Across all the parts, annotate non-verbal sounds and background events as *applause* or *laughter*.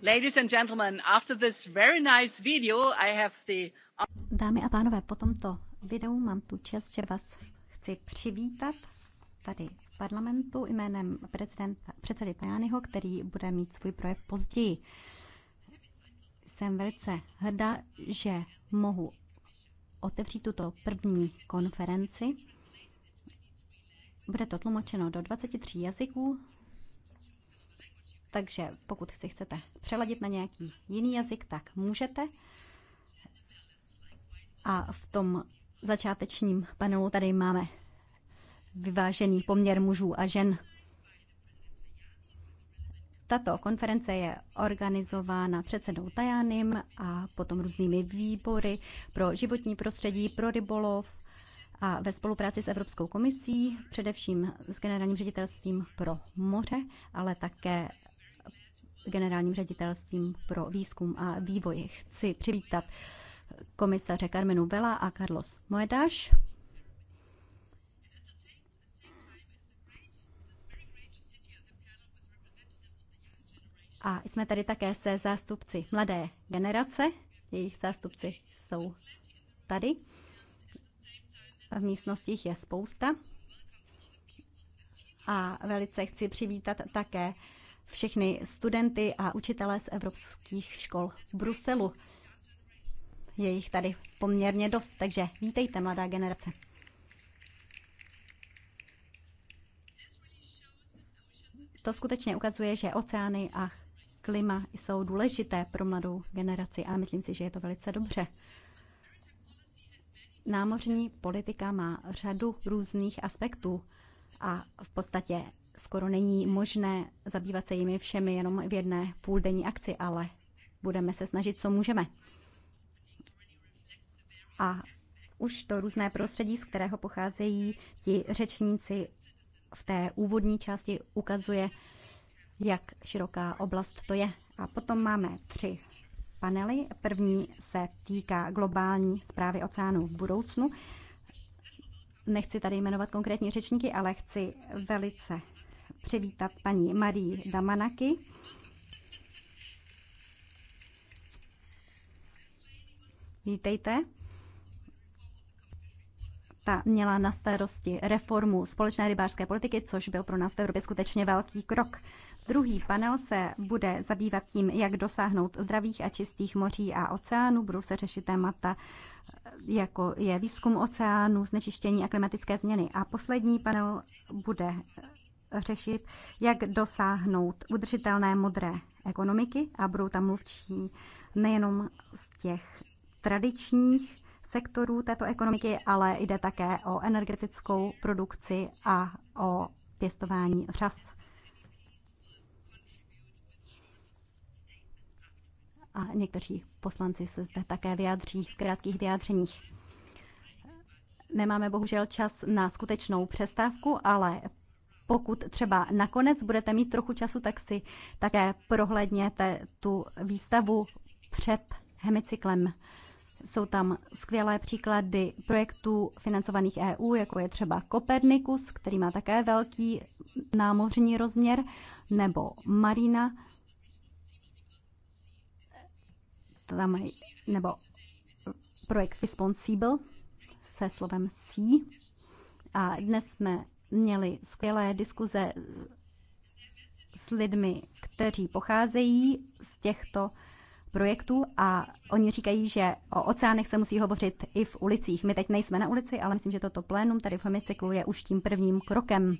Ladies and gentlemen, after this very nice video, I have the... Dámy a pánové, po tomto videu mám tu čest, že vás chci přivítat tady v parlamentu jménem prezidenta, předsedy Tajányho, který bude mít svůj projev později. Jsem velice hrdá, že mohu otevřít tuto první konferenci. Bude to tlumočeno do 23 jazyků, takže pokud si chcete přeladit na nějaký jiný jazyk, tak můžete. A v tom začátečním panelu tady máme vyvážený poměr mužů a žen. Tato konference je organizována předsedou Tajanem a potom různými výbory pro životní prostředí, pro rybolov a ve spolupráci s Evropskou komisí, především s generálním ředitelstvím pro moře, ale také generálním ředitelstvím pro výzkum a vývoj. Chci přivítat komisaře Carmenu Vela a Carlos Moedáš. A jsme tady také se zástupci mladé generace. Jejich zástupci jsou tady. V místnostích je spousta. A velice chci přivítat také všechny studenty a učitele z evropských škol v Bruselu. Je jich tady poměrně dost, takže vítejte, mladá generace. To skutečně ukazuje, že oceány a klima jsou důležité pro mladou generaci a myslím si, že je to velice dobře. Námořní politika má řadu různých aspektů a v podstatě skoro není možné zabývat se jimi všemi jenom v jedné půldenní akci, ale budeme se snažit, co můžeme. A už to různé prostředí, z kterého pocházejí ti řečníci v té úvodní části ukazuje, jak široká oblast to je. A potom máme tři panely. První se týká globální zprávy oceánů v budoucnu. Nechci tady jmenovat konkrétní řečníky, ale chci velice přivítat paní Marii Damanaky. Vítejte. Ta měla na starosti reformu společné rybářské politiky, což byl pro nás v Evropě skutečně velký krok. Druhý panel se bude zabývat tím, jak dosáhnout zdravých a čistých moří a oceánů. Budou se řešit témata, jako je výzkum oceánů, znečištění a klimatické změny. A poslední panel bude řešit, jak dosáhnout udržitelné modré ekonomiky a budou tam mluvčí nejenom z těch tradičních sektorů této ekonomiky, ale jde také o energetickou produkci a o pěstování řas. A někteří poslanci se zde také vyjádří v krátkých vyjádřeních. Nemáme bohužel čas na skutečnou přestávku, ale pokud třeba nakonec budete mít trochu času, tak si také prohlédněte tu výstavu před hemicyklem. Jsou tam skvělé příklady projektů financovaných EU, jako je třeba Kopernikus, který má také velký námořní rozměr, nebo Marina, tam, nebo projekt Responsible se slovem C. A dnes jsme měli skvělé diskuze s lidmi, kteří pocházejí z těchto projektů a oni říkají, že o oceánech se musí hovořit i v ulicích. My teď nejsme na ulici, ale myslím, že toto plénum tady v hemicyklu je už tím prvním krokem.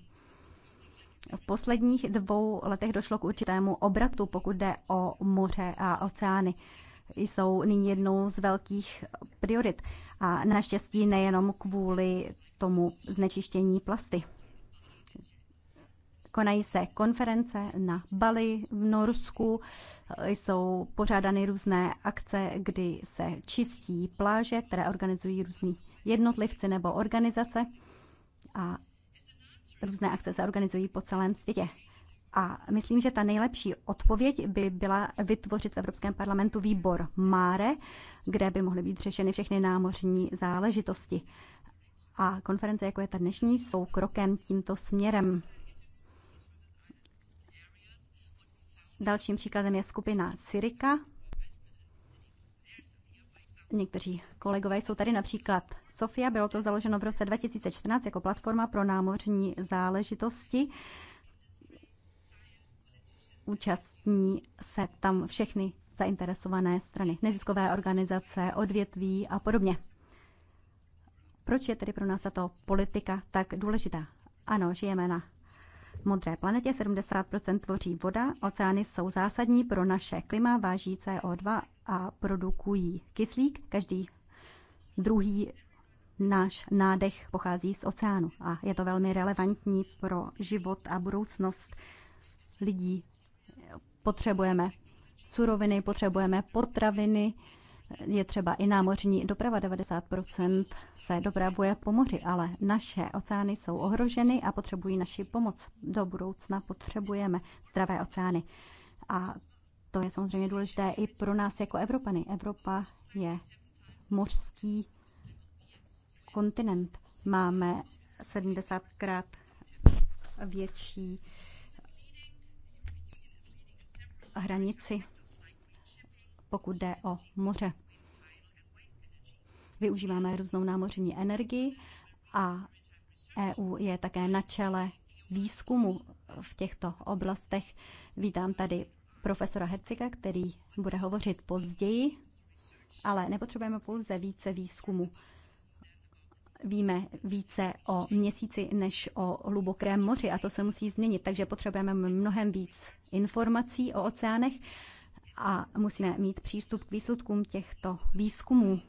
V posledních dvou letech došlo k určitému obratu, pokud jde o moře a oceány. Jsou nyní jednou z velkých priorit. A naštěstí nejenom kvůli tomu znečištění plasty. Konají se konference na Bali v Norsku, jsou pořádány různé akce, kdy se čistí pláže, které organizují různí jednotlivci nebo organizace a různé akce se organizují po celém světě. A myslím, že ta nejlepší odpověď by byla vytvořit v Evropském parlamentu výbor MÁRE, kde by mohly být řešeny všechny námořní záležitosti. A konference, jako je ta dnešní, jsou krokem tímto směrem. Dalším příkladem je skupina Syrika. Někteří kolegové jsou tady například Sofia, bylo to založeno v roce 2014 jako platforma pro námořní záležitosti. Účastní se tam všechny zainteresované strany, neziskové organizace, odvětví a podobně. Proč je tedy pro nás tato politika tak důležitá? Ano, žijeme na modré planetě 70% tvoří voda, oceány jsou zásadní pro naše klima, váží CO2 a produkují kyslík. Každý druhý náš nádech pochází z oceánu a je to velmi relevantní pro život a budoucnost lidí. Potřebujeme suroviny, potřebujeme potraviny, je třeba i námořní doprava. 90 se dopravuje po moři, ale naše oceány jsou ohroženy a potřebují naši pomoc. Do budoucna potřebujeme zdravé oceány. A to je samozřejmě důležité i pro nás jako Evropany. Evropa je mořský kontinent. Máme 70krát větší hranici pokud jde o moře. Využíváme různou námořní energii a EU je také na čele výzkumu v těchto oblastech. Vítám tady profesora Hercika, který bude hovořit později, ale nepotřebujeme pouze více výzkumu. Víme více o měsíci než o hlubokém moři a to se musí změnit, takže potřebujeme mnohem víc informací o oceánech a musíme mít přístup k výsledkům těchto výzkumů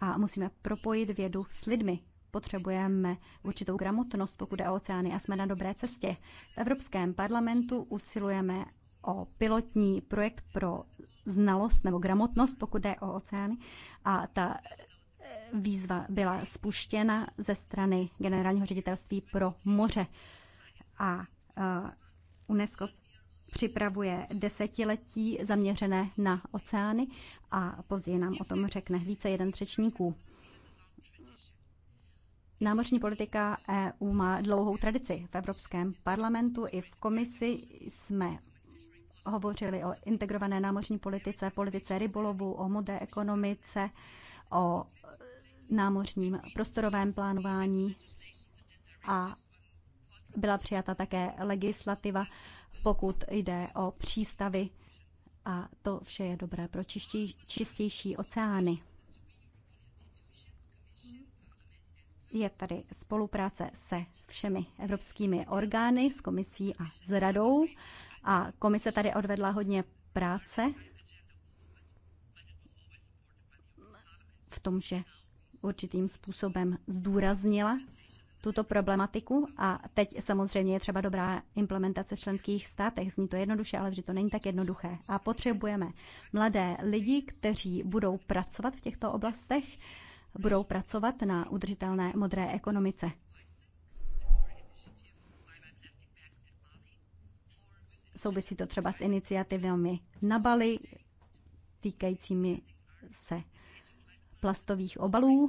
a musíme propojit vědu s lidmi. Potřebujeme určitou gramotnost, pokud je o oceány a jsme na dobré cestě. V Evropském parlamentu usilujeme o pilotní projekt pro znalost nebo gramotnost, pokud je o oceány. A ta eh, výzva byla spuštěna ze strany generálního ředitelství pro moře. A eh, UNESCO připravuje desetiletí zaměřené na oceány a později nám o tom řekne více jeden třečníků. Námořní politika EU má dlouhou tradici. V Evropském parlamentu i v komisi jsme hovořili o integrované námořní politice, politice rybolovu, o modé ekonomice, o námořním prostorovém plánování a byla přijata také legislativa pokud jde o přístavy. A to vše je dobré pro čistí, čistější oceány. Je tady spolupráce se všemi evropskými orgány, s komisí a s radou. A komise tady odvedla hodně práce v tom, že určitým způsobem zdůraznila tuto problematiku a teď samozřejmě je třeba dobrá implementace v členských státech. Zní to jednoduše, ale že to není tak jednoduché. A potřebujeme mladé lidi, kteří budou pracovat v těchto oblastech, budou pracovat na udržitelné modré ekonomice. Souvisí to třeba s iniciativami na Bali, týkajícími se plastových obalů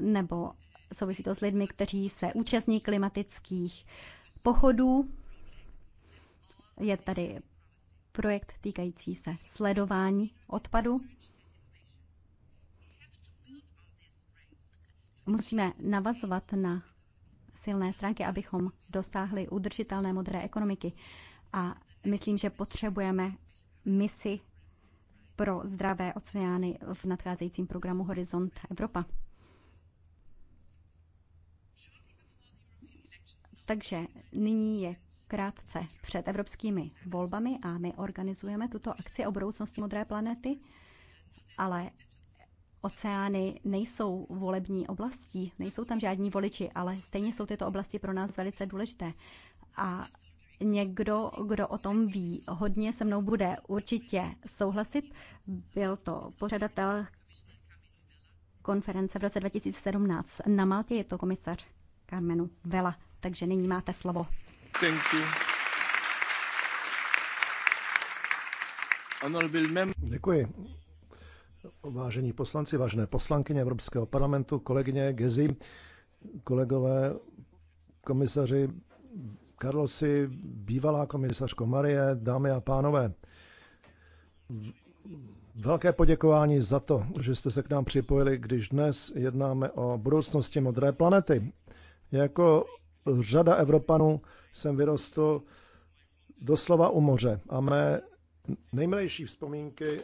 nebo souvisí to s lidmi, kteří se účastní klimatických pochodů. Je tady projekt týkající se sledování odpadu. Musíme navazovat na silné stránky, abychom dosáhli udržitelné modré ekonomiky. A myslím, že potřebujeme misi pro zdravé oceány v nadcházejícím programu Horizont Evropa. Takže nyní je krátce před evropskými volbami a my organizujeme tuto akci o budoucnosti modré planety, ale oceány nejsou volební oblastí, nejsou tam žádní voliči, ale stejně jsou tyto oblasti pro nás velice důležité. A někdo, kdo o tom ví, hodně se mnou bude určitě souhlasit. Byl to pořadatel konference v roce 2017 na Maltě, je to komisař Carmenu Vela takže nyní máte slovo. Thank you. Děkuji. Vážení poslanci, vážené poslankyně Evropského parlamentu, kolegyně Gezi, kolegové, komisaři Karlosi, bývalá komisařko Marie, dámy a pánové. Velké poděkování za to, že jste se k nám připojili, když dnes jednáme o budoucnosti modré planety. Jako řada Evropanů jsem vyrostl doslova u moře. A mé nejmilejší vzpomínky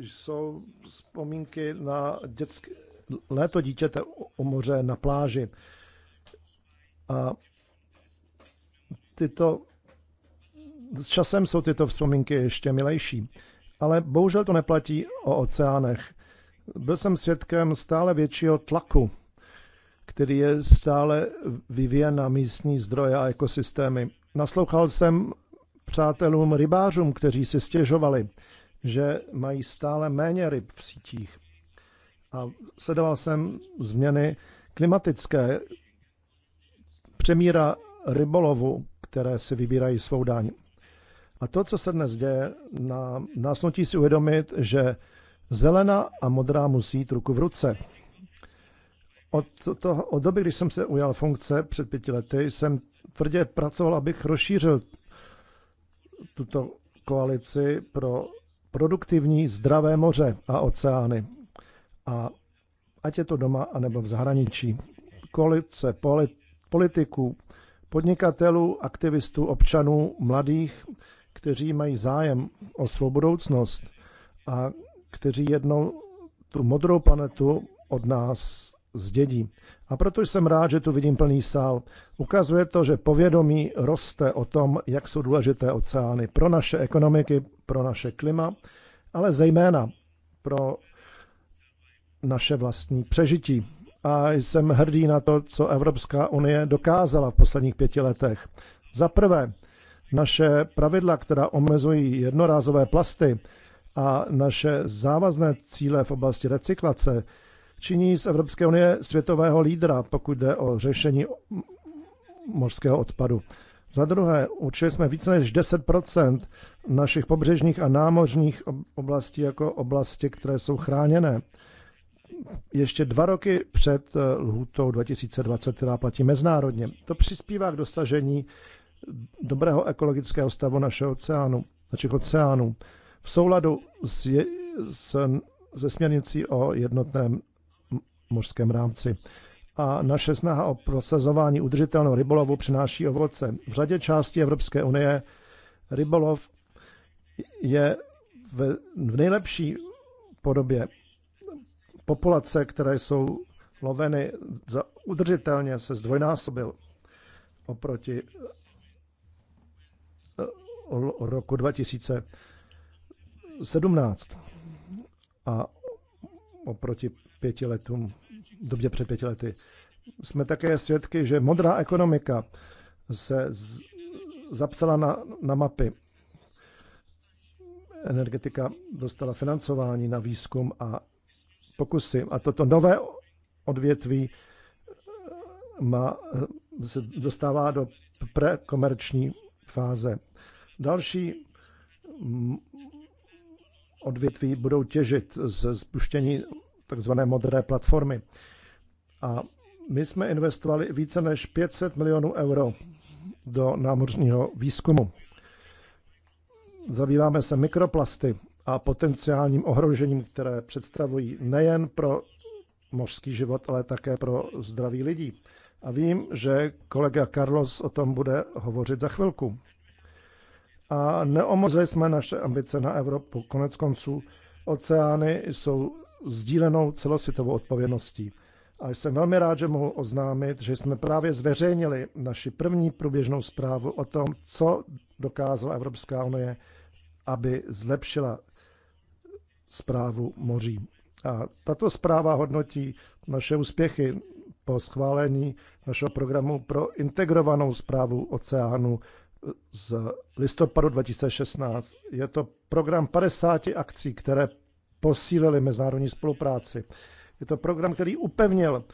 jsou vzpomínky na dětské, léto dítěte u moře na pláži. A tyto, s časem jsou tyto vzpomínky ještě milejší. Ale bohužel to neplatí o oceánech. Byl jsem svědkem stále většího tlaku který je stále vyvíjen na místní zdroje a ekosystémy. Naslouchal jsem přátelům rybářům, kteří si stěžovali, že mají stále méně ryb v sítích. A sledoval jsem změny klimatické, přemíra rybolovu, které si vybírají svou daň. A to, co se dnes děje, nás nutí si uvědomit, že zelená a modrá musí jít ruku v ruce. Od, toho, od doby, když jsem se ujal funkce před pěti lety, jsem tvrdě pracoval, abych rozšířil tuto koalici pro produktivní zdravé moře a oceány. A ať je to doma, anebo v zahraničí. Koalice polit, politiků, podnikatelů, aktivistů, občanů, mladých, kteří mají zájem o svou budoucnost a kteří jednou tu modrou planetu od nás zdědí. A proto jsem rád, že tu vidím plný sál. Ukazuje to, že povědomí roste o tom, jak jsou důležité oceány pro naše ekonomiky, pro naše klima, ale zejména pro naše vlastní přežití. A jsem hrdý na to, co Evropská unie dokázala v posledních pěti letech. Za prvé, naše pravidla, která omezují jednorázové plasty a naše závazné cíle v oblasti recyklace, činí z Evropské unie světového lídra, pokud jde o řešení mořského odpadu. Za druhé, určili jsme více než 10 našich pobřežních a námořních oblastí jako oblasti, které jsou chráněné. Ještě dva roky před eh, lhůtou 2020, která platí mezinárodně. To přispívá k dosažení dobrého ekologického stavu našeho oceánu, našich oceánů. V souladu s, je, s, se směrnicí o jednotném mořském rámci. A naše snaha o prosazování udržitelného rybolovu přináší ovoce. V řadě části Evropské unie rybolov je v, v nejlepší podobě. Populace, které jsou loveny za udržitelně, se zdvojnásobil oproti eh, roku 2017. A oproti pěti letům, době před pěti lety. Jsme také svědky, že modrá ekonomika se z, zapsala na, na mapy. Energetika dostala financování na výzkum a pokusy. A toto nové odvětví eh, má, eh, se dostává do prekomerční fáze. Další odvětví budou těžit z spuštění tzv. modré platformy. A my jsme investovali více než 500 milionů euro do námořního výzkumu. Zabýváme se mikroplasty a potenciálním ohrožením, které představují nejen pro mořský život, ale také pro zdraví lidí. A vím, že kolega Carlos o tom bude hovořit za chvilku a neomozili jsme naše ambice na Evropu. Konec konců oceány jsou sdílenou celosvětovou odpovědností. A jsem velmi rád, že mohu oznámit, že jsme právě zveřejnili naši první průběžnou zprávu o tom, co dokázala Evropská unie, aby zlepšila zprávu moří. A tato zpráva hodnotí naše úspěchy po schválení našeho programu pro integrovanou zprávu oceánu z listopadu 2016. Je to program 50 akcí, které posílily mezinárodní spolupráci. Je to program, který upevnil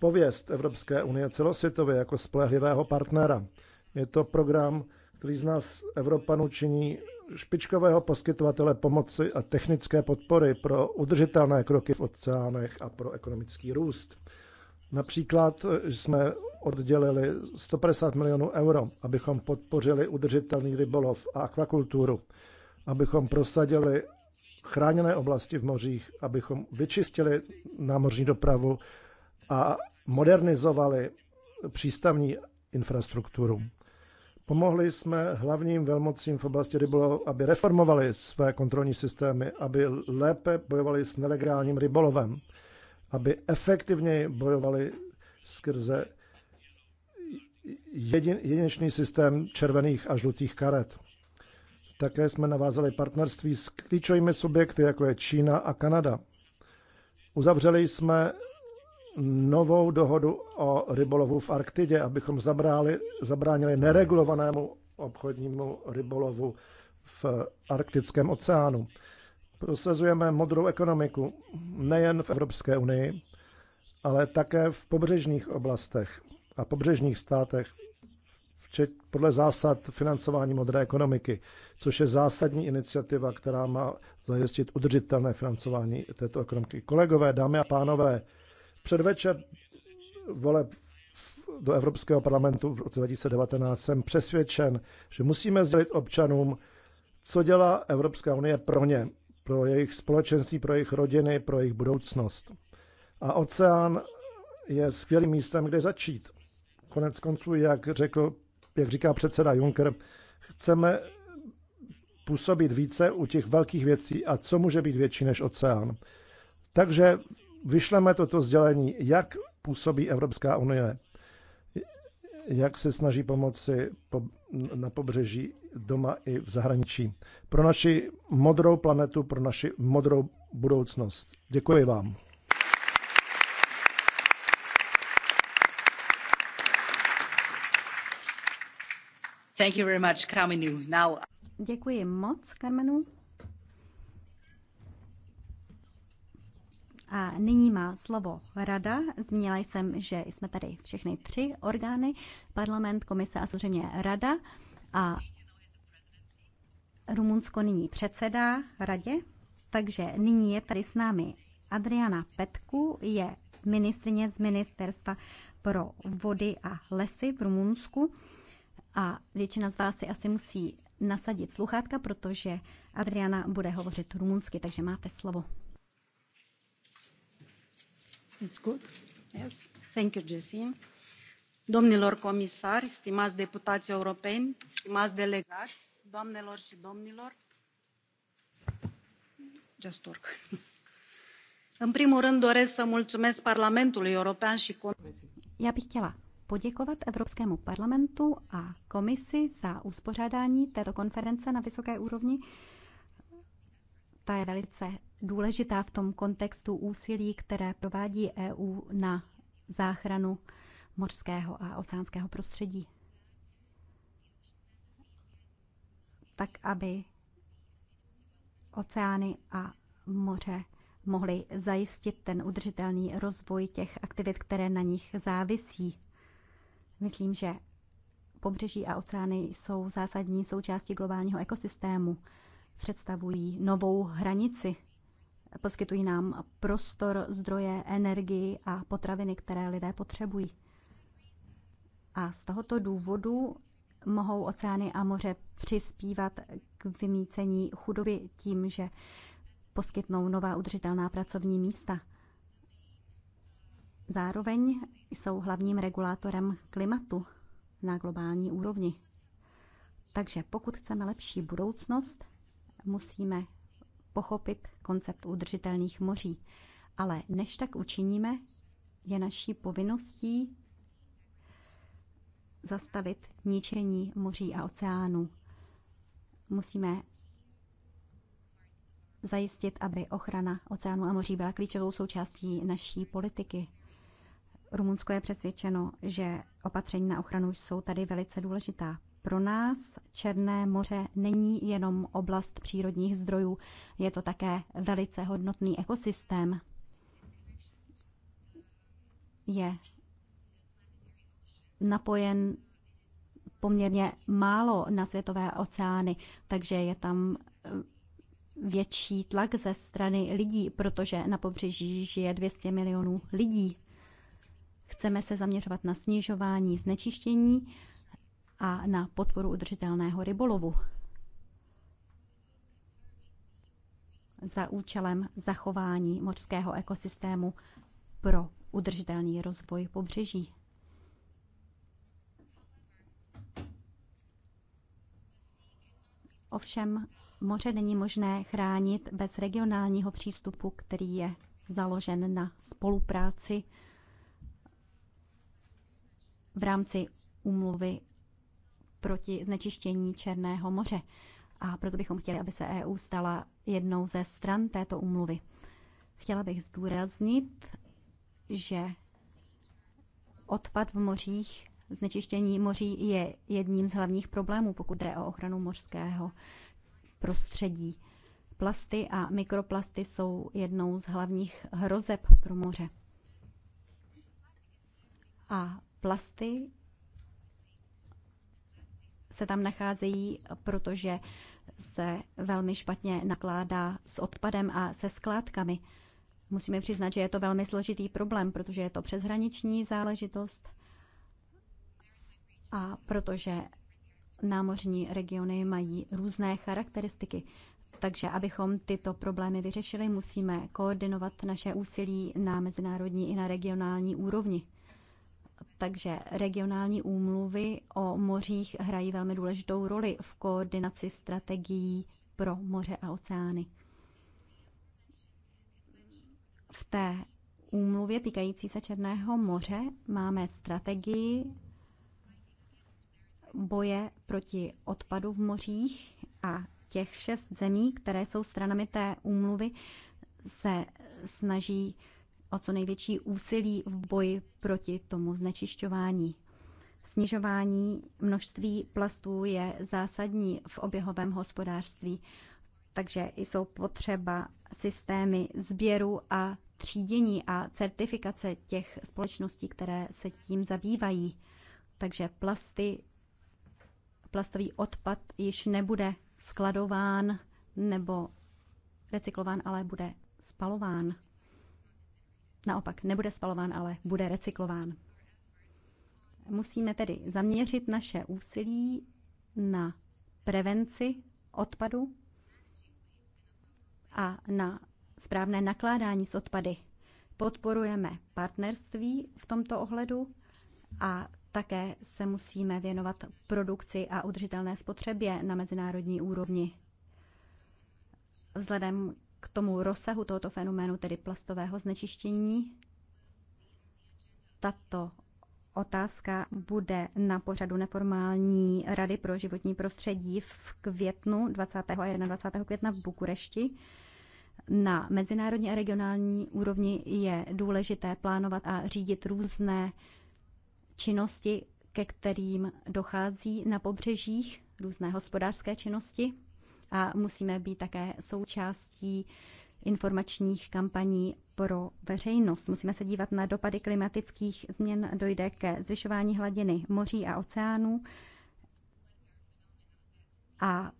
pověst Evropské unie celosvětově jako spolehlivého partnera. Je to program, který z nás Evropanů činí špičkového poskytovatele pomoci a technické podpory pro udržitelné kroky v oceánech a pro ekonomický růst. Například eh, jsme oddělili 150 milionů euro, abychom podpořili udržitelný rybolov a akvakulturu, abychom prosadili chráněné oblasti v mořích, abychom vyčistili námořní dopravu a modernizovali přístavní infrastrukturu. Pomohli jsme hlavním velmocím v oblasti rybolovu, aby reformovali své kontrolní systémy, aby lépe bojovali s nelegálním rybolovem, aby efektivněji bojovali skrze jedinečný systém červených a žlutých karet. Také jsme navázali partnerství s klíčovými subjekty, jako je Čína a Kanada. Uzavřeli jsme novou dohodu o rybolovu v Arktidě, abychom zabráli, zabránili neregulovanému obchodnímu rybolovu v Arktickém oceánu. Prosazujeme modrou ekonomiku nejen v Evropské unii, ale také v pobřežních oblastech a pobřežních státech, včet, podle zásad financování modré ekonomiky, což je zásadní iniciativa, která má zajistit udržitelné financování této ekonomiky. Kolegové, dámy a pánové, předvečer voleb do Evropského parlamentu v roce 2019 jsem přesvědčen, že musíme sdělit občanům, co dělá Evropská unie pro ně pro jejich společenství, pro jejich rodiny, pro jejich budoucnost. A oceán je skvělým místem, kde začít. Konec konců, jak, řekl, jak říká předseda Juncker, chceme působit více u těch velkých věcí. A co může být větší než oceán? Takže vyšleme toto sdělení, jak působí Evropská unie, jak se snaží pomoci na pobřeží doma i v zahraničí. Pro naši modrou planetu, pro naši modrou budoucnost. Děkuji vám. Thank you very much, Kamenu. Now... Děkuji moc, Karmenu. A nyní má slovo rada. Zmínila jsem, že jsme tady všechny tři orgány, parlament, komise a samozřejmě rada. A Rumunsko nyní předsedá radě, takže nyní je tady s námi Adriana Petku, je ministrině z Ministerstva pro vody a lesy v Rumunsku. A většina z vás si asi musí nasadit sluchátka, protože Adriana bude hovořit rumunsky, takže máte slovo. It's good. Yes. Thank you, Jessie. Domnilor comisari, stimați deputați europeni, stimați delegați, Doamnelor și domnilor, just work. *laughs* În primul rând doresc să mulțumesc Parlamentului European și Comisiei. Já bych chtěla poděkovat Evropskému parlamentu a komisi za uspořádání této konference na vysoké úrovni. Ta je velice důležitá v tom kontextu úsilí, které provádí EU na záchranu morského a oceánského prostředí. tak aby oceány a moře mohly zajistit ten udržitelný rozvoj těch aktivit, které na nich závisí. Myslím, že pobřeží a oceány jsou zásadní součástí globálního ekosystému. Představují novou hranici. Poskytují nám prostor, zdroje, energii a potraviny, které lidé potřebují. A z tohoto důvodu mohou oceány a moře přispívat k vymícení chudoby tím, že poskytnou nová udržitelná pracovní místa. Zároveň jsou hlavním regulátorem klimatu na globální úrovni. Takže pokud chceme lepší budoucnost, musíme pochopit koncept udržitelných moří. Ale než tak učiníme, je naší povinností zastavit ničení moří a oceánů. Musíme zajistit, aby ochrana oceánu a moří byla klíčovou součástí naší politiky. Rumunsko je přesvědčeno, že opatření na ochranu jsou tady velice důležitá. Pro nás Černé moře není jenom oblast přírodních zdrojů, je to také velice hodnotný ekosystém. Je napojen poměrně málo na světové oceány, takže je tam eh, větší tlak ze strany lidí, protože na pobřeží žije 200 milionů lidí. Chceme se zaměřovat na snižování znečištění a na podporu udržitelného rybolovu. Za účelem zachování mořského ekosystému pro udržitelný rozvoj pobřeží. Ovšem moře není možné chránit bez regionálního přístupu, který je založen na spolupráci v rámci úmluvy proti znečištění Černého moře. A proto bychom chtěli, aby se EU stala jednou ze stran této úmluvy. Chtěla bych zdůraznit, že odpad v mořích Znečištění moří je jedním z hlavních problémů, pokud jde o ochranu mořského prostředí. Plasty a mikroplasty jsou jednou z hlavních hrozeb pro moře. A plasty se tam nacházejí, protože se velmi špatně nakládá s odpadem a se skládkami. Musíme přiznat, že je to velmi složitý problém, protože je to přeshraniční záležitost a protože námořní regiony mají různé charakteristiky, takže abychom tyto problémy vyřešili, musíme koordinovat naše úsilí na mezinárodní i na regionální úrovni. Takže regionální úmluvy o mořích hrají velmi důležitou roli v koordinaci strategií pro moře a oceány. V té úmluvě týkající se Černého moře máme strategii boje proti odpadu v mořích a těch šest zemí, které jsou stranami té úmluvy, se snaží o co největší úsilí v boji proti tomu znečišťování. Snižování množství plastů je zásadní v oběhovém hospodářství, takže jsou potřeba systémy sběru a třídění a certifikace těch společností, které se tím zabývají. Takže plasty plastový odpad již nebude skladován nebo recyklován, ale bude spalován. Naopak, nebude spalován, ale bude recyklován. Musíme tedy zaměřit naše úsilí na prevenci odpadu a na správné nakládání s odpady. Podporujeme partnerství v tomto ohledu a také se musíme věnovat produkci a udržitelné spotřebě na mezinárodní úrovni. Vzhledem k tomu rozsahu tohoto fenoménu, tedy plastového znečištění, tato otázka bude na pořadu neformální Rady pro životní prostředí v květnu 20. a 21. května v Bukurešti. Na mezinárodní a regionální úrovni je důležité plánovat a řídit různé činnosti, ke kterým dochází na pobřežích, různé hospodářské činnosti a musíme být také součástí informačních kampaní pro veřejnost. Musíme se dívat na dopady klimatických změn. Dojde ke zvyšování hladiny moří a oceánů a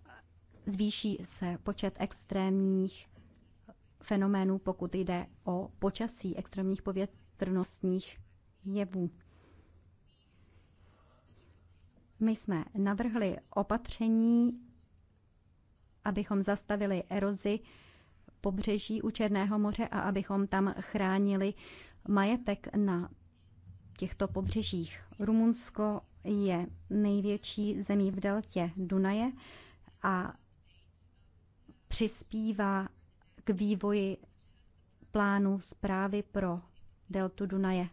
zvýší se počet extrémních fenoménů, pokud jde o počasí extrémních povětrnostních jevů. My jsme navrhli opatření, abychom zastavili erozi pobřeží u Černého moře a abychom tam chránili majetek na těchto pobřežích. Rumunsko je největší zemí v deltě Dunaje a přispívá k vývoji plánu zprávy pro deltu Dunaje.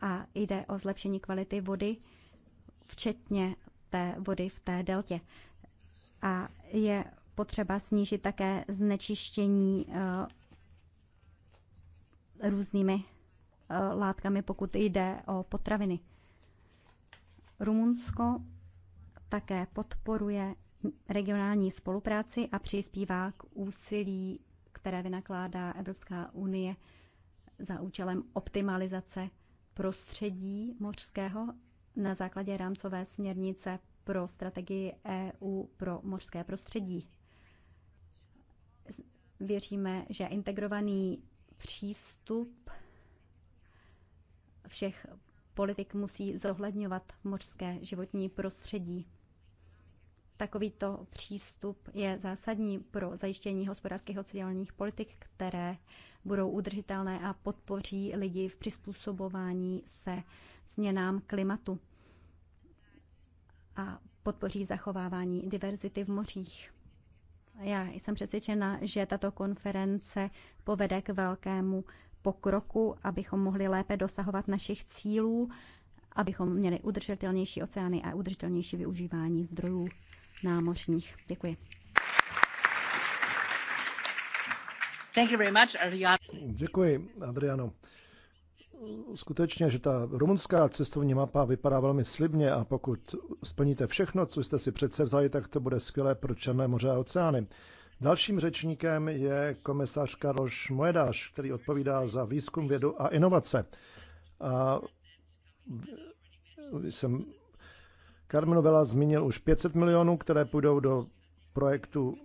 A jde o zlepšení kvality vody včetně té vody v té deltě. A je potřeba snížit také znečištění eh, různými eh, látkami, pokud jde o potraviny. Rumunsko také podporuje regionální spolupráci a přispívá k úsilí, které vynakládá Evropská unie za účelem optimalizace prostředí mořského na základě rámcové směrnice pro strategii EU pro mořské prostředí. Věříme, že integrovaný přístup všech politik musí zohledňovat mořské životní prostředí. Takovýto přístup je zásadní pro zajištění hospodářských a sociálních politik, které budou udržitelné a podpoří lidi v přizpůsobování se změnám klimatu a podpoří zachovávání diverzity v mořích. Já jsem přesvědčena, že tato konference povede k velkému pokroku, abychom mohli lépe dosahovat našich cílů, abychom měli udržitelnější oceány a udržitelnější využívání zdrojů námořních. Děkuji. Děkuji, Adriano. Skutečně, že ta rumunská cestovní mapa vypadá velmi slibně a pokud splníte všechno, co jste si přece vzali, tak to bude skvělé pro Černé moře a oceány. Dalším řečníkem je komisař Karoš Moedáš, který odpovídá za výzkum, vědu a inovace. A jsem Carmen Vela zmínil už 500 milionů, které půjdou do projektu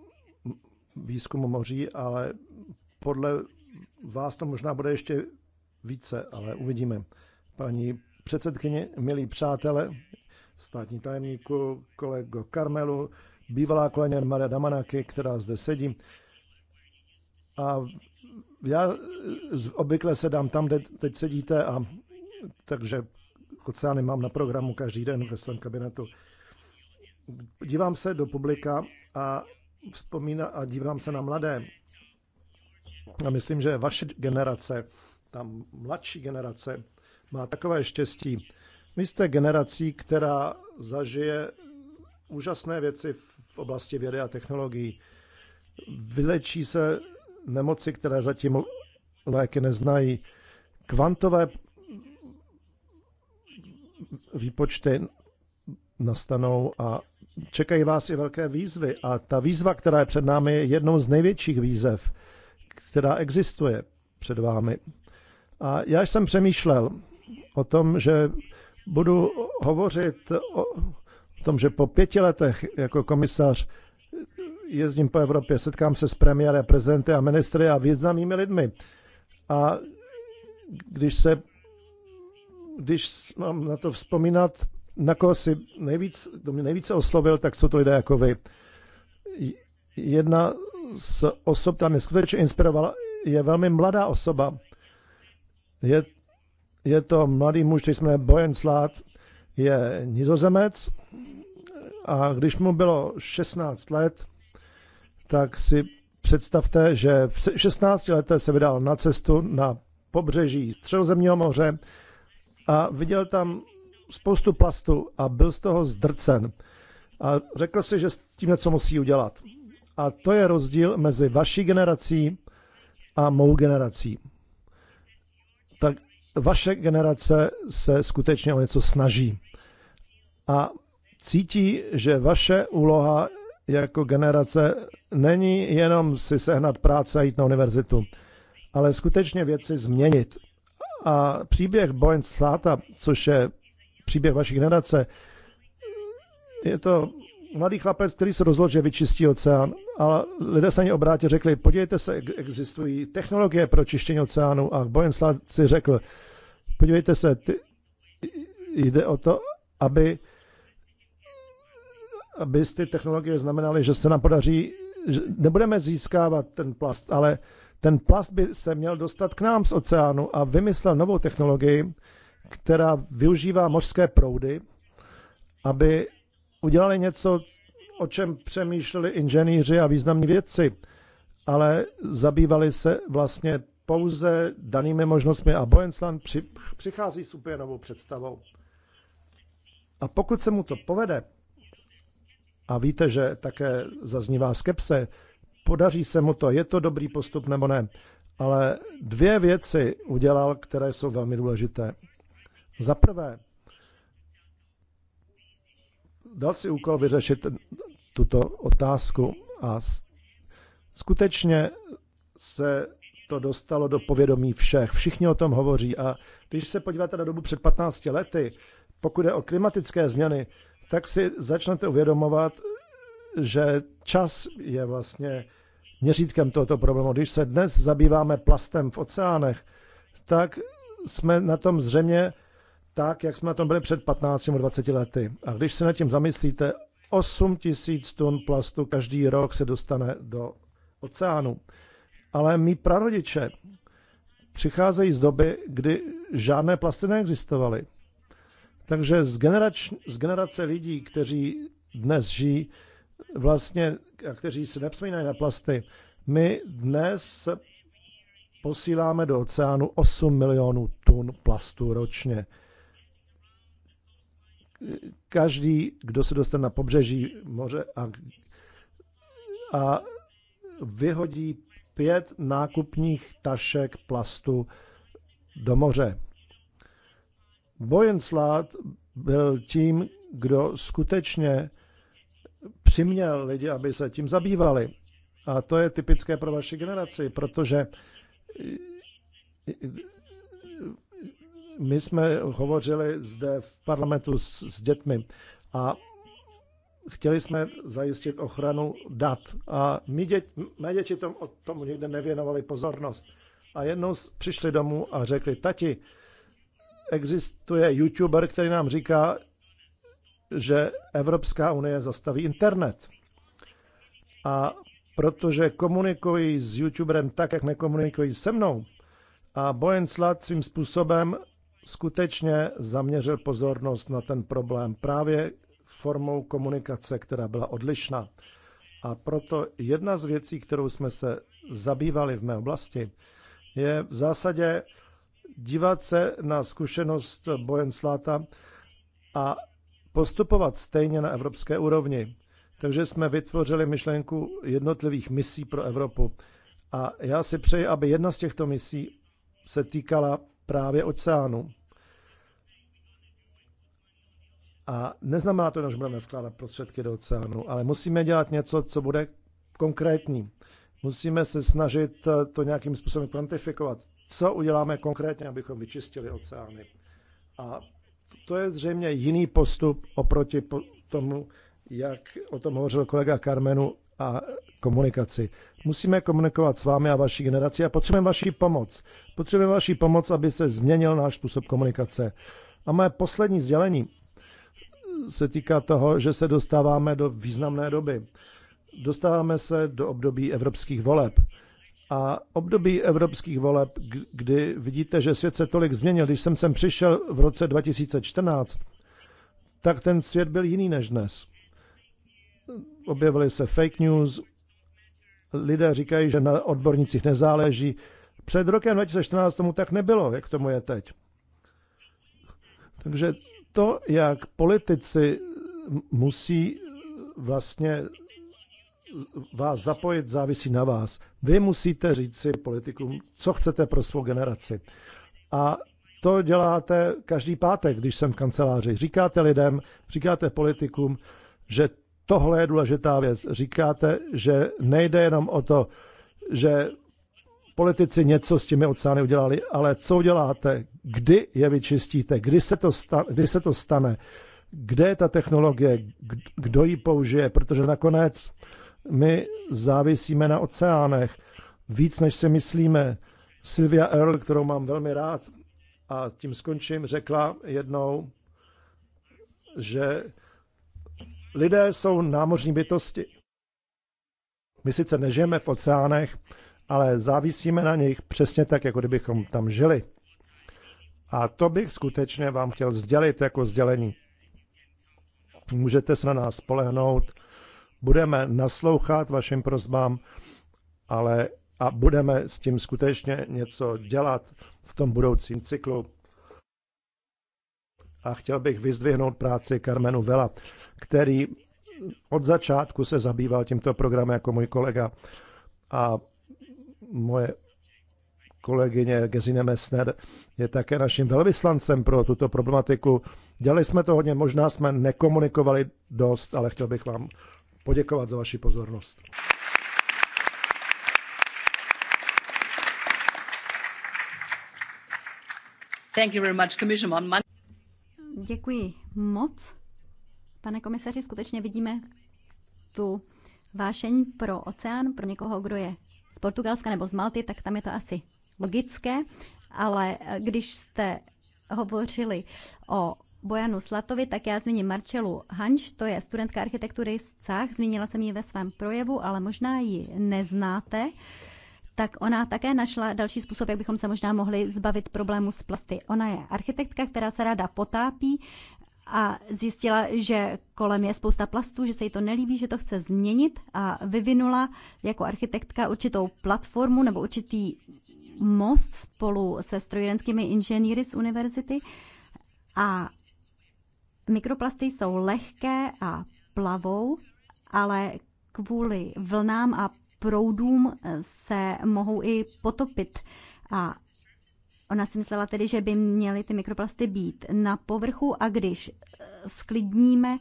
výzkumu moří, ale podle vás to možná bude ještě více, ale uvidíme. Paní předsedkyně, milí přátelé, státní tajemníku, kolego Karmelu, bývalá kolegyně Maria Damanaky, která zde sedí. A já obvykle sedám tam, kde teď sedíte, a takže oceány mám na programu každý den ve svém kabinetu. Dívám se do publika a Vzpomíná a dívám se na mladé. A myslím, že vaše generace, ta mladší generace, má takové štěstí. Vy jste generací, která zažije úžasné věci v oblasti vědy a technologií. Vylečí se nemoci, které zatím léky neznají. Kvantové výpočty nastanou a čekají vás i velké výzvy a ta výzva, která je před námi, je jednou z největších výzev, která existuje před vámi. A já jsem přemýšlel o tom, že budu hovořit o tom, že po pěti letech jako komisař jezdím po Evropě, setkám se s premiéry, prezidenty a ministry a významnými lidmi. A když se když mám na to vzpomínat, na koho si nejvíc, kdo mě nejvíce oslovil, tak co to jde jako vy. Jedna z osob, která mě skutečně inspirovala, je velmi mladá osoba. Je, je to mladý muž, který se jmenuje Bojen Slát, je nizozemec a když mu bylo 16 let, tak si představte, že v 16 letech se vydal na cestu na pobřeží Středozemního moře a viděl tam spoustu plastu a byl z toho zdrcen. A řekl si, že s tím něco musí udělat. A to je rozdíl mezi vaší generací a mou generací. Tak vaše generace se skutečně o něco snaží. A cítí, že vaše úloha jako generace není jenom si sehnat práce a jít na univerzitu, ale skutečně věci změnit. A příběh Boeing Sata, což je příběh vaší generace. Je to mladý chlapec, který se rozhodl, že vyčistí oceán, ale lidé se na ně obrátili, řekli, podívejte se, existují technologie pro čištění oceánu a Bojen si řekl, podívejte se, ty, jde o to, aby, aby ty technologie znamenaly, že se nám podaří, že nebudeme získávat ten plast, ale ten plast by se měl dostat k nám z oceánu a vymyslel novou technologii, která využívá mořské proudy, aby udělali něco, o čem přemýšleli inženýři a významní vědci, ale zabývali se vlastně pouze danými možnostmi a Boensland při, přichází s úplně novou představou. A pokud se mu to povede, a víte, že také zaznívá skepse, podaří se mu to, je to dobrý postup nebo ne, ale dvě věci udělal, které jsou velmi důležité. Za prvé, dal si úkol vyřešit tuto otázku a skutečně se to dostalo do povědomí všech. Všichni o tom hovoří a když se podíváte na dobu před 15 lety, pokud je o klimatické změny, tak si začnete uvědomovat, že čas je vlastně měřítkem tohoto problému. Když se dnes zabýváme plastem v oceánech, tak jsme na tom zřejmě tak, jak jsme na tom byli před 15 nebo 20 lety. A když se nad tím zamyslíte, 8 tisíc tun plastu každý rok se dostane do oceánu. Ale mý prarodiče přicházejí z doby, kdy žádné plasty neexistovaly. Takže z, generač, z generace lidí, kteří dnes žijí, vlastně, a kteří se nepřemýšlejí na plasty, my dnes posíláme do oceánu 8 milionů tun plastu ročně. Každý, kdo se dostane na pobřeží moře a, a vyhodí pět nákupních tašek plastu do moře. Bojenslát byl tím, kdo skutečně přiměl lidi, aby se tím zabývali. A to je typické pro vaši generaci, protože my jsme hovořili zde v parlamentu s, s dětmi a chtěli jsme zajistit ochranu dat. A my dět, mé děti tom, tomu nikde nevěnovali pozornost. A jednou přišli domů a řekli, tati, existuje youtuber, který nám říká, že Evropská unie zastaví internet. A protože komunikují s youtuberem tak, jak nekomunikují se mnou, a Bojenslad svým způsobem skutečně zaměřil pozornost na ten problém právě formou komunikace, která byla odlišná. A proto jedna z věcí, kterou jsme se zabývali v mé oblasti, je v zásadě dívat se na zkušenost Bojensláta a postupovat stejně na evropské úrovni. Takže jsme vytvořili myšlenku jednotlivých misí pro Evropu. A já si přeji, aby jedna z těchto misí se týkala právě oceánu. A neznamená to, že budeme vkládat prostředky do oceánu, ale musíme dělat něco, co bude konkrétní. Musíme se snažit eh, to nějakým způsobem kvantifikovat. Co uděláme konkrétně, abychom vyčistili oceány? A to je zřejmě jiný postup oproti tomu, jak o tom hovořil kolega Karmenu a komunikaci. Musíme komunikovat s vámi a vaší generací a potřebujeme vaši pomoc. Potřebujeme vaši pomoc, aby se změnil náš způsob komunikace. A moje poslední sdělení se týká toho, že se dostáváme do významné doby. Dostáváme se do období evropských voleb. A období evropských voleb, kdy vidíte, že svět se tolik změnil, když jsem sem přišel v roce 2014, tak ten svět byl jiný než dnes. Objevily se fake news, lidé říkají, že na odbornicích nezáleží. Před rokem 2014 tomu tak nebylo, jak tomu je teď. Takže to, jak politici musí vlastně vás zapojit, závisí na vás. Vy musíte říct si politikům, co chcete pro svou generaci. A to děláte každý pátek, když jsem v kanceláři. Říkáte lidem, říkáte politikům, že tohle je důležitá věc. Říkáte, že nejde jenom o to, že politici něco s těmi oceány udělali, ale co uděláte? Kdy je vyčistíte? Kdy se to, sta- kdy se to stane? Kde je ta technologie? Kdo ji použije? Protože nakonec my závisíme na oceánech víc, než si myslíme. Sylvia Earle, kterou mám velmi rád, a tím skončím, řekla jednou, že lidé jsou námořní bytosti. My sice nežijeme v oceánech, ale závisíme na nich přesně tak, jako kdybychom tam žili. A to bych skutečně vám chtěl sdělit jako sdělení. Můžete se na nás spolehnout, budeme naslouchat vašim prozbám, ale a budeme s tím skutečně něco dělat v tom budoucím cyklu. A chtěl bych vyzdvihnout práci Carmenu Vela, který od začátku se zabýval tímto programem jako můj kolega a moje kolegyně Gezine Messner je také naším velvyslancem pro tuto problematiku. Dělali jsme to hodně, možná jsme nekomunikovali dost, ale chtěl bych vám poděkovat za vaši pozornost. Thank you very much, Děkuji moc. Pane komisaři, skutečně vidíme tu vášení pro oceán, pro někoho, kdo je z Portugalska nebo z Malty, tak tam je to asi logické, ale eh, když jste hovořili o Bojanu Slatovi, tak já zmíním Marcelu Hanč, to je studentka architektury z CAH, zmínila jsem ji ve svém projevu, ale možná ji neznáte, tak ona také našla další způsob, jak bychom se možná mohli zbavit problému s plasty. Ona je architektka, která se ráda potápí a zjistila, že kolem je spousta plastů, že se jí to nelíbí, že to chce změnit a vyvinula jako architektka určitou platformu nebo určitý most spolu se strojírenskými inženýry z univerzity a mikroplasty jsou lehké a plavou, ale kvůli vlnám a proudům se mohou i potopit. A Ona si myslela tedy, že by měly ty mikroplasty být na povrchu a když eh, sklidníme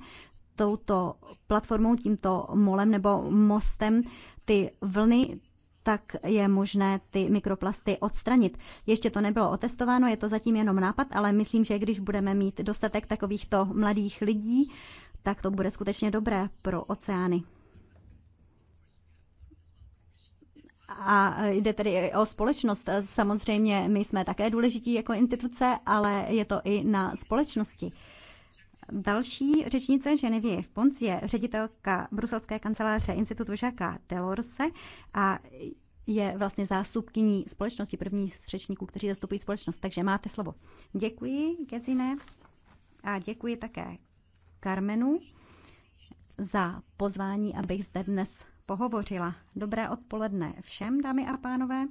touto platformou, tímto molem nebo mostem ty vlny, tak je možné ty mikroplasty odstranit. Ještě to nebylo otestováno, je to zatím jenom nápad, ale myslím, že když budeme mít dostatek takovýchto mladých lidí, tak to bude skutečně dobré pro oceány. A e, jde tedy o společnost. Samozřejmě my jsme také důležití jako instituce, ale je to i na společnosti. Další řečnice Ženevě Ponci je ředitelka bruselské kanceláře Institutu Žaka Delorse a je vlastně zástupkyní společnosti, první z řečníků, kteří zastupují společnost. Takže máte slovo. Děkuji, Gezine, a děkuji také Carmenu za pozvání, abych zde dnes pohovořila. Dobré odpoledne všem, dámy a pánové.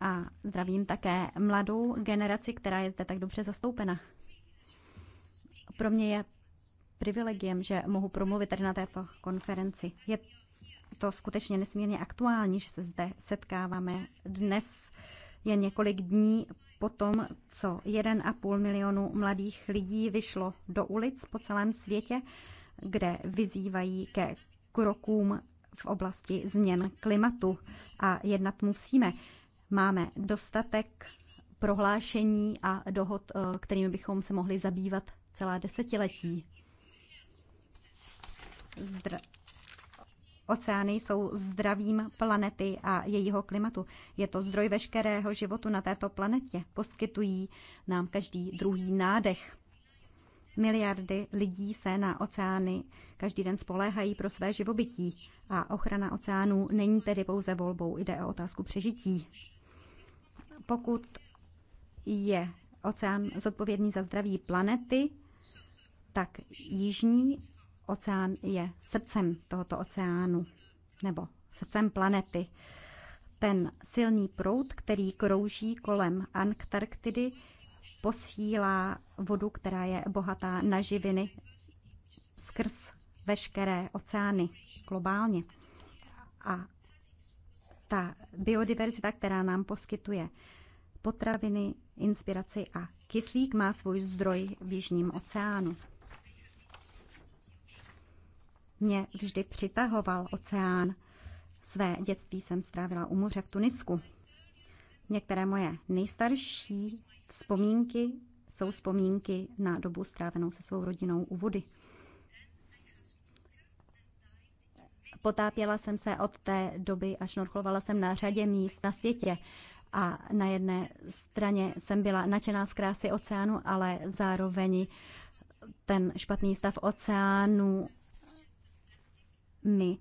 A zdravím také mladou generaci, která je zde tak dobře zastoupena. Pro mě je privilegiem, že mohu promluvit tady na této konferenci. Je to skutečně nesmírně aktuální, že se zde setkáváme dnes. Je několik dní po tom, co 1,5 milionu mladých lidí vyšlo do ulic po celém světě, kde vyzývají ke krokům v oblasti změn klimatu a jednat musíme. Máme dostatek prohlášení a dohod, eh, kterými bychom se mohli zabývat celá desetiletí. Zdr- Oceány jsou zdravím planety a jejího klimatu. Je to zdroj veškerého životu na této planetě. Poskytují nám každý druhý nádech. Miliardy lidí se na oceány každý den spoléhají pro své živobytí a ochrana oceánů není tedy pouze volbou, jde o otázku přežití. Pokud je oceán zodpovědný za zdraví planety, tak jižní oceán je srdcem tohoto oceánu, nebo srdcem planety. Ten silný proud, který krouží kolem Antarktidy, posílá vodu, která je bohatá na živiny skrz veškeré oceány globálně. A ta biodiverzita, která nám poskytuje potraviny, inspiraci a kyslík, má svůj zdroj v Jižním oceánu. Mě vždy přitahoval oceán. Své dětství jsem strávila u moře v Tunisku. Některé moje nejstarší Vzpomínky jsou vzpomínky na dobu strávenou se svou rodinou u vody. Potápěla jsem se od té doby a šnorchlovala jsem na řadě míst na světě. A na jedné straně jsem byla nadšená z krásy oceánu, ale zároveň ten špatný stav oceánu mi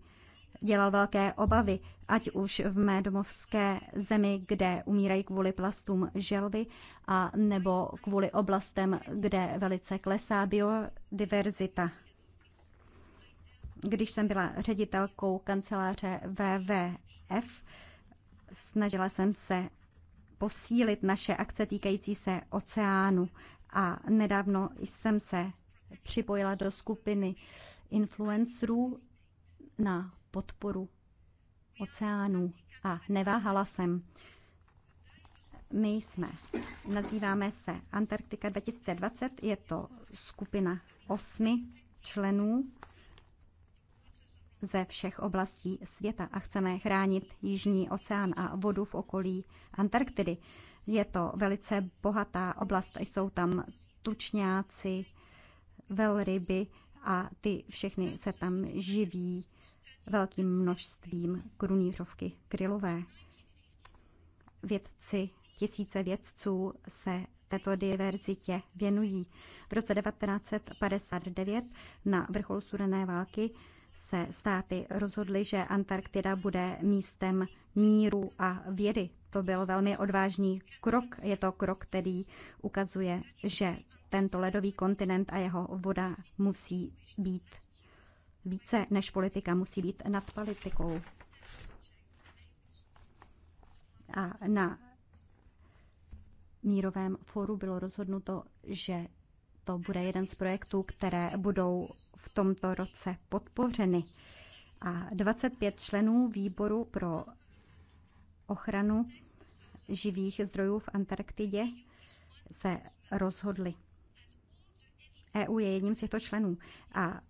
dělal velké obavy ať už v mé domovské zemi, kde umírají kvůli plastům želvy, a nebo kvůli oblastem, kde velice klesá biodiverzita. Když jsem byla ředitelkou kanceláře WWF, snažila jsem se posílit naše akce týkající se oceánu a nedávno jsem se připojila do skupiny influencerů na podporu oceánů a neváhala jsem. My jsme, nazýváme se Antarktika 2020, je to skupina osmi členů ze všech oblastí světa a chceme chránit Jižní oceán a vodu v okolí Antarktidy. Je to velice bohatá oblast, jsou tam tučňáci, velryby a ty všechny se tam živí velkým množstvím krunířovky krylové. Vědci, tisíce vědců se této diverzitě věnují. V roce 1959 na vrcholu studené války se státy rozhodly, že Antarktida bude místem míru a vědy. To byl velmi odvážný krok. Je to krok, který ukazuje, že tento ledový kontinent a jeho voda musí být více než politika, musí být nad politikou. A na mírovém fóru bylo rozhodnuto, že to bude jeden z projektů, které budou v tomto roce podpořeny. A 25 členů výboru pro ochranu živých zdrojů v Antarktidě se rozhodli. EU je jedním z těchto členů a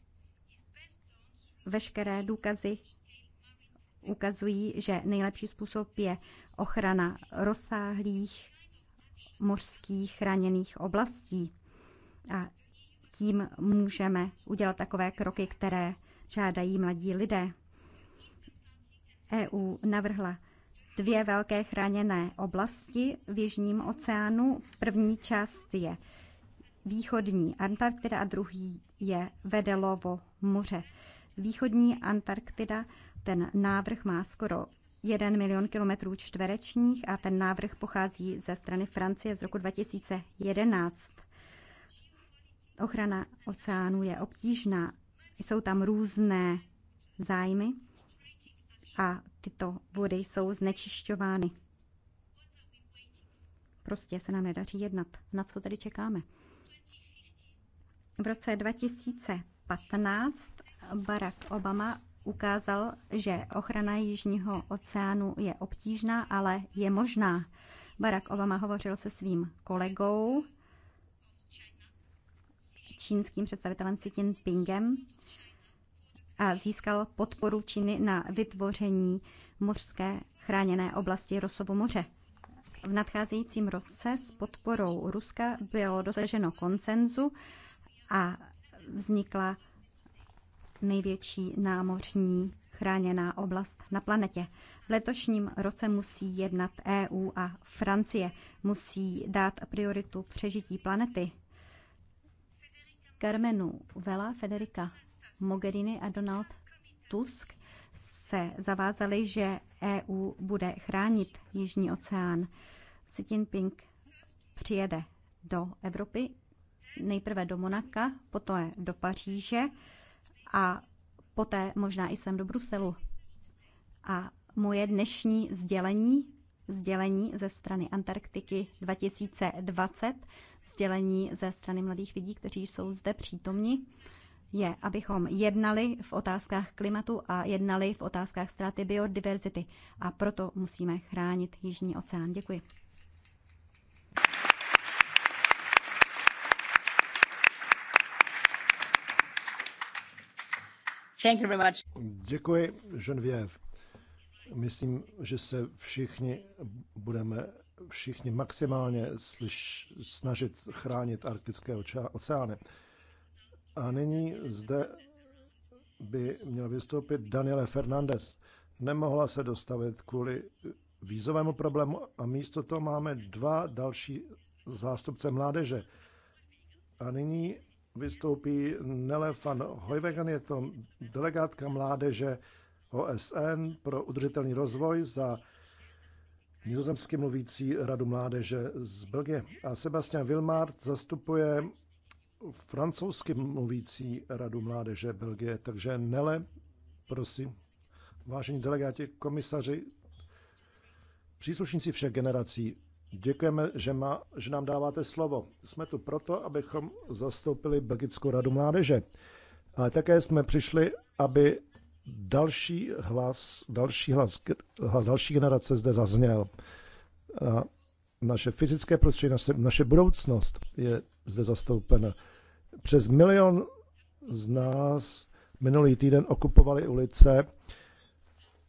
veškeré důkazy ukazují, že nejlepší způsob je ochrana rozsáhlých mořských chráněných oblastí. A tím můžeme udělat takové kroky, které žádají mladí lidé. EU navrhla dvě velké chráněné oblasti v Jižním oceánu. První část je východní Antarktida a druhý je Vedelovo moře východní Antarktida, ten návrh má skoro 1 milion kilometrů čtverečních a ten návrh pochází ze strany Francie z roku 2011. Ochrana oceánů je obtížná, jsou tam různé zájmy a tyto vody jsou znečišťovány. Prostě se nám nedaří jednat. Na co tedy čekáme? V roce 2015 Barack Obama ukázal, že ochrana Jižního oceánu je obtížná, ale je možná. Barack Obama hovořil se svým kolegou, čínským představitelem Xi Jinpingem, a získal podporu Číny na vytvoření mořské chráněné oblasti Rosovo moře. V nadcházejícím roce s podporou Ruska bylo dosaženo koncenzu a vznikla největší námořní chráněná oblast na planetě. V letošním roce musí jednat EU a Francie. Musí dát prioritu přežití planety. Carmenu Vela, Federica Mogherini a Donald Tusk se zavázali, že EU bude chránit Jižní oceán. Xi Jinping přijede do Evropy, nejprve do Monaka, poté do Paříže a poté možná i sem do Bruselu. A moje dnešní sdělení, sdělení ze strany Antarktiky 2020, sdělení ze strany mladých lidí, kteří jsou zde přítomni, je, abychom jednali v otázkách klimatu a jednali v otázkách ztráty biodiverzity. A proto musíme chránit Jižní oceán. Děkuji. Děkuji, Genevieve. Myslím, že se všichni budeme všichni maximálně slyš, snažit chránit arktické oceány. A nyní zde by měl vystoupit Daniele Fernandez. Nemohla se dostavit kvůli vízovému problému a místo toho máme dva další zástupce mládeže. A nyní vystoupí Nele van Hojvegen, je to delegátka mládeže OSN pro udržitelný rozvoj za nizozemsky mluvící radu mládeže z Belgie. A Sebastian Wilmart zastupuje francouzsky mluvící radu mládeže Belgie. Takže Nele, prosím, vážení delegáti, komisaři, příslušníci všech generací Děkujeme, že, má, že nám dáváte slovo. Jsme tu proto, abychom zastoupili Belgickou radu mládeže. Ale také jsme přišli, aby další hlas, další hlas, hlas další generace zde zazněl. A naše fyzické prostředí, naše, naše budoucnost je zde zastoupena. Přes milion z nás minulý týden okupovali ulice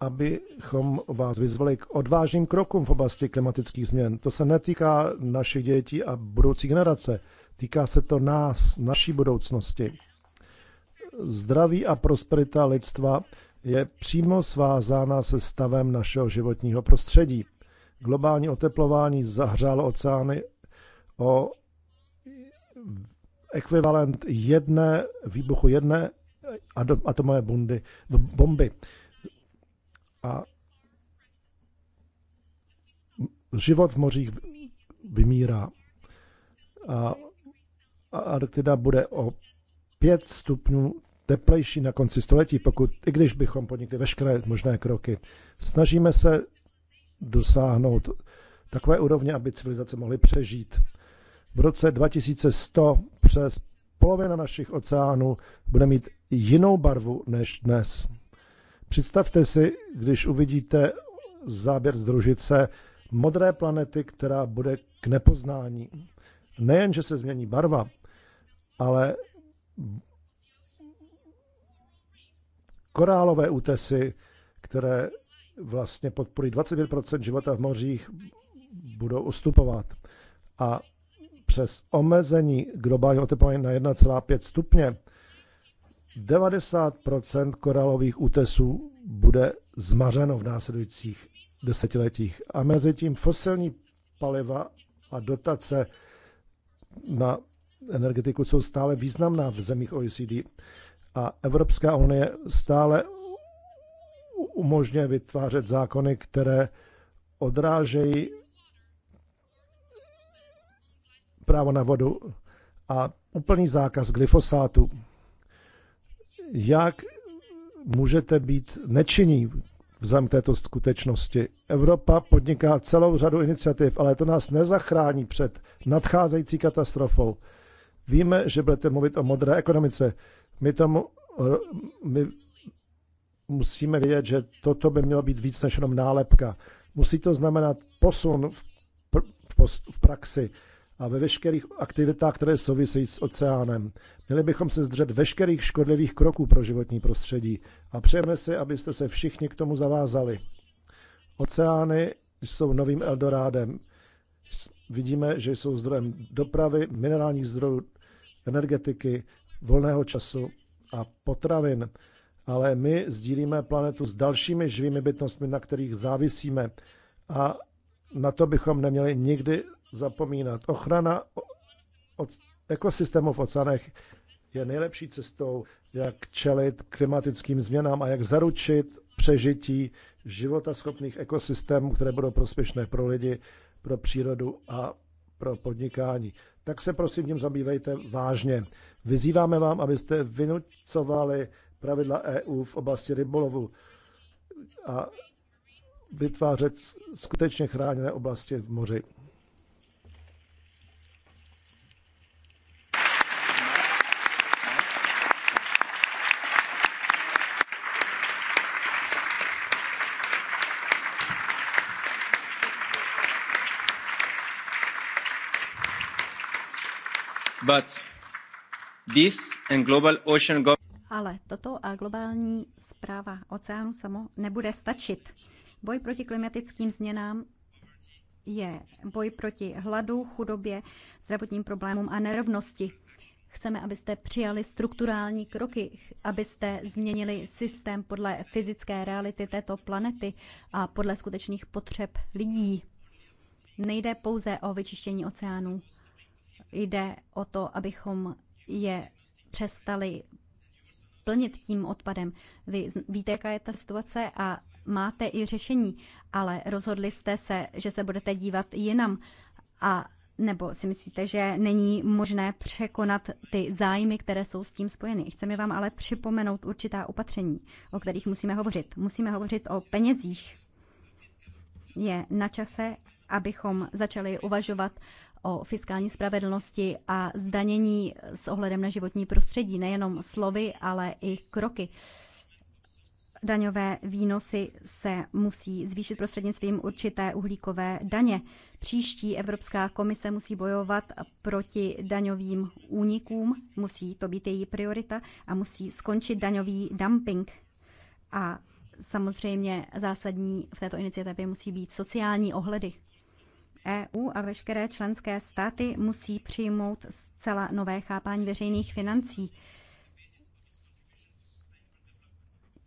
abychom vás vyzvali k odvážným krokům v oblasti klimatických změn. To se netýká našich dětí a budoucí generace. Týká se to nás, naší budoucnosti. Zdraví a prosperita lidstva je přímo svázána se stavem našeho životního prostředí. Globální oteplování zahřálo oceány o ekvivalent jedné výbuchu jedné atomové bundy, bomby a život v mořích vymírá. A, Arktida bude o 5 stupňů teplejší na konci století, pokud, i když bychom podnikli veškeré možné kroky. Snažíme se dosáhnout takové úrovně, aby civilizace mohly přežít. V roce 2100 přes polovina našich oceánů bude mít jinou barvu než dnes. Představte si, když uvidíte záběr z družice modré planety, která bude k nepoznání. Nejen, že se změní barva, ale korálové útesy, které vlastně podporují 25 života v mořích, budou ustupovat. A přes omezení globálního oteplování na 1,5 stupně 90 koralových útesů bude zmařeno v následujících desetiletích. A mezi tím fosilní paliva a dotace na energetiku jsou stále významná v zemích OECD. A Evropská unie stále umožňuje vytvářet zákony, které odrážejí právo na vodu a úplný zákaz glyfosátu jak můžete být nečinní vzhledem k této skutečnosti. Evropa podniká celou řadu iniciativ, ale to nás nezachrání před nadcházející katastrofou. Víme, že budete mluvit o modré ekonomice. My, tomu, my musíme vědět, že toto by mělo být víc než jenom nálepka. Musí to znamenat posun v, v, v praxi a ve veškerých aktivitách, které souvisejí s oceánem. Měli bychom se zdřet veškerých škodlivých kroků pro životní prostředí a přejeme si, abyste se všichni k tomu zavázali. Oceány jsou novým Eldorádem. Vidíme, že jsou zdrojem dopravy, minerálních zdrojů, energetiky, volného času a potravin. Ale my sdílíme planetu s dalšími živými bytostmi, na kterých závisíme a na to bychom neměli nikdy zapomínat. Ochrana od ekosystému v oceánech je nejlepší cestou, jak čelit klimatickým změnám a jak zaručit přežití životaschopných ekosystémů, které budou prospěšné pro lidi, pro přírodu a pro podnikání. Tak se prosím tím zabývejte vážně. Vyzýváme vám, abyste vynucovali pravidla EU v oblasti rybolovu a vytvářet skutečně chráněné oblasti v moři. But this and global ocean go- ale toto a globální zpráva oceánu samo nebude stačit. Boj proti klimatickým změnám je boj proti hladu, chudobě, zdravotním problémům a nerovnosti. Chceme, abyste přijali strukturální kroky, abyste změnili systém podle fyzické reality této planety a podle skutečných potřeb lidí. Nejde pouze o vyčištění oceánů, Jde o to, abychom je přestali plnit tím odpadem. Vy víte, jaká je ta situace a máte i řešení, ale rozhodli jste se, že se budete dívat jinam a nebo si myslíte, že není možné překonat ty zájmy, které jsou s tím spojeny? Chceme vám ale připomenout určitá opatření, o kterých musíme hovořit. Musíme hovořit o penězích. Je na čase, abychom začali uvažovat o fiskální spravedlnosti a zdanění s ohledem na životní prostředí, nejenom slovy, ale i kroky. Daňové výnosy se musí zvýšit prostřednictvím určité uhlíkové daně. Příští Evropská komise musí bojovat proti daňovým únikům, musí to být její priorita a musí skončit daňový dumping. A samozřejmě zásadní v této iniciativě musí být sociální ohledy. EU a veškeré členské státy musí přijmout zcela nové chápání veřejných financí.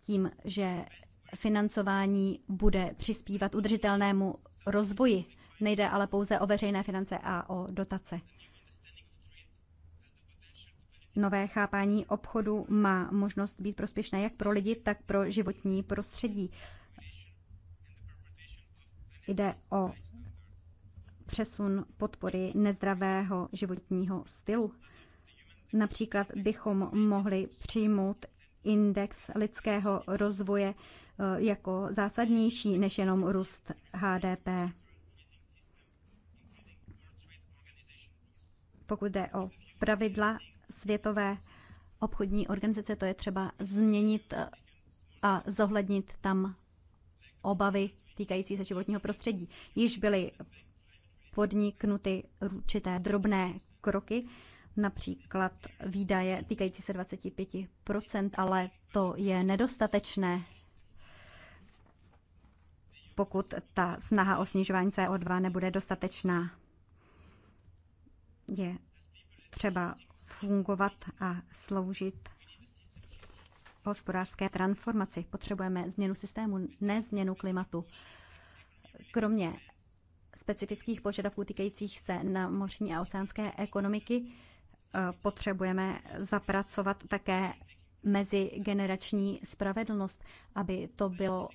Tím, že financování bude přispívat udržitelnému rozvoji. Nejde ale pouze o veřejné finance a o dotace. Nové chápání obchodu má možnost být prospěšné jak pro lidi, tak pro životní prostředí. Jde o přesun podpory nezdravého životního stylu. Například bychom mohli přijmout index lidského rozvoje eh, jako zásadnější než jenom růst HDP. Pokud jde o pravidla Světové obchodní organizace, to je třeba změnit eh, a zohlednit tam obavy týkající se životního prostředí. Již byly podniknuty určité drobné kroky, například výdaje týkající se 25%, ale to je nedostatečné, pokud ta snaha o snižování CO2 nebude dostatečná. Je třeba fungovat a sloužit hospodářské transformaci. Potřebujeme změnu systému, ne změnu klimatu. Kromě specifických požadavků týkajících se na mořní a oceánské ekonomiky eh, potřebujeme zapracovat také mezigenerační spravedlnost, aby to bylo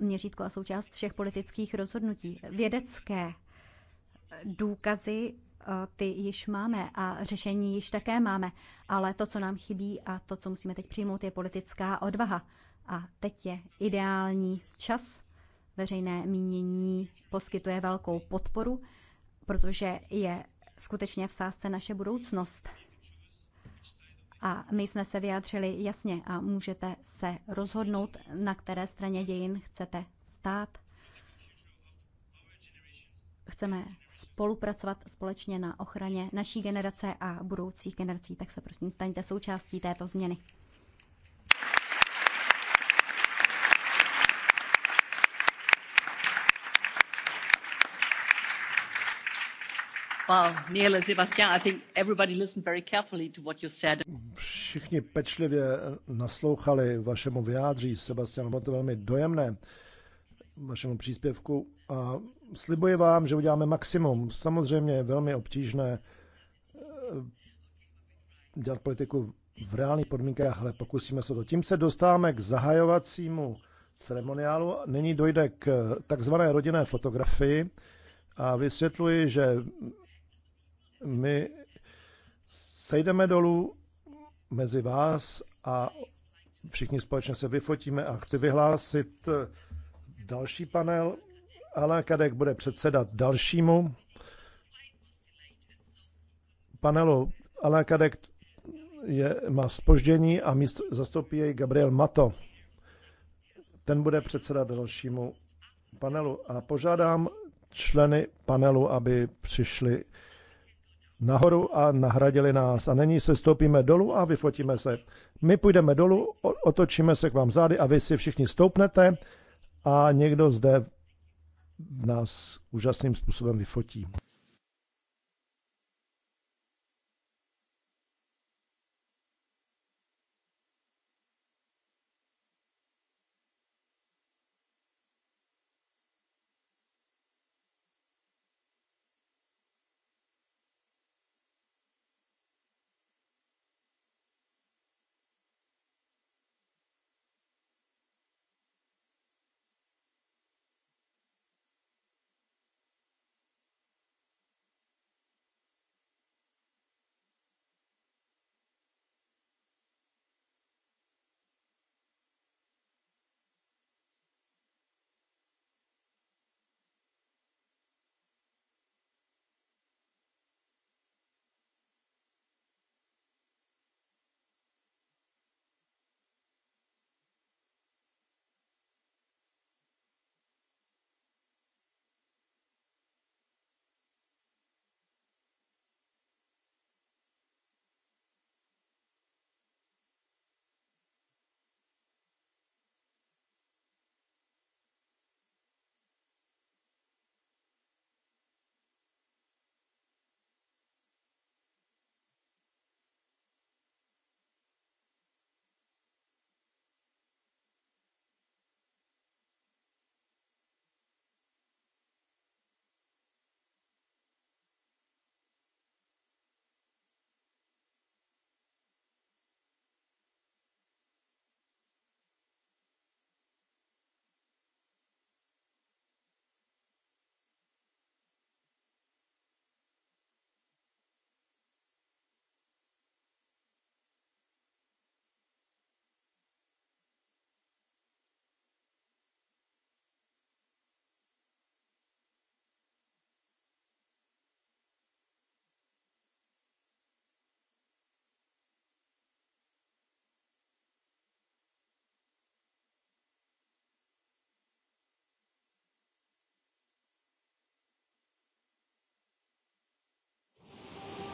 měřítko a součást všech politických rozhodnutí. Vědecké eh, důkazy eh, ty již máme a řešení již také máme, ale to, co nám chybí a to, co musíme teď přijmout, je politická odvaha. A teď je ideální čas veřejné mínění poskytuje velkou podporu, protože je skutečně v sázce naše budoucnost. A my jsme se vyjádřili jasně a můžete se rozhodnout, na které straně dějin chcete stát. Chceme spolupracovat společně na ochraně naší generace a budoucích generací, tak se prosím staňte součástí této změny. Neil Sebastian, Všichni pečlivě eh, naslouchali vašemu vyjádří, Sebastian, bylo to velmi dojemné, vašemu příspěvku a slibuji vám, že uděláme maximum. Samozřejmě je velmi obtížné eh, dělat politiku v reálných podmínkách, ale pokusíme se to. Tím se dostáváme k zahajovacímu ceremoniálu. Nyní dojde k eh, takzvané rodinné fotografii a vysvětluji, že my sejdeme dolů mezi vás a všichni společně se vyfotíme a chci vyhlásit eh, další panel. Alain Kadek bude předsedat dalšímu panelu. Alain Kadek je, má spoždění a míst, zastoupí jej Gabriel Mato. Ten bude předsedat dalšímu panelu. A požádám členy panelu, aby přišli nahoru a nahradili nás. A není se stoupíme dolů a vyfotíme se. My půjdeme dolů, otočíme se k vám zády a vy si všichni stoupnete a někdo zde nás úžasným způsobem vyfotí.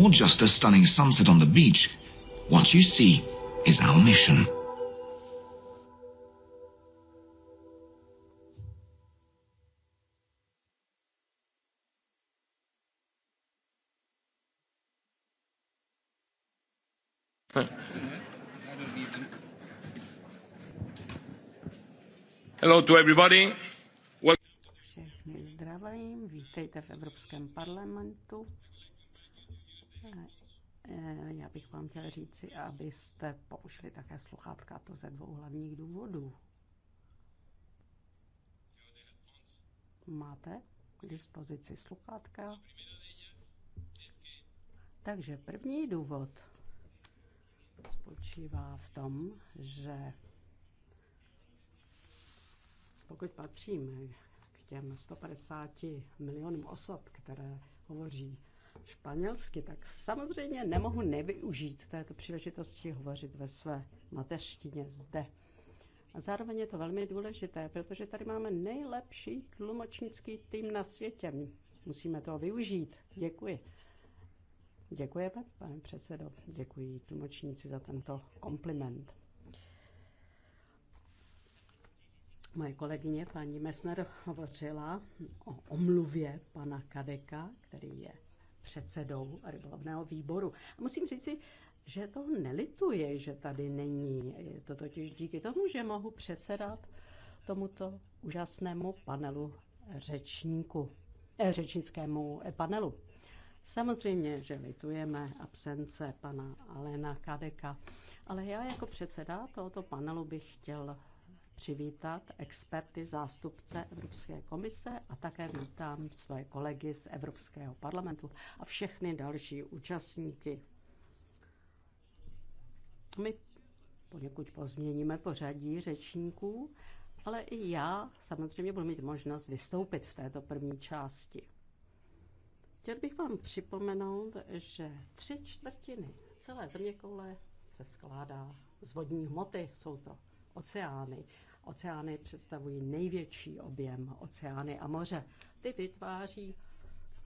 or just a stunning sunset on the beach, what you see is our mission. Hello to everybody. Well... Všechny zdravím, vítejte v Evropském parlamentu. Eh, já bych vám chtěla říci, abyste použili také sluchátka, to ze dvou hlavních důvodů. Máte k dispozici sluchátka? Takže první důvod spočívá v tom, že pokud patříme k těm 150 milionům osob, které hovoří španělsky, tak samozřejmě nemohu nevyužít této příležitosti hovořit ve své mateřštině zde. A zároveň je to velmi důležité, protože tady máme nejlepší tlumočnický tým na světě. Musíme toho využít. Děkuji. Děkuji, pane předsedo. Děkuji tlumočníci za tento kompliment. Moje kolegyně paní Mesner hovořila o omluvě pana Kadeka, který je předsedou rybolovného výboru. A musím říci, že to nelituje, že tady není. Je to totiž díky tomu, že mohu předsedat tomuto úžasnému panelu řečníku, eh, řečnickému panelu. Samozřejmě, že litujeme absence pana Alena Kadeka, ale já jako předseda tohoto panelu bych chtěl přivítat experty, zástupce Evropské komise a také vítám své kolegy z Evropského parlamentu a všechny další účastníky. My poněkud pozměníme pořadí řečníků, ale i já samozřejmě budu mít možnost vystoupit v této první části. Chtěl bych vám připomenout, že tři čtvrtiny celé zeměkoule se skládá z vodní hmoty. Jsou to oceány. Oceány představují největší objem oceány a moře. Ty vytváří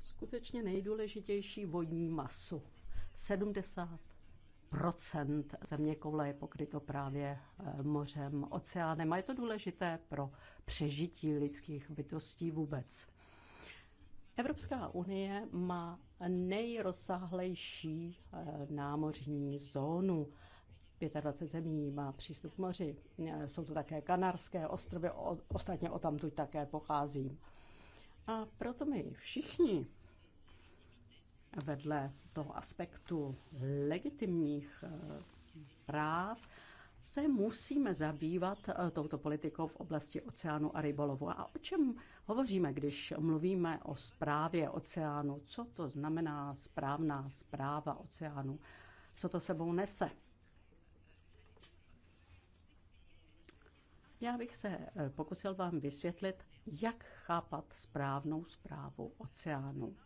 skutečně nejdůležitější vodní masu. 70 země koule je pokryto právě eh, mořem, oceánem a je to důležité pro přežití lidských bytostí vůbec. Evropská unie má nejrozsáhlejší eh, námořní zónu 25 zemí má přístup k moři. Jsou to také Kanarské ostrovy, ostatně o tamtud také pocházím. A proto my všichni vedle toho aspektu legitimních eh, práv se musíme zabývat eh, touto politikou v oblasti oceánu a rybolovu. A o čem hovoříme, když mluvíme o správě oceánu? Co to znamená správná zpráva oceánu? Co to sebou nese? Já bych se eh, pokusil vám vysvětlit, jak chápat správnou zprávu oceánu.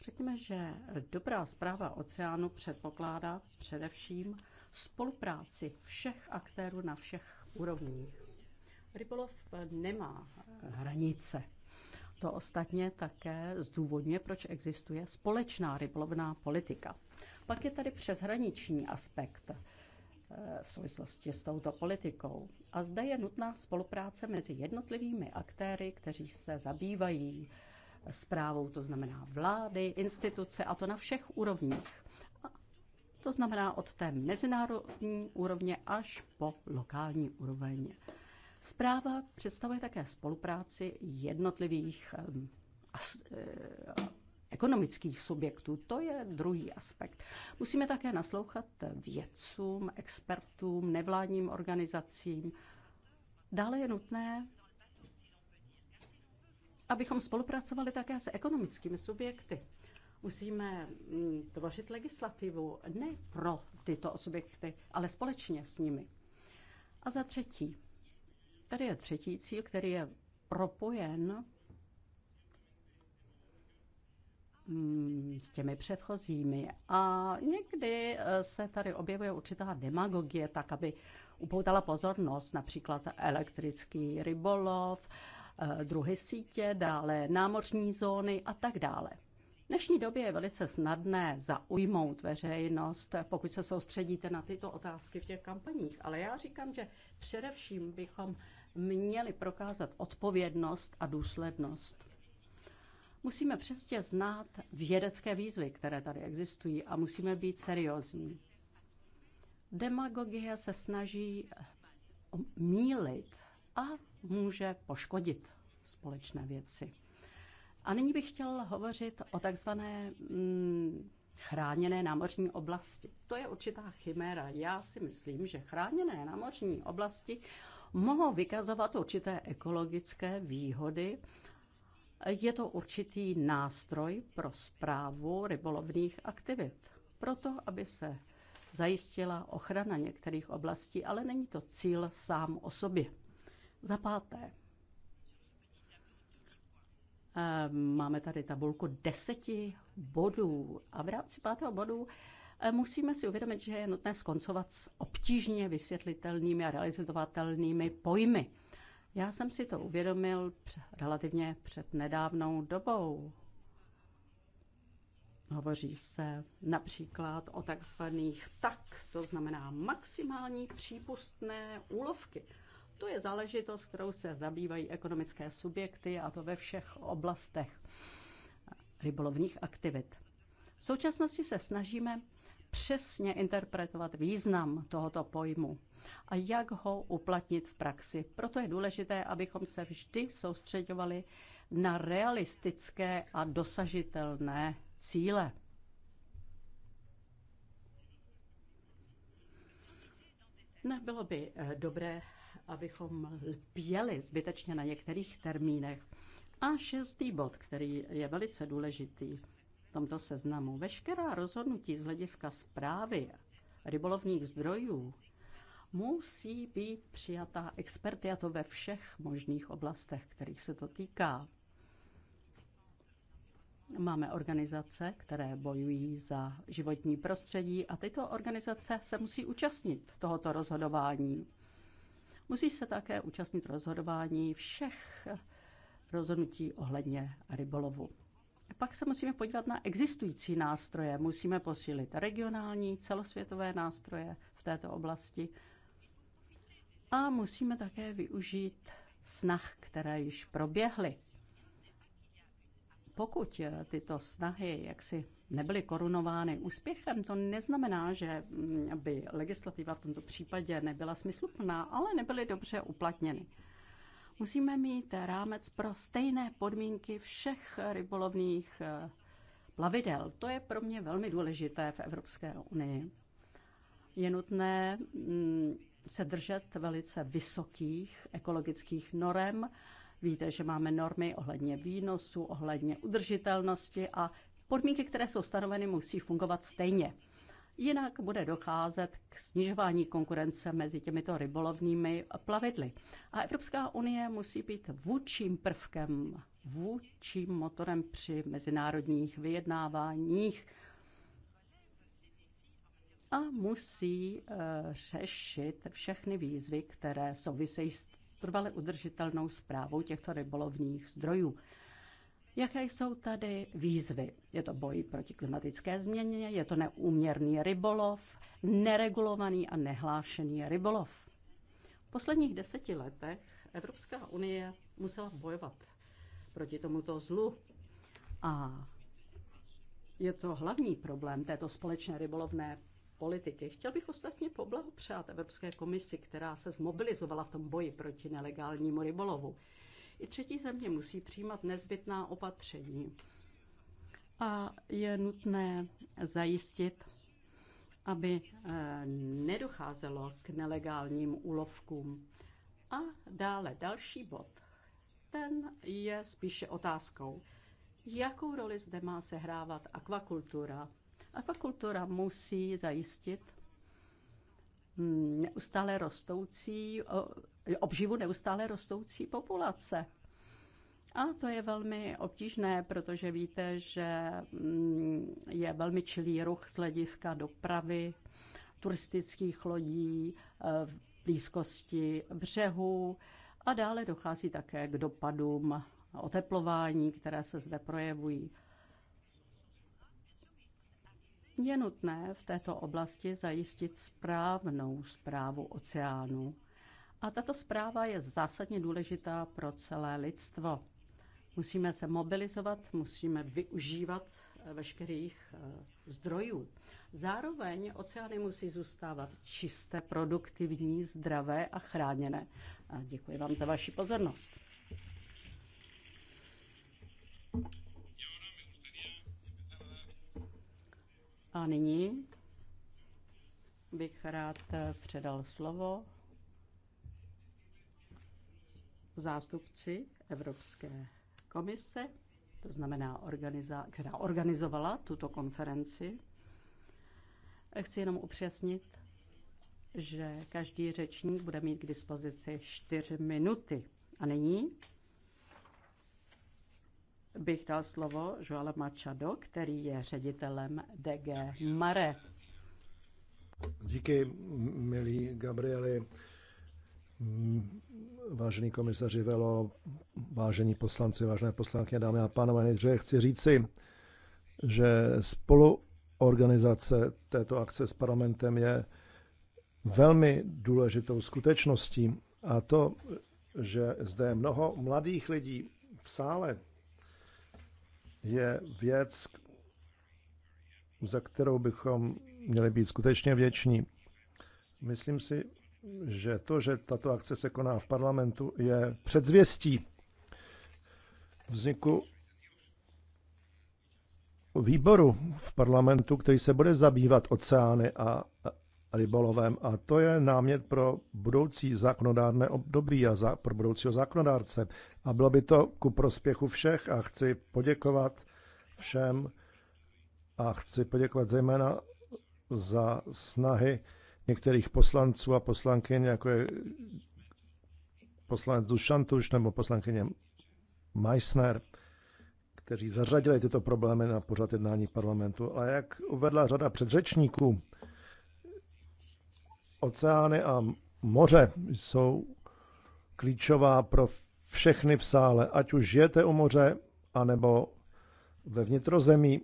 Řekněme, že dobrá zpráva oceánu předpokládá především spolupráci všech aktérů na všech úrovních. Rybolov eh, nemá eh, hranice. To ostatně také zdůvodňuje, proč existuje společná rybolovná politika. Pak je tady přeshraniční aspekt. Eh, v souvislosti s touto politikou. A zde je nutná spolupráce mezi jednotlivými aktéry, kteří se zabývají zprávou, to znamená vlády, instituce, a to na všech úrovních. A to znamená od té mezinárodní úrovně až po lokální úroveň. Zpráva představuje také spolupráci jednotlivých eh, eh, ekonomických subjektů. To je druhý aspekt. Musíme také naslouchat vědcům, expertům, nevládním organizacím. Dále je nutné, abychom spolupracovali také s ekonomickými subjekty. Musíme mm, tvořit legislativu ne pro tyto subjekty, ale společně s nimi. A za třetí, tady je třetí cíl, který je propojen Mm, s těmi předchozími. A někdy eh, se tady objevuje určitá demagogie, tak aby upoutala pozornost, například elektrický rybolov, eh, druhy sítě, dále námořní zóny a tak dále. V dnešní době je velice snadné zaujmout veřejnost, pokud se soustředíte na tyto otázky v těch kampaních. Ale já říkám, že především bychom měli prokázat odpovědnost a důslednost. Musíme přesně znát vědecké výzvy, které tady existují a musíme být seriózní. Demagogie se snaží mílit a může poškodit společné věci. A nyní bych chtěl hovořit o takzvané mm, chráněné námořní oblasti. To je určitá chiméra. Já si myslím, že chráněné námořní oblasti mohou vykazovat určité ekologické výhody, je to určitý nástroj pro zprávu rybolovných aktivit, proto aby se zajistila ochrana některých oblastí, ale není to cíl sám o sobě. Za páté, eh, máme tady tabulku deseti bodů a v rámci pátého bodu eh, musíme si uvědomit, že je nutné skoncovat s obtížně vysvětlitelnými a realizovatelnými pojmy. Já jsem si to uvědomil relativně před nedávnou dobou. Hovoří se například o takzvaných tak, to znamená maximální přípustné úlovky. To je záležitost, kterou se zabývají ekonomické subjekty a to ve všech oblastech rybolovních aktivit. V současnosti se snažíme přesně interpretovat význam tohoto pojmu a jak ho uplatnit v praxi. Proto je důležité, abychom se vždy soustředovali na realistické a dosažitelné cíle. Nebylo by eh, dobré, abychom lpěli zbytečně na některých termínech. A šestý bod, který je velice důležitý v tomto seznamu. Veškerá rozhodnutí z hlediska zprávy rybolovních zdrojů musí být přijatá experty, a to ve všech možných oblastech, kterých se to týká. Máme organizace, které bojují za životní prostředí a tyto organizace se musí účastnit tohoto rozhodování. Musí se také účastnit rozhodování všech rozhodnutí ohledně rybolovu. Pak se musíme podívat na existující nástroje. Musíme posílit regionální, celosvětové nástroje v této oblasti a musíme také využít snah, které již proběhly. Pokud eh, tyto snahy jaksi nebyly korunovány úspěchem, to neznamená, že mm, by legislativa v tomto případě nebyla smysluplná, ale nebyly dobře uplatněny. Musíme mít rámec pro stejné podmínky všech rybolovných eh, plavidel. To je pro mě velmi důležité v Evropské unii. Je nutné mm, se držet velice vysokých ekologických norem. Víte, že máme normy ohledně výnosu, ohledně udržitelnosti a podmínky, které jsou stanoveny, musí fungovat stejně. Jinak bude docházet k snižování konkurence mezi těmito rybolovnými plavidly. A Evropská unie musí být vůčím prvkem, vůčím motorem při mezinárodních vyjednáváních a musí eh, řešit všechny výzvy, které souvisejí s trvale udržitelnou zprávou těchto rybolovních zdrojů. Jaké jsou tady výzvy? Je to boj proti klimatické změně, je to neúměrný rybolov, neregulovaný a nehlášený rybolov. V posledních deseti letech Evropská unie musela bojovat proti tomuto zlu a je to hlavní problém této společné rybolovné politiky. Chtěl bych ostatně poblahopřát Evropské komisi, která se zmobilizovala v tom boji proti nelegálnímu rybolovu. I třetí země musí přijímat nezbytná opatření. A je nutné zajistit, aby eh, nedocházelo k nelegálním úlovkům. A dále další bod. Ten je spíše otázkou. Jakou roli zde má sehrávat akvakultura Akvakultura musí zajistit mm, neustále rostoucí, obživu neustále rostoucí populace. A to je velmi obtížné, protože víte, že mm, je velmi čilý ruch z hlediska dopravy, turistických lodí e, v blízkosti břehu a dále dochází také k dopadům oteplování, které se zde projevují. Je nutné v této oblasti zajistit správnou zprávu oceánu. A tato zpráva je zásadně důležitá pro celé lidstvo. Musíme se mobilizovat, musíme využívat eh, veškerých eh, zdrojů. Zároveň oceány musí zůstávat čisté, produktivní, zdravé a chráněné. A děkuji vám za vaši pozornost. A nyní bych rád eh, předal slovo zástupci Evropské komise, to znamená, organiza- která organizovala tuto konferenci. Chci jenom upřesnit, že každý řečník bude mít k dispozici čtyři minuty. A nyní bych dal slovo Joala Machado, který je ředitelem DG Mare. Díky, milí Gabrieli, vážený komisaři Velo, vážení poslanci, vážené poslankyně, dámy a pánové, nejdříve chci říci, že spoluorganizace této akce s parlamentem je velmi důležitou skutečností a to, že zde je mnoho mladých lidí v sále, je věc, za kterou bychom měli být skutečně věční. Myslím si, že to, že tato akce se koná v parlamentu, je předzvěstí vzniku výboru v parlamentu, který se bude zabývat oceány a rybolovem a to je námět pro budoucí zákonodárné období a za, pro budoucího zákonodárce. A bylo by to ku prospěchu všech a chci poděkovat všem a chci poděkovat zejména za snahy některých poslanců a poslankyň, jako je poslanec Dušantuš nebo poslankyně Meissner, kteří zařadili tyto problémy na pořad jednání parlamentu. A jak uvedla řada předřečníků, Oceány a moře jsou klíčová pro všechny v sále, ať už žijete u moře, anebo ve vnitrozemí.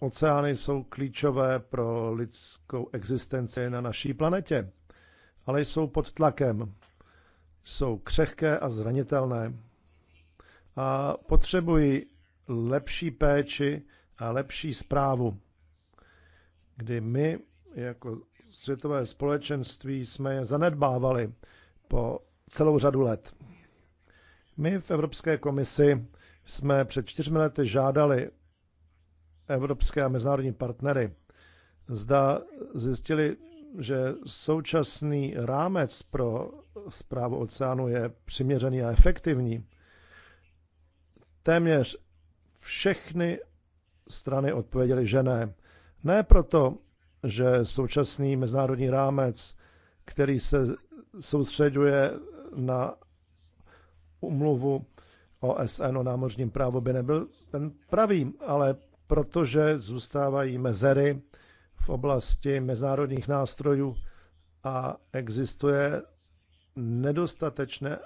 Oceány jsou klíčové pro lidskou existenci na naší planetě, ale jsou pod tlakem. Jsou křehké a zranitelné a potřebují lepší péči a lepší zprávu, kdy my jako světové společenství jsme je zanedbávali po celou řadu let. My v Evropské komisi jsme před čtyřmi lety žádali evropské a mezinárodní partnery, zda zjistili, že současný rámec pro zprávu oceánu je přiměřený a efektivní. Téměř všechny strany odpověděly, že ne. Ne proto, že současný mezinárodní rámec, který se soustředuje na umluvu OSN o námořním právu, by nebyl ten pravý, ale protože zůstávají mezery v oblasti mezinárodních nástrojů a existuje nedostatečné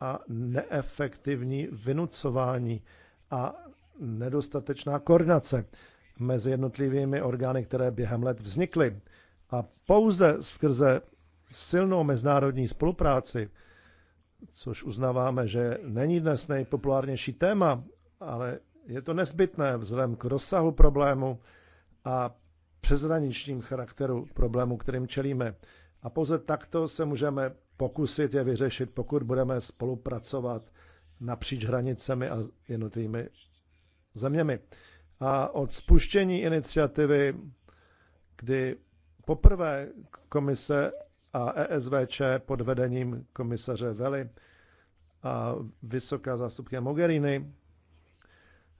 a neefektivní vynucování a nedostatečná koordinace mezi jednotlivými orgány, které během let vznikly. A pouze skrze silnou mezinárodní spolupráci, což uznáváme, že není dnes nejpopulárnější téma, ale je to nezbytné vzhledem k rozsahu problému a přezraničním charakteru problému, kterým čelíme. A pouze takto se můžeme pokusit je vyřešit, pokud budeme spolupracovat napříč hranicemi a jednotlivými zeměmi a od spuštění iniciativy, kdy poprvé komise a ESVČ pod vedením komisaře Veli a vysoká zástupkyně Mogherini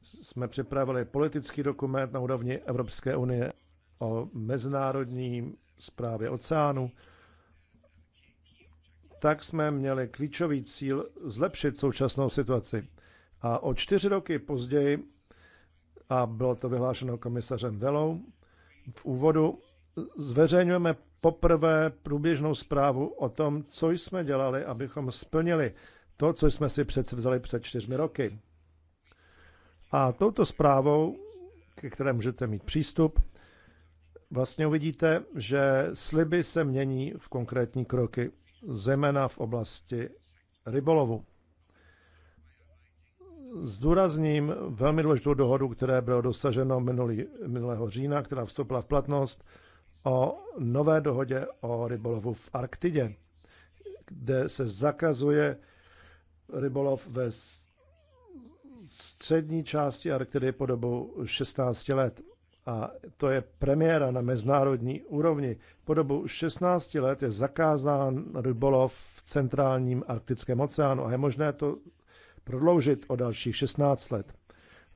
jsme připravili politický dokument na úrovni Evropské unie o mezinárodní zprávě oceánu, tak jsme měli klíčový cíl zlepšit současnou situaci. A o čtyři roky později a bylo to vyhlášeno komisařem Velou. V úvodu zveřejňujeme poprvé průběžnou zprávu o tom, co jsme dělali, abychom splnili to, co jsme si předsevzali před čtyřmi roky. A touto zprávou, ke které můžete mít přístup, vlastně uvidíte, že sliby se mění v konkrétní kroky, zejména v oblasti rybolovu zdůrazním velmi důležitou dohodu, které bylo dosaženo minulý, minulého října, která vstoupila v platnost o nové dohodě o rybolovu v Arktidě, kde se zakazuje rybolov ve střední části Arktidy po dobu 16 let. A to je premiéra na mezinárodní úrovni. Po dobu 16 let je zakázán rybolov v centrálním arktickém oceánu a je možné to prodloužit o dalších 16 let.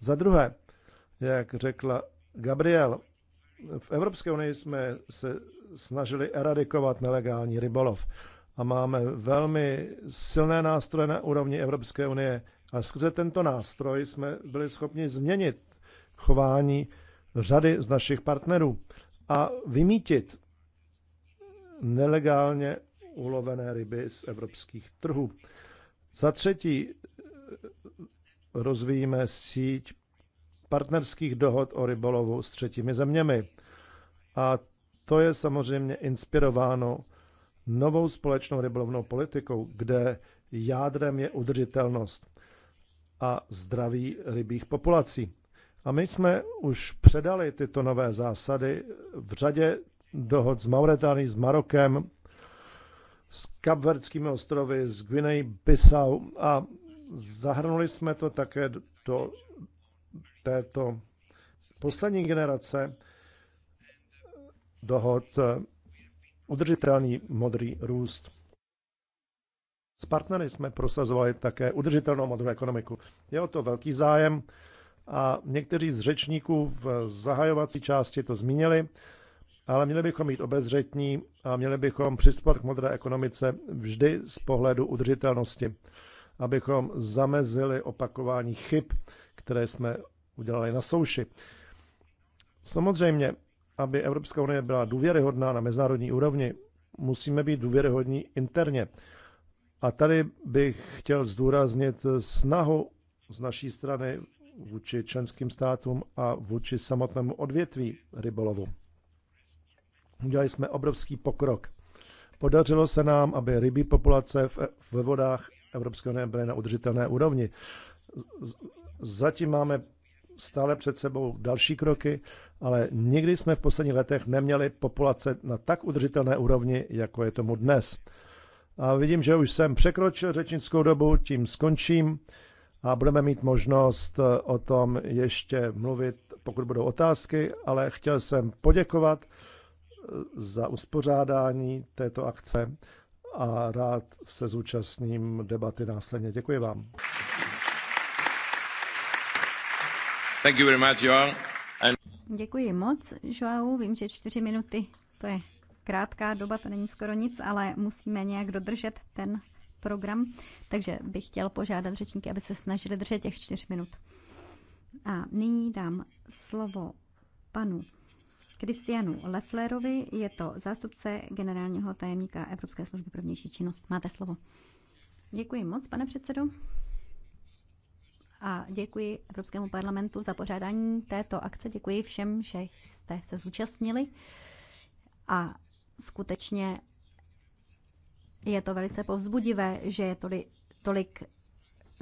Za druhé, jak řekla Gabriel, v Evropské unii jsme se snažili eradikovat nelegální rybolov a máme velmi silné nástroje na úrovni Evropské unie a skrze tento nástroj jsme byli schopni změnit chování řady z našich partnerů a vymítit nelegálně ulovené ryby z evropských trhů. Za třetí, rozvíjíme síť partnerských dohod o rybolovu s třetími zeměmi. A to je samozřejmě inspirováno novou společnou rybolovnou politikou, kde jádrem je udržitelnost a zdraví rybích populací. A my jsme už předali tyto nové zásady v řadě dohod s Mauretánií, s Marokem, s Kapverdskými ostrovy, s guinea Bissau a Zahrnuli jsme to také do této poslední generace dohod eh, udržitelný modrý růst. S partnery jsme prosazovali také udržitelnou modrou ekonomiku. Je o to velký zájem a někteří z řečníků v zahajovací části to zmínili, ale měli bychom být obezřetní a měli bychom přispět k modré ekonomice vždy z pohledu udržitelnosti abychom zamezili opakování chyb, které jsme udělali na souši. Samozřejmě, aby Evropská unie byla důvěryhodná na mezinárodní úrovni, musíme být důvěryhodní interně. A tady bych chtěl zdůraznit snahu z naší strany vůči členským státům a vůči samotnému odvětví rybolovu. Udělali jsme obrovský pokrok. Podařilo se nám, aby rybí populace ve vodách Evropské unie byly na udržitelné úrovni. Zatím máme stále před sebou další kroky, ale nikdy jsme v posledních letech neměli populace na tak udržitelné úrovni, jako je tomu dnes. A vidím, že už jsem překročil řečnickou dobu, tím skončím a budeme mít možnost eh, o tom ještě mluvit, pokud budou otázky, ale chtěl jsem poděkovat eh, za uspořádání této akce a rád se zúčastním debaty následně. Děkuji vám. Thank you very much, Joao. And... Děkuji moc, Joao. Vím, že čtyři minuty to je krátká doba, to není skoro nic, ale musíme nějak dodržet ten program. Takže bych chtěl požádat řečníky, aby se snažili držet těch čtyř minut. A nyní dám slovo panu Kristianu Lefflerovi, je to zástupce generálního tajemníka Evropské služby pro vnější činnost. Máte slovo. Děkuji moc, pane předsedo. A děkuji Evropskému parlamentu za pořádání této akce. Děkuji všem, že jste se zúčastnili. A skutečně je to velice povzbudivé, že je tolik, tolik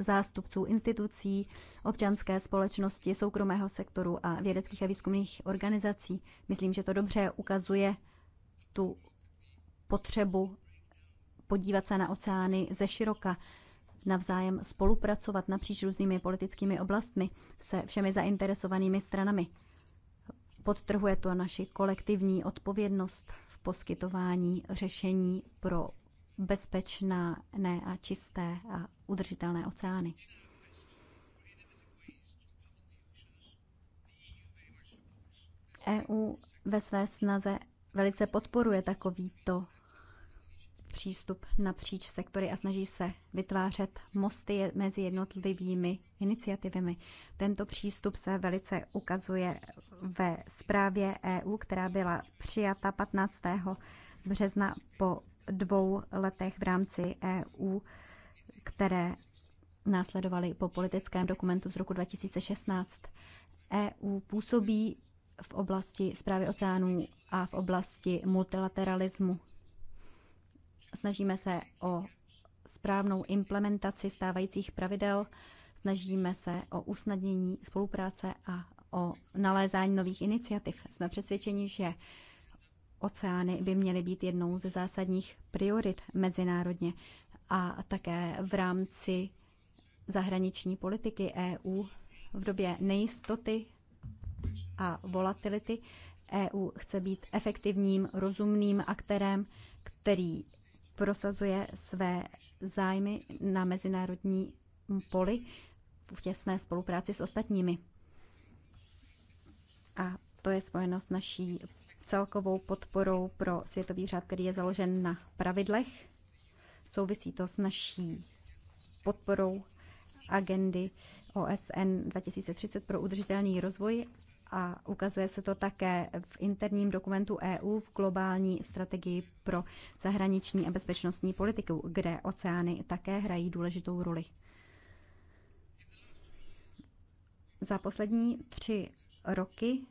zástupců institucí, občanské společnosti, soukromého sektoru a vědeckých a výzkumných organizací. Myslím, že to dobře ukazuje tu potřebu podívat se na oceány ze široka, navzájem spolupracovat napříč různými politickými oblastmi se všemi zainteresovanými stranami. Podtrhuje to naši kolektivní odpovědnost v poskytování řešení pro bezpečná, ne a čisté a udržitelné oceány. EU ve své snaze velice podporuje takovýto přístup napříč sektory a snaží se vytvářet mosty mezi jednotlivými iniciativami. Tento přístup se velice ukazuje ve zprávě EU, která byla přijata 15. března po dvou letech v rámci EU, které následovaly po politickém dokumentu z roku 2016. EU působí v oblasti zprávy oceánů a v oblasti multilateralismu. Snažíme se o správnou implementaci stávajících pravidel, snažíme se o usnadnění spolupráce a o nalézání nových iniciativ. Jsme přesvědčeni, že Oceány by měly být jednou ze zásadních priorit mezinárodně a také v rámci zahraniční politiky EU v době nejistoty a volatility EU chce být efektivním, rozumným aktérem, který prosazuje své zájmy na mezinárodní poli v těsné spolupráci s ostatními. A to je spojeno s naší celkovou podporou pro světový řád, který je založen na pravidlech. Souvisí to s naší podporou agendy OSN 2030 pro udržitelný rozvoj a ukazuje se to také v interním dokumentu EU v globální strategii pro zahraniční a bezpečnostní politiku, kde oceány také hrají důležitou roli. Za poslední tři roky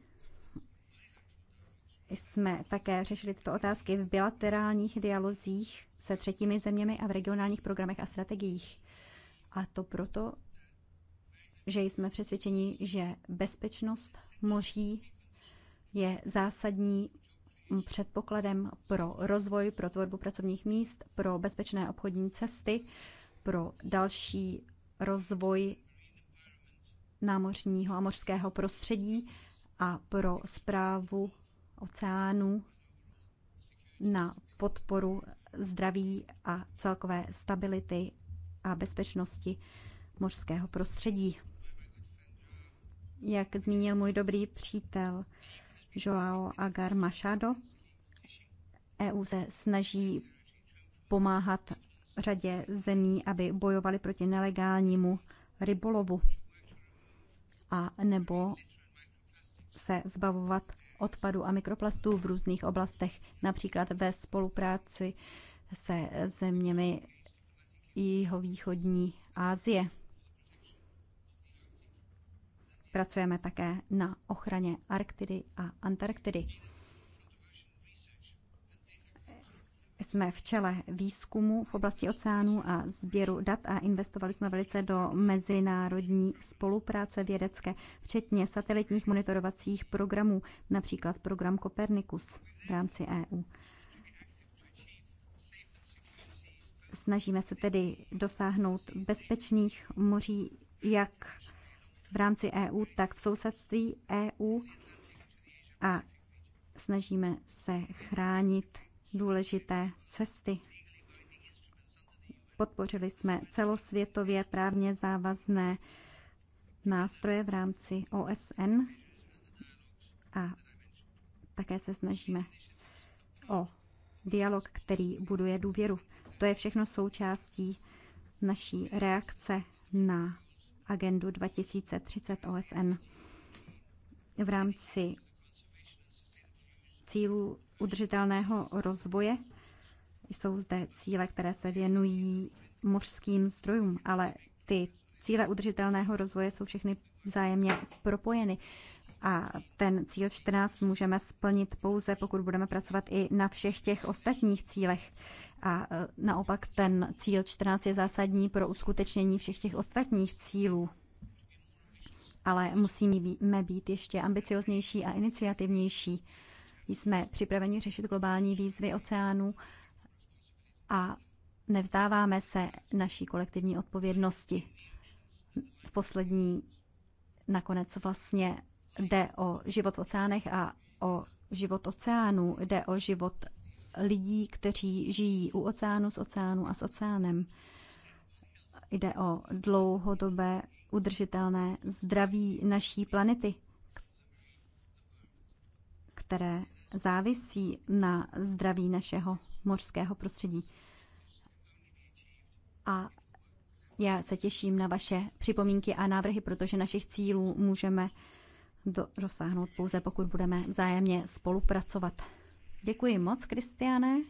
jsme také řešili tyto otázky v bilaterálních dialozích se třetími zeměmi a v regionálních programech a strategiích. A to proto, že jsme přesvědčeni, že bezpečnost moří je zásadní předpokladem pro rozvoj, pro tvorbu pracovních míst, pro bezpečné obchodní cesty, pro další rozvoj námořního a mořského prostředí a pro zprávu oceánů na podporu zdraví a celkové stability a bezpečnosti mořského prostředí. Jak zmínil můj dobrý přítel Joao Agar Machado, EU se snaží pomáhat řadě zemí, aby bojovali proti nelegálnímu rybolovu a nebo se zbavovat odpadu a mikroplastů v různých oblastech, například ve spolupráci se zeměmi jihovýchodní Asie. Pracujeme také na ochraně Arktidy a Antarktidy. jsme v čele výzkumu v oblasti oceánů a sběru dat a investovali jsme velice do mezinárodní spolupráce vědecké, včetně satelitních monitorovacích programů, například program Copernicus v rámci EU. Snažíme se tedy dosáhnout bezpečných moří jak v rámci EU, tak v sousedství EU a snažíme se chránit důležité cesty. Podpořili jsme celosvětově právně závazné nástroje v rámci OSN a také se snažíme o dialog, který buduje důvěru. To je všechno součástí naší reakce na agendu 2030 OSN v rámci cílů udržitelného rozvoje. Jsou zde cíle, které se věnují mořským zdrojům, ale ty cíle udržitelného rozvoje jsou všechny vzájemně propojeny. A ten cíl 14 můžeme splnit pouze, pokud budeme pracovat i na všech těch ostatních cílech. A e, naopak ten cíl 14 je zásadní pro uskutečnění všech těch ostatních cílů. Ale musíme být ještě ambicioznější a iniciativnější. Jsme připraveni řešit globální výzvy oceánů a nevzdáváme se naší kolektivní odpovědnosti. V poslední nakonec vlastně jde o život v oceánech a o život oceánů, jde o život lidí, kteří žijí u oceánu, z oceánu a s oceánem. Jde o dlouhodobé udržitelné zdraví naší planety které závisí na zdraví našeho mořského prostředí. A já se těším na vaše připomínky a návrhy, protože našich cílů můžeme do, dosáhnout pouze, pokud budeme vzájemně spolupracovat. Děkuji moc, Kristiane.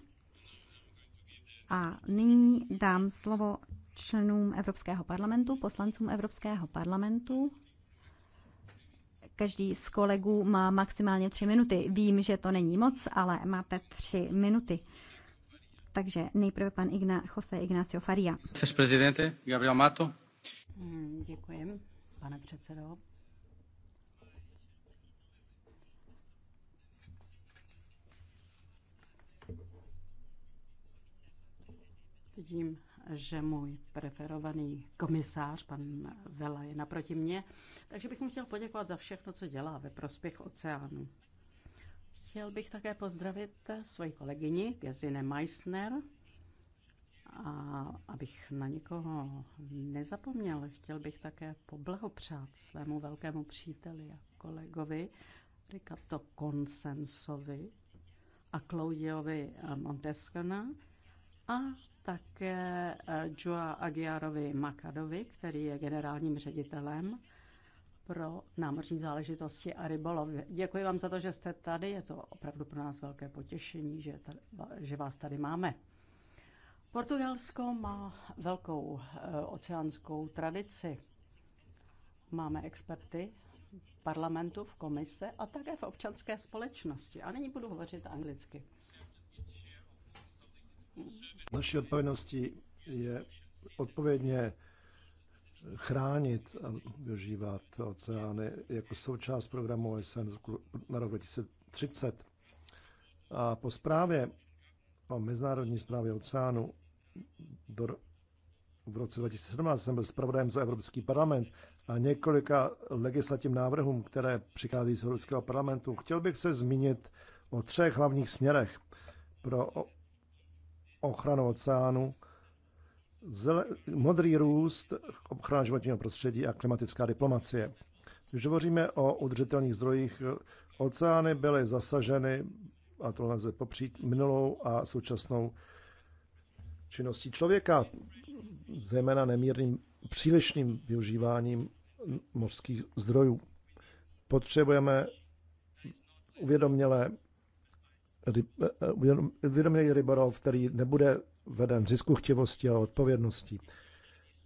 A nyní dám slovo členům Evropského parlamentu, poslancům Evropského parlamentu. Každý z kolegů má maximálně tři minuty. Vím, že to není moc, ale máte tři minuty. Takže nejprve pan Igna, Jose Ignacio Faria. prezidente, Gabriel Mato. Hmm, Děkuji, pane předsedo. Vidím že můj preferovaný komisář, pan Vela, je naproti mě, takže bych mu chtěl poděkovat za všechno, co dělá ve prospěch oceánu. Chtěl bych také pozdravit svoji kolegyni Gesine Meissner, a abych na nikoho nezapomněl, chtěl bych také poblahopřát svému velkému příteli a kolegovi Ricardo Consensovi a Claudiovi Montescana, a také eh, Joa Agiarovi Makadovi, který je generálním ředitelem pro námořní záležitosti a rybolov. Děkuji vám za to, že jste tady. Je to opravdu pro nás velké potěšení, že, tady, že vás tady máme. Portugalsko má velkou eh, oceánskou tradici. Máme experty v parlamentu, v komise a také v občanské společnosti. A nyní budu hovořit anglicky. Naší odpovědností je odpovědně chránit a využívat oceány jako součást programu OSN na rok 2030. A po zprávě o mezinárodní zprávě oceánu do, v roce 2017 jsem byl zpravodajem za Evropský parlament a několika legislativním návrhům, které přichází z Evropského parlamentu. Chtěl bych se zmínit o třech hlavních směrech pro ochranou oceánu, zele, modrý růst, ochrana životního prostředí a klimatická diplomacie. Když hovoříme o udržitelných zdrojích, oceány byly zasaženy, a to lze popřít, minulou a současnou činností člověka, zejména nemírným přílišným využíváním mořských zdrojů. Potřebujeme uvědomělé ryb, eh, eh, rybarov, který nebude veden chtivosti a odpovědností.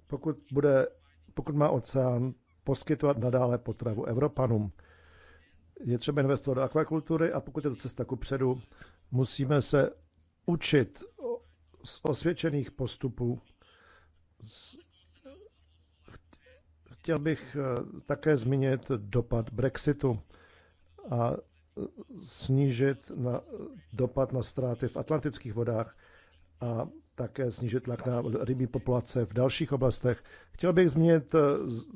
Pokud, bude, pokud má oceán poskytovat nadále potravu Evropanům, je třeba investovat do akvakultury a pokud je to cesta kupředu, předu, musíme se učit z osvědčených postupů. Chtěl bych eh, také zmínit dopad Brexitu a snížit na dopad na ztráty v atlantických vodách a také snížit tlak na rybí populace v dalších oblastech. Chtěl bych zmínit eh,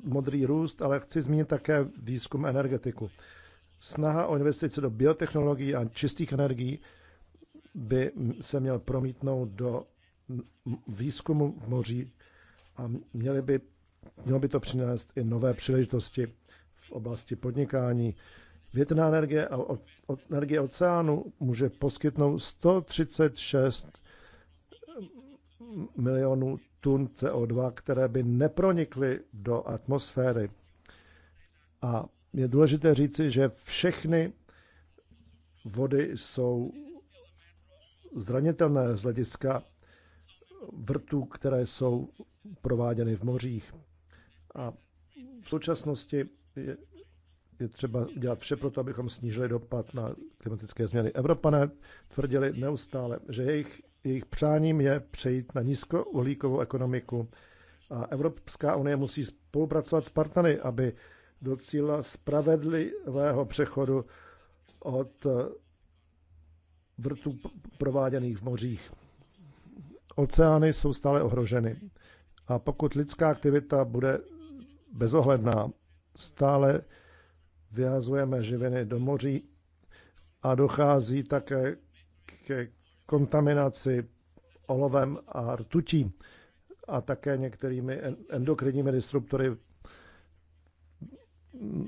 modrý růst, ale chci zmínit také výzkum energetiku. Snaha o investice do biotechnologií a čistých energií by se měl promítnout do výzkumu v moří a měli by, mělo by to přinést i nové příležitosti v oblasti podnikání Větrná energie a od, od, energie oceánu může poskytnout 136 milionů tun CO2, které by nepronikly do atmosféry. A je důležité říci, že všechny vody jsou zranitelné z hlediska vrtů, které jsou prováděny v mořích. A v současnosti je je třeba dělat vše pro to, abychom snížili dopad na klimatické změny. Evropané tvrdili neustále, že jejich, jejich přáním je přejít na nízkouhlíkovou ekonomiku. A Evropská unie musí spolupracovat s partnery, aby docílila spravedlivého přechodu od eh, vrtů prováděných v mořích. Oceány jsou stále ohroženy. A pokud lidská aktivita bude bezohledná, stále vyhazujeme živiny do moří a dochází také ke kontaminaci olovem a rtutí a také některými endokrinními disruptory.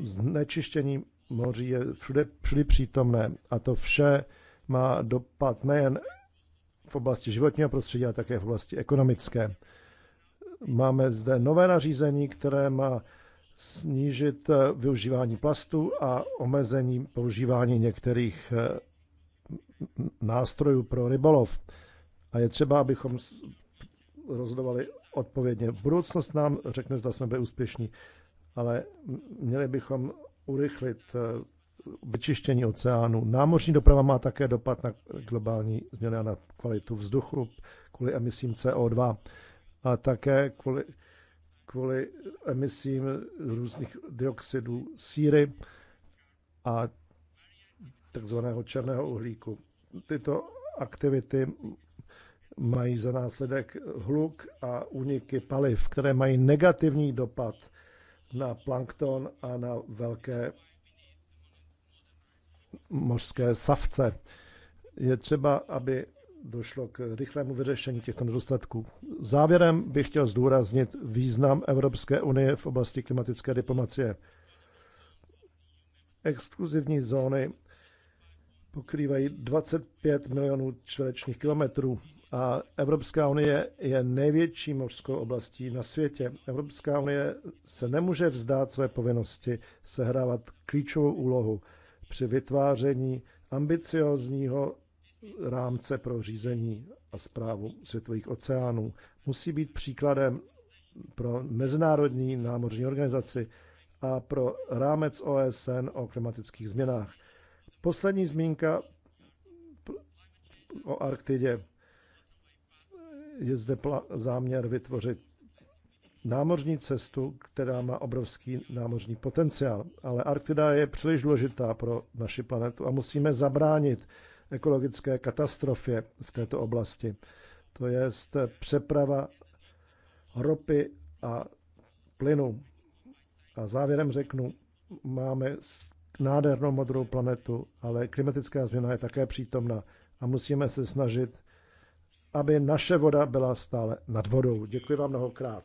Znečištění moří je všude, všude přítomné a to vše má dopad nejen v oblasti životního prostředí, ale také v oblasti ekonomické. Máme zde nové nařízení, které má snížit eh, využívání plastu a omezení používání některých eh, nástrojů pro rybolov. A je třeba, abychom rozhodovali odpovědně. Budoucnost nám řekne, zda jsme byli úspěšní, ale měli bychom urychlit eh, vyčištění oceánu. Námořní doprava má také dopad na globální změny a na kvalitu vzduchu kvůli emisím CO2 a také kvůli kvůli emisím různých dioxidů síry a takzvaného černého uhlíku. Tyto aktivity mají za následek hluk a úniky paliv, které mají negativní dopad na plankton a na velké mořské savce. Je třeba, aby došlo k rychlému vyřešení těchto nedostatků. Závěrem bych chtěl zdůraznit význam Evropské unie v oblasti klimatické diplomacie. Exkluzivní zóny pokrývají 25 milionů čtverečních kilometrů a Evropská unie je největší mořskou oblastí na světě. Evropská unie se nemůže vzdát své povinnosti sehrávat klíčovou úlohu při vytváření ambiciozního rámce pro řízení a zprávu světových oceánů. Musí být příkladem pro Mezinárodní námořní organizaci a pro rámec OSN o klimatických změnách. Poslední zmínka o Arktidě. Je zde záměr vytvořit námořní cestu, která má obrovský námořní potenciál. Ale Arktida je příliš důležitá pro naši planetu a musíme zabránit ekologické katastrofě v této oblasti. To je přeprava ropy a plynu. A závěrem řeknu, máme nádhernou modrou planetu, ale klimatická změna je také přítomna a musíme se snažit, aby naše voda byla stále nad vodou. Děkuji vám mnohokrát.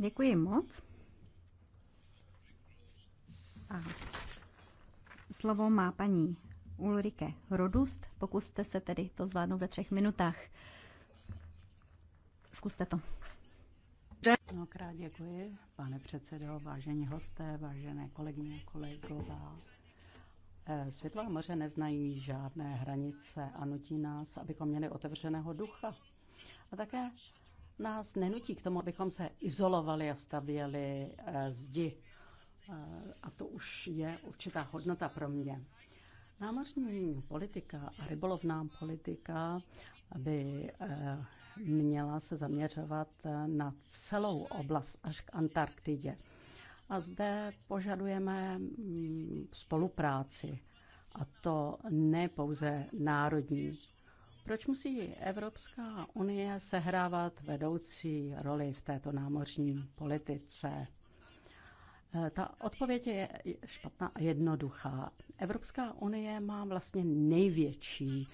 Děkuji moc. A slovo má paní Ulrike Rodust. Pokuste se tedy to zvládnout ve třech minutách. Zkuste to. Mnohokrát děkuji, pane předsedo, vážení hosté, vážené kolegyně, kolegová. Eh, Světlá moře neznají žádné hranice a nutí nás, abychom měli otevřeného ducha. A také nás nenutí k tomu, abychom se izolovali a stavěli eh, zdi Eh, a to už je určitá hodnota pro mě. Námořní politika a rybolovná politika by eh, měla se zaměřovat eh, na celou oblast až k Antarktidě. A zde požadujeme mm, spolupráci, a to ne pouze národní. Proč musí Evropská unie sehrávat vedoucí roli v této námořní politice? Eh, ta odpověď je špatná a jednoduchá. Evropská unie má vlastně největší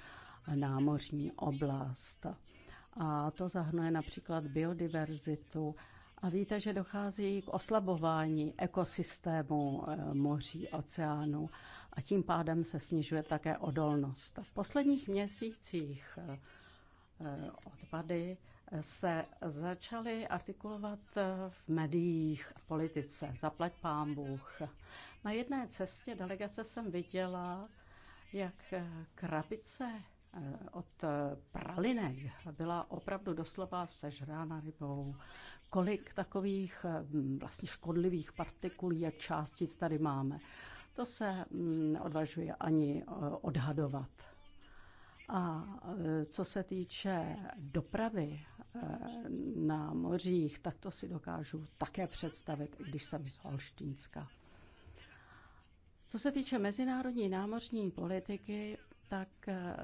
námořní oblast. A to zahrnuje například biodiverzitu. A víte, že dochází k oslabování ekosystému eh, moří, oceánu a tím pádem se snižuje také odolnost. V posledních měsících eh, odpady se začaly artikulovat v médiích, v politice, zaplať pán Bůh. Na jedné cestě delegace jsem viděla, jak krabice eh, od pralinek byla opravdu doslova sežrána rybou. Kolik takových hm, vlastně škodlivých partikulí a částic tady máme. To se hm, odvažuje ani eh, odhadovat. A eh, co se týče dopravy na mořích, tak to si dokážu také představit, i když jsem z Holštínska. Co se týče mezinárodní námořní politiky, tak eh,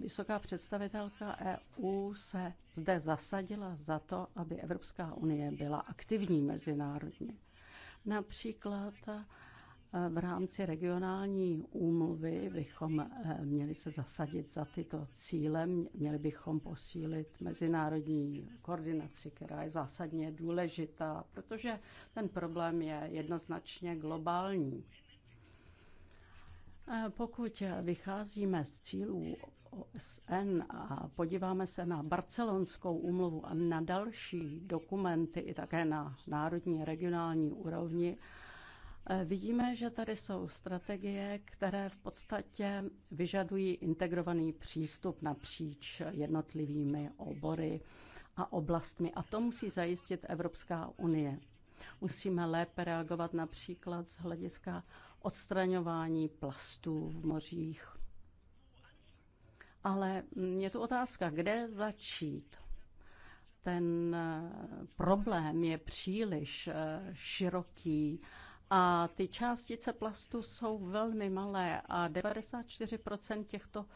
vysoká představitelka EU se zde zasadila za to, aby Evropská unie byla aktivní mezinárodně. Například v rámci regionální úmluvy bychom eh, měli se zasadit za tyto cíle, měli bychom posílit mezinárodní koordinaci, která je zásadně důležitá, protože ten problém je jednoznačně globální. Eh, pokud vycházíme z cílů OSN a podíváme se na barcelonskou úmluvu a na další dokumenty i také na národní regionální úrovni, Vidíme, že tady jsou strategie, které v podstatě vyžadují integrovaný přístup napříč jednotlivými obory a oblastmi. A to musí zajistit Evropská unie. Musíme lépe reagovat například z hlediska odstraňování plastů v mořích. Ale je tu otázka, kde začít? Ten eh, problém je příliš eh, široký a ty částice plastu jsou velmi malé a 94% těchto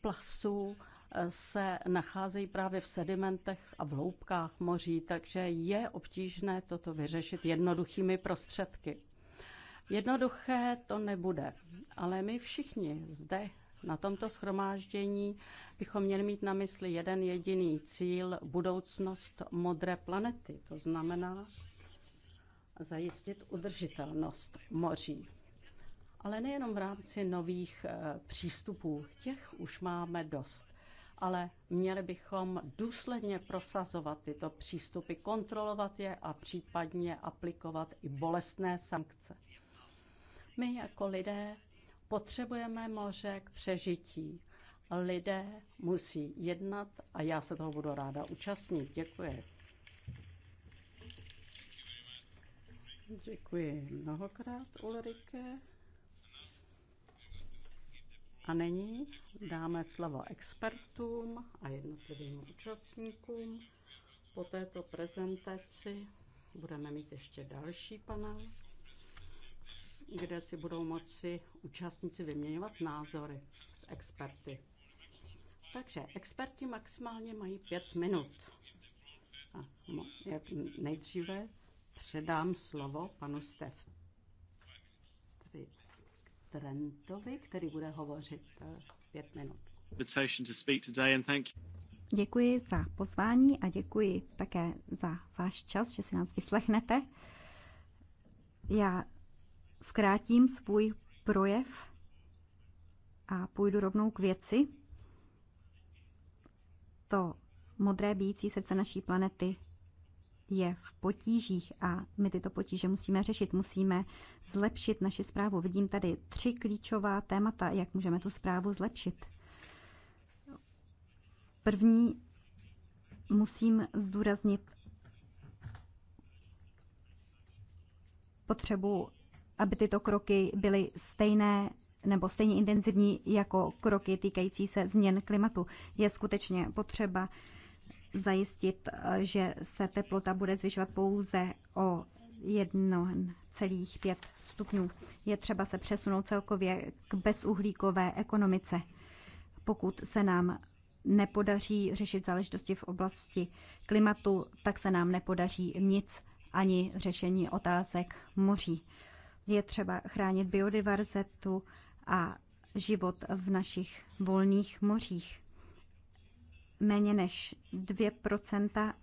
plastů eh, se nacházejí právě v sedimentech a v hloubkách moří, takže je obtížné toto vyřešit jednoduchými prostředky. Jednoduché to nebude, ale my všichni zde na tomto schromáždění bychom měli mít na mysli jeden jediný cíl budoucnost modré planety. To znamená zajistit udržitelnost moří. Ale nejenom v rámci nových eh, přístupů, těch už máme dost. Ale měli bychom důsledně prosazovat tyto přístupy, kontrolovat je a případně aplikovat i bolestné sankce. My jako lidé potřebujeme moře k přežití. Lidé musí jednat a já se toho budu ráda účastnit. Děkuji. Děkuji mnohokrát, Ulrike. A nyní dáme slovo expertům a jednotlivým účastníkům. Po této prezentaci budeme mít ještě další panel, kde si budou moci účastníci vyměňovat názory s experty. Takže experti maximálně mají pět minut. A jak nejdříve předám slovo panu Stef Trentovi, který bude hovořit eh, pět minut. Děkuji za pozvání a děkuji také za váš čas, že si nás vyslechnete. Já zkrátím svůj projev a půjdu rovnou k věci. To modré bíjící srdce naší planety je v potížích a my tyto potíže musíme řešit, musíme zlepšit naši zprávu. Vidím tady tři klíčová témata, jak můžeme tu zprávu zlepšit. První musím zdůraznit potřebu, aby tyto kroky byly stejné nebo stejně intenzivní jako kroky týkající se změn klimatu. Je skutečně potřeba zajistit, eh, že se teplota bude zvyšovat pouze o 1,5 stupňů. Je třeba se přesunout celkově k bezuhlíkové ekonomice, pokud se nám nepodaří řešit záležitosti v oblasti klimatu, tak se nám nepodaří nic ani řešení otázek moří. Je třeba chránit biodiverzitu a život v našich volných mořích méně než 2%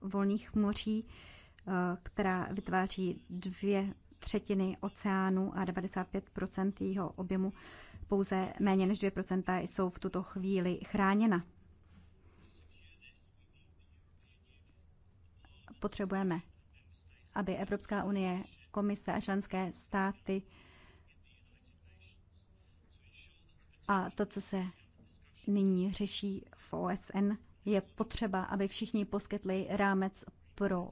volných moří, eh, která vytváří dvě třetiny oceánu a 95% jeho objemu, pouze méně než 2% jsou v tuto chvíli chráněna. Potřebujeme, aby Evropská unie, komise a členské státy a to, co se nyní řeší v OSN. Je potřeba, aby všichni poskytli rámec pro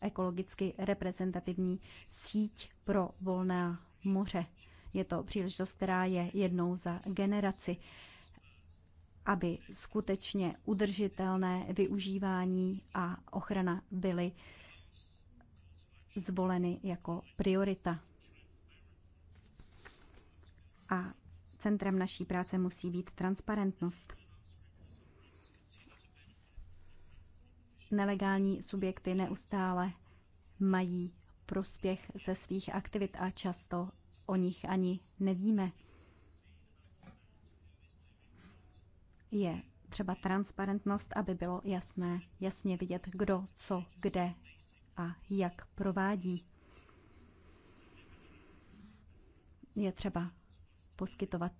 ekologicky reprezentativní síť pro volná moře. Je to příležitost, která je jednou za generaci, aby skutečně udržitelné využívání a ochrana byly zvoleny jako priorita. A Centrem naší práce musí být transparentnost. Nelegální subjekty neustále mají prospěch ze svých aktivit a často o nich ani nevíme. Je třeba transparentnost, aby bylo jasné, jasně vidět, kdo, co, kde a jak provádí. Je třeba poskytovat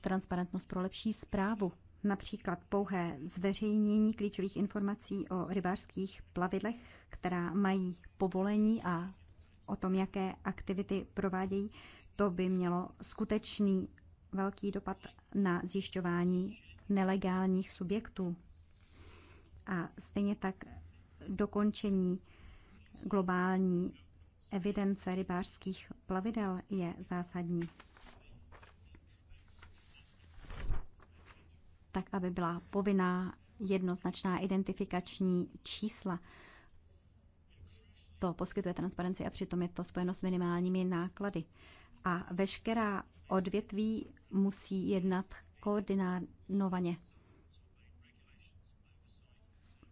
transparentnost pro lepší zprávu. Například pouhé zveřejnění klíčových informací o rybářských plavidlech, která mají povolení a o tom, jaké aktivity provádějí, to by mělo skutečný velký dopad na zjišťování nelegálních subjektů. A stejně tak dokončení globální evidence rybářských plavidel je zásadní. tak aby byla povinná jednoznačná identifikační čísla. To poskytuje transparenci a přitom je to spojeno s minimálními náklady. A veškerá odvětví musí jednat koordinovaně,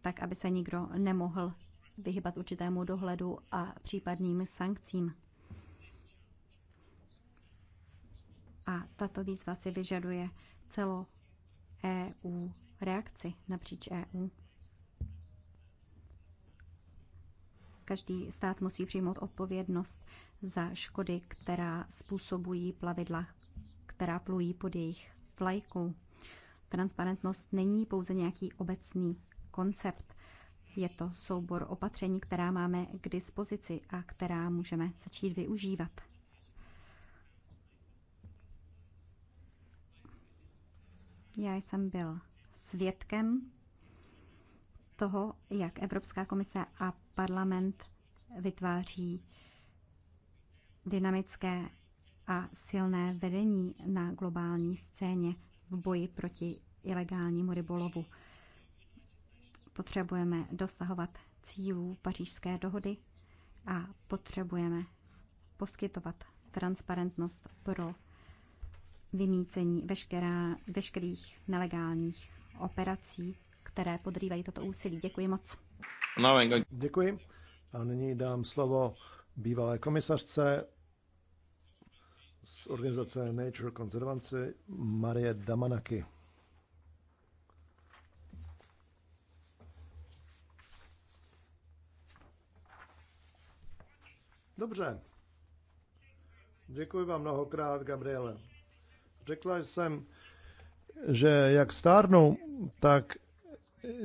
tak aby se nikdo nemohl vyhybat určitému dohledu a případným sankcím. A tato výzva si vyžaduje celo EU, reakci napříč EU. Každý stát musí přijmout odpovědnost za škody, která způsobují plavidla, která plují pod jejich vlajkou. Transparentnost není pouze nějaký obecný koncept. Je to soubor opatření, která máme k dispozici a která můžeme začít využívat. Já jsem byl svědkem toho, jak Evropská komise a parlament vytváří dynamické a silné vedení na globální scéně v boji proti ilegálnímu rybolovu. Potřebujeme dosahovat cílů pařížské dohody a potřebujeme poskytovat transparentnost pro vymícení veškerá, veškerých nelegálních operací, které podrývají toto úsilí. Děkuji moc. No, jako- Děkuji. A nyní dám slovo bývalé komisařce z organizace Nature Conservancy Marie Damanaki. Dobře. Děkuji vám mnohokrát, Gabriele. Řekla jsem, že jak stárnu, tak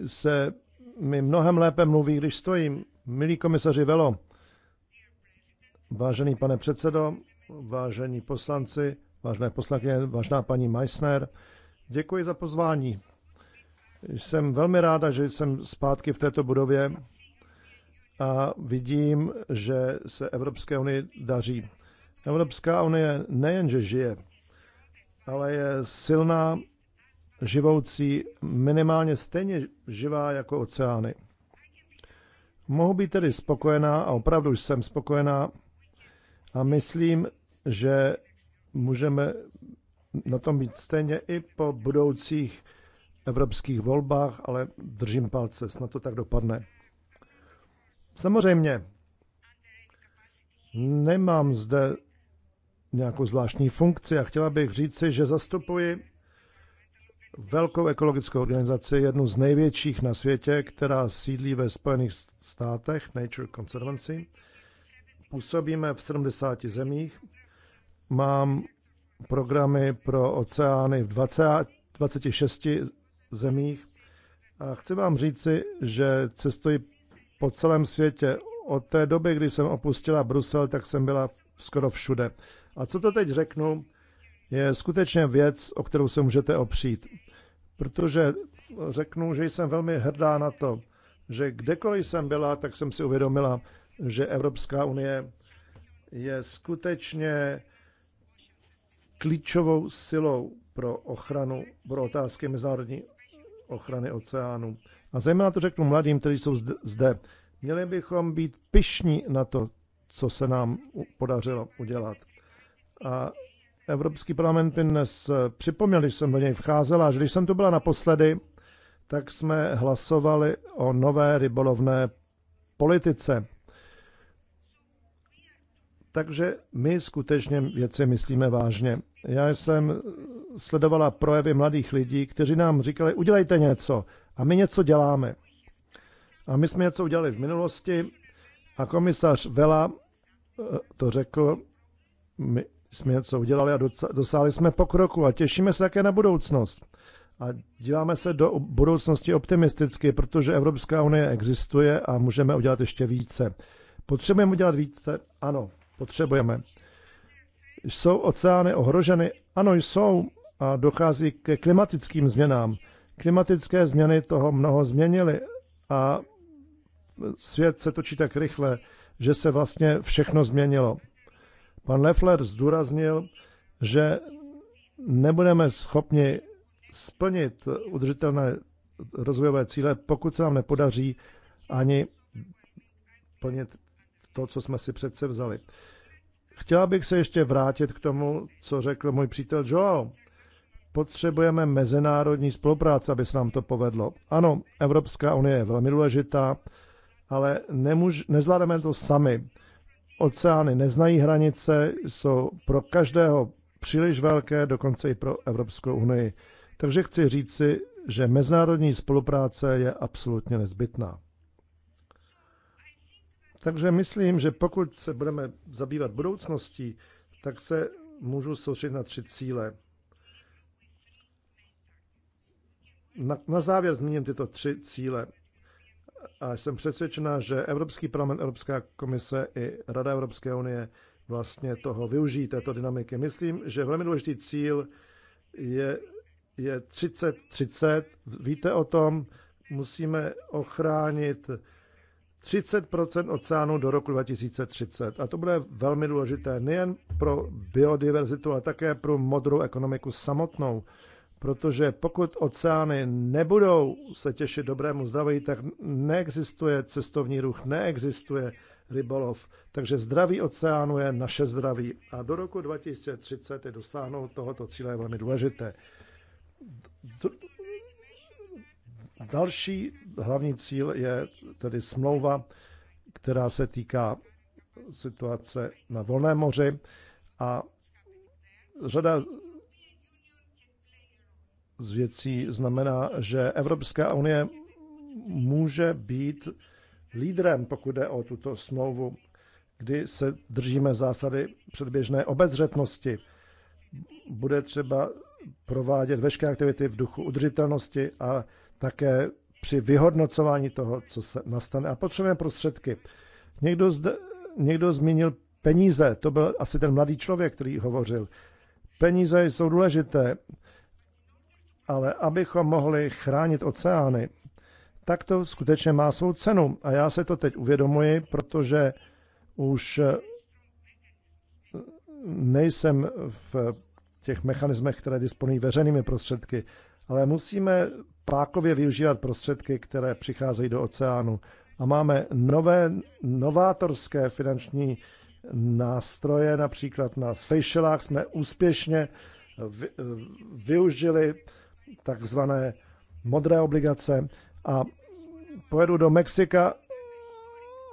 se mi mnohem lépe mluví, když stojím. Milí komisaři Velo, vážený pane předsedo, vážení poslanci, vážné poslankyně, vážná paní Meissner, děkuji za pozvání. Jsem velmi ráda, že jsem zpátky v této budově a vidím, že se Evropské unii daří. Evropská unie nejenže žije, ale je silná, živoucí, minimálně stejně živá jako oceány. Mohu být tedy spokojená a opravdu jsem spokojená a myslím, že můžeme na tom být stejně i po budoucích evropských volbách, ale držím palce, snad to tak dopadne. Samozřejmě, nemám zde nějakou zvláštní funkci a chtěla bych říci, že zastupuji velkou ekologickou organizaci, jednu z největších na světě, která sídlí ve Spojených státech, Nature Conservancy. Působíme v 70 zemích. Mám programy pro oceány v 20, 26 zemích. A chci vám říci, že cestuji po celém světě. Od té doby, kdy jsem opustila Brusel, tak jsem byla skoro všude. A co to teď řeknu, je skutečně věc, o kterou se můžete opřít. Protože řeknu, že jsem velmi hrdá na to, že kdekoliv jsem byla, tak jsem si uvědomila, že Evropská unie je skutečně klíčovou silou pro ochranu, pro otázky mezinárodní ochrany oceánu. A zejména to řeknu mladým, kteří jsou zde. Měli bychom být pišní na to, co se nám podařilo udělat. A Evropský parlament mi dnes eh, připomněl, když jsem do něj vcházela, že když jsem tu byla naposledy, tak jsme hlasovali o nové rybolovné politice. Takže my skutečně věci myslíme vážně. Já jsem sledovala projevy mladých lidí, kteří nám říkali, udělejte něco. A my něco děláme. A my jsme něco udělali v minulosti a komisař Vela eh, to řekl, my, jsme co udělali a dosáhli jsme pokroku a těšíme se také na budoucnost. A díváme se do budoucnosti optimisticky, protože Evropská unie existuje a můžeme udělat ještě více. Potřebujeme udělat více? Ano, potřebujeme. Jsou oceány ohroženy? Ano, jsou a dochází ke klimatickým změnám. Klimatické změny toho mnoho změnily a svět se točí tak rychle, že se vlastně všechno změnilo. Pan Leffler zdůraznil, že nebudeme schopni splnit udržitelné rozvojové cíle, pokud se nám nepodaří ani plnit to, co jsme si přece vzali. Chtěla bych se ještě vrátit k tomu, co řekl můj přítel Joao. Potřebujeme mezinárodní spolupráci, aby se nám to povedlo. Ano, Evropská unie je velmi důležitá, ale nemůž, nezvládneme to sami. Oceány neznají hranice, jsou pro každého příliš velké, dokonce i pro Evropskou unii. Takže chci říci, že mezinárodní spolupráce je absolutně nezbytná. Takže myslím, že pokud se budeme zabývat budoucností, tak se můžu soustředit na tři cíle. Na, na závěr zmíním tyto tři cíle. A jsem přesvědčená, že Evropský parlament, Evropská komise i Rada Evropské unie vlastně toho využijí, této dynamiky. Myslím, že velmi důležitý cíl je, je 30-30. Víte o tom, musíme ochránit 30 oceánu do roku 2030. A to bude velmi důležité nejen pro biodiverzitu, ale také pro modrou ekonomiku samotnou. Protože pokud oceány nebudou se těšit dobrému zdraví, tak neexistuje cestovní ruch, neexistuje rybolov. Takže zdraví oceánu je naše zdraví. A do roku 2030 je dosáhnout tohoto cíle je velmi důležité. Další hlavní cíl je tedy smlouva, která se týká situace na volné moři a řada z věcí znamená, že Evropská unie může být lídrem, pokud jde o tuto smlouvu, kdy se držíme zásady předběžné obezřetnosti. Bude třeba provádět veškeré aktivity v duchu udržitelnosti a také při vyhodnocování toho, co se nastane. A potřebujeme prostředky. Někdo, zde, někdo zmínil peníze, to byl asi ten mladý člověk, který hovořil. Peníze jsou důležité ale abychom mohli chránit oceány, tak to skutečně má svou cenu. A já se to teď uvědomuji, protože už eh, nejsem v těch mechanismech, které disponují veřejnými prostředky, ale musíme pákově využívat prostředky, které přicházejí do oceánu. A máme nové, novátorské finanční nástroje, například na Seychelách jsme úspěšně eh, využili takzvané modré obligace a pojedu do Mexika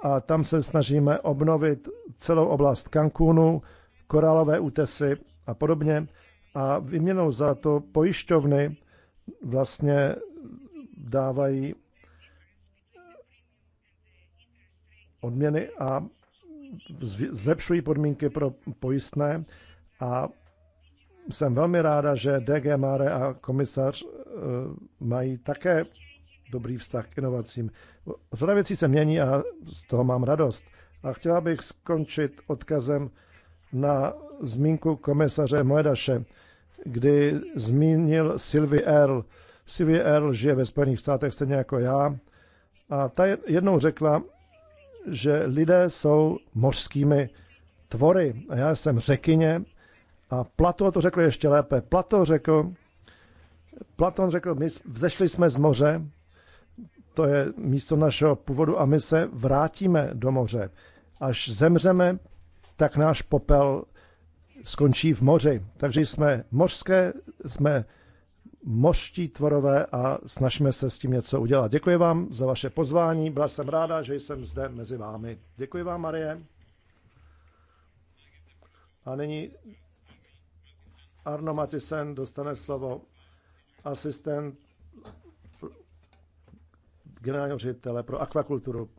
a tam se snažíme obnovit celou oblast Cancúnu, korálové útesy a podobně. A vyměnou za to pojišťovny vlastně dávají odměny a zlepšují podmínky pro pojistné a jsem velmi ráda, že DG Mare a komisař eh, mají také dobrý vztah k inovacím. Zhoda věcí se mění a z toho mám radost. A chtěla bych skončit odkazem na zmínku komisaře Moedaše, kdy zmínil Sylvie Earle. Sylvie Earle žije ve Spojených státech stejně jako já a ta jednou řekla, že lidé jsou mořskými tvory. A já jsem řekyně a Plato to řekl ještě lépe. Plato řekl, Platon řekl, my vzešli jsme z moře, to je místo našeho původu a my se vrátíme do moře. Až zemřeme, tak náš popel skončí v moři. Takže jsme mořské, jsme mořští tvorové a snažíme se s tím něco udělat. Děkuji vám za vaše pozvání, byla jsem ráda, že jsem zde mezi vámi. Děkuji vám, Marie. A nyní Arno Matisen dostane slovo asistent generálního ředitele pro akvakulturu.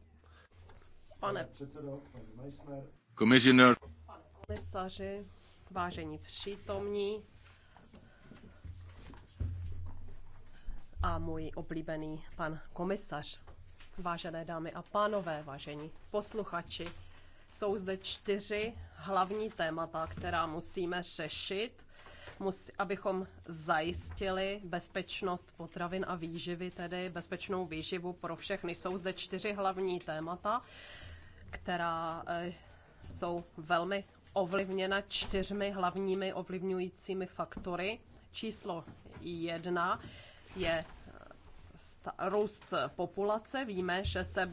Pane předsedo, paní Meissner. Komisioner. Pane komisaři, vážení přítomní, a můj oblíbený pan komisař. Vážené dámy a pánové, vážení posluchači, jsou zde čtyři hlavní témata, která musíme řešit musí, abychom zajistili bezpečnost potravin a výživy, tedy bezpečnou výživu pro všechny. Jsou zde čtyři hlavní témata, která eh, jsou velmi ovlivněna čtyřmi hlavními ovlivňujícími faktory. Číslo jedna je eh, růst populace. Víme, že se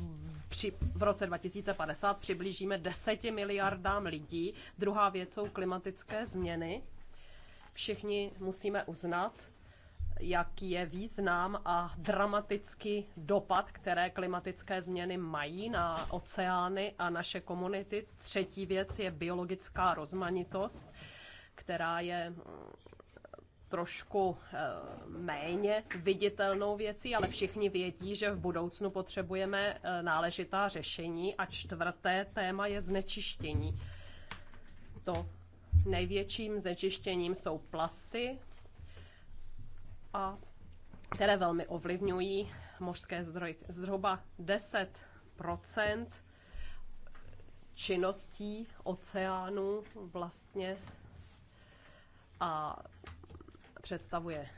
při, v roce 2050 přiblížíme 10 miliardám lidí. Druhá věc jsou klimatické změny. Všichni musíme uznat, jaký je význam a dramatický dopad, které klimatické změny mají na oceány a naše komunity. Třetí věc je biologická rozmanitost, která je mm, trošku eh, méně viditelnou věcí, ale všichni vědí, že v budoucnu potřebujeme eh, náležitá řešení. A čtvrté téma je znečištění. To Největším znečištěním jsou plasty, a které velmi ovlivňují mořské zdroje. Zhruba 10 činností oceánu vlastně a představuje e,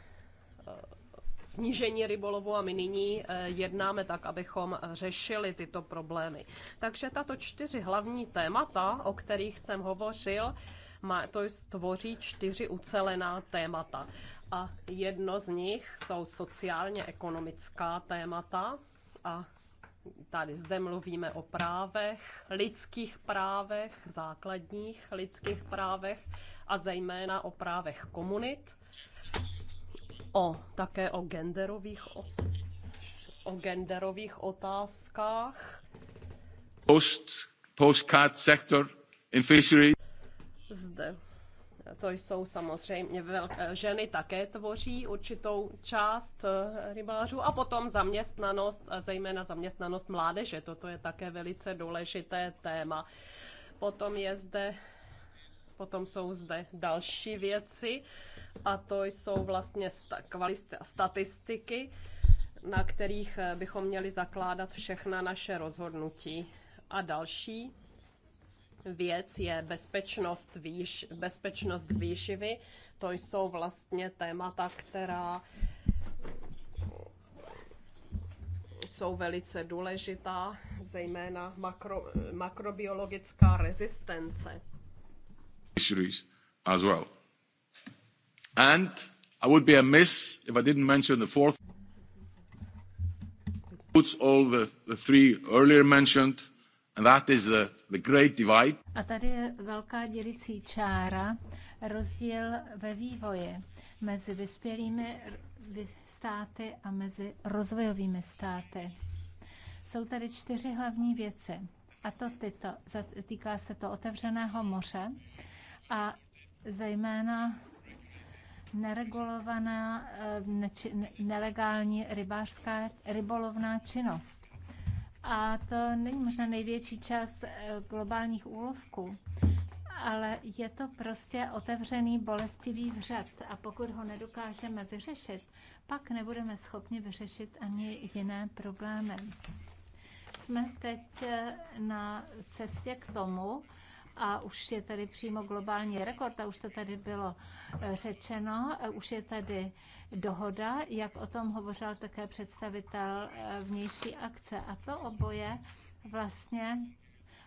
snížení rybolovu a my nyní e, jednáme tak, abychom řešili tyto problémy. Takže tato čtyři hlavní témata, o kterých jsem hovořil, má, to tvoří čtyři ucelená témata. A jedno z nich jsou sociálně-ekonomická témata a tady zde mluvíme o právech, lidských právech, základních lidských právech a zejména o právech komunit, o, také o genderových, o, o genderových otázkách. Post, postcard sector in fishery zde. To jsou samozřejmě velké, ženy také tvoří určitou část eh, rybářů a potom zaměstnanost, a zejména zaměstnanost mládeže. Toto je také velice důležité téma. Potom je zde Potom jsou zde další věci a to jsou vlastně statistiky, na kterých eh, bychom měli zakládat všechna naše rozhodnutí. A další věc je bezpečnost, výš, bezpečnost výživy. To jsou vlastně témata, která jsou velice důležitá, zejména makro, makrobiologická rezistence. As well. And I would be amiss if I didn't mention the fourth. Puts all the, the three earlier mentioned a tady je velká dělicí čára, rozdíl ve vývoji mezi vyspělými státy a mezi rozvojovými státy. Jsou tady čtyři hlavní věci. A to tyto. Týká se to otevřeného moře a zejména neregulovaná eh, neči, nelegální rybářská rybolovná činnost. A to není možná největší část eh, globálních úlovků, ale je to prostě otevřený bolestivý vřad a pokud ho nedokážeme vyřešit, pak nebudeme schopni vyřešit ani jiné problémy. Jsme teď eh, na cestě k tomu, a už je tady přímo globální rekord a už to tady bylo eh, řečeno, eh, už je tady dohoda, jak o tom hovořil také představitel eh, vnější akce a to oboje vlastně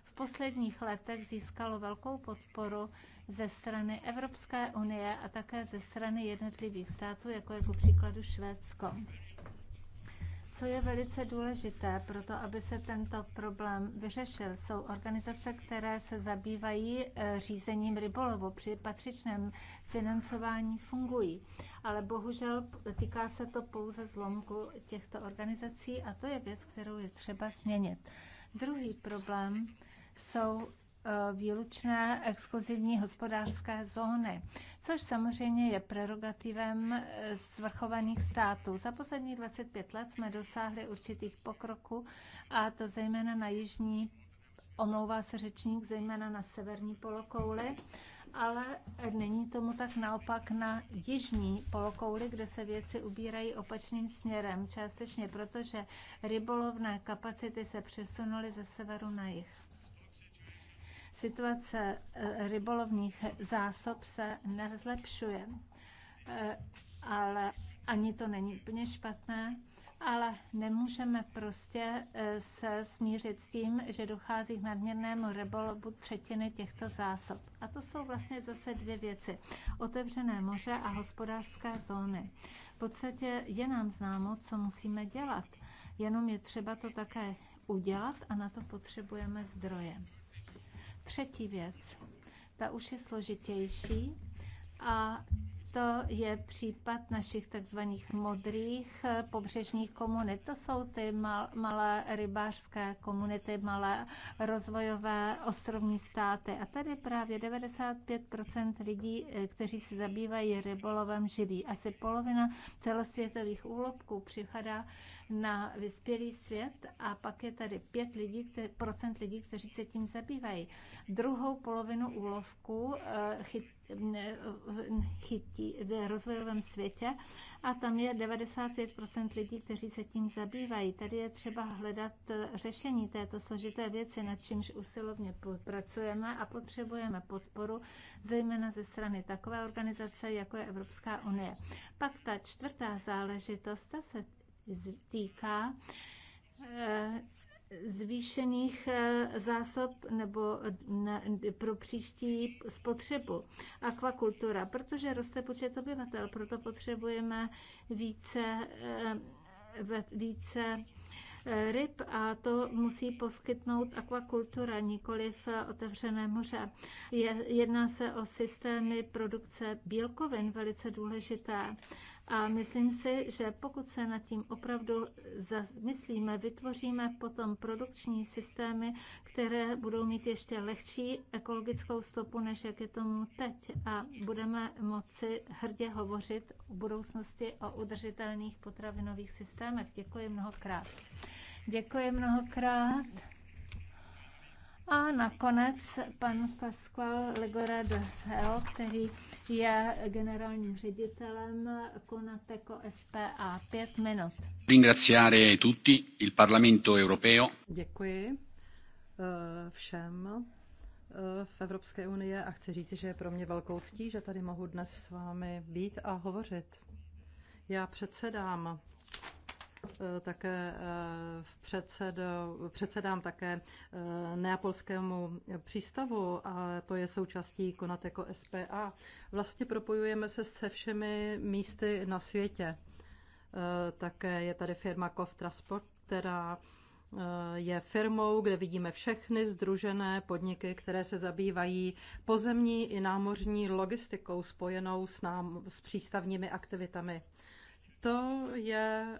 v posledních letech získalo velkou podporu ze strany Evropské unie a také ze strany jednotlivých států, jako je ku příkladu Švédsko. Co je velice důležité pro to, aby se tento problém vyřešil, jsou organizace, které se zabývají eh, řízením rybolovu. Při patřičném financování fungují, ale bohužel týká se to pouze zlomku těchto organizací a to je věc, kterou je třeba změnit. Druhý problém jsou Eh, výlučné exkluzivní hospodářské zóny, což samozřejmě je prerogativem eh, svrchovaných států. Za poslední 25 let jsme dosáhli určitých pokroků, a to zejména na jižní, omlouvá se řečník, zejména na severní polokouli, ale není tomu tak naopak na jižní polokouli, kde se věci ubírají opačným směrem, částečně protože rybolovné kapacity se přesunuly ze severu na jih. Situace eh, rybolovních zásob se nezlepšuje, eh, ale ani to není úplně špatné, ale nemůžeme prostě eh, se smířit s tím, že dochází k nadměrnému rybolovu třetiny těchto zásob. A to jsou vlastně zase dvě věci. Otevřené moře a hospodářské zóny. V podstatě je nám známo, co musíme dělat. Jenom je třeba to také udělat a na to potřebujeme zdroje. Třetí věc, ta už je složitější a to je případ našich takzvaných modrých eh, pobřežních komunit. To jsou ty mal, malé rybářské komunity, malé rozvojové ostrovní státy. A tady právě 95 lidí, eh, kteří se zabývají rybolovem, živí. Asi polovina celosvětových úlobků připadá na vyspělý svět a pak je tady 5 lidí, kte, procent lidí, kteří se tím zabývají. Druhou polovinu úlovku eh, eh, chytí v rozvojovém světě a tam je 95% lidí, kteří se tím zabývají. Tady je třeba hledat eh, řešení této složité věci, nad čímž usilovně pracujeme a potřebujeme podporu, zejména ze strany takové organizace, jako je Evropská unie. Pak ta čtvrtá záležitost, ta se týká eh, zvýšených eh, zásob nebo pro příští spotřebu. Akvakultura, protože roste počet obyvatel, proto potřebujeme více, eh, více ryb a to musí poskytnout akvakultura, nikoli v otevřené moře. jedná se o systémy produkce bílkovin, velice důležité. A myslím si, že pokud se nad tím opravdu zamyslíme, vytvoříme potom produkční systémy, které budou mít ještě lehčí ekologickou stopu, než jak je tomu teď. A budeme moci hrdě hovořit v budoucnosti o udržitelných potravinových systémech. Děkuji mnohokrát. Děkuji mnohokrát. A nakonec pan Pascual Legora de Heo, který je generálním ředitelem Konateco SPA. Pět minut. Ringraziare tutti il Parlamento europeo. Děkuji eh, všem eh, v Evropské unii a chci říct, že je pro mě velkou ctí, že tady mohu dnes s vámi být a hovořit. Já předsedám Eh, také eh, předsedo, předsedám také eh, neapolskému přístavu a to je součástí jako SPA. Vlastně propojujeme se se všemi místy na světě. Také je tady firma Kov Transport, která je firmou, kde vidíme všechny združené podniky, které se zabývají pozemní i námořní logistikou spojenou s, nám, s přístavními aktivitami. To je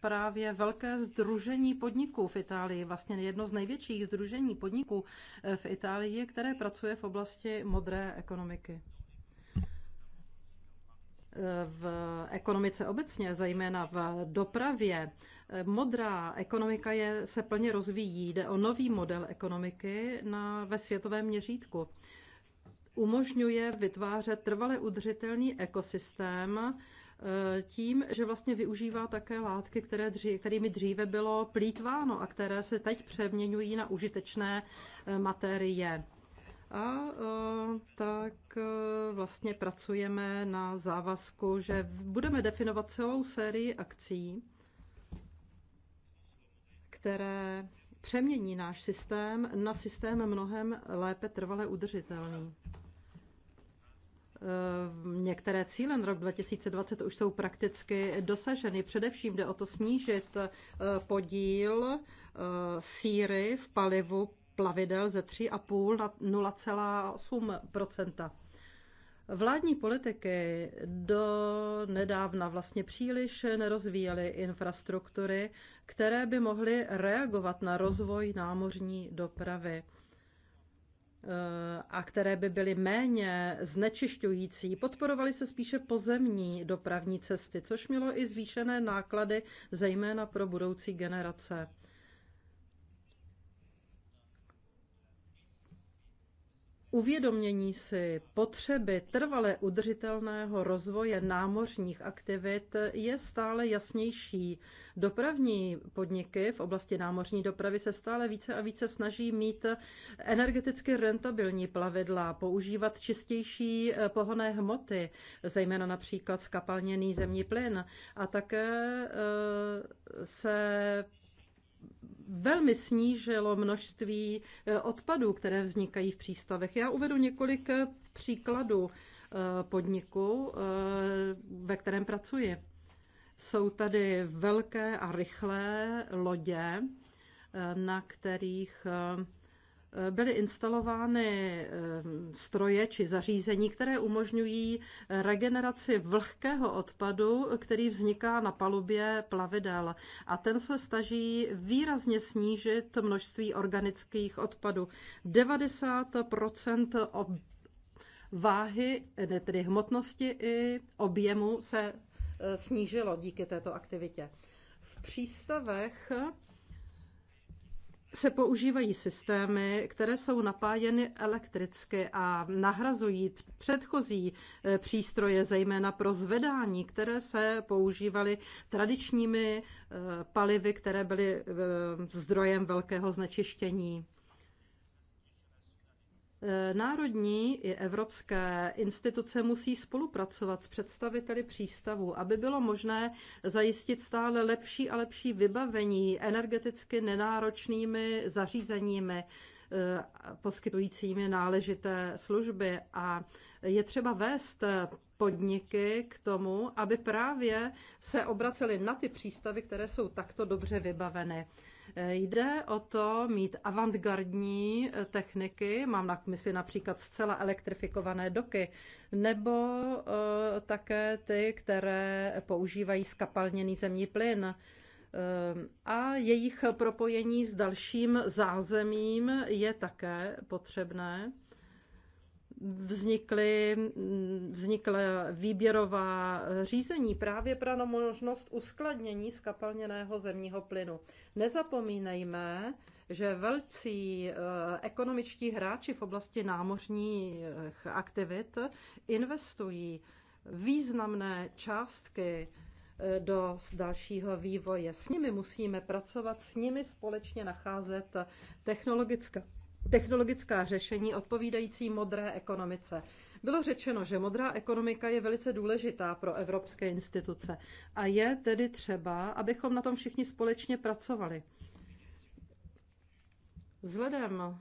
právě velké združení podniků v Itálii, vlastně jedno z největších združení podniků eh, v Itálii, které pracuje v oblasti modré ekonomiky. Eh, v ekonomice obecně, zejména v dopravě, eh, modrá ekonomika je, se plně rozvíjí. Jde o nový model ekonomiky na, ve světovém měřítku. Umožňuje vytvářet trvale udržitelný ekosystém, Eh, tím, že vlastně využívá také látky, které dříve, kterými dříve bylo plítváno a které se teď přeměňují na užitečné eh, materie. A eh, tak vlastně pracujeme na závazku, že budeme definovat celou sérii akcí, které přemění náš systém na systém mnohem lépe trvale udržitelný. Eh, některé cíle na rok 2020 už jsou prakticky dosaženy. Především jde o to snížit eh, podíl eh, síry v palivu plavidel ze 3,5 na 0,8 Vládní politiky do nedávna vlastně příliš nerozvíjely infrastruktury, které by mohly reagovat na rozvoj námořní dopravy. Eh, a které by byly méně znečišťující, podporovaly se spíše pozemní dopravní cesty, což mělo i zvýšené náklady, zejména pro budoucí generace. uvědomění si potřeby trvale udržitelného rozvoje námořních aktivit je stále jasnější. Dopravní podniky v oblasti námořní dopravy se stále více a více snaží mít energeticky rentabilní plavidla, používat čistější eh, pohonné hmoty, zejména například skapalněný zemní plyn a také eh, se velmi snížilo množství eh, odpadů, které vznikají v přístavech. Já uvedu několik eh, příkladů eh, podniku, ve kterém pracuji. Jsou tady velké a rychlé lodě, na kterých Eh, byly instalovány eh, stroje či zařízení, které umožňují eh, regeneraci vlhkého odpadu, který vzniká na palubě plavidel. A ten se staží výrazně snížit množství organických odpadů. 90 ob váhy, tedy hmotnosti i objemu se snížilo díky této aktivitě. V přístavech se používají systémy, které jsou napájeny elektricky a nahrazují předchozí e, přístroje, zejména pro zvedání, které se používaly tradičními e, palivy, které byly e, zdrojem velkého znečištění. E, národní i evropské instituce musí spolupracovat s představiteli přístavu, aby bylo možné zajistit stále lepší a lepší vybavení energeticky nenáročnými zařízeními, e, poskytujícími náležité služby. A je třeba vést podniky k tomu, aby právě se obracely na ty přístavy, které jsou takto dobře vybaveny. Jde o to mít avantgardní eh, techniky, mám na mysli například zcela elektrifikované doky, nebo eh, také ty, které používají skapalněný zemní plyn eh, a jejich propojení s dalším zázemím je také potřebné vznikly, vznikla výběrová řízení právě pro možnost uskladnění skapalněného zemního plynu. Nezapomínejme, že velcí eh, ekonomičtí hráči v oblasti námořních aktivit investují významné částky eh, do dalšího vývoje. S nimi musíme pracovat, s nimi společně nacházet technologické technologická řešení odpovídající modré ekonomice. Bylo řečeno, že modrá ekonomika je velice důležitá pro evropské instituce a je tedy třeba, abychom na tom všichni společně pracovali. Vzhledem eh,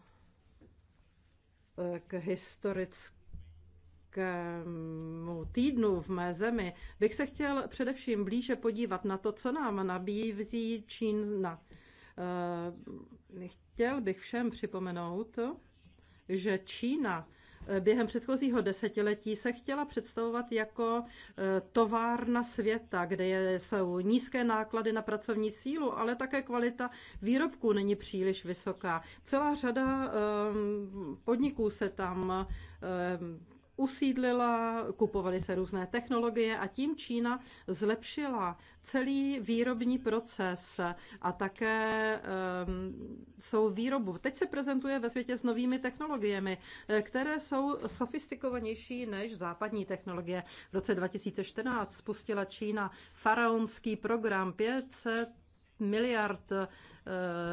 k historickému týdnu v mé zemi bych se chtěl především blíže podívat na to, co nám nabízí Čína. Eh, Chtěl bych všem připomenout, že Čína eh, během předchozího desetiletí se chtěla představovat jako eh, továrna světa, kde jsou nízké náklady na pracovní sílu, ale také kvalita výrobků není příliš vysoká. Celá řada podniků se tam usídlila, kupovaly se různé technologie a tím Čína zlepšila celý výrobní proces a také um, ehm, jsou výrobu. Teď se prezentuje ve světě s novými technologiemi, eh, které jsou sofistikovanější než západní technologie. V roce 2014 spustila Čína faraonský program 500 miliard eh,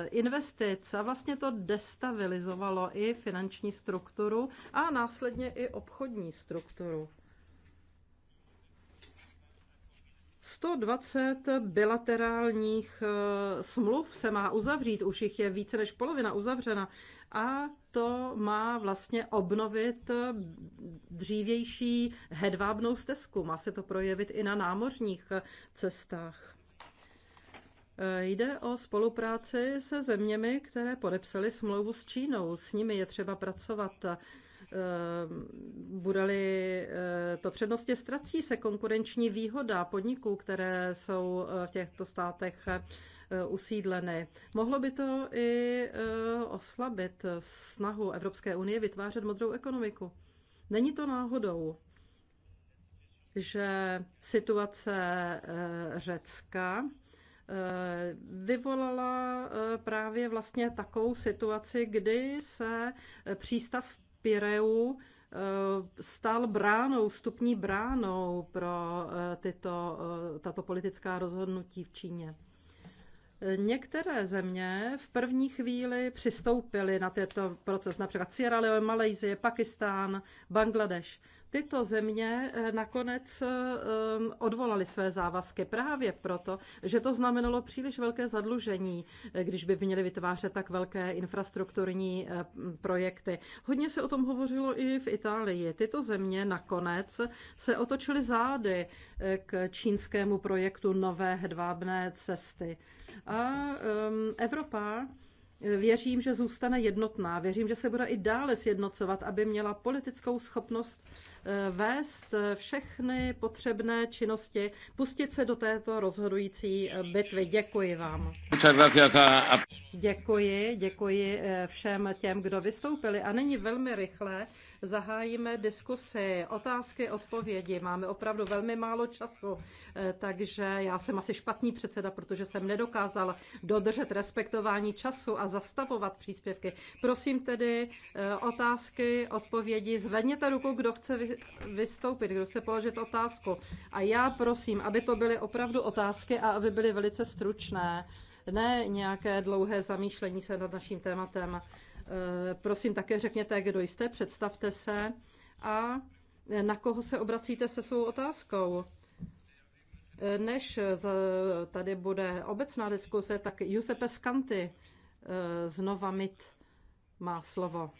investic a vlastně to destabilizovalo i finanční strukturu a následně i obchodní strukturu. 120 bilaterálních eh, smluv se má uzavřít, už jich je více než polovina uzavřena a to má vlastně obnovit eh, dřívější hedvábnou stezku. Má se to projevit i na námořních cestách. Eh, jde o spolupráci se zeměmi, které podepsaly smlouvu s Čínou. S nimi je třeba pracovat. Eh, bude-li eh, to přednostně ztrací se konkurenční výhoda podniků, které jsou v těchto státech usídleny. Mohlo by to i oslabit snahu Evropské unie vytvářet modrou ekonomiku. Není to náhodou, že situace Řecka Eh, vyvolala eh, právě vlastně takovou situaci, kdy se eh, přístav Pireu stal bránou, vstupní bránou pro tyto, tato politická rozhodnutí v Číně. Některé země v první chvíli přistoupily na tento proces, například Sierra Leone, Malajzie, Pakistán, Bangladeš. Tyto země eh, nakonec eh, eh, odvolaly své závazky právě proto, že to znamenalo příliš velké zadlužení, když by měly vytvářet tak velké infrastrukturní projekty. Hodně se o tom hovořilo i v Itálii. Tyto země nakonec se otočily zády k čínskému projektu Nové hedvábné cesty. A ehm, Evropa Věřím, že zůstane jednotná, věřím, že se bude i dále sjednocovat, aby měla politickou schopnost Eh, vést eh, všechny potřebné činnosti, pustit se do této rozhodující eh, bitvy. Děkuji vám. Děkuji, děkuji všem těm, kdo vystoupili. A nyní velmi rychle zahájíme diskusy, otázky, odpovědi. Máme opravdu velmi málo času, eh, takže já jsem asi špatný předseda, protože jsem nedokázal dodržet respektování času a zastavovat příspěvky. Prosím tedy eh, otázky, odpovědi. Zvedněte ruku, kdo chce vystoupit, kdo chce položit otázku. A já prosím, aby to byly opravdu otázky a aby byly velice stručné ne nějaké dlouhé zamýšlení se nad naším tématem. Eh, prosím, také řekněte, kdo jste, představte se a na koho se obracíte se svou otázkou. Eh, než eh, tady bude obecná diskuse, tak Giuseppe Scanti z Novamit má slovo.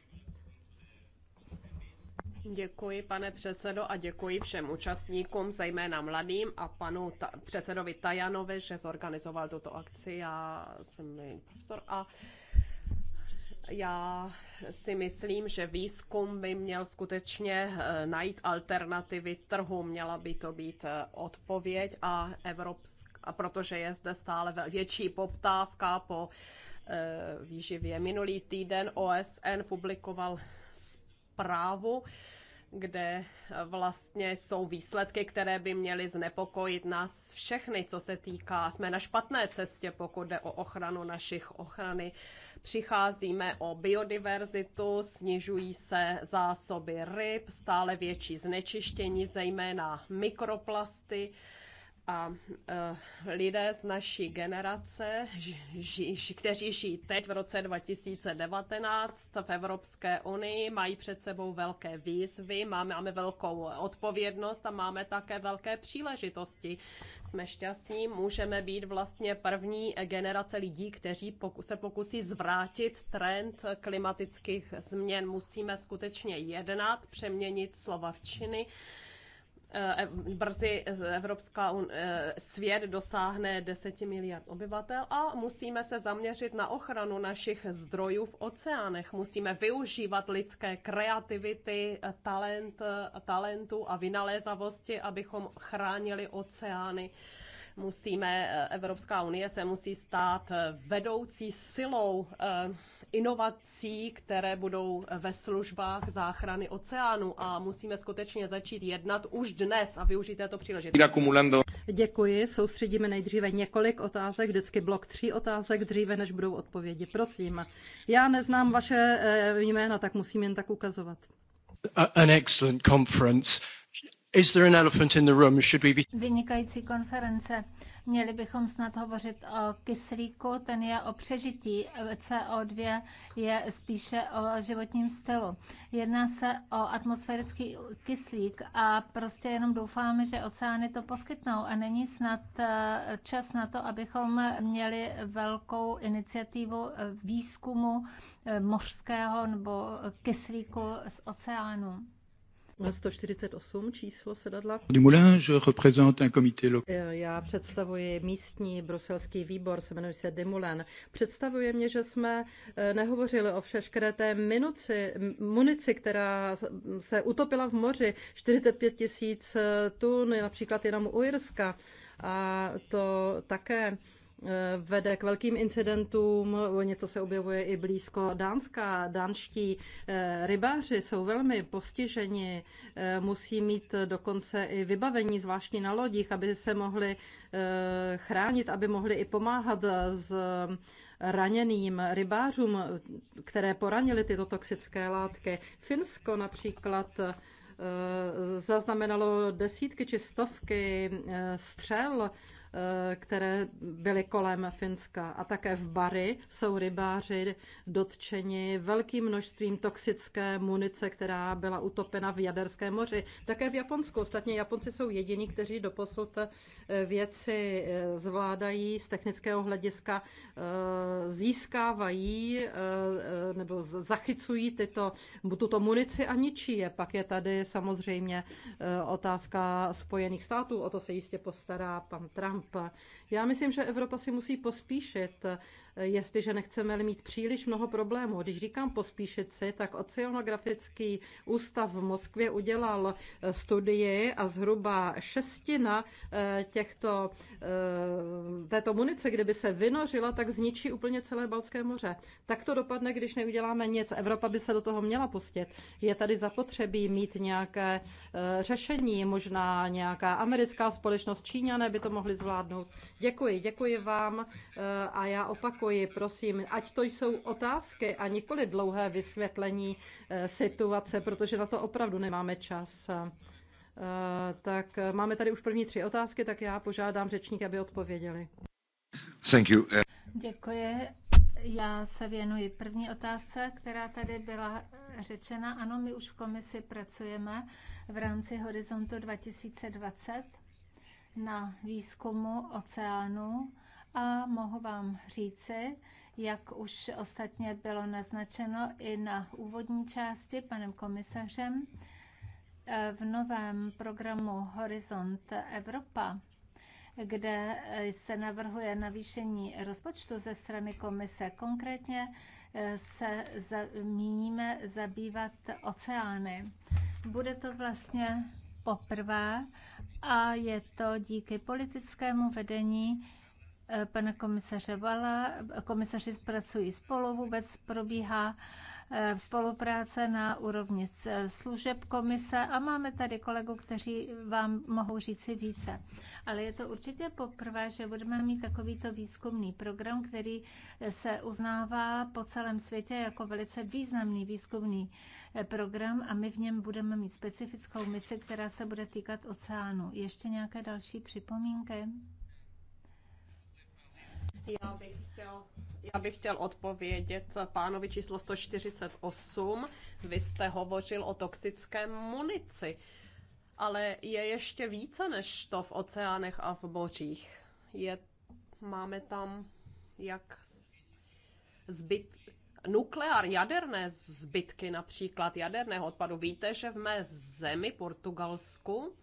Děkuji, pane předsedo, a děkuji všem účastníkům, zejména mladým a panu ta- předsedovi Tajanovi, že zorganizoval tuto akci. Já jsem profesor a já si myslím, že výzkum by měl skutečně eh, najít alternativy trhu, měla by to být eh, odpověď a evropská, a protože je zde stále větší poptávka po eh, výživě. Minulý týden OSN publikoval zprávu, kde eh, vlastně jsou výsledky, které by měly znepokojit nás všechny, co se týká. Jsme na špatné cestě, pokud jde o ochranu našich ochrany. Přicházíme o biodiverzitu, snižují se zásoby ryb, stále větší znečištění, zejména mikroplasty a eh, lidé z naší generace, ži, kteří žijí teď v roce 2019 v Evropské unii, mají před sebou velké výzvy, máme, máme velkou odpovědnost a máme také velké příležitosti. Jsme šťastní, můžeme být vlastně první generace lidí, kteří poku, se pokusí zvrátit trend klimatických změn. Musíme skutečně jednat, přeměnit slova v činy Eh, brzy eh, Evropská un, eh, svět dosáhne 10 miliard obyvatel a musíme se zaměřit na ochranu našich zdrojů v oceánech. Musíme využívat lidské kreativity, talent, talentu a vynalézavosti, abychom chránili oceány musíme, Evropská unie se musí stát vedoucí silou inovací, které budou ve službách záchrany oceánu a musíme skutečně začít jednat už dnes a využít této příležitosti. Děkuji, soustředíme nejdříve několik otázek, vždycky blok tří otázek, dříve než budou odpovědi. Prosím, já neznám vaše eh, jména, tak musím jen tak ukazovat. An excellent conference. Is there an elephant in the room? Should we be... Vynikající konference. Měli bychom snad hovořit o kyslíku, ten je o přežití. CO2 je spíše o životním stylu. Jedná se o atmosférický kyslík a prostě jenom doufáme, že oceány to poskytnou. A není snad eh, čas na to, abychom měli velkou iniciativu eh, výzkumu eh, mořského nebo kyslíku z oceánu. 148 číslo sedadla. Dumoulin, je représente un comité local. Eh, já představuji místní bruselský výbor, se jmenuje se Dumoulin. Představuje mě, že jsme eh, nehovořili o všechny té minuci, munici, která se utopila v moři. 45 tisíc eh, tun, například jenom u Irska. A to také Eh, vede k velkým incidentům, něco se objevuje i blízko Dánska. Dánští eh, rybáři jsou velmi postiženi, eh, musí mít dokonce i vybavení zvláštní na lodích, aby se mohli chránit, aby mohli i pomáhat s raněným rybářům, které poranili tyto toxické látky. Finsko například zaznamenalo desítky či stovky střel Eh, které byly kolem Finska. A také v Bari jsou rybáři dotčeni velkým množstvím toxické munice, která byla utopena v Jaderském moři. Také v Japonsku. Ostatně Japonci jsou jediní, kteří doposud eh, věci eh, zvládají z technického hlediska, získávají nebo zachycují tyto, tuto munici a ničí je. Pak je tady samozřejmě otázka Spojených států, o to se jistě postará pan Trump. Já myslím, že Evropa si musí pospíšit jestliže nechceme mít příliš mnoho problémů. Když říkám pospíšit si, tak Oceanografický ústav v Moskvě udělal eh, studii a zhruba šestina eh, těchto, eh, této munice, kdyby se vynořila, tak zničí úplně celé Balské moře. Tak to dopadne, když neuděláme nic. Evropa by se do toho měla pustit. Je tady zapotřebí mít nějaké řešení, možná nějaká americká společnost, Číňané by to mohli zvládnout. Děkuji, děkuji vám eh, a já opakuji, prosím, ať to jsou otázky a nikoli dlouhé vysvětlení eh, situace, protože na to opravdu nemáme čas. Eh, tak máme tady už první tři otázky, tak já požádám řečník, aby odpověděli. Thank you. Děkuji. Já se věnuji první otázce, která tady byla řečena. Ano, my už v komisi pracujeme v rámci Horizontu 2020 na výzkumu oceánu a mohu vám říci, jak už ostatně bylo naznačeno i na úvodní části panem komisařem, v novém programu Horizont Evropa, kde se navrhuje navýšení rozpočtu ze strany komise. Konkrétně se míníme zabývat oceány. Bude to vlastně poprvé a je to díky politickému vedení eh, pana komisaře Vala. Komisaři pracují spolu, vůbec probíhá Eh, spolupráce na úrovni eh, služeb komise a máme tady kolegu, kteří vám mohou říci více. Ale je to určitě poprvé, že budeme mít takovýto výzkumný program, který eh, se uznává po celém světě jako velice významný výzkumný program a my v něm budeme mít specifickou misi, která se bude týkat oceánu. Ještě nějaké další připomínky? Já bych chtěl. Já bych chtěl odpovědět pánovi číslo 148. Vy jste hovořil o toxické munici, ale je ještě více než to v oceánech a v bořích. Je, máme tam jak zbyt, nukleár, jaderné zbytky například jaderného odpadu. Víte, že v mé zemi, Portugalsku,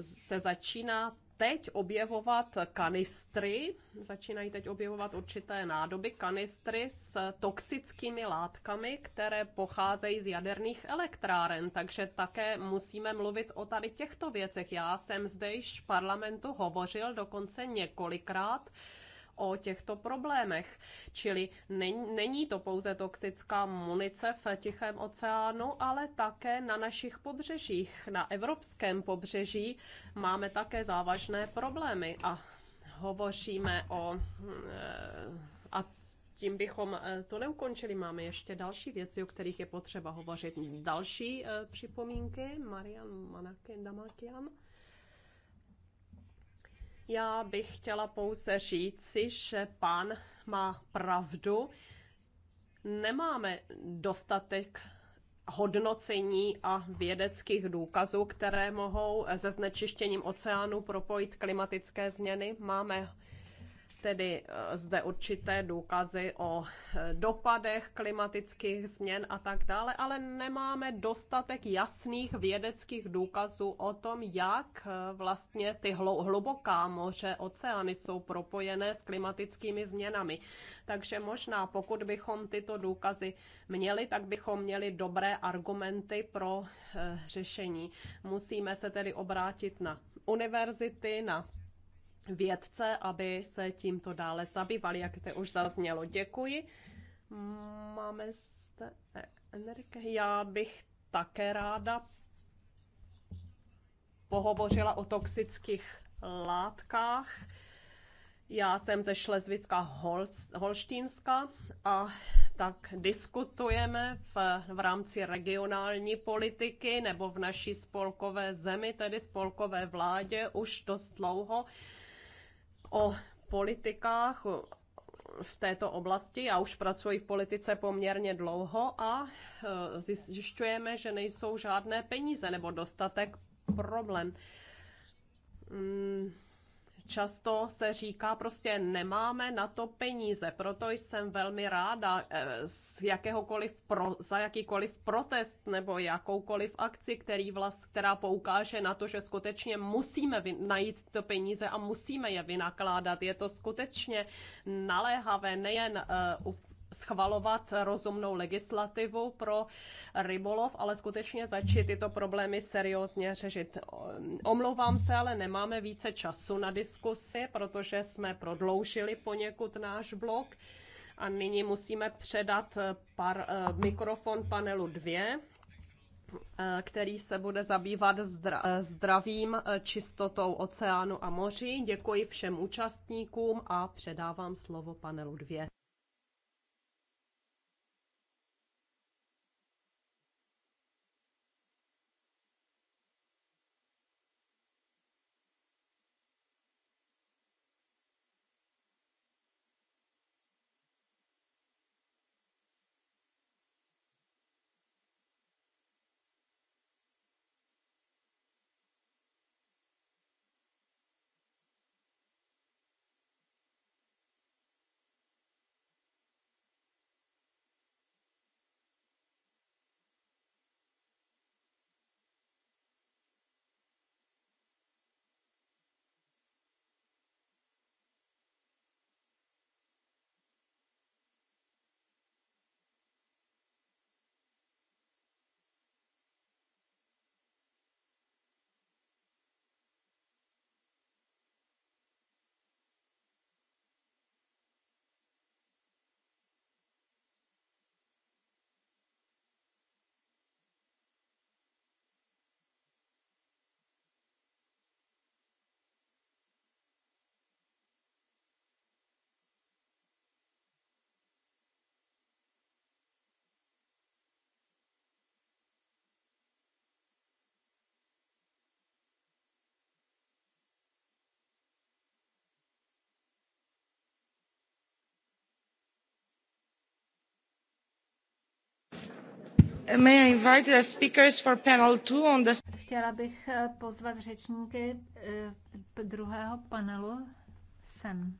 se začíná teď objevovat kanistry, začínají teď objevovat určité nádoby, kanistry s toxickými látkami, které pocházejí z jaderných elektráren, takže také musíme mluvit o tady těchto věcech. Já jsem zde již v parlamentu hovořil dokonce několikrát, o těchto problémech. Čili není, není to pouze toxická munice v Tichém oceánu, ale také na našich pobřežích. Na evropském pobřeží máme také závažné problémy a hovoříme o. Eh, a tím bychom eh, to neukončili. Máme ještě další věci, o kterých je potřeba hovořit. Další eh, připomínky. Marian Manaken Damakian. Já bych chtěla pouze říci, že pán má pravdu. Nemáme dostatek hodnocení a vědeckých důkazů, které mohou se znečištěním oceánu propojit klimatické změny. Máme tedy eh, zde určité důkazy o eh, dopadech klimatických změn a tak dále, ale nemáme dostatek jasných vědeckých důkazů o tom, jak eh, vlastně ty hluboká moře, oceány jsou propojené s klimatickými změnami. Takže možná, pokud bychom tyto důkazy měli, tak bychom měli dobré argumenty pro řešení. Musíme se tedy obrátit na univerzity, na vědce, aby se tímto dále zabývali, jak zde už zaznělo. Děkuji. Máme zde energie. Já bych také ráda pohovořila o toxických látkách. Já jsem ze Šlezvická Holštínska a tak diskutujeme v, v rámci regionální politiky nebo v naší spolkové zemi, tedy spolkové vládě, už dost dlouho o politikách v této oblasti. Já už pracuji v politice poměrně dlouho a e, zjišťujeme, že nejsou žádné peníze nebo dostatek problém. Mm, často se říká, prostě nemáme na to peníze, proto jsem velmi ráda eh, z jakéhokoliv pro, za jakýkoliv protest nebo jakoukoliv akci, který vlast, která poukáže na to, že skutečně musíme vy, najít to peníze a musíme je vynakládat. Je to skutečně naléhavé nejen uh, schvalovat rozumnou legislativu pro rybolov, ale skutečně začít tyto problémy seriózně řešit. Omlouvám se, ale nemáme více času na diskusi, protože jsme prodloužili poněkud náš blok a nyní musíme předat par, eh, mikrofon panelu 2 eh, který se bude zabývat zdra, eh, zdravím, čistotou oceánu a moří. Děkuji všem účastníkům a předávám slovo panelu 2. May I invite the speakers for panel two on the... Chtěla bych eh, pozvat řečníky eh, druhého panelu sem.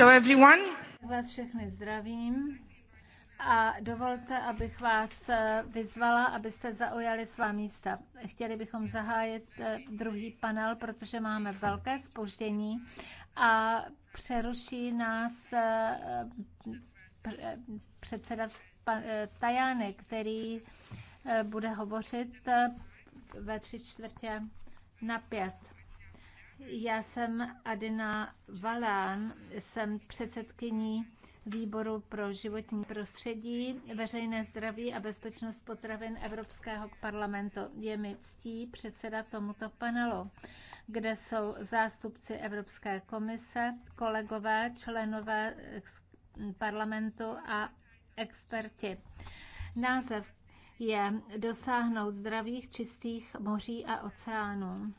Hello everyone. Vás všechny zdravím a dovolte, abych vás eh, vyzvala, abyste zaujali svá místa. Chtěli bychom zahájit eh, druhý panel, protože máme velké spoždění a přeruší nás eh, předseda Tajány, který bude hovořit ve tři čtvrtě na pět. Já jsem Adina Valán, jsem předsedkyní výboru pro životní prostředí, veřejné zdraví a bezpečnost potravin Evropského parlamentu. Je mi ctí předseda tomuto panelu, kde jsou zástupci Evropské komise, kolegové, členové parlamentu a experti. Název je dosáhnout zdravých, čistých moří a oceánů.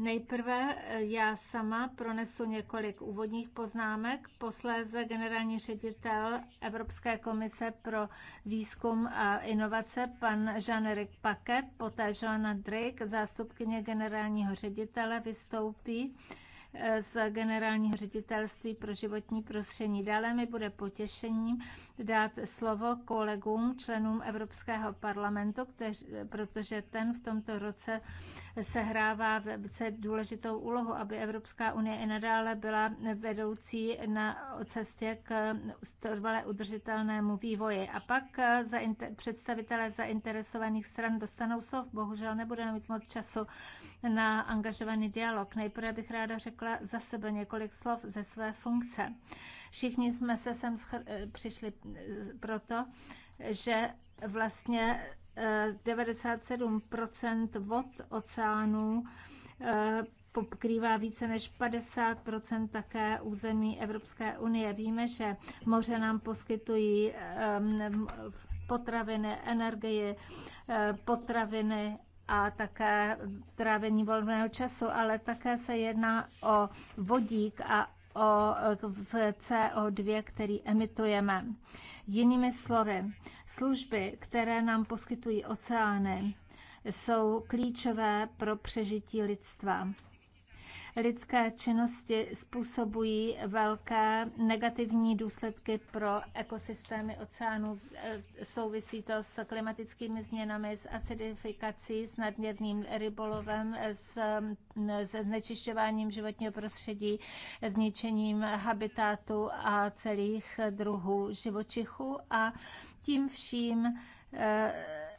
Nejprve eh, já sama pronesu několik úvodních poznámek, posléze generální ředitel Evropské komise pro výzkum a inovace, pan Jean-Eric Paquet, poté Joana Drake, zástupkyně generálního ředitele, vystoupí z generálního ředitelství pro životní prostředí. Dále mi bude potěšením dát slovo kolegům, členům Evropského parlamentu, kteři, protože ten v tomto roce sehrává velice důležitou úlohu, aby Evropská unie i nadále byla vedoucí na cestě k trvalé udržitelnému vývoji. A pak za představitelé zainteresovaných stran dostanou slov. Bohužel nebudeme mít moc času na angažovaný dialog. Nejprve bych ráda řekla za sebe několik slov ze své funkce. Všichni jsme se sem eh, přišli eh, proto, že vlastně 97% eh, vod oceánů pokrývá více než 50 také území Evropské unie. Víme, že moře nám poskytují potraviny, energie, potraviny a také trávení volného času, ale také se jedná o vodík a o CO2, který emitujeme. Jinými slovy, služby, které nám poskytují oceány, jsou klíčové pro přežití lidstva lidské činnosti způsobují velké negativní důsledky pro ekosystémy oceánů. Souvisí to s klimatickými změnami, s acidifikací, s nadměrným rybolovem, s, s znečišťováním životního prostředí, zničením habitátu a celých druhů živočichů a tím vším eh,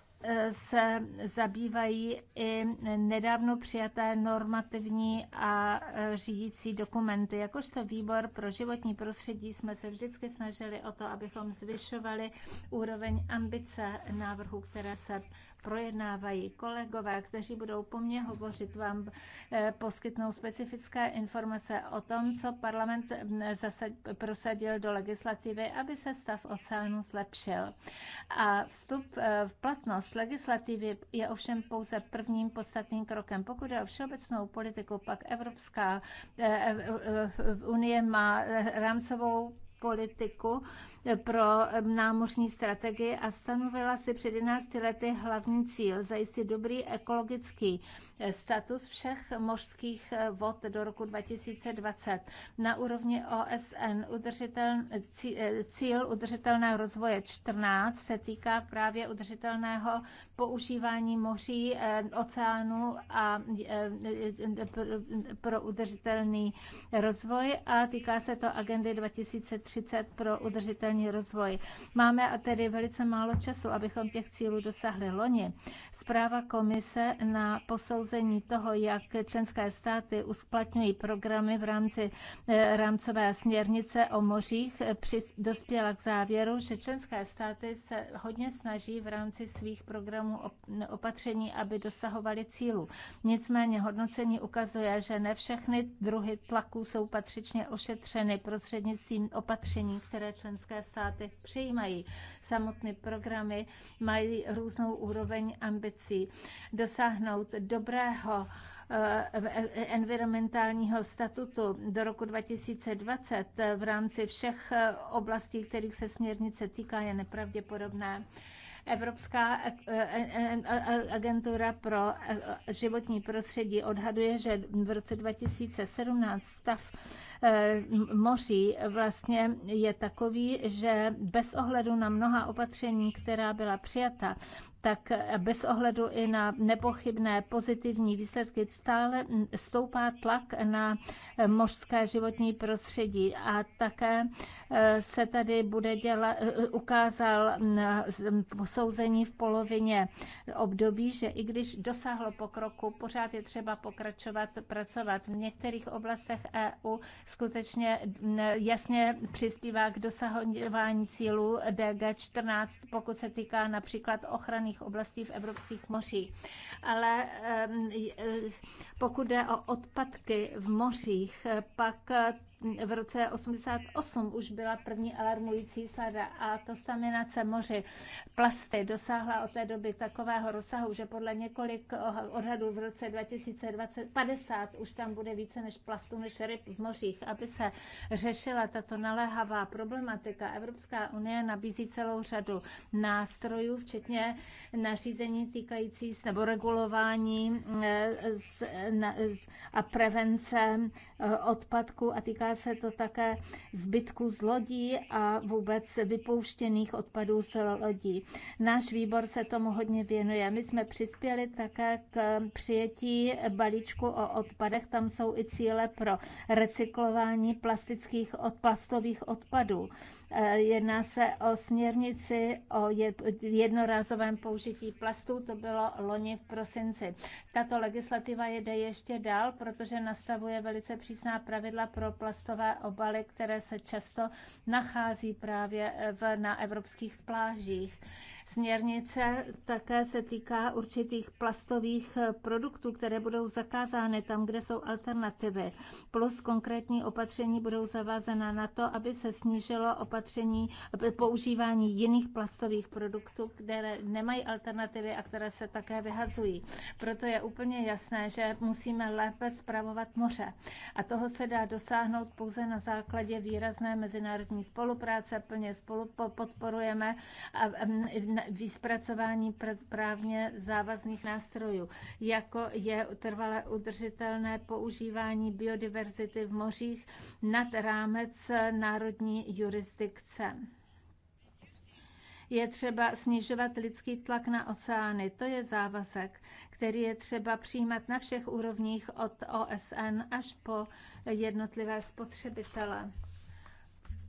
se zabývají i nedávno přijaté normativní a řídící dokumenty. Jakožto výbor pro životní prostředí jsme se vždycky snažili o to, abychom zvyšovali úroveň ambice návrhů, které se projednávají kolegové, kteří budou po mně hovořit, vám eh, poskytnou specifické informace o tom, co parlament eh, prosadil do legislativy, aby se stav oceánu zlepšil. A vstup eh, v platnost legislativy je ovšem pouze prvním podstatným krokem. Pokud je o všeobecnou politiku, pak Evropská unie má rámcovou politiku pro námořní strategii a stanovila si před 11 lety hlavní cíl zajistit dobrý ekologický eh, status všech mořských eh, vod do roku 2020 na úrovni OSN. Udržitel, eh, cíl udržitelného rozvoje 14 se týká právě udržitelného používání moří, oceánů a pro udržitelný rozvoj a týká se to agendy 2030 pro udržitelný udržitelný rozvoj. Máme a tedy velice málo času, abychom těch cílů dosáhli loni. Zpráva komise na posouzení toho, jak členské státy usplatňují programy v rámci eh, rámcové směrnice o mořích, eh, dospěla k závěru, že členské státy se hodně snaží v rámci svých programů opatření, aby dosahovali cílů. Nicméně hodnocení ukazuje, že ne všechny druhy tlaků jsou patřičně ošetřeny prostřednictvím opatření, které členské státy přijímají. Samotné programy mají různou úroveň ambicí. Dosáhnout dobrého eh, environmentálního statutu do roku 2020 v rámci všech eh, oblastí, kterých se směrnice týká, je nepravděpodobné. Evropská eh, eh, eh, agentura pro životní prostředí odhaduje, že v roce 2017 stav moří vlastně je takový, že bez ohledu na mnoha opatření, která byla přijata, tak bez ohledu i na nepochybné pozitivní výsledky stále stoupá tlak na mořské životní prostředí a také eh, se tady bude dělat, eh, ukázal eh, posouzení v polovině období, že i když dosáhlo pokroku, pořád je třeba pokračovat, pracovat. V některých oblastech EU skutečně jasně přispívá k dosahování cílů DG14, pokud se týká například ochrany zranitelných oblastí v evropských mořích. Ale e, pokud jde o odpadky v mořích, pak v roce 88 už byla první alarmující sada a kontaminace moři plasty dosáhla od té doby takového rozsahu, že podle několik odhadů v roce 2050 už tam bude více než plastů, než ryb v mořích. Aby se řešila tato naléhavá problematika, Evropská unie nabízí celou řadu nástrojů, včetně nařízení týkající se nebo regulování eh, a prevence eh, odpadků a týká se to také zbytků z lodí a vůbec vypouštěných odpadů z lodí. Náš výbor se tomu hodně věnuje. My jsme přispěli také k přijetí balíčku o odpadech. Tam jsou i cíle pro recyklování plastických od plastových odpadů. Eh, jedná se o směrnici o jednorázovém použití plastů, to bylo loni v prosinci. Tato legislativa jede ještě dál, protože nastavuje velice přísná pravidla pro plastové obaly, které se často nachází právě eh, v, na evropských plážích. Směrnice také se týká určitých plastových eh, produktů, které budou zakázány tam, kde jsou alternativy. Plus konkrétní opatření budou zavázena na to, aby se snížilo opatření používání jiných plastových produktů, které nemají alternativy a které se také vyhazují. Proto je úplně jasné, že musíme lépe zpravovat moře. A toho se dá dosáhnout pouze na základě výrazné mezinárodní spolupráce. Plně spolu podporujeme mm, vyspracování právně závazných nástrojů, jako je trvalé udržitelné používání biodiverzity v mořích nad rámec národní jurisdikce je třeba snižovat lidský tlak na oceány. To je závazek, který je třeba přijímat na všech úrovních od OSN až po jednotlivé spotřebitele.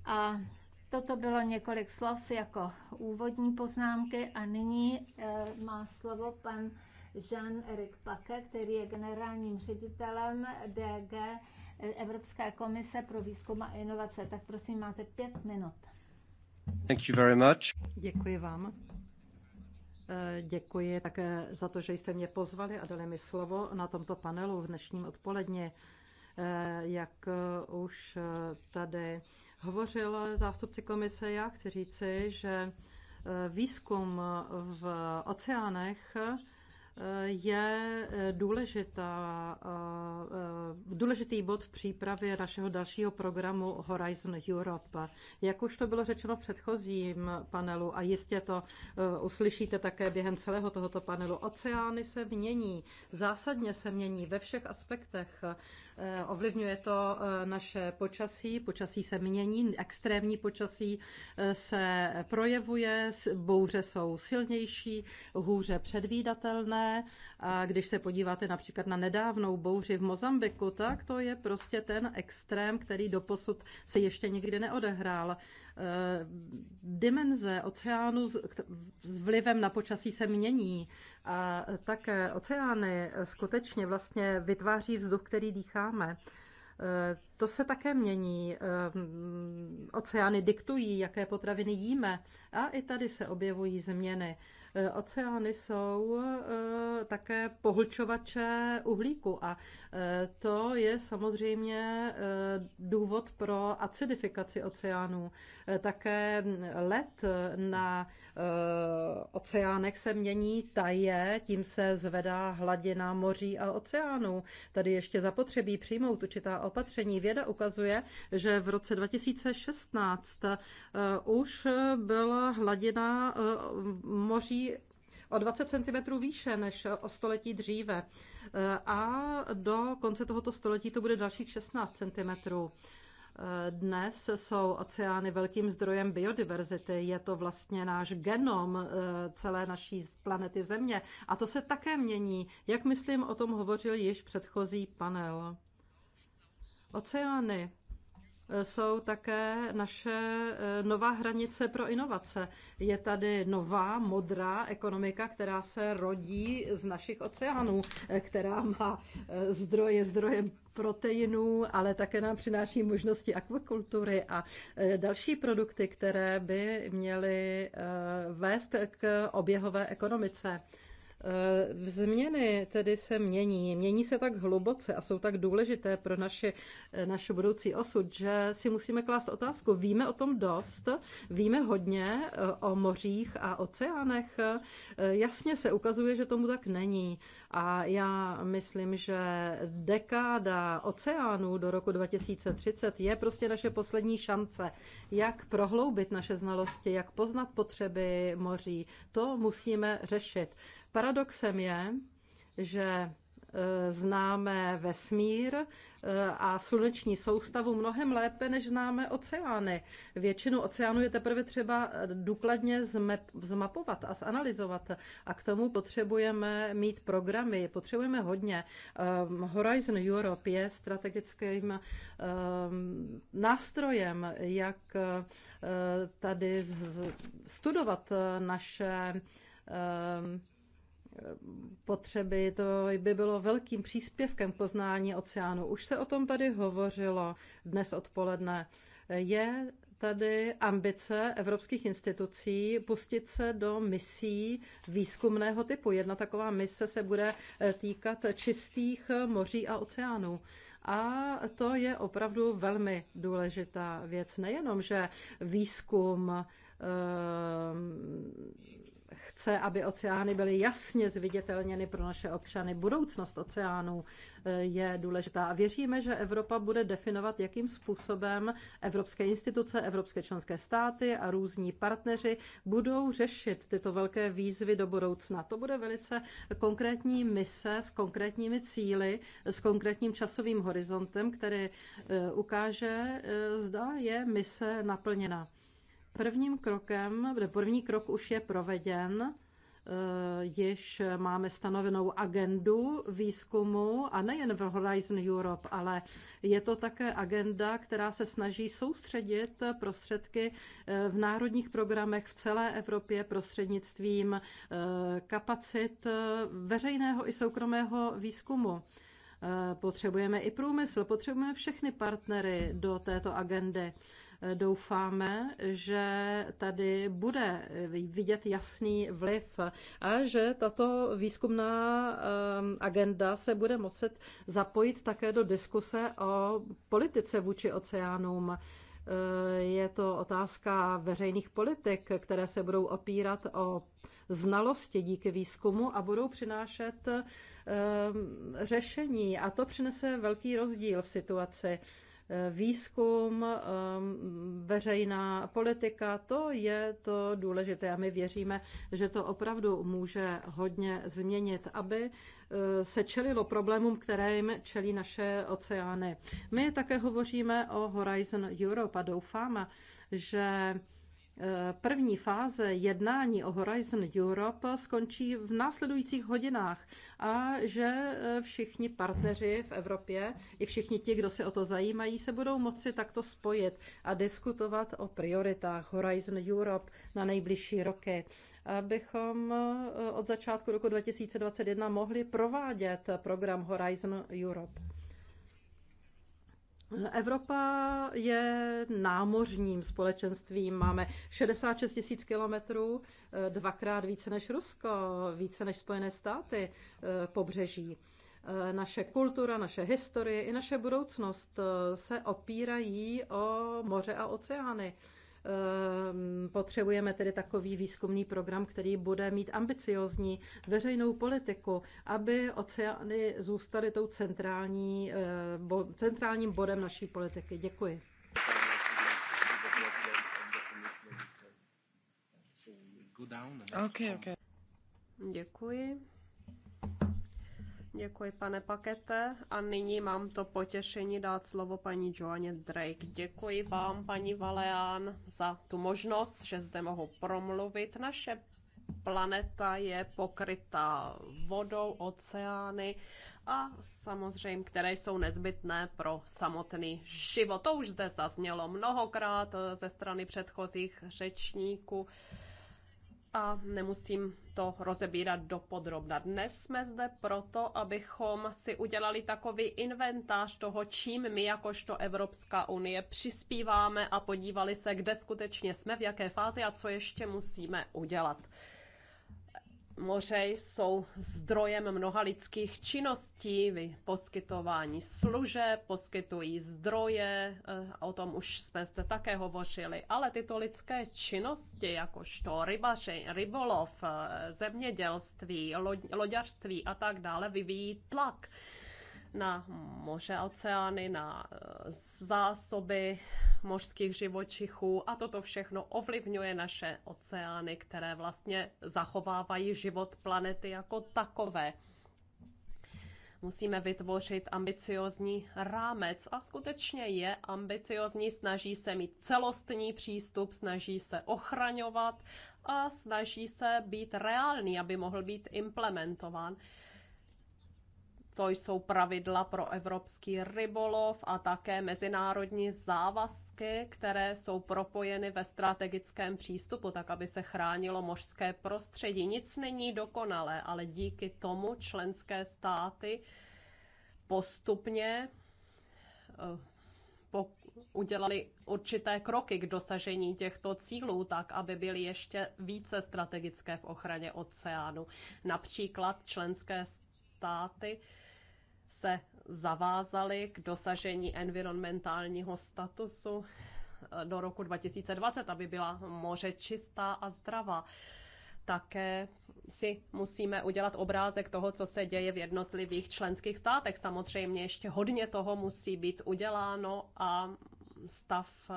A Toto bylo několik slov jako úvodní poznámky a nyní eh, má slovo pan jean Erik Pake, který je generálním ředitelem DG eh, Evropské komise pro výzkum a inovace. Tak prosím, máte pět minut. Thank you very much. Děkuji vám. Eh, děkuji také za to, že jste mě pozvali a dali mi slovo na tomto panelu v dnešním odpoledně. Jak už tady hovořil zástupci komise, já chci říci, že eh, výzkum v oceánech eh, je eh, důležitá, důležitý bod v přípravě našeho dalšího programu Horizon Europe. Jak už to bylo řečeno v předchozím panelu a jistě to uslyšíte také během celého tohoto panelu, oceány se mění, zásadně se mění ve všech aspektech Eh, ovlivňuje to eh, naše počasí, počasí se mění, extrémní počasí eh, se projevuje, bouře jsou silnější, hůře předvídatelné. A když se podíváte například na nedávnou bouři v Mozambiku, tak to je prostě ten extrém, který doposud se ještě nikdy neodehrál dimenze oceánu s vlivem na počasí se mění. A tak oceány skutečně vlastně vytváří vzduch, který dýcháme. E, to se také mění. E, oceány diktují, jaké potraviny jíme. A i tady se objevují změny. Eh, oceány jsou eh, také pohlčovače uhlíku a eh, to je samozřejmě důvod pro acidifikaci oceánů. Také mm, led na oceánech se mění, taje, tím se zvedá hladina moří a oceánů. Tady ještě zapotřebí přijmout určitá opatření. Věda ukazuje, že v roce 2016 už byla hladina moří o 20 cm výše než o století dříve. A do konce tohoto století to bude dalších 16 cm. Dnes jsou oceány velkým zdrojem biodiverzity. Je to vlastně náš genom eh, celé naší planety Země. A to se také mění, jak myslím, o tom hovořil již předchozí panel. Oceány jsou také naše e, nová hranice pro inovace. Je tady nová modrá ekonomika, která se rodí z našich oceánů, e, která má e, zdroje zdrojem proteinů, ale také nám přináší možnosti akvakultury a další produkty, které by měly vést k oběhové ekonomice. Eh, změny tedy se mění, mění se tak hluboce a jsou tak důležité pro naše, eh, naše budoucí osud, že si musíme klást otázku. Víme o tom dost, víme hodně eh, o mořích a oceánech. Jasně se ukazuje, že tomu tak není. A já myslím, že dekáda oceánů do roku 2030 je prostě naše poslední šance, jak prohloubit naše znalosti, jak poznat potřeby moří. To musíme řešit. Paradoxem je, že e, známe vesmír e, a sluneční soustavu mnohem lépe, než známe oceány. Většinu oceánů je teprve třeba e, důkladně zmapovat a zanalizovat. A k tomu potřebujeme mít programy, potřebujeme hodně. Horizon Europe je strategickým nástrojem, jak tady studovat naše potřeby, to by bylo velkým příspěvkem k poznání oceánu. Už se o tom tady hovořilo dnes odpoledne. Je tady ambice evropských institucí pustit se do misí výzkumného typu. Jedna taková mise se bude eh, týkat čistých eh, moří a oceánů. A to je opravdu velmi důležitá věc. Nejenom, že výzkum eh, chce, aby oceány byly jasně zviditelněny pro naše občany. Budoucnost oceánů eh, je důležitá a věříme, že Evropa bude definovat, jakým způsobem evropské instituce, evropské členské státy a různí partneři budou řešit tyto velké výzvy do budoucna. To bude velice konkrétní mise s konkrétními cíly, s konkrétním časovým horizontem, který eh, ukáže, eh, zda je mise naplněna. Prvním krokem, první krok už je proveden, eh, již máme stanovenou agendu výzkumu a nejen v Horizon Europe, ale je to také agenda, která se snaží soustředit prostředky eh, v národních programech v celé Evropě prostřednictvím eh, kapacit veřejného i soukromého výzkumu. Potřebujeme i průmysl, potřebujeme všechny partnery do této agendy. Doufáme, že tady bude vidět jasný vliv a že tato výzkumná ehm, agenda se bude moci zapojit také do diskuse o politice vůči oceánům. Eh, je to otázka veřejných politik, které se budou opírat o znalosti díky výzkumu a budou přinášet ehm, řešení. A to přinese velký rozdíl v situaci. Eh, výzkum, eh, veřejná politika, to je to důležité a my věříme, že to opravdu může hodně změnit, aby eh, se čelilo problémům, kterým čelí naše oceány. My také hovoříme o Horizon Europe a doufáme, že První fáze jednání o Horizon Europe skončí v následujících hodinách a že eh, všichni partneři v Evropě i všichni ti, kdo se o to zajímají, se budou moci takto spojit a diskutovat o prioritách Horizon Europe na nejbližší roky, abychom eh, od začátku roku 2021 mohli provádět program Horizon Europe. Evropa je námořním společenstvím. Máme 66 tisíc kilometrů, eh, dvakrát více než Rusko, více než Spojené státy eh, pobřeží. Eh, naše kultura, naše historie i naše budoucnost se opírají o moře a oceány. Ehm, potřebujeme tedy takový výzkumný program, který bude mít ambiciozní veřejnou politiku, aby oceány zůstaly tou centrální, eh, bo, centrálním bodem naší politiky. Děkuji. Okay, okay. Děkuji. Děkuji, pane Pakete. A nyní mám to potěšení dát slovo paní Joanne Drake. Děkuji vám, paní Valeán, za tu možnost, že zde mohu promluvit. Naše planeta je pokrytá vodou, oceány a samozřejmě, které jsou nezbytné pro samotný život. To už zde zaznělo mnohokrát ze strany předchozích řečníků a nemusím to rozebírat dopodrobna. Dnes jsme zde proto, abychom si udělali takový inventář toho, čím my jakožto Evropská unie přispíváme a podívali se, kde skutečně jsme, v jaké fázi a co ještě musíme udělat moře jsou zdrojem mnoha lidských činností, poskytování služeb, poskytují zdroje, eh, o tom už jsme zde také hovořili, ale tyto lidské činnosti, jakožto rybaři, rybolov, eh, zemědělství, loďařství a tak dále, vyvíjí tlak na moře, oceány, na eh, zásoby mořských živočichů a toto všechno ovlivňuje naše oceány, které vlastně zachovávají život planety jako takové. Musíme vytvořit ambiciozní rámec a skutečně je ambiciozní, snaží se mít celostní přístup, snaží se ochraňovat a snaží se být reálný, aby mohl být implementován to jsou pravidla pro evropský rybolov a také mezinárodní závazky, které jsou propojeny ve strategickém přístupu, tak aby se chránilo mořské prostředí. Nic není dokonalé, ale díky tomu členské státy postupně eh, udělali určité kroky k dosažení těchto cílů, tak aby byly ještě více strategické v ochraně oceánu. Například členské státy se zavázali k dosažení environmentálního statusu eh, do roku 2020, aby byla moře čistá a zdravá. Také si musíme udělat obrázek toho, co se děje v jednotlivých členských státech. Samozřejmě ještě hodně toho musí být uděláno a stav eh,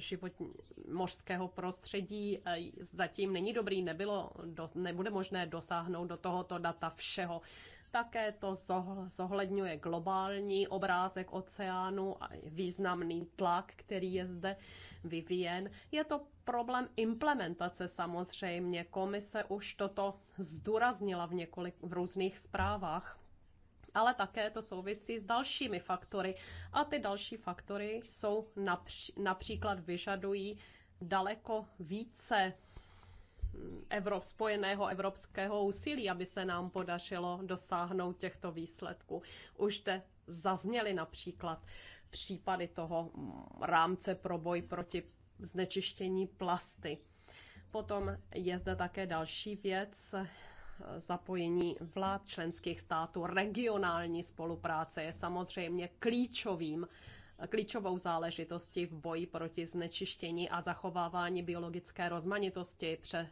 životní, mořského prostředí eh, zatím není dobrý, nebylo, nebude možné dosáhnout do tohoto data všeho. Také to zohledňuje globální obrázek oceánu a významný tlak, který je zde vyvíjen. Je to problém implementace samozřejmě. Komise už toto zdůraznila v, několik, v různých zprávách ale také to souvisí s dalšími faktory. A ty další faktory jsou napří, například vyžadují daleko více Evrop, spojeného evropského úsilí, aby se nám podařilo dosáhnout těchto výsledků. Už zde zazněly například případy toho rámce pro boj proti znečištění plasty. Potom je zde také další věc, zapojení vlád členských států. Regionální spolupráce je samozřejmě klíčovým klíčovou záležitostí v boji proti znečištění a zachovávání biologické rozmanitosti. Pře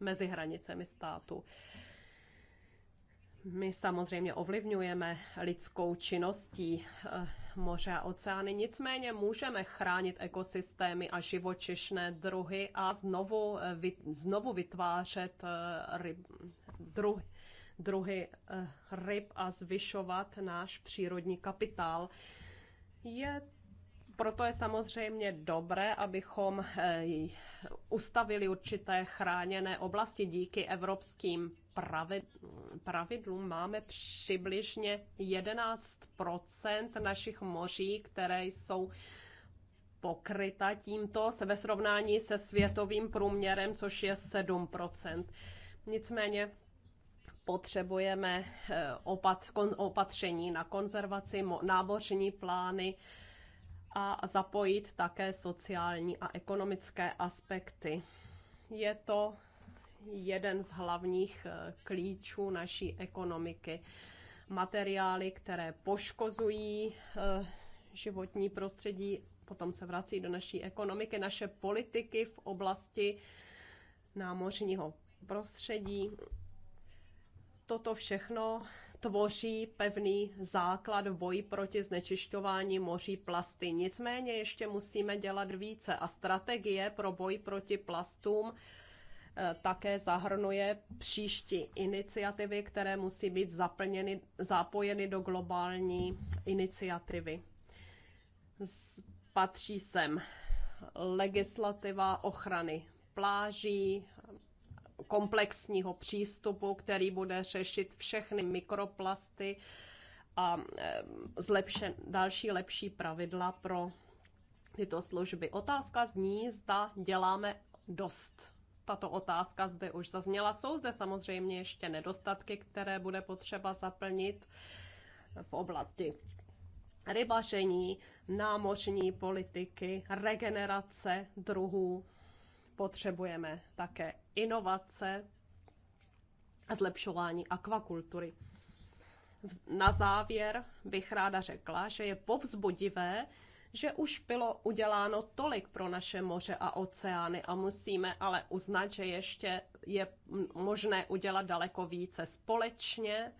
mezi hranicemi státu. My samozřejmě ovlivňujeme lidskou činností eh, moře a oceány, nicméně můžeme chránit ekosystémy a živočišné druhy a znovu, eh, znovu vytvářet eh, ryb, druhy druhy ryb a zvyšovat náš přírodní kapitál. Je proto je samozřejmě dobré, abychom eh, ustavili určité chráněné oblasti díky evropským pravidlům máme přibližně 11 našich moří, které jsou pokryta tímto ve srovnání se světovým průměrem, což je 7 Nicméně potřebujeme eh, opatření na konzervaci, nábořní plány, a zapojit také sociální a ekonomické aspekty. Je to jeden z hlavních eh, klíčů naší ekonomiky. Materiály, které poškozují eh, životní prostředí, potom se vrací do naší ekonomiky, naše politiky v oblasti námořního prostředí. Toto všechno tvoří pevný základ v boji proti znečišťování moří plasty. Nicméně ještě musíme dělat více a strategie pro boj proti plastům eh, také zahrnuje příští iniciativy, které musí být zaplněny, zapojeny do globální iniciativy. Patří sem legislativa ochrany pláží, komplexního přístupu, který bude řešit všechny mikroplasty a eh, zlepšen, další lepší pravidla pro tyto služby. Otázka zní, zda děláme dost. Tato otázka zde už zazněla. Jsou zde samozřejmě ještě nedostatky, které bude potřeba zaplnit v oblasti rybaření, námořní politiky, regenerace druhů, Potřebujeme také inovace a zlepšování akvakultury. Na závěr bych ráda řekla, že je povzbudivé, že už bylo uděláno tolik pro naše moře a oceány a musíme ale uznat, že ještě je možné udělat daleko více společně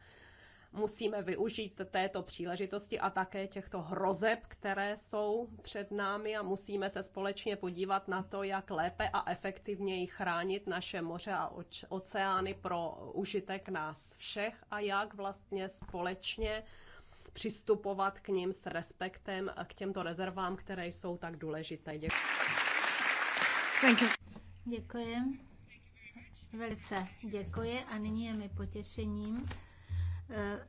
musíme využít této příležitosti a také těchto hrozeb, které jsou před námi a musíme se společně podívat na to, jak lépe a efektivněji chránit naše moře a oceány pro užitek nás všech a jak vlastně společně přistupovat k ním s respektem a k těmto rezervám, které jsou tak důležité. Děkuji. Thank you. Děkuji. Velice děkuji a nyní je mi potěšením Eh,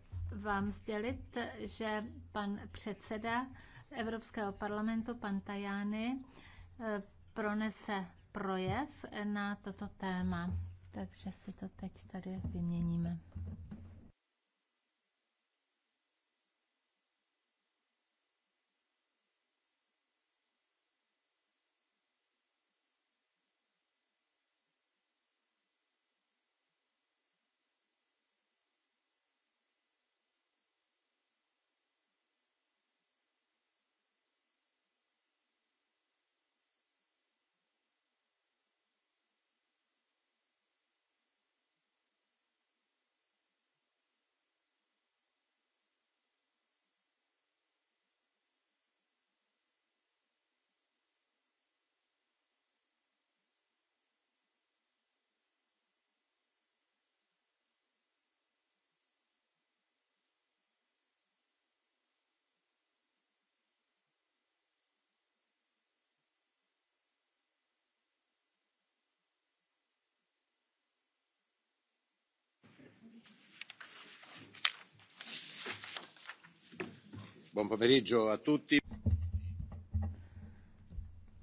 vám sdělit, že pan předseda Evropského parlamentu, pan Tajány, eh, pronese projev na toto téma. Takže si to teď tady vyměníme.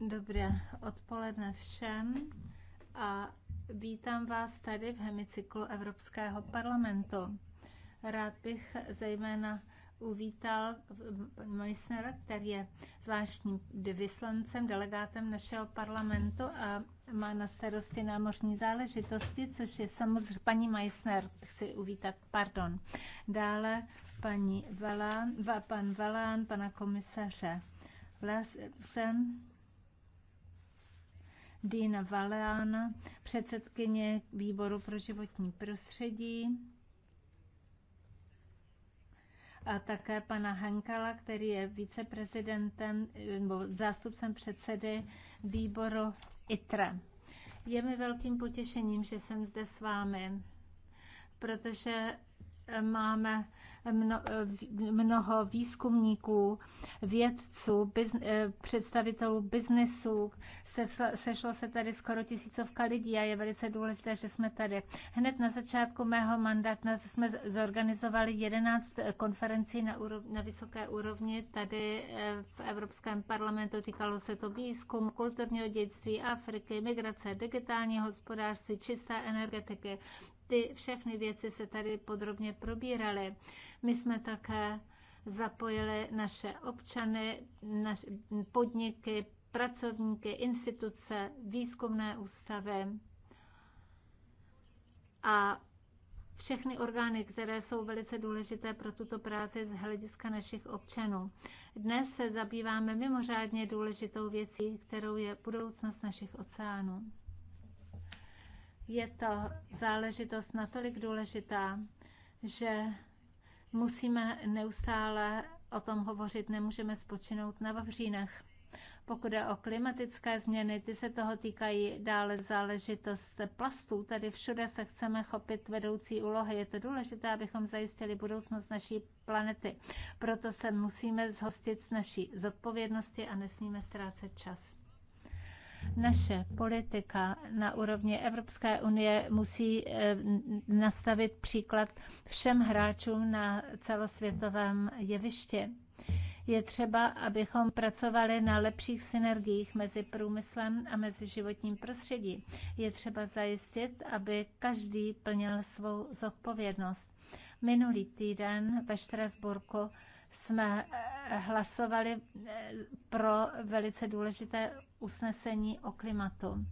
Dobré odpoledne všem a vítám vás tady v hemicyklu Evropského parlamentu. Rád bych zejména uvítal Meissner, který je zvláštním vyslancem, delegátem našeho parlamentu a má na starosti námořní záležitosti, což je samozřejmě paní Meissner, chci uvítat, pardon. Dále paní Valán, va, pan Valán, pana komisaře Vlasem, Dina Valán, předsedkyně výboru pro životní prostředí, a také pana Hankala, který je viceprezidentem eh, nebo zástupcem předsedy výboru ITRE. Je mi velkým potěšením, že jsem zde s vámi, protože eh, máme Eh, mnoho výzkumníků, vědců, bizn, eh, představitelů biznesu. Sešlo se tady skoro tisícovka lidí a je velice důležité, že jsme tady. Hned na začátku mého mandátu jsme zorganizovali 11 eh, konferencí na, úrov, na vysoké úrovni tady v Evropském parlamentu. Týkalo se to výzkum, kulturního dědictví Afriky, migrace, digitální hospodářství, čisté energetiky, ty všechny věci se tady podrobně probíraly. My jsme také zapojili naše občany, naš, podniky, pracovníky, instituce, výzkumné ústavy a všechny orgány, které jsou velice důležité pro tuto práci z hlediska našich občanů. Dnes se zabýváme mimořádně důležitou věcí, kterou je budoucnost našich oceánů je to záležitost natolik důležitá, že musíme neustále o tom hovořit, nemůžeme spočinout na Vavřínech. Pokud je o klimatické změny, ty se toho týkají dále záležitost plastů. Tady všude se chceme chopit vedoucí úlohy. Je to důležité, abychom zajistili budoucnost naší planety. Proto se musíme zhostit s naší zodpovědnosti a nesmíme ztrácet čas. Naše politika na úrovni Evropské unie musí eh, nastavit příklad všem hráčům na celosvětovém jevišti. Je třeba, abychom pracovali na lepších synergiích mezi průmyslem a mezi životním prostředí. Je třeba zajistit, aby každý plnil svou zodpovědnost. Minulý týden ve Štrasburku jsme eh, hlasovali eh, pro velice důležité usnesení o klimatu.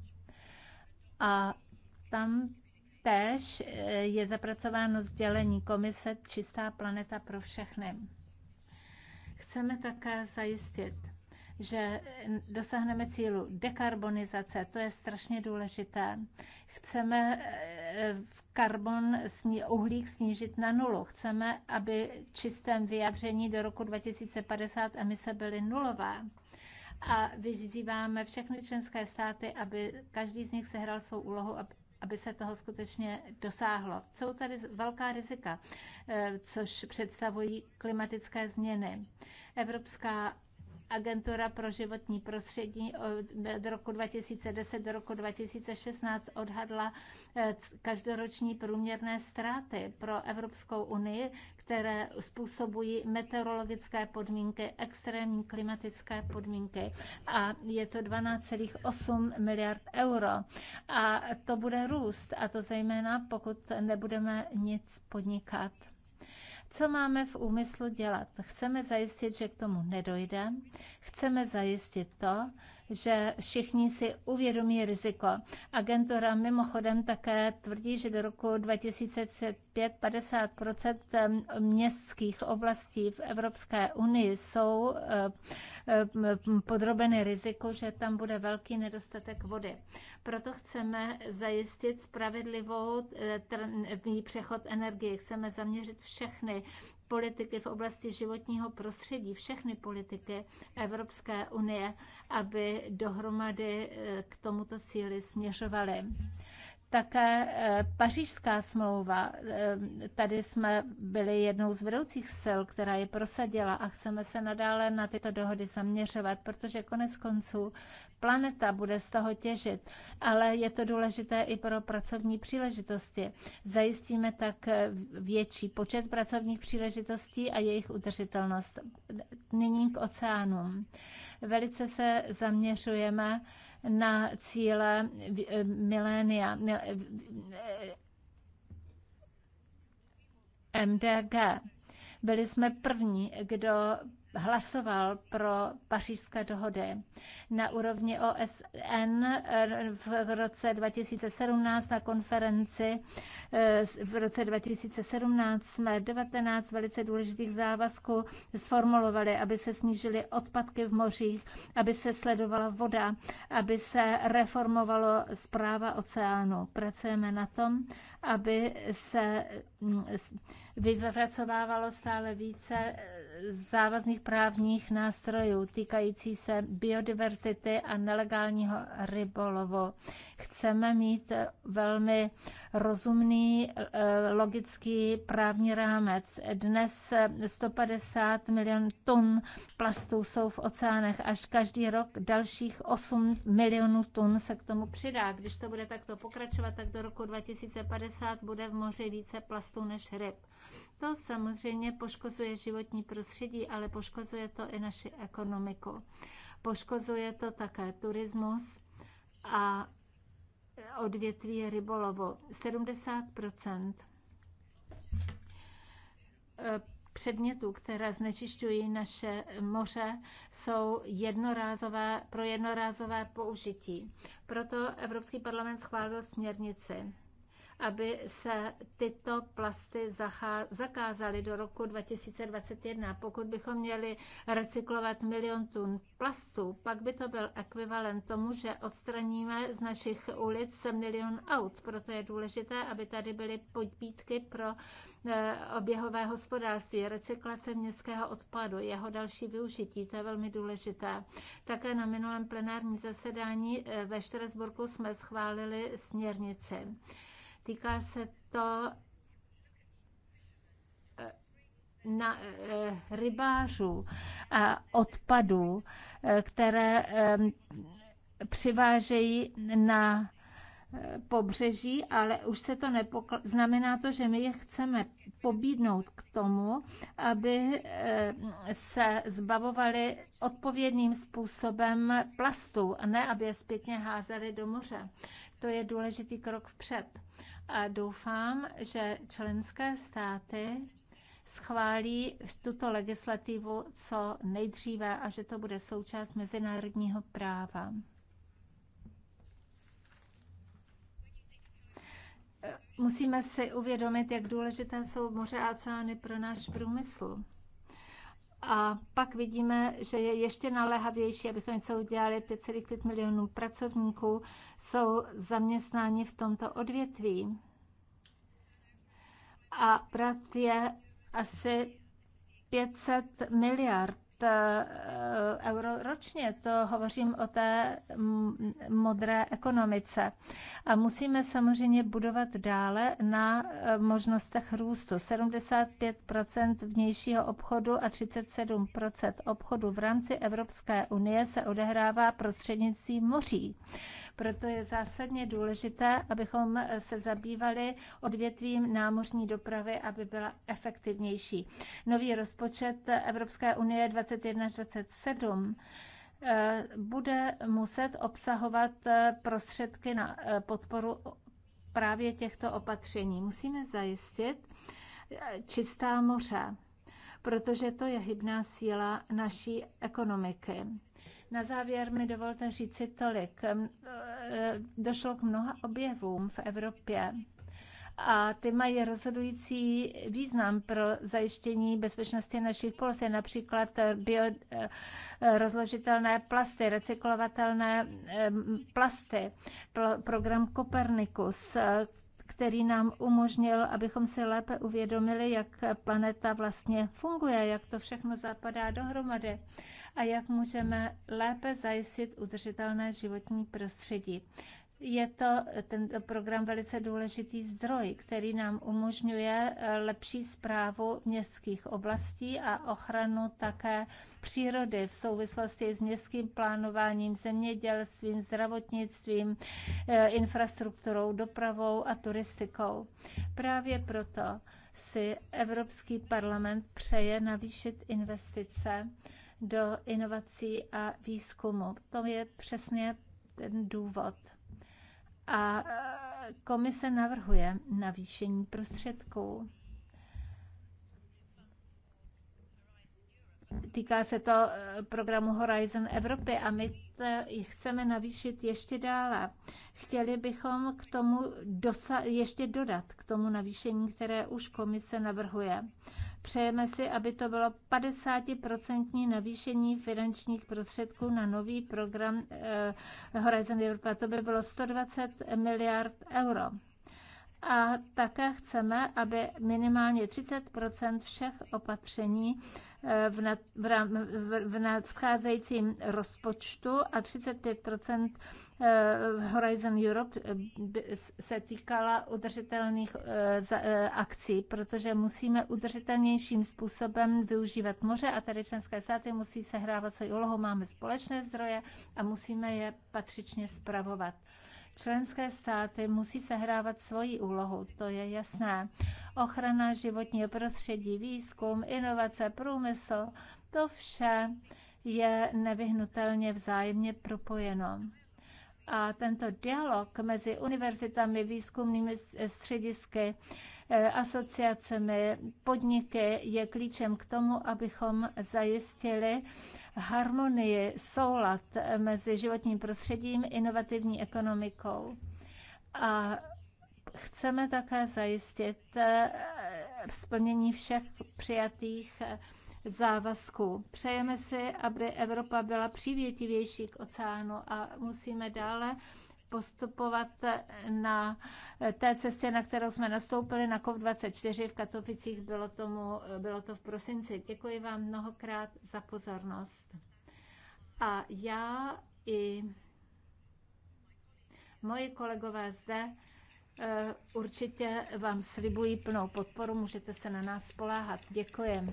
A tam též eh, je zapracováno sdělení komise Čistá planeta pro všechny. Chceme také zajistit, že dosáhneme cílu dekarbonizace, to je strašně důležité. Chceme eh, karbon, uhlík snížit na nulu. Chceme, aby čistém vyjádření do roku 2050 emise byly nulové a vyzýváme všechny členské státy, aby každý z nich sehrál svou úlohu, aby se toho skutečně dosáhlo. Jsou tady velká rizika, eh, což představují klimatické změny. Evropská Agentura pro životní prostředí od roku 2010 do roku 2016 odhadla eh, každoroční průměrné ztráty pro Evropskou unii, které způsobují meteorologické podmínky, extrémní klimatické podmínky a je to 12,8 miliard euro. A to bude růst a to zejména, pokud nebudeme nic podnikat. Co máme v úmyslu dělat? Chceme zajistit, že k tomu nedojde, chceme zajistit to, že všichni si uvědomí riziko. Agentura mimochodem také tvrdí, že do roku 2035 50 ehm, městských oblastí v Evropské unii jsou ehm, ehm, podrobeny riziku, že tam bude velký nedostatek vody. Proto chceme zajistit spravedlivou eh, přechod energie. Chceme zaměřit všechny politiky v oblasti životního prostředí, všechny politiky Evropské unie, aby dohromady eh, k tomuto cíli směřovaly. Také eh, pařížská smlouva, eh, tady jsme byli jednou z vedoucích sil, která je prosadila a chceme se nadále na tyto dohody zaměřovat, protože konec konců planeta bude z toho těžit, ale je to důležité i pro pracovní příležitosti. Zajistíme tak eh, větší počet pracovních příležitostí a jejich udržitelnost. Nyní k oceánům. Velice se zaměřujeme na cíle eh, milénia, MDG. Eh, eh, Byli jsme první, kdo hlasoval pro pařížské dohody na úrovni OSN v roce 2017 na konferenci eh, v roce 2017 jsme 19 velice důležitých závazků sformulovali, aby se snížily odpadky v mořích, aby se sledovala voda, aby se reformovalo zpráva oceánu. Pracujeme na tom, aby se mm, vyvracovávalo stále více závazných právních nástrojů týkající se biodiverzity a nelegálního rybolovu. Chceme mít velmi rozumný, eh, logický právní rámec. Dnes 150 milion tun plastů jsou v oceánech, až každý rok dalších 8 milionů tun se k tomu přidá. Když to bude takto pokračovat, tak do roku 2050 bude v moři více plastů než ryb. To samozřejmě poškozuje životní prostředí, ale poškozuje to i naši ekonomiku. Poškozuje to také turismus a odvětví rybolovu. 70 eh, předmětů, které znečišťují naše moře, jsou jednorázové, pro jednorázové použití. Proto Evropský parlament schválil směrnici aby se tyto plasty zakázaly do roku 2021. Pokud bychom měli recyklovat milion tun plastu, pak by to byl ekvivalent tomu, že odstraníme z našich ulic milion aut. Proto je důležité, aby tady byly podpítky pro eh, oběhové hospodářství, recyklace městského odpadu, jeho další využití, to je velmi důležité. Také na minulém plenárním zasedání eh, ve Štrasburku jsme schválili směrnici. Týká se to eh, na eh, rybářů a odpadů, eh, které přivážejí na pobřeží, ale už se to nepokl- znamená to, že my je chceme pobídnout k tomu, aby se zbavovali odpovědným způsobem plastů, a ne aby je zpětně házeli do moře. To je důležitý krok vpřed a doufám, že členské státy schválí tuto legislativu co nejdříve a že to bude součást mezinárodního práva. Musíme si uvědomit, jak důležité jsou moře a oceány pro náš průmysl. A pak vidíme, že je ještě naléhavější, abychom něco udělali. 5,5 milionů pracovníků jsou zaměstnáni v tomto odvětví. A brat je asi 500 miliard Eh, euro ročně. To hovořím o té modré ekonomice. A musíme samozřejmě budovat dále na eh, možnostech růstu. 75 vnějšího obchodu a 37 obchodu v rámci Evropské unie se odehrává prostřednictvím moří. Proto je zásadně důležité, abychom se zabývali odvětvím námořní dopravy, aby byla efektivnější. Nový rozpočet Evropské unie 21 27 eh, bude muset obsahovat eh, prostředky na eh, podporu právě těchto opatření. Musíme zajistit čistá moře, protože to je hybná síla naší ekonomiky. Na závěr mi dovolte říci tolik. Eh, došlo k mnoha objevům v Evropě a ty mají rozhodující význam pro zajištění bezpečnosti našich pols. Je například eh, bio, eh, rozložitelné plasty, recyklovatelné plasty, program Copernicus, který nám umožnil, abychom si lépe uvědomili, jak planeta vlastně funguje, jak to všechno zapadá dohromady a jak můžeme lépe zajistit udržitelné životní prostředí je to ten program velice důležitý zdroj, který nám umožňuje eh, lepší zprávu městských oblastí a ochranu také přírody v souvislosti s městským plánováním, zemědělstvím, zdravotnictvím, eh, infrastrukturou, dopravou a turistikou. Právě proto si Evropský parlament přeje navýšit investice do inovací a výzkumu. To je přesně ten důvod. A komise navrhuje navýšení prostředků. Týká se to eh, programu Horizon Evropy a my chceme navýšit ještě dále. Chtěli bychom k tomu dosa- ještě dodat, k tomu navýšení, které už komise navrhuje. Přejeme si, aby to bylo 50% navýšení finančních prostředků na nový program eh, Horizon Europa. To by bylo 120 miliard euro a také chceme, aby minimálně 30 všech opatření eh, v, nad, v, v, v nadcházejícím rozpočtu a 35 eh, Horizon Europe eh, se týkala udržitelných akcí, protože musíme udržitelnějším způsobem využívat moře a tady členské státy musí sehrávat svoji úlohu. Máme společné zdroje a musíme je patřičně spravovat. Členské státy musí sehrávat svoji úlohu, to je jasné. Ochrana životního prostředí, výzkum, inovace, průmysl, to vše je nevyhnutelně vzájemně propojeno. A tento dialog mezi univerzitami, výzkumnými středisky, eh, asociacemi, podniky je klíčem k tomu, abychom zajistili harmonii, soulad mezi životním prostředím, inovativní ekonomikou. A chceme také zajistit eh, splnění všech přijatých eh, závazků. Přejeme si, aby Evropa byla přívětivější k oceánu a musíme dále postupovat eh, na eh, té cestě, na kterou jsme nastoupili na COP24 v Katovicích. Bylo, tomu, eh, bylo to v prosinci. Děkuji vám mnohokrát za pozornost. A já i moji kolegové zde určitě vám slibují plnou podporu. Můžete se na nás spoláhat. Děkuji.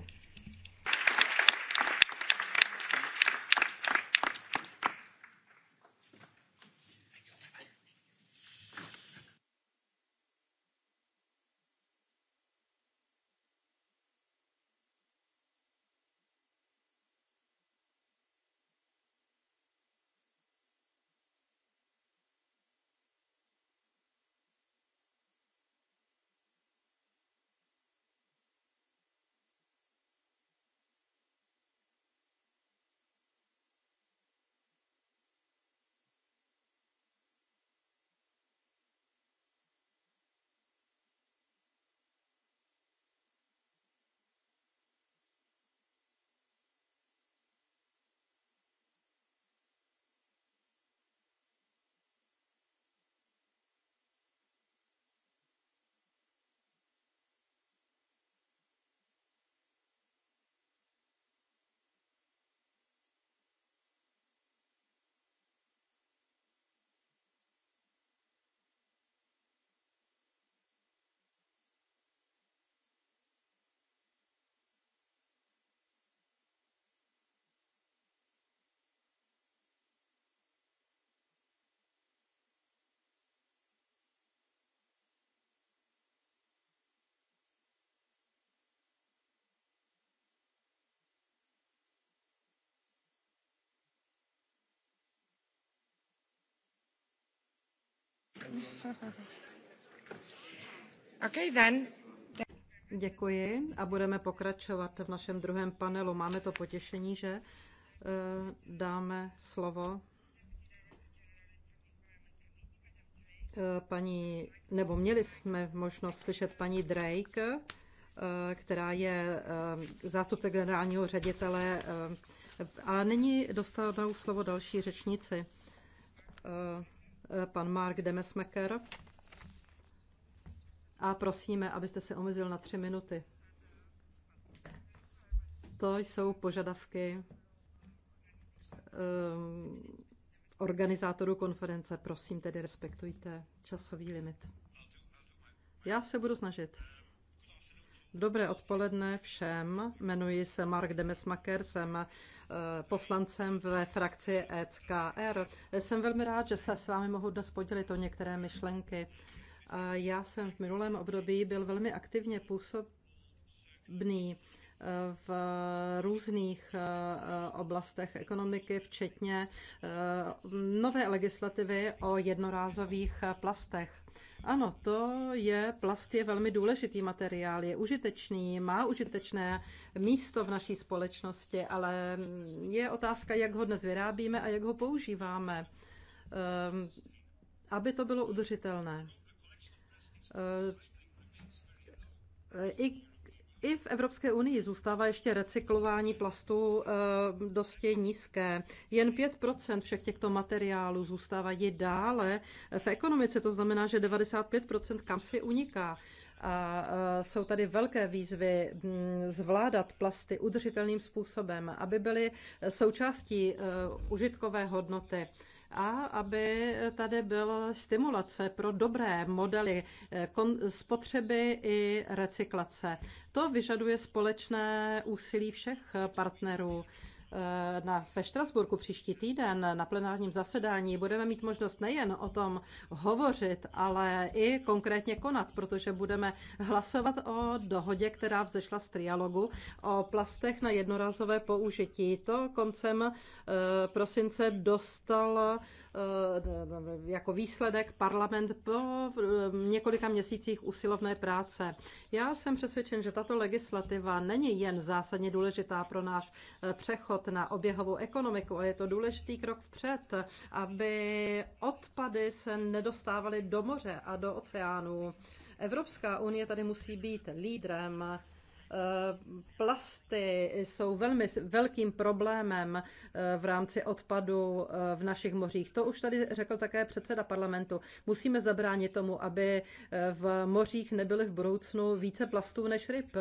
Okay, then. Děkuji a budeme pokračovat v našem druhém panelu. Máme to potěšení, že eh, dáme slovo eh, paní, nebo měli jsme možnost slyšet paní Drake, eh, která je zástupce generálního ředitele, ale nyní dostanou slovo další řečníci. Eh, pan Mark Demesmeker. A prosíme, abyste se omezil na tři minuty. To jsou požadavky um, organizátorů konference. Prosím tedy respektujte časový limit. Já se budu snažit. Dobré odpoledne všem. Jmenuji se Mark Demesmaker, jsem Eh, poslancem ve frakci ECKR. Jsem velmi rád, že se s vámi mohu dnes podělit o některé myšlenky. Eh, já jsem v minulém období byl velmi aktivně působný v různých eh, oblastech ekonomiky, včetně eh, nové legislativy o jednorázových eh, plastech. Ano, to je, plast je velmi důležitý materiál, je užitečný, má užitečné místo v naší společnosti, ale je otázka, jak ho dnes vyrábíme a jak ho používáme, aby to bylo udržitelné. I i v Evropské unii zůstává ještě recyklování plastů eh, dosti nízké. Jen 5% všech těchto materiálů zůstávají dále v ekonomice, to znamená, že 95% kam si uniká. A eh, jsou tady velké výzvy mm, zvládat plasty udržitelným způsobem, aby byly součástí eh, užitkové hodnoty a aby tady byla stimulace pro dobré modely eh, spotřeby i recyklace. To vyžaduje společné úsilí všech partnerů. Eh, na, ve Štrasburku příští týden na plenárním zasedání budeme mít možnost nejen o tom hovořit, ale i konkrétně konat, protože budeme hlasovat o dohodě, která vzešla z trialogu o plastech na jednorazové použití. To koncem eh, prosince dostal Eh, jako výsledek parlament po eh, několika měsících usilovné práce. Já jsem přesvědčen, že tato legislativa není jen zásadně důležitá pro náš eh, přechod na oběhovou ekonomiku, ale je to důležitý krok vpřed, aby odpady se nedostávaly do moře a do oceánů. Evropská unie tady musí být lídrem Plasty jsou velmi velkým problémem eh, v rámci odpadu eh, v našich mořích. To už tady řekl také předseda parlamentu. Musíme zabránit tomu, aby eh, v mořích nebyly v budoucnu více plastů než ryb.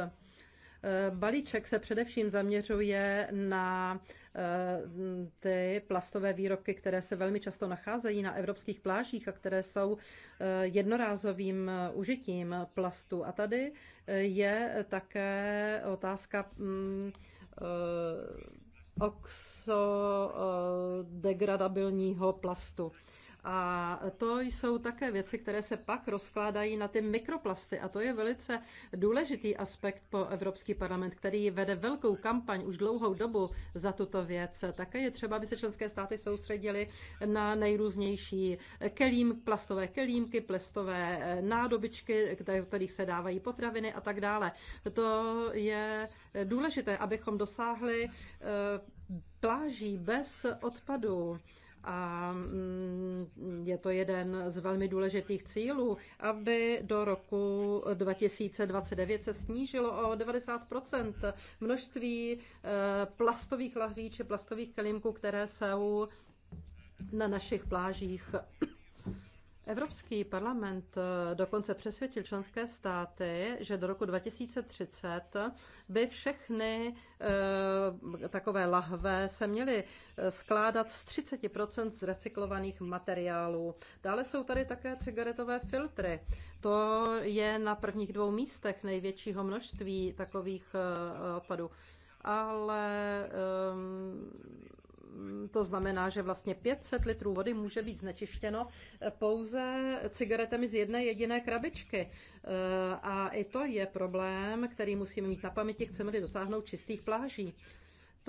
Eh, balíček se především zaměřuje na eh, ty plastové výrobky, které se velmi často nacházejí na evropských plážích a které jsou eh, jednorázovým užitím plastu. A tady je také otázka mm, oxodegradabilního plastu. A to jsou také věci, které se pak rozkládají na ty mikroplasty. A to je velice důležitý aspekt po Evropský parlament, který vede velkou kampaň už dlouhou dobu za tuto věc. Také je třeba, aby se členské státy soustředily na nejrůznější kelím, plastové kelímky, plastové eh, nádobičky, kterých se dávají potraviny a tak dále. To je důležité, abychom dosáhli eh, pláží bez odpadu a mm, je to jeden z velmi důležitých cílů, aby do roku 2029 se snížilo o 90 množství eh, plastových lahví či plastových kelímků, které jsou na našich plážích. Evropský parlament eh, dokonce přesvědčil členské státy, že do roku 2030 by všechny eh, takové lahve se měly eh, skládat z 30 z recyklovaných materiálů. Dále jsou tady také cigaretové filtry. To je na prvních dvou místech největšího množství takových odpadů. Ale ehm, to znamená, že vlastně 500 litrů vody může být znečištěno pouze cigaretami z jedné jediné krabičky. E, a i to je problém, který musíme mít na paměti, chceme-li dosáhnout čistých pláží.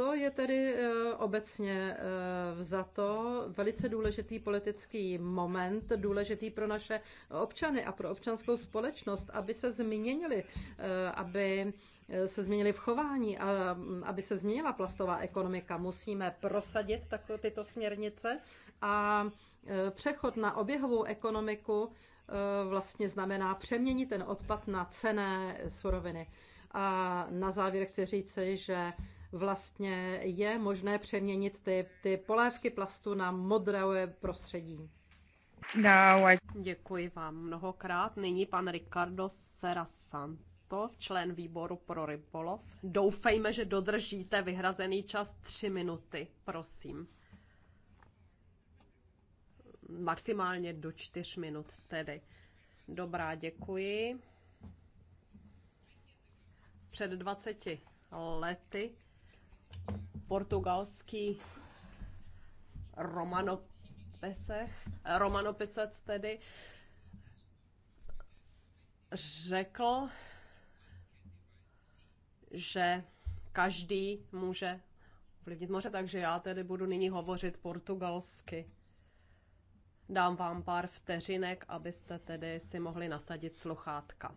To je tedy eh, obecně eh, za to velice důležitý politický moment, důležitý pro naše občany a pro občanskou společnost, aby se změnili, eh, aby se změnili v chování a mm, aby se změnila plastová ekonomika. Musíme prosadit tak, tyto směrnice a přechod na oběhovou ekonomiku vlastně znamená přeměnit ten odpad na cené suroviny. A na závěr chci říci, že vlastně je možné přeměnit ty, ty polévky plastu na modré prostředí. No, I... Děkuji vám mnohokrát. Nyní pan Ricardo Serasant. Santo, člen výboru pro rybolov. Doufejme, že dodržíte vyhrazený čas tři minuty, prosím. Maximálně do čtyř minut tedy. Dobrá, děkuji. Před 20 lety portugalský romanopisech, romanopisec tedy řekl, že každý může ovlivnit moře, takže já tedy budu nyní hovořit portugalsky. Dám vám pár vteřinek, abyste tedy si mohli nasadit sluchátka.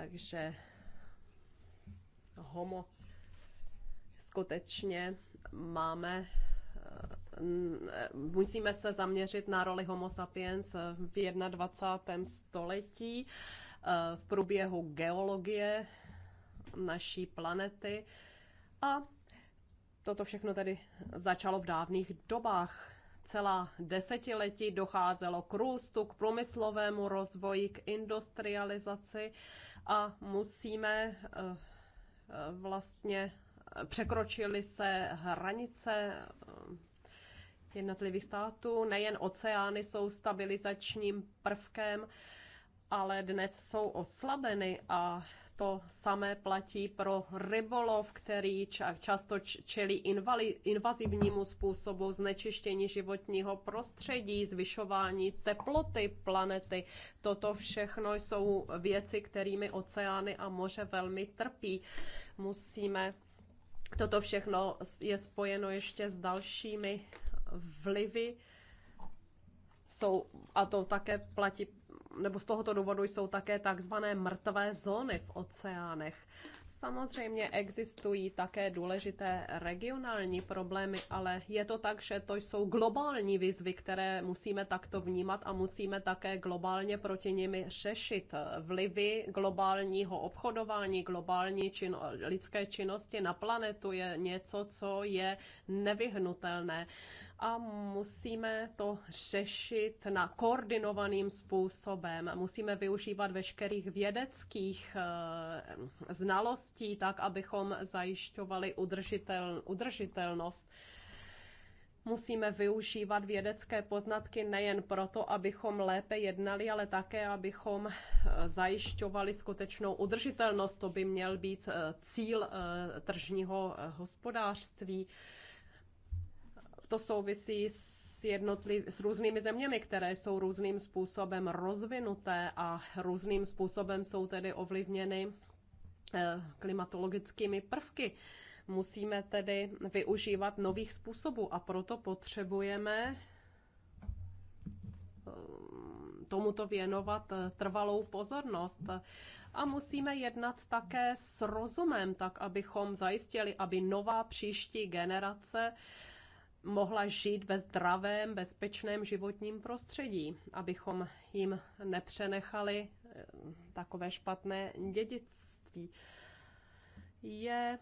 Takže homo skutečně máme eh, musíme se zaměřit na roli homo sapiens v 21. století eh, v průběhu geologie naší planety a toto všechno tedy začalo v dávných dobách. Celá desetiletí docházelo k růstu, k průmyslovému rozvoji, k industrializaci a musíme eh, vlastně překročili se hranice eh, jednotlivých států. Nejen oceány jsou stabilizačním prvkem, ale dnes jsou oslabeny a to samé platí pro rybolov, který často čelí invazivnímu způsobu znečištění životního prostředí, zvyšování teploty planety. Toto všechno jsou věci, kterými oceány a moře velmi trpí. Musíme Toto všechno je spojeno ještě s dalšími vlivy. Jsou, a to také platí nebo z tohoto důvodu jsou také takzvané mrtvé zóny v oceánech. Samozřejmě existují také důležité regionální problémy, ale je to tak, že to jsou globální výzvy, které musíme takto vnímat a musíme také globálně proti nimi řešit. Vlivy globálního obchodování, globální čino, lidské činnosti na planetu je něco, co je nevyhnutelné a musíme to řešit na koordinovaným způsobem. Musíme využívat veškerých vědeckých eh, znalostí tak, abychom zajišťovali udržitel, udržitelnost musíme využívat vědecké poznatky nejen proto, abychom lépe jednali, ale také, abychom eh, zajišťovali skutečnou udržitelnost. To by měl být eh, cíl tržního hospodářství to souvisí s, jednotliv, s různými zeměmi, které jsou různým způsobem rozvinuté a různým způsobem jsou tedy ovlivněny eh, klimatologickými prvky. Musíme tedy využívat nových způsobů a proto potřebujeme eh, tomuto věnovat eh, trvalou pozornost. A musíme jednat také s rozumem, tak abychom zajistili, aby nová příští generace mohla žít ve zdravém, bezpečném životním prostředí, abychom jim nepřenechali eh, takové špatné dědictví. Je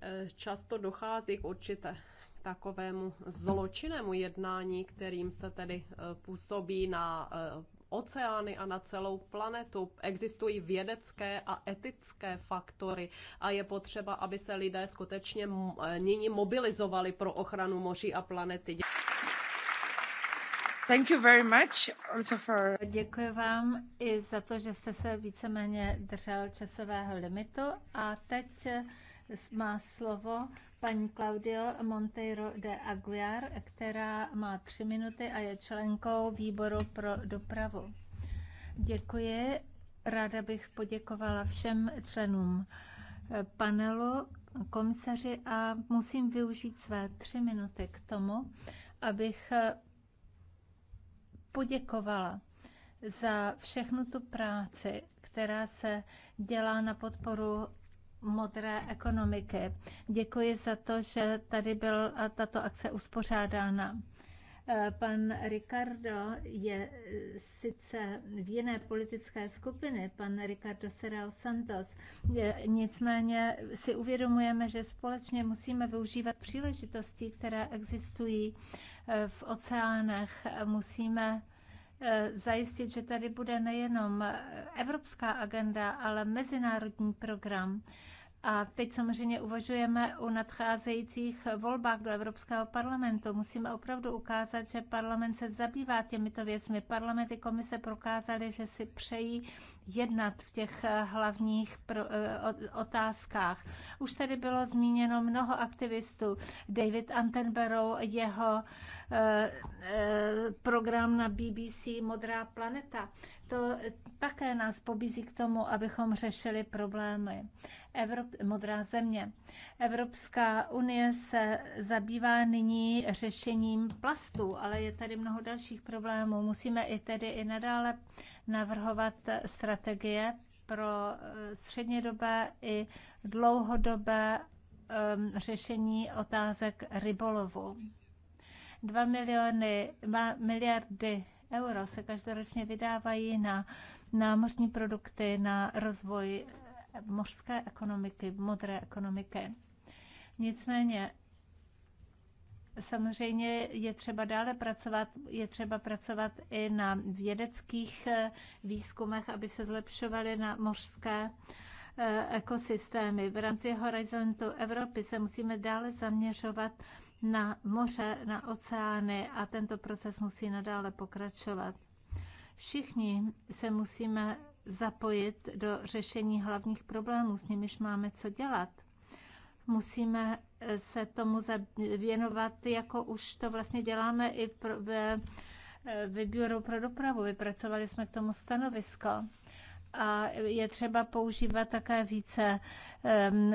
eh, často dochází k určité takovému zločinnému jednání, kterým se tedy eh, působí na oceány a na celou planetu. Existují vědecké a etické faktory a je potřeba, aby se lidé skutečně eh, nyní mobilizovali pro ochranu moří a planety. Thank you very much also for... Děkuji vám i za to, že jste se víceméně držel časového limitu a teď eh, má slovo paní Claudio Monteiro de Aguiar, která má tři minuty a je členkou výboru pro dopravu. Děkuji. Ráda bych poděkovala všem členům panelu, komisaři a musím využít své tři minuty k tomu, abych poděkovala za všechnu tu práci, která se dělá na podporu modré ekonomiky. Děkuji za to, že tady byl tato akce uspořádána. E, pan Ricardo je e, sice v jiné politické skupiny, pan Ricardo Serrao Santos, e, nicméně si uvědomujeme, že společně musíme využívat příležitosti, které existují v oceánech. Musíme zajistit, že tady bude nejenom evropská agenda, ale mezinárodní program. A teď samozřejmě uvažujeme o nadcházejících volbách do Evropského parlamentu. Musíme opravdu ukázat, že parlament se zabývá těmito věcmi. Parlament i komise prokázaly, že si přejí jednat v těch eh, hlavních eh, otázkách. Už tady bylo zmíněno mnoho aktivistů. David Antenberou, jeho eh, program na BBC Modrá planeta, to také nás pobízí k tomu, abychom řešili problémy. Evrop- modrá země. Evropská unie se zabývá nyní řešením plastů, ale je tady mnoho dalších problémů. Musíme i tedy i nadále navrhovat strategie pro eh, střednědobé i dlouhodobé um, řešení otázek rybolovu. 2 miliony, miliardy euro se každoročně vydávají na námořní produkty, na rozvoj mořské ekonomiky, modré ekonomiky. Nicméně Samozřejmě je třeba dále pracovat, je třeba pracovat i na vědeckých eh, výzkumech, aby se zlepšovaly na mořské eh, ekosystémy. V rámci horizontu Evropy se musíme dále zaměřovat na moře, na oceány a tento proces musí nadále pokračovat. Všichni se musíme zapojit do řešení hlavních problémů, s nimiž máme co dělat. Musíme eh, se tomu věnovat, jako už to vlastně děláme i pro, ve eh, výběru pro dopravu. Vypracovali jsme k tomu stanovisko a je třeba používat také více ehm,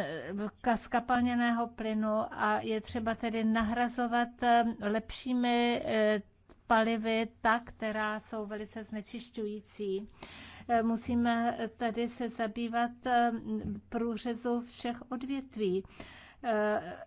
skapalněného plynu a je třeba tedy nahrazovat eh, lepšími palivy ta, která jsou velice znečišťující. Musíme tady se zabývat eh, průřezu všech odvětví eh,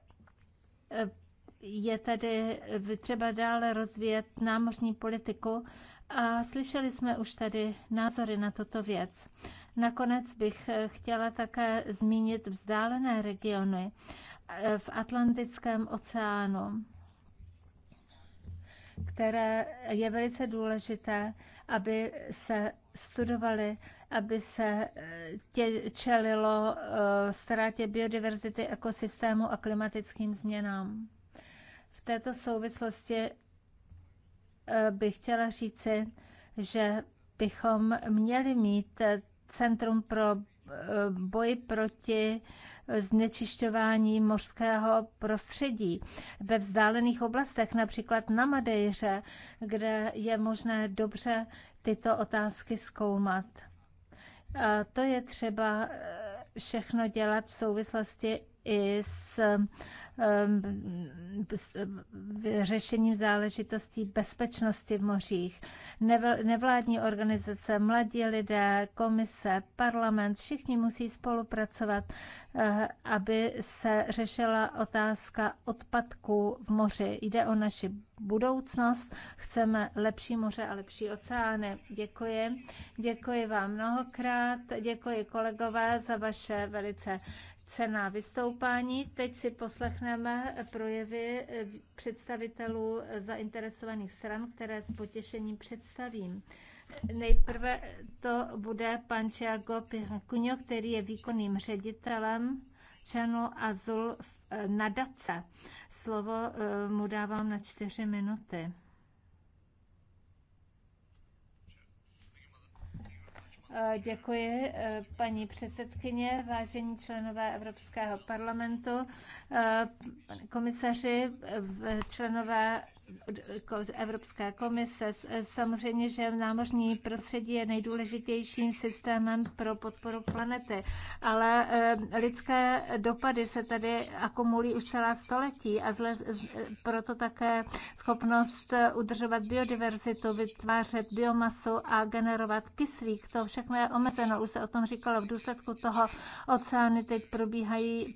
je tady třeba dále rozvíjet námořní politiku a slyšeli jsme už tady názory na toto věc. Nakonec bych eh, chtěla také zmínit vzdálené regiony v Atlantickém oceánu, které je velice důležité, aby se studovali, aby se eh, tě, čelilo eh, ztrátě biodiverzity, ekosystému a klimatickým změnám. V této souvislosti eh, bych chtěla říci, že bychom měli mít Centrum pro boj proti znečišťování mořského prostředí. Ve vzdálených oblastech, například na Madejře, kde je možné dobře tyto otázky zkoumat. A to je třeba eh, všechno dělat v souvislosti i s Ehm, řešením záležitostí bezpečnosti v mořích. Nevládní organizace, mladí lidé, komise, parlament, všichni musí spolupracovat, eh, aby se řešila otázka odpadků v moři. Jde o naši budoucnost, chceme lepší moře a lepší oceány. Děkuji. Děkuji vám mnohokrát, děkuji kolegové za vaše velice cená vystoupání. Teď si poslechneme projevy eh, představitelů zainteresovaných stran, které s potěšením představím. Nejprve to bude pan Čiago Pircuňo, který je výkonným ředitelem Channel Azul eh, nadace. Slovo eh, mu dávám na čtyři minuty. Eh, děkuji, eh, paní předsedkyně, vážení členové Evropského parlamentu, eh, komisaři, členové Evropské komise. Samozřejmě, že námořní prostředí je nejdůležitějším systémem pro podporu planety, ale lidské dopady se tady akumulují už celá století a zle, proto také schopnost udržovat biodiverzitu, vytvářet biomasu a generovat kyslík, to všechno všechno je omezeno. Už se o tom říkalo, v důsledku toho oceány teď probíhají,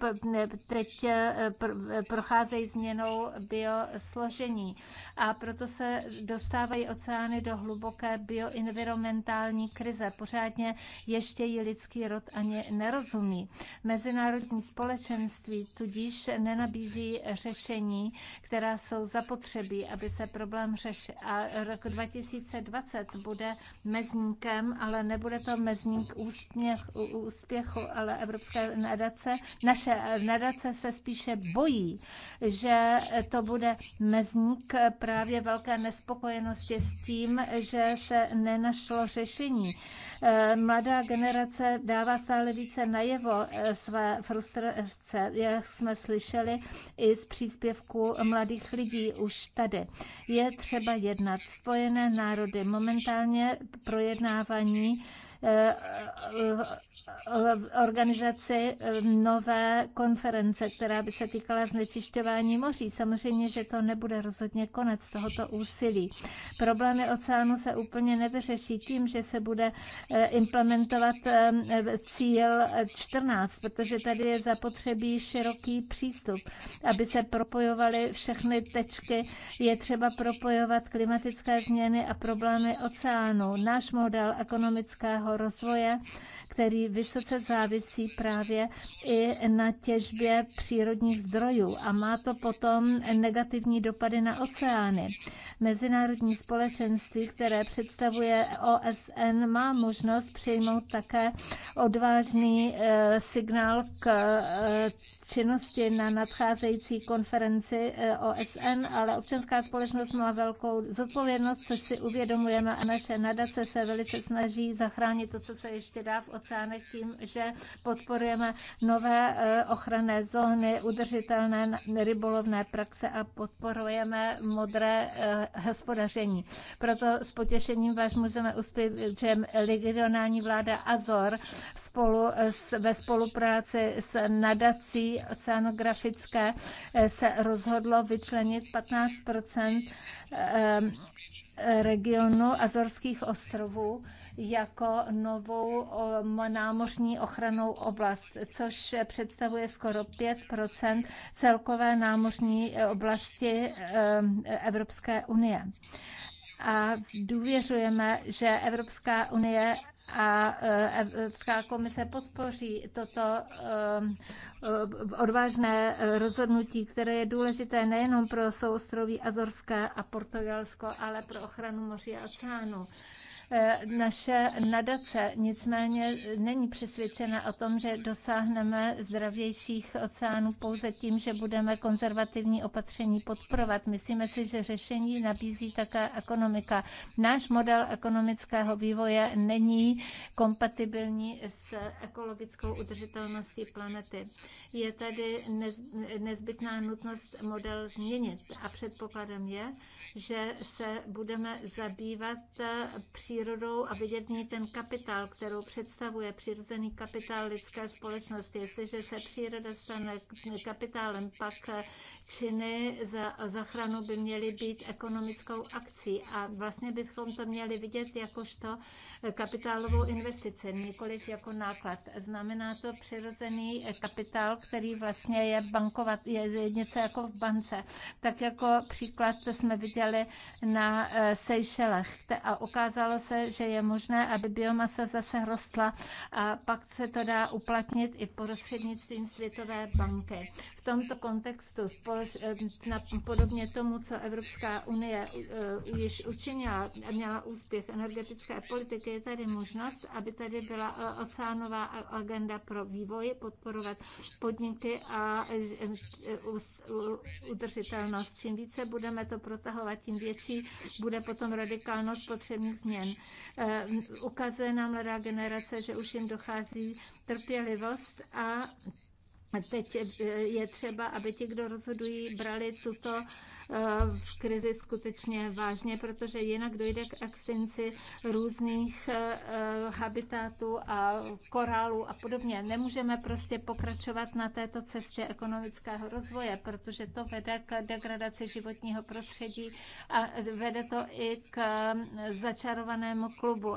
teď eh, eh, procházejí změnou biosložení a proto se dostávají oceány do hluboké bioenvironmentální krize. Pořádně ještě ji lidský rod ani nerozumí. Mezinárodní společenství tudíž nenabízí řešení, která jsou zapotřebí, aby se problém řešil. A rok 2020 bude mezníkem, ale nebude právě to mezník úspěch, úspěchu, ale Evropské nadace, naše nadace se spíše bojí, že to bude mezník právě velké nespokojenosti s tím, že se nenašlo řešení. Eh, mladá generace dává stále více najevo eh, své frustrace, jak jsme slyšeli i z příspěvku mladých lidí už tady. Je třeba jednat. Spojené národy momentálně projednávání. Eh, organizaci eh, nové konference, která by se týkala znečišťování moří. Samozřejmě, že to nebude rozhodně konec tohoto úsilí. Problémy oceánu se úplně nevyřeší tím, že se bude eh, implementovat cíl 14, protože tady je zapotřebí široký přístup, aby se propojovaly všechny tečky. Je třeba propojovat klimatické změny a problémy oceánu. Náš model ekonomického rozvoje který vysoce závisí právě i na těžbě přírodních zdrojů a má to potom negativní dopady na oceány. Mezinárodní společenství, které představuje OSN, má možnost přijmout také odvážný eh, signál k eh, činnosti na nadcházející konferenci eh, OSN, ale občanská společnost má velkou zodpovědnost, což si uvědomujeme a naše nadace se velice snaží zachránit to, co se ještě dá v oceánu oceánech tím, že podporujeme nové eh, ochranné zóny, udržitelné rybolovné praxe a podporujeme modré eh, hospodaření. Proto s potěšením vás můžeme uspět, že regionální vláda Azor spolu s, ve spolupráci s nadací oceanografické eh, se rozhodlo vyčlenit 15 regionu Azorských ostrovů jako novou námořní ochranou oblast, což představuje skoro 5 celkové námořní e, oblasti e, Evropské unie a důvěřujeme, že Evropská unie a e, Evropská komise podpoří toto e, e, odvážné rozhodnutí, které je důležité nejenom pro souostroví Azorské a Portugalsko, ale pro ochranu moří a oceánu. Eh, naše nadace. Nicméně není přesvědčena o tom, že dosáhneme zdravějších oceánů pouze tím, že budeme konzervativní opatření podporovat. Myslíme si, že řešení nabízí také ekonomika. Náš model ekonomického vývoje není kompatibilní s ekologickou udržitelností planety. Je tady nezbytná nutnost model změnit a předpokladem je, že se budeme zabývat příležitostí přírodou a vidět v ní ten kapitál, kterou představuje přirozený kapitál lidské společnosti. Jestliže se příroda stane kapitálem, pak činy za zachranu by měly být ekonomickou akcí a vlastně bychom to měli vidět jakožto kapitálovou investici, nikoliv jako náklad. Znamená to přirozený kapitál, který vlastně je bankovat, je něco jako v bance. Tak jako příklad jsme viděli na eh, Seychelech a ukázalo se, že je možné, aby biomasa zase rostla a pak se to dá uplatnit i prostřednictvím Světové banky. V tomto kontextu, eh, podobně tomu, co Evropská unie eh, již učinila, měla úspěch energetické politiky, je tady možnost, aby tady byla eh, oceánová agenda pro vývoj, podporovat podniky a udržitelnost. Čím více budeme to protahovat, tím větší bude potom radikálnost potřebných změn. Eh, ukazuje nám mladá generace, že už jim dochází trpělivost a Teď eh, je třeba, aby ti, kdo rozhodují, brali tuto v krizi skutečně vážně, protože jinak dojde k extinci různých eh, eh, habitatů a korálů a podobně. Nemůžeme prostě pokračovat na této cestě ekonomického rozvoje, protože to vede k degradaci životního prostředí a vede to i k eh, začarovanému klubu,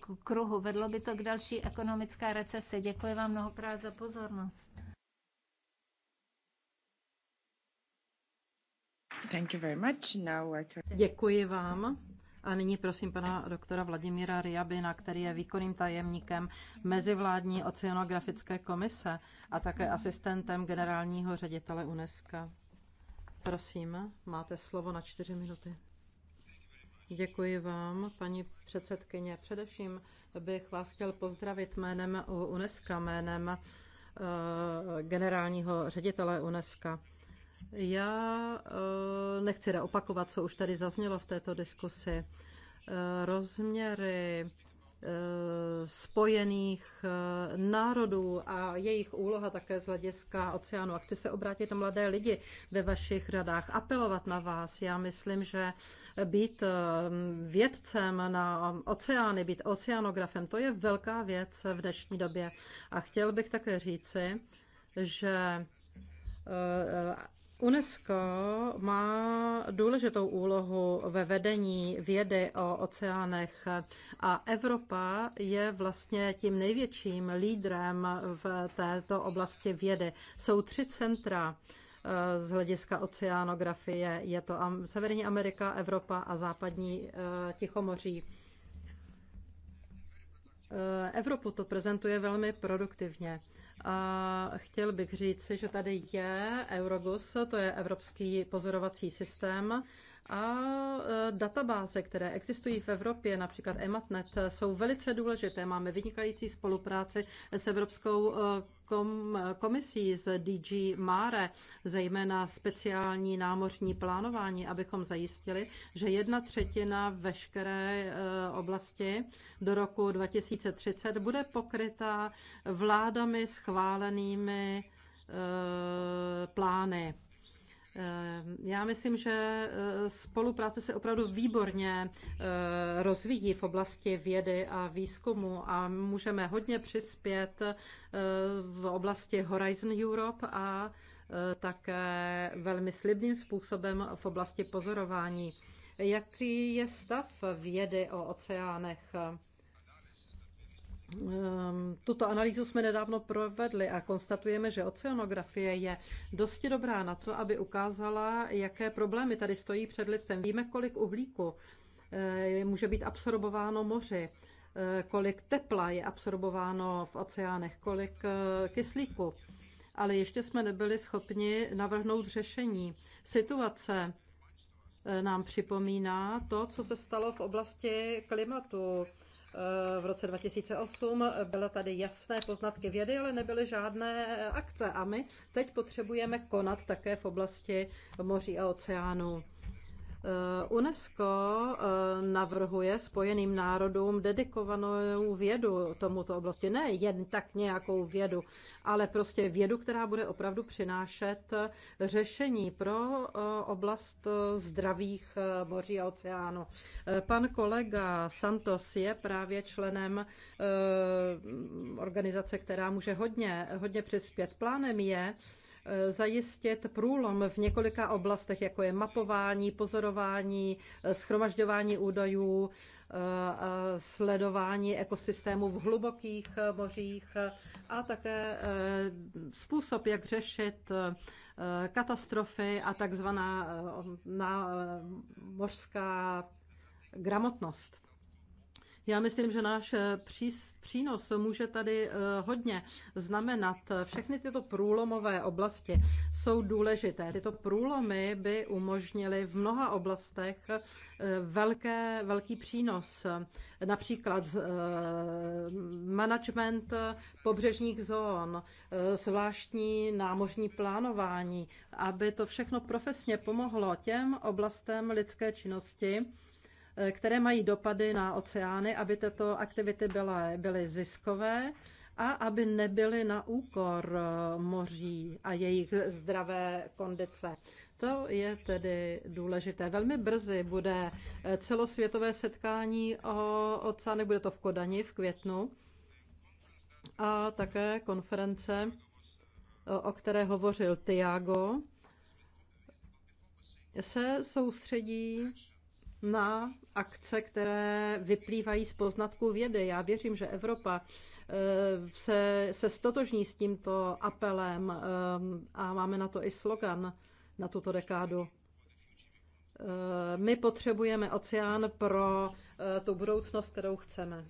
k kruhu. Vedlo by to k další ekonomické recesi. Děkuji vám mnohokrát za pozornost. Děkuji vám. A nyní prosím pana doktora Vladimíra Ryabina, který je výkonným tajemníkem Mezivládní oceanografické komise a také asistentem generálního ředitele UNESCO. Prosím, máte slovo na čtyři minuty. Děkuji vám, paní předsedkyně. Především bych vás chtěl pozdravit jménem UNESCO, jménem eh, generálního ředitele UNESCO. Já eh, nechci opakovat, co už tady zaznělo v této diskusi. Eh, rozměry eh, spojených národů a jejich úloha také z hlediska oceánu. A chci se obrátit na mladé lidi ve vašich řadách, apelovat na vás. Já myslím, že být vědcem na oceány, být oceanografem, to je velká věc v dnešní době. A chtěl bych také říci, že UNESCO má důležitou úlohu ve vedení vědy o oceánech a Evropa je vlastně tím největším lídrem v této oblasti vědy. Jsou tři centra eh, z hlediska oceánografie. Je to Severní Amerika, Evropa a Západní eh, Tichomoří. Eh, Evropu to prezentuje velmi produktivně. A chtěl bych říct, že tady je Eurogus, to je Evropský pozorovací systém, a e, databáze, které existují v Evropě, například Ematnet, jsou velice důležité. Máme vynikající spolupráci s Evropskou e, komisí z DG Mare, zejména speciální námořní plánování, abychom zajistili, že jedna třetina veškeré e, oblasti do roku 2030 bude pokryta vládami schválenými plány. Eh, já myslím, že eh, spolupráce se opravdu výborně eh, rozvíjí v oblasti vědy a výzkumu a můžeme hodně přispět v oblasti Horizon Europe a také velmi slibným způsobem v oblasti pozorování. Jaký je stav vědy o oceánech? Ehm, tuto analýzu jsme nedávno provedli a konstatujeme, že oceanografie je dosti dobrá na to, aby ukázala, jaké problémy tady stojí před lidstvem. Víme, kolik uhlíku eh, může být absorbováno moři, eh, kolik tepla je absorbováno v oceánech, kolik eh, kyslíku. Ale ještě jsme nebyli schopni navrhnout řešení. Situace nám připomíná to, co se stalo v oblasti klimatu Eh, v roce 2008. Byly tady jasné poznatky vědy, ale nebyly žádné eh, akce. A my teď potřebujeme konat také v oblasti moří a oceánů. Eh, UNESCO eh, navrhuje spojeným národům dedikovanou vědu tomuto oblasti. Ne jen tak nějakou vědu, ale prostě vědu, která bude opravdu přinášet eh, řešení pro oblast zdravých moří a oceánu. Pan kolega Santos je právě členem organizace, která může hodně, hodně přispět. Plánem je, Eh, zajistit průlom v několika oblastech, jako je mapování, pozorování, eh, schromažďování údajů, eh, sledování ekosystému v hlubokých mořích a také způsob, jak řešit katastrofy a takzvaná mořská gramotnost. Já myslím, že náš eh, přínos může tady eh, hodně znamenat. Všechny tyto průlomové oblasti jsou důležité. Tyto průlomy by umožnily v mnoha oblastech eh, velké, velký přínos. Například management pobřežních zón, zvláštní námořní plánování, aby to všechno profesně pomohlo těm oblastem lidské činnosti, Eh, které mají dopady na oceány, aby tyto aktivity byly, byly ziskové a aby nebyly na úkor eh, moří a jejich zdravé kondice. To je tedy důležité. Velmi brzy bude eh, celosvětové setkání o oceánech, bude to v Kodani v květnu a také konference, o které hovořil Tiago, se soustředí na akce, které vyplývají z poznatků vědy. Já věřím, že Evropa eh, se, se stotožní s tímto apelem eh, a máme na to i slogan na tuto dekádu. Eh, my potřebujeme oceán pro tu budoucnost, kterou chceme.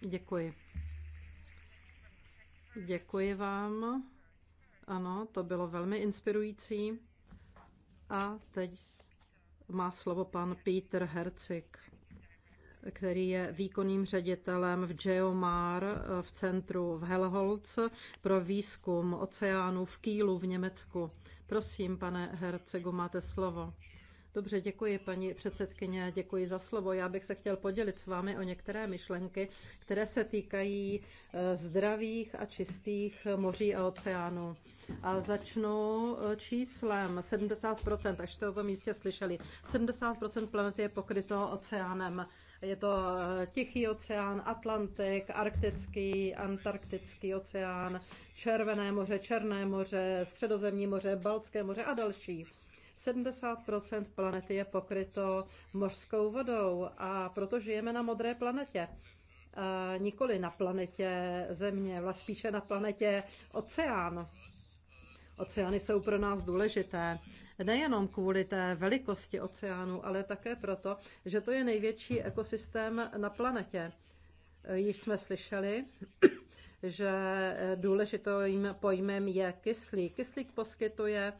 Děkuji. Děkuji vám. Ano, to bylo velmi inspirující. A teď má slovo pan Peter Hercik, který je výkonným ředitelem v Geomar eh, v centru v Helholz pro výzkum oceánů v Kýlu v Německu. Prosím, pane Hercegu, máte slovo. Dobře, děkuji paní předsedkyně, děkuji za slovo. Já bych se chtěl podělit s vámi o některé myšlenky, které se týkají eh, zdravých a čistých moří a oceánů. A začnu eh, číslem 70%, až jste o tom místě slyšeli. 70% planety je pokryto oceánem. Je to eh, Tichý oceán, Atlantik, Arktický, Antarktický oceán, Červené moře, Černé moře, Středozemní moře, Baltské moře a další. 70 planety je pokryto mořskou vodou a proto žijeme na modré planetě. A nikoli na planetě Země, ale spíše na planetě oceán. Oceány jsou pro nás důležité nejenom kvůli té velikosti oceánu, ale také proto, že to je největší ekosystém na planetě. Již jsme slyšeli, že důležitým pojmem je kyslík. Kyslík poskytuje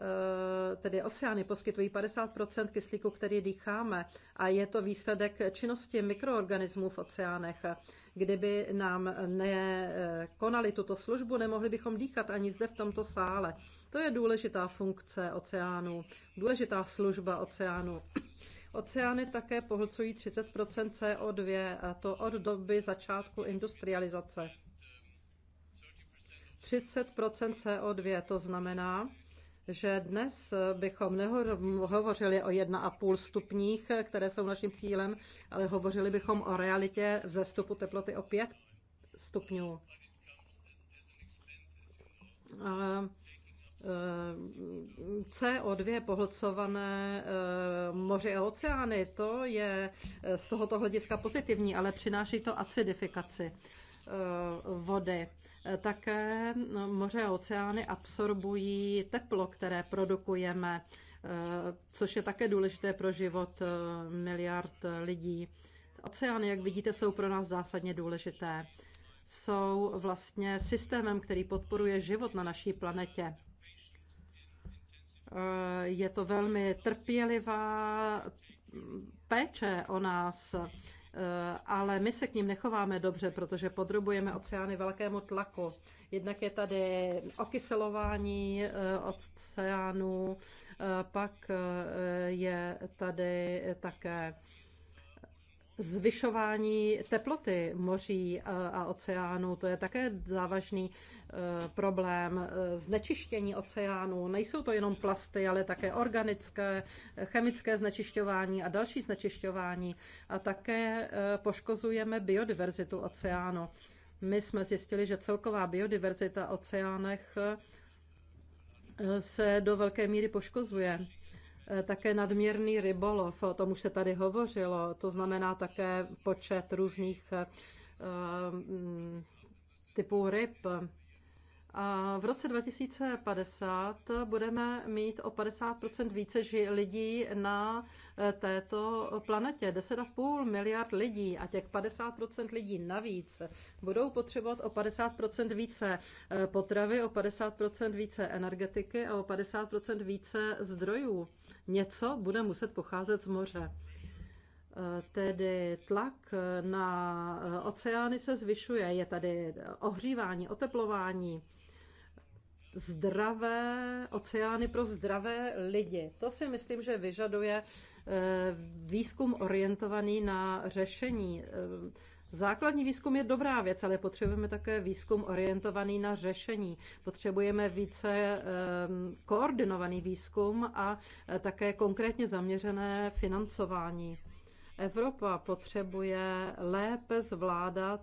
Eh, tedy oceány poskytují 50 kyslíku, který dýcháme a je to výsledek činnosti mikroorganismů v oceánech. Kdyby nám nekonali tuto službu, nemohli bychom dýchat ani zde v tomto sále. To je důležitá funkce oceánu, důležitá služba oceánu. Oceány také pohlcují 30 CO2, a to od doby začátku industrializace. 30 CO2 to znamená, že dnes bychom nehovořili o 1,5 stupních, které jsou naším cílem, ale hovořili bychom o realitě vzestupu teploty o 5 stupňů. A e, CO2 pohlcované e, moři a oceány, to je e, z tohoto hlediska pozitivní, ale přináší to acidifikaci vody. Eh, také no, moře a oceány absorbují teplo, které produkujeme, eh, což je také důležité pro život eh, miliard lidí. Oceány, jak vidíte, jsou pro nás zásadně důležité. Jsou vlastně systémem, který podporuje život na naší planetě. Je to velmi trpělivá mm, péče o nás. Eh, ale my se k ním nechováme dobře, protože podrobujeme oceány velkému tlaku. Jednak je tady okyselování eh, oceánů, eh, pak je tady také zvyšování teploty moří eh, a oceánů, to je také závažný eh, problém. Eh, znečištění oceánů, nejsou to jenom plasty, ale také organické, chemické znečišťování a další znečišťování. A také poškozujeme biodiverzitu oceánu. My jsme zjistili, že celková biodiverzita oceánech se do velké míry poškozuje. Eh, také nadměrný rybolov, o tom už se tady hovořilo, to znamená také počet různých eh, mm, typů ryb v roce 2050 budeme mít o 50 více lidí na eh, této planetě. 10,5 miliard lidí a těch 50 lidí navíc budou potřebovat o 50 více eh, potravy, o 50 více energetiky a o 50 více zdrojů. Něco bude muset pocházet z moře. Eh, tedy tlak na oceány se zvyšuje, je tady ohřívání, oteplování zdravé oceány pro zdravé lidi. To si myslím, že vyžaduje eh, výzkum orientovaný na řešení. Eh, základní výzkum je dobrá věc, ale potřebujeme také výzkum orientovaný na řešení. Potřebujeme více eh, koordinovaný výzkum a také konkrétně zaměřené financování. Evropa potřebuje lépe zvládat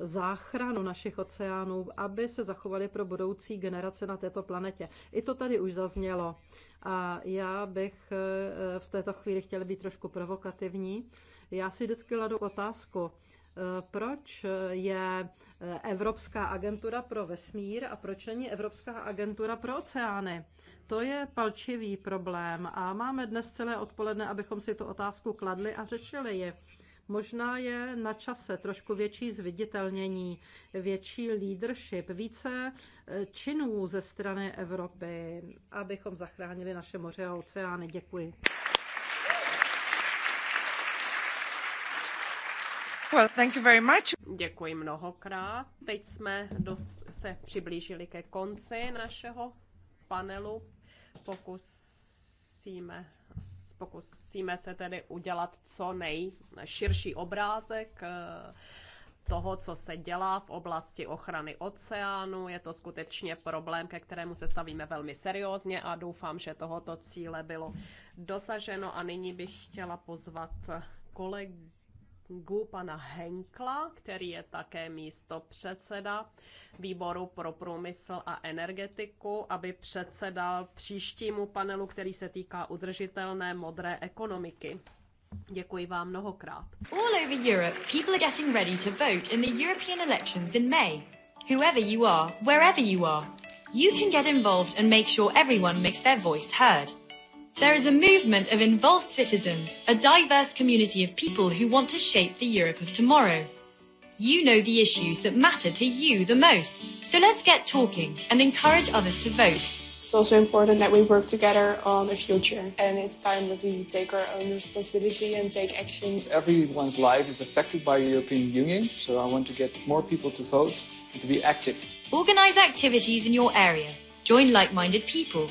záchranu našich oceánů, aby se zachovaly pro budoucí generace na této planetě. I to tady už zaznělo. A já bych eh, v této chvíli chtěla být trošku provokativní. Já si vždycky ladu otázku, eh, proč je eh, Evropská agentura pro vesmír a proč není Evropská agentura pro oceány. To je palčivý problém a máme dnes celé odpoledne, abychom si tu otázku kladli a řešili ji. Možná je na čase trošku větší zviditelnění, větší leadership, více eh, činů ze strany Evropy, abychom zachránili naše moře a oceány. Děkuji. Well, thank you very much. Děkuji mnohokrát. Teď jsme dos- se přiblížili ke konci našeho panelu. Pokusíme Pokusíme se tedy udělat co nejširší obrázek eh, toho, co se dělá v oblasti ochrany oceánu. Je to skutečně problém, ke kterému se stavíme velmi seriózně a doufám, že tohoto cíle bylo dosaženo. A nyní bych chtěla pozvat kolegy Gu pana Henkla, který je také místo předseda výboru pro průmysl a energetiku, aby předsedal příštímu panelu, který se týká udržitelné modré ekonomiky. Děkuji vám mnohokrát. All over Europe, people are getting ready to vote in the European elections in May. Whoever you are, wherever you are, you can get involved and make sure everyone makes their voice heard. There is a movement of involved citizens, a diverse community of people who want to shape the Europe of tomorrow. You know the issues that matter to you the most, so let's get talking and encourage others to vote. It's also important that we work together on the future. And it's time that we take our own responsibility and take action. Everyone's life is affected by the European Union, so I want to get more people to vote and to be active. Organize activities in your area. Join like minded people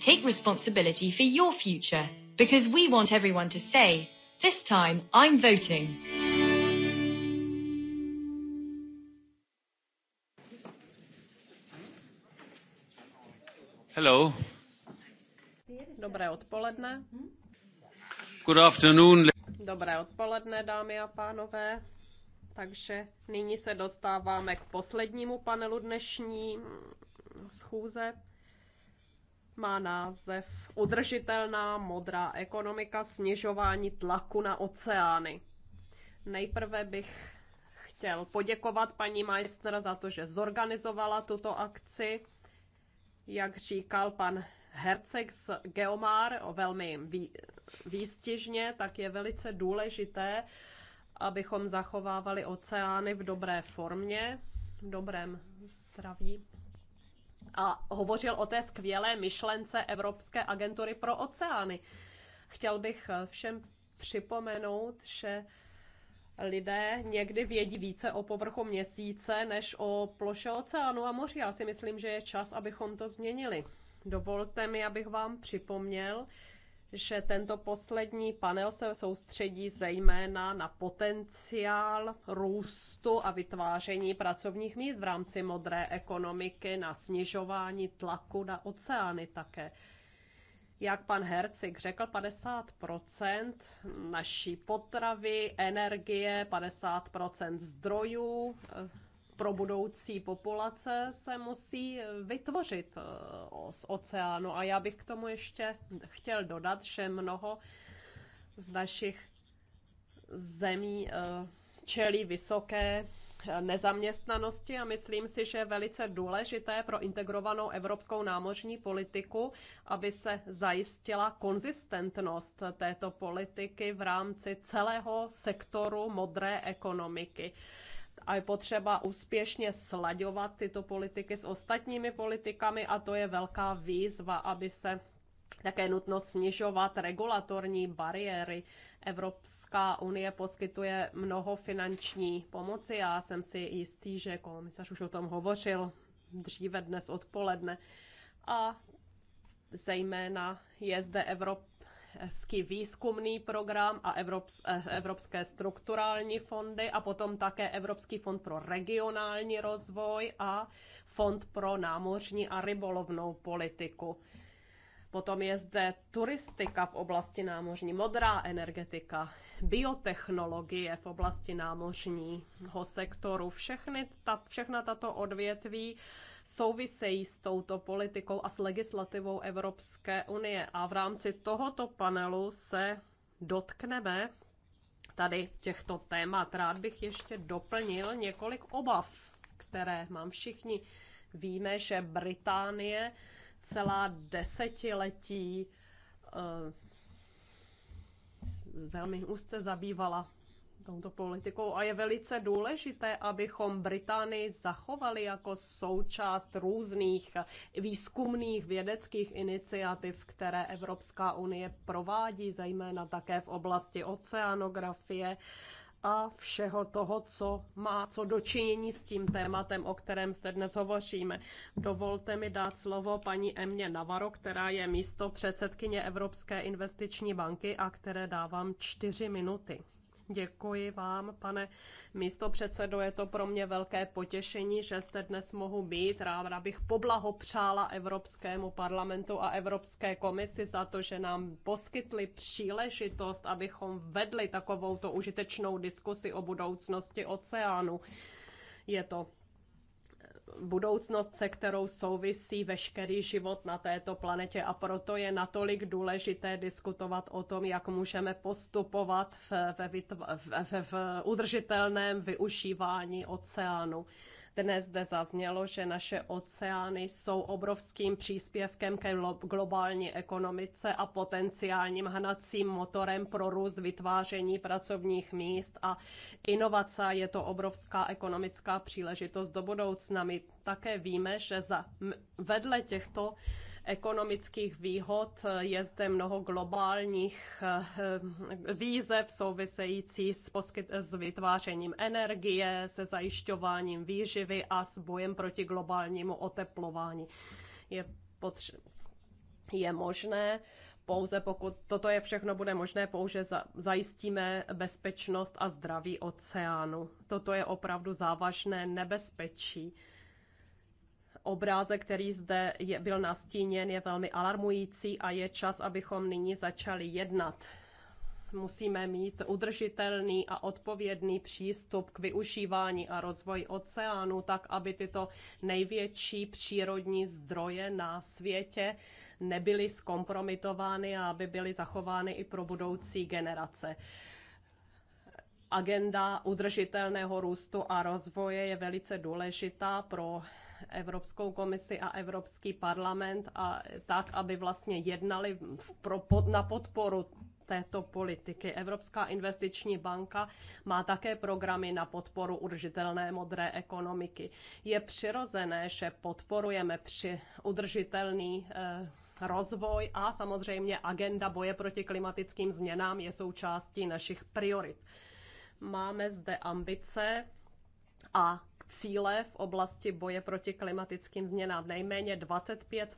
Take responsibility for your future because we want everyone to say, this time I'm voting. Hello. Dobré odpoledne. Good afternoon. Dobré odpoledne, dámy a pánové. Takže nyní se dostáváme k poslednímu panelu dnešní schůze má název Udržitelná modrá ekonomika snižování tlaku na oceány. Nejprve bych chtěl poděkovat paní Meissner za to, že zorganizovala tuto akci. Jak říkal pan Herceg z Geomar velmi výstižně, tak je velice důležité, abychom zachovávali oceány v dobré formě, v dobrém zdraví a hovořil o té skvělé myšlence Evropské agentury pro oceány. Chtěl bych eh, všem připomenout, že lidé někdy vědí více o povrchu měsíce než o ploše oceánu a moří. Já si myslím, že je čas, abychom to změnili. Dovolte mi, abych vám připomněl, že tento poslední panel se soustředí zejména na potenciál růstu a vytváření pracovních míst v rámci modré ekonomiky, na snižování tlaku na oceány také. Jak pan Hercik řekl, 50 naší potravy, energie, 50 zdrojů eh, pro budoucí populace se musí vytvořit eh, z oceánu. A já bych k tomu ještě chtěl dodat, že mnoho z našich zemí eh, čelí vysoké eh, nezaměstnanosti a myslím si, že je velice důležité pro integrovanou evropskou námořní politiku, aby se zajistila konzistentnost této politiky v rámci celého sektoru modré ekonomiky a je potřeba úspěšně slaďovat tyto politiky s ostatními politikami a to je velká výzva, aby se také nutno snižovat regulatorní bariéry. Evropská unie poskytuje mnoho finanční pomoci a jsem si jistý, že komisař už o tom hovořil dříve dnes odpoledne. A zejména je zde Evropa Evropský výzkumný program a eh, Evropské strukturální fondy a potom také Evropský fond pro regionální rozvoj a Fond pro námořní a rybolovnou politiku. Potom je zde turistika v oblasti námořní, modrá energetika, biotechnologie v oblasti námořního sektoru. Všechny ta, všechna tato odvětví souvisejí s touto politikou a s legislativou Evropské unie. A v rámci tohoto panelu se dotkneme tady těchto témat. Rád bych ještě doplnil několik obav, které mám všichni. Víme, že Británie celá desetiletí eh, velmi úzce zabývala touto politikou a je velice důležité, abychom Británii zachovali jako součást různých výzkumných vědeckých iniciativ, které Evropská unie provádí, zejména také v oblasti oceanografie, a všeho toho, co má co dočinění s tím tématem, o kterém zde dnes hovoříme. Dovolte mi dát slovo paní Emě Navaro, která je místo předsedkyně Evropské investiční banky a které dávám čtyři minuty. Děkuji vám, pane předsedo. Je to pro mě velké potěšení, že zde dnes mohu být. Ráda bych poblahopřála Evropskému parlamentu a Evropské komisi za to, že nám poskytli příležitost, abychom vedli takovouto užitečnou diskusi o budoucnosti oceánu. Je to budoucnost, se kterou souvisí veškerý život na této planetě a proto je natolik důležité diskutovat o tom, jak můžeme postupovat v, v, v, v, v udržitelném využívání oceánu. Dnes zde zaznělo, že naše oceány jsou obrovským příspěvkem ke globální ekonomice a potenciálním hnacím motorem pro růst vytváření pracovních míst a inovace. Je to obrovská ekonomická příležitost do budoucna. My také víme, že za, vedle těchto ekonomických výhod. Je zde mnoho globálních eh, výzev související s, poskyt, s vytvářením energie, se zajišťováním výživy a s bojem proti globálnímu oteplování. Je, potře- je možné pouze pokud toto je všechno bude možné, pouze za, zajistíme bezpečnost a zdraví oceánu. Toto je opravdu závažné nebezpečí obrázek, který zde je, byl nastíněn, je velmi alarmující a je čas, abychom nyní začali jednat. Musíme mít udržitelný a odpovědný přístup k využívání a rozvoji oceánu, tak aby tyto největší přírodní zdroje na světě nebyly zkompromitovány a aby byly zachovány i pro budoucí generace agenda udržitelného růstu a rozvoje je velice důležitá pro Evropskou komisi a Evropský parlament a tak, aby vlastně jednali pro, pod, na podporu této politiky. Evropská investiční banka má také programy na podporu udržitelné modré ekonomiky. Je přirozené, že podporujeme při udržitelný eh, rozvoj a samozřejmě agenda boje proti klimatickým změnám je součástí našich priorit. Máme zde ambice a cíle v oblasti boje proti klimatickým změnám. Nejméně 25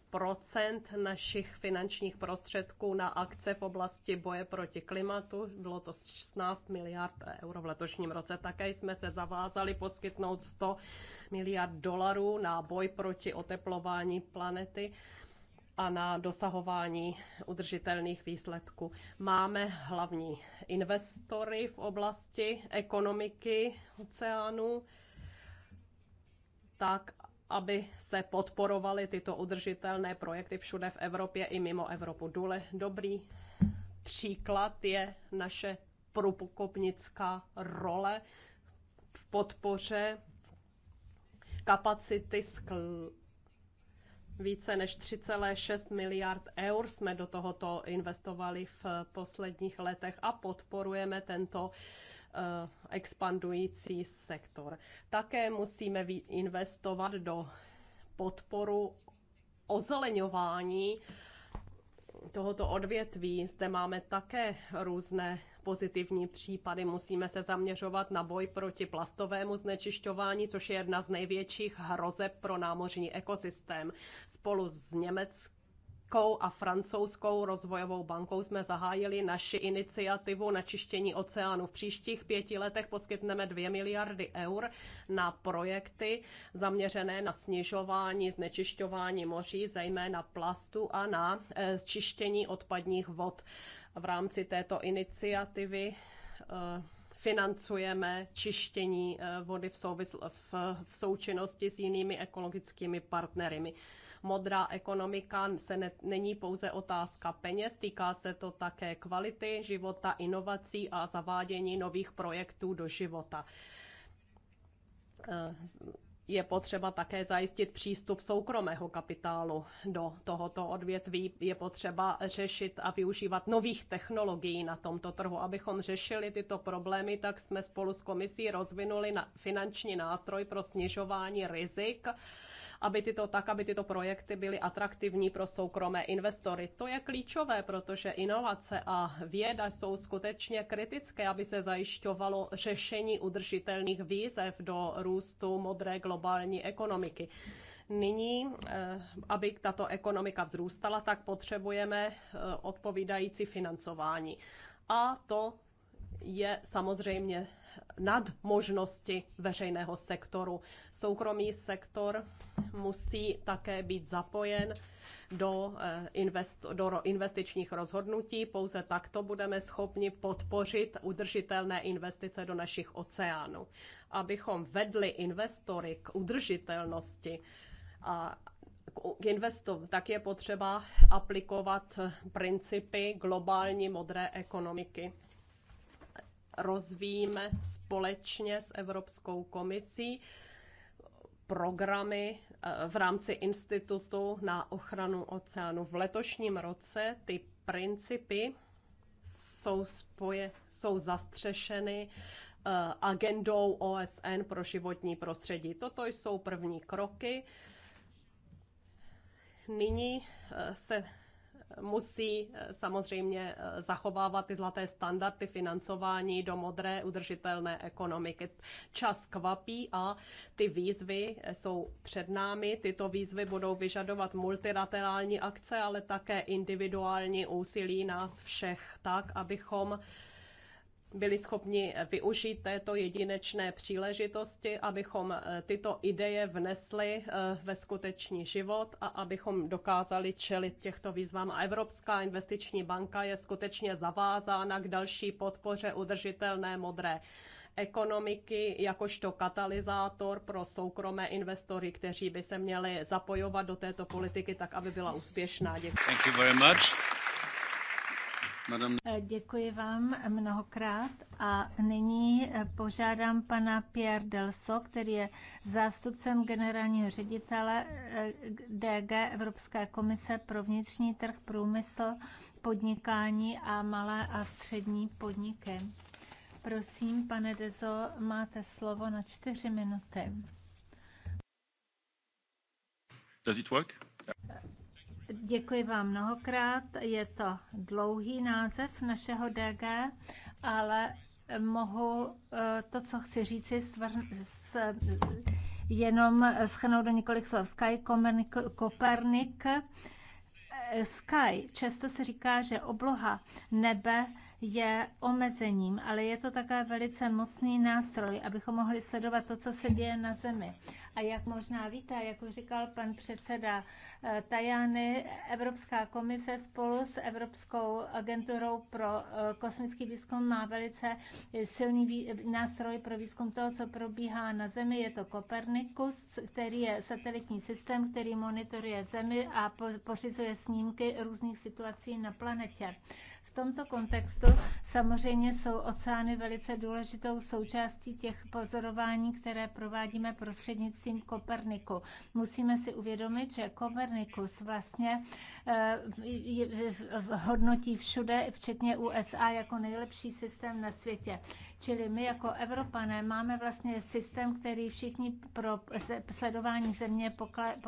našich finančních prostředků na akce v oblasti boje proti klimatu, bylo to 16 miliard euro v letošním roce. Také jsme se zavázali poskytnout 100 miliard dolarů na boj proti oteplování planety a na dosahování udržitelných výsledků. Máme hlavní investory v oblasti ekonomiky oceánu tak, aby se podporovaly tyto udržitelné projekty všude v Evropě i mimo Evropu. Důle, dobrý příklad je naše průkopnická role v podpoře kapacity skl. Více než 3,6 miliard eur jsme do tohoto investovali v posledních letech a podporujeme tento uh, Eh, expandující sektor. Také musíme investovat do podporu ozeleňování tohoto odvětví. Zde máme také různé pozitivní případy. Musíme se zaměřovat na boj proti plastovému znečišťování, což je jedna z největších hrozeb pro námořní ekosystém. Spolu s Německem Českou a Francouzskou rozvojovou bankou jsme zahájili naši iniciativu na čištění oceánu. V příštích pěti letech poskytneme 2 miliardy eur na projekty zaměřené na snižování znečišťování moří, zejména plastu a na e, čištění odpadních vod. V rámci této iniciativy e, financujeme čištění e, vody v, souvisl- v, v součinnosti s jinými ekologickými partnery modrá ekonomika se ne, není pouze otázka peněz, týká se to také kvality života, inovací a zavádění nových projektů do života eh, je potřeba také zajistit přístup soukromého kapitálu do tohoto odvětví. Je potřeba řešit a využívat nových technologií na tomto trhu. Abychom řešili tyto problémy, tak jsme spolu s komisí rozvinuli finanční nástroj pro snižování rizik aby tyto, tak, aby tyto projekty byly atraktivní pro soukromé investory. To je klíčové, protože inovace a věda jsou skutečně kritické, aby se zajišťovalo řešení udržitelných výzev do růstu modré globální ekonomiky nyní, eh, aby tato ekonomika vzrůstala, tak potřebujeme eh, odpovídající financování. A to je samozřejmě nad možnosti veřejného sektoru. Soukromý sektor musí také být zapojen do, eh, invest, do investičních rozhodnutí. Pouze takto budeme schopni podpořit udržitelné investice do našich oceánů. Abychom vedli investory k udržitelnosti a k investu, tak je potřeba aplikovat eh, principy globální modré ekonomiky. Rozvíjíme společně s Evropskou komisí programy eh, v rámci Institutu na ochranu oceánu. V letošním roce ty principy jsou, spoje, jsou zastřešeny eh, agendou OSN pro životní prostředí. Toto jsou první kroky. Nyní eh, se musí eh, samozřejmě eh, zachovávat ty zlaté standardy financování do modré udržitelné ekonomiky. Čas kvapí a ty výzvy eh, jsou před námi. Tyto výzvy budou vyžadovat multilaterální akce, ale také individuální úsilí nás všech tak, abychom byli schopni využít této jedinečné příležitosti, abychom eh, tyto ideje vnesli eh, ve skutečný život a abychom dokázali čelit těchto výzvám. A Evropská investiční banka je skutečně zavázána k další podpoře udržitelné modré ekonomiky jakožto katalyzátor pro soukromé investory, kteří by se měli zapojovat do této politiky tak, aby byla úspěšná. Děkuji. Eh, děkuji vám mnohokrát a nyní eh, požádám pana Pierre Delso, který je zástupcem generálního ředitele eh, DG Evropské komise pro vnitřní trh, průmysl, podnikání a malé a střední podniky. Prosím, pane Dezo, máte slovo na čtyři minuty. Does it work? Děkuji vám mnohokrát. Je to dlouhý název našeho DG, ale mohu eh, to, co chci říci, jenom schrnout do několik slov. Sky Kopernik, Kopernik eh, Sky. Často se říká, že obloha nebe je omezením, ale je to také velice mocný nástroj, abychom mohli sledovat to, co se děje na zemi. A jak možná víte, jak už říkal pan předseda eh, Tajany, Evropská komise spolu s Evropskou agenturou pro eh, kosmický výzkum má velice eh, silný nástroj pro výzkum toho, co probíhá na zemi. Je to Copernicus, který je satelitní systém, který monitoruje zemi a pořizuje snímky různých situací na planetě. V tomto kontextu samozřejmě jsou oceány velice důležitou součástí těch pozorování, které provádíme prostřednictvím Koperniku. Musíme si uvědomit, že Kopernikus vlastně eh, hodnotí všude, včetně USA, jako nejlepší systém na světě. Čili my jako Evropané máme vlastně systém, který všichni pro sledování země eh,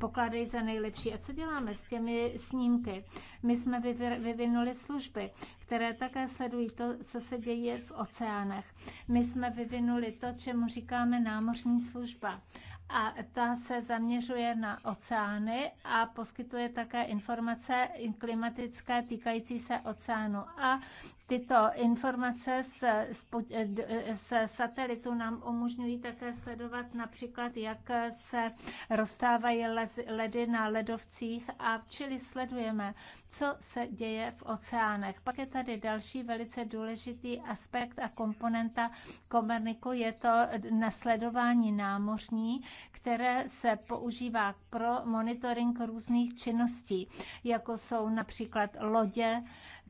pokládají za nejlepší. A co děláme s těmi snímky? My jsme vyvinuli služby, které také sledují to, co se děje v oceánech. My jsme vyvinuli to, čemu říkáme námořní služba a ta se zaměřuje na oceány a poskytuje také informace klimatické týkající se oceánu. A Tyto informace se, se satelitu nám umožňují také sledovat například, jak se rozstávají ledy na ledovcích a čili sledujeme, co se děje v oceánech. Pak je tady další velice důležitý aspekt a komponenta Komerniku, je to nasledování námořní, které se používá pro monitoring různých činností, jako jsou například lodě,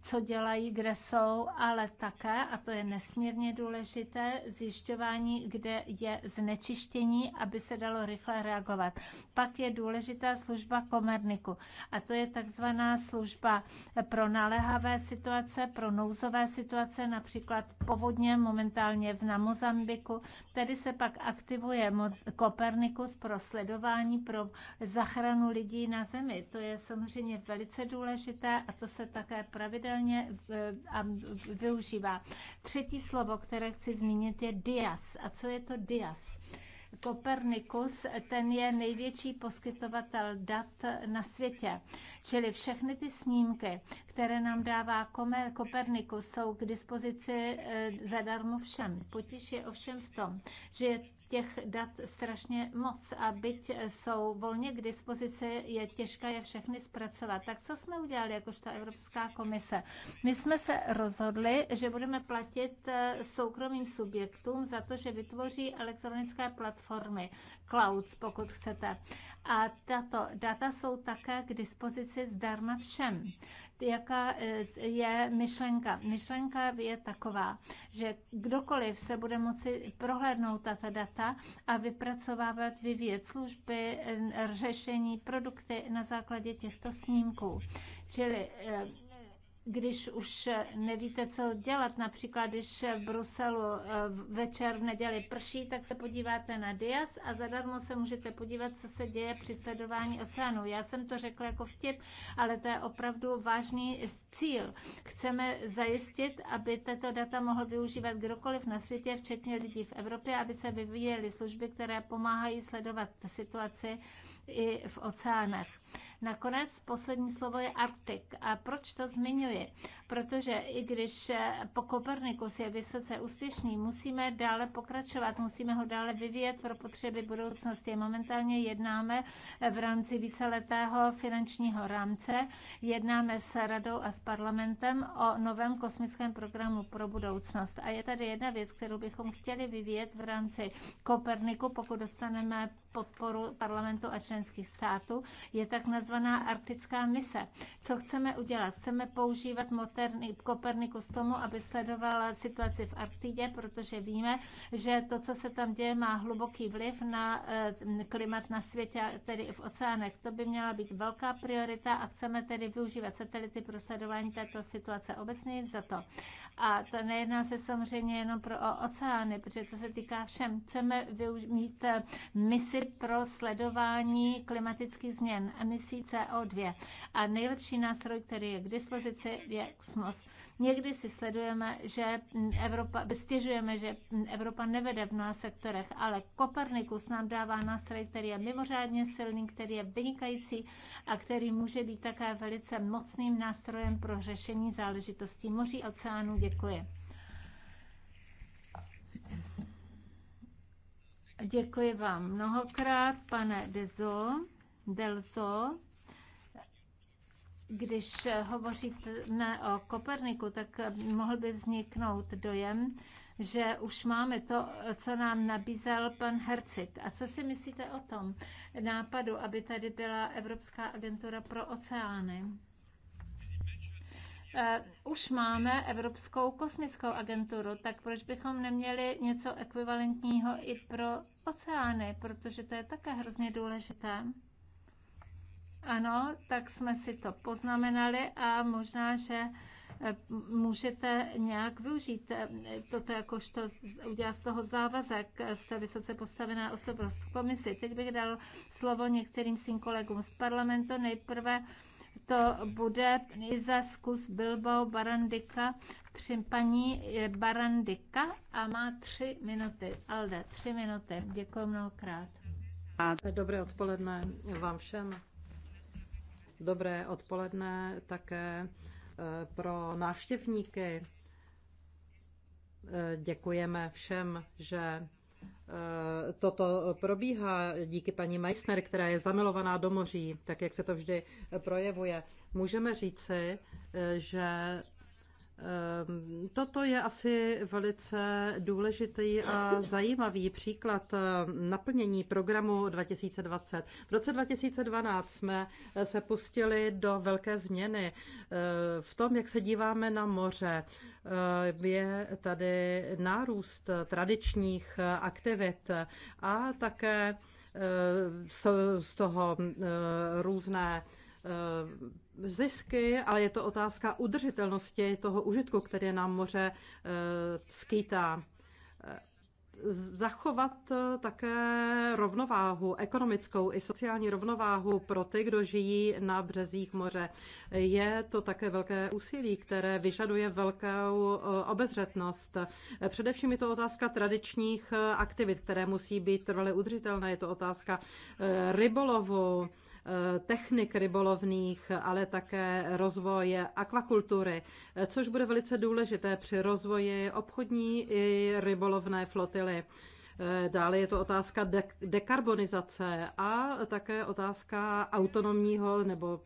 co dělají, kde jsou, ale také, a to je nesmírně důležité, zjišťování, kde je znečištění, aby se dalo rychle reagovat. Pak je důležitá služba komerniku a to je takzvaná služba pro naléhavé situace, pro nouzové situace, například povodně momentálně v Namozambiku. Tady se pak aktivuje Kopernikus pro sledování, pro zachranu lidí na zemi. To je samozřejmě velice důležité a to se také pravidelně pravidelně eh, a využívá. Třetí slovo, které chci zmínit, je dias. A co je to dias? Kopernikus, ten je největší poskytovatel dat na světě. Čili všechny ty snímky, které nám dává Kopernikus, jsou k dispozici eh, zadarmo všem. Potíž je ovšem v tom, že je těch dat strašně moc a byť jsou volně k dispozici, je těžké je všechny zpracovat. Tak co jsme udělali jakožto Evropská komise? My jsme se rozhodli, že budeme platit eh, soukromým subjektům za to, že vytvoří elektronické platformy, clouds, pokud chcete. A tato data jsou také k dispozici zdarma všem jaká eh, je myšlenka. Myšlenka je taková, že kdokoliv se bude moci prohlédnout tato data a vypracovávat, vyvíjet služby, eh, řešení, produkty na základě těchto snímků. Čili eh, když už nevíte, co dělat, například když v Bruselu eh, večer v neděli prší, tak se podíváte na Dias a zadarmo se můžete podívat, co se děje při sledování oceánu. Já jsem to řekla jako vtip, ale to je opravdu vážný cíl. Chceme zajistit, aby tato data mohl využívat kdokoliv na světě, včetně lidí v Evropě, aby se vyvíjely služby, které pomáhají sledovat situaci i v oceánech. Nakonec poslední slovo je Arktik. A proč to zmiňuji? Protože i když po Kopernikus je vysoce úspěšný, musíme dále pokračovat, musíme ho dále vyvíjet pro potřeby budoucnosti. Momentálně jednáme v rámci víceletého finančního rámce, jednáme s radou a s parlamentem o novém kosmickém programu pro budoucnost. A je tady jedna věc, kterou bychom chtěli vyvíjet v rámci Koperniku, pokud dostaneme podporu parlamentu a členských států, je tak nazvaný takzvaná arktická mise. Co chceme udělat? Chceme používat moderní Kopernikus tomu, aby sledovala situaci v Arktidě, protože víme, že to, co se tam děje, má hluboký vliv na eh, klimat na světě, tedy i v oceánech. To by měla být velká priorita a chceme tedy využívat satelity pro sledování této situace obecně za to. A to nejedná se samozřejmě jenom pro oceány, protože to se týká všem. Chceme mít eh, misi pro sledování klimatických změn, emisí CO2. A nejlepší nástroj, který je k dispozici, je kosmos. Někdy si sledujeme, že Evropa, stěžujeme, že Evropa nevede v mnoha sektorech, ale Kopernikus nám dává nástroj, který je mimořádně silný, který je vynikající a který může být také velice mocným nástrojem pro řešení záležitostí moří oceánů. Děkuji. Děkuji vám mnohokrát, pane Dezo, Delzo. Když hovoříme o Koperniku, tak mohl by vzniknout dojem, že už máme to, co nám nabízel pan Hercit. A co si myslíte o tom nápadu, aby tady byla Evropská agentura pro oceány? Eh, už máme Evropskou kosmickou agenturu, tak proč bychom neměli něco ekvivalentního i pro oceány, protože to je také hrozně důležité. Ano, tak jsme si to poznamenali a možná, že eh, můžete nějak využít eh, toto jakožto udělat z toho závazek z té vysoce postavená osobnost v komisi. Teď bych dal slovo některým svým kolegům z parlamentu. Nejprve to bude Iza Skus Bilbo Barandika, tři, paní eh, Barandika a má tři minuty. Alde, tři minuty. Děkuji mnohokrát. Dobré odpoledne vám všem. Dobré odpoledne také eh, pro návštěvníky. Eh, děkujeme všem, že eh, toto probíhá díky paní Meissner, která je zamilovaná do moří, tak jak se to vždy projevuje. Můžeme říci, že Ehm, toto je asi velice důležitý a zajímavý příklad ehm, naplnění programu 2020. V roce 2012 jsme eh, se pustili do velké změny eh, v tom, jak se díváme na moře. Ehm, je tady nárůst tradičních eh, aktivit a také z toho různé Eh, zisky, ale je to otázka udržitelnosti toho užitku, který nám moře eh, skýtá. Eh, zachovat také rovnováhu, ekonomickou i sociální rovnováhu pro ty, kdo žijí na březích moře. Je to také velké úsilí, které vyžaduje velkou obezřetnost. Především je to otázka tradičních aktivit, které musí být trvale udržitelné. Je to otázka rybolovu, Eh, technik rybolovných, ale také rozvoj akvakultury, což bude velice důležité při rozvoji obchodní i rybolovné flotily. Eh, dále je to otázka de- dekarbonizace a také otázka autonomního nebo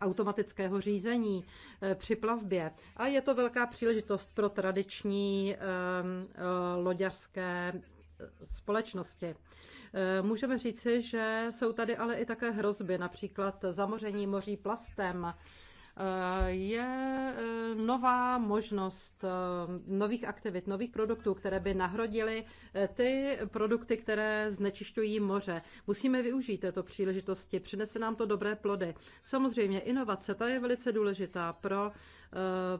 automatického řízení eh, při plavbě. A je to velká příležitost pro tradiční loďařské společnosti. Můžeme říci, že jsou tady ale i také hrozby, například zamoření moří plastem. Je eh, nová možnost eh, nových aktivit, nových produktů, které by nahrodily eh, ty produkty, které znečišťují moře. Musíme využít této příležitosti, přinese nám to dobré plody. Samozřejmě inovace, ta je velice důležitá pro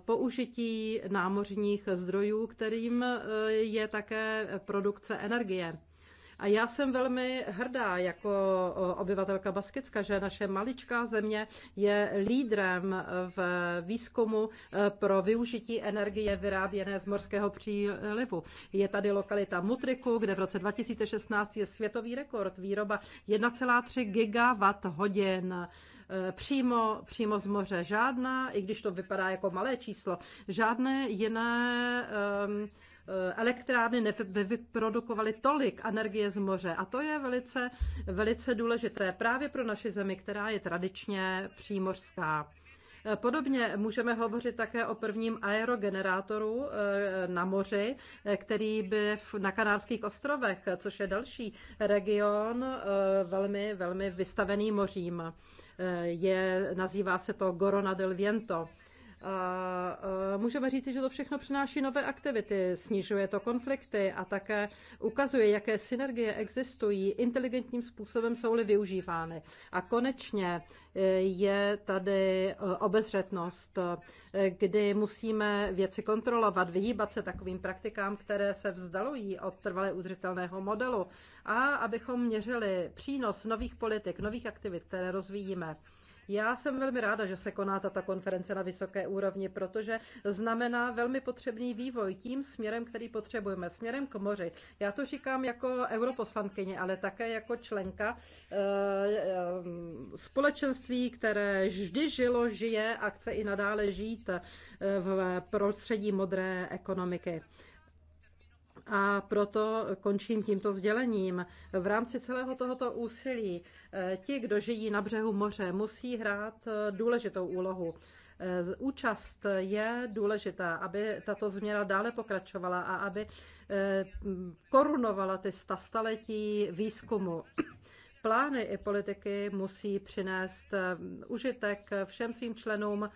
použití námořních zdrojů, kterým je také produkce energie. A já jsem velmi hrdá jako obyvatelka Baskicka, že naše maličká země je lídrem v výzkumu e, pro využití energie vyráběné z morského přílivu. Je tady lokalita Mutriku, kde v roce 2016 je světový rekord výroba 1,3 gigawatt hodin e, přímo, přímo z moře. Žádná, i když to vypadá jako malé číslo, žádné jiné um, Eh, elektrárny nevyprodukovaly tolik energie z moře. A to je velice, velice důležité právě pro naši zemi, která je tradičně přímořská. Eh, podobně můžeme hovořit také o prvním aerogenerátoru eh, na moři, který by na Kanárských ostrovech, což je další region velmi, velmi vystavený mořím. Je, nazývá se to Gorona del Viento. A e, můžeme říci, že to všechno přináší nové aktivity, snižuje to konflikty a také ukazuje, jaké synergie existují, inteligentním způsobem jsou-li využívány. A konečně e, je tady e, obezřetnost, kdy musíme věci kontrolovat, vyhýbat se takovým praktikám, které se vzdalují od trvalé udržitelného modelu a abychom měřili přínos nových politik, nových aktivit, které rozvíjíme. Já jsem velmi ráda, že se koná tato konference na vysoké úrovni, protože znamená velmi potřebný vývoj tím směrem, který potřebujeme, směrem k moři. Já to říkám jako europoslankyně, ale také jako členka eh, eh, společenství, které vždy žilo, žije a chce i nadále žít eh, v prostředí modré ekonomiky. A proto končím tímto sdělením. V rámci celého tohoto úsilí eh, ti, kdo žijí na břehu moře, musí hrát eh, důležitou úlohu. Eh, účast je důležitá, aby tato změna dále pokračovala a aby korunovala ty staletí výzkumu. *clears throat* Plány i politiky musí přinést užitek všem svým členům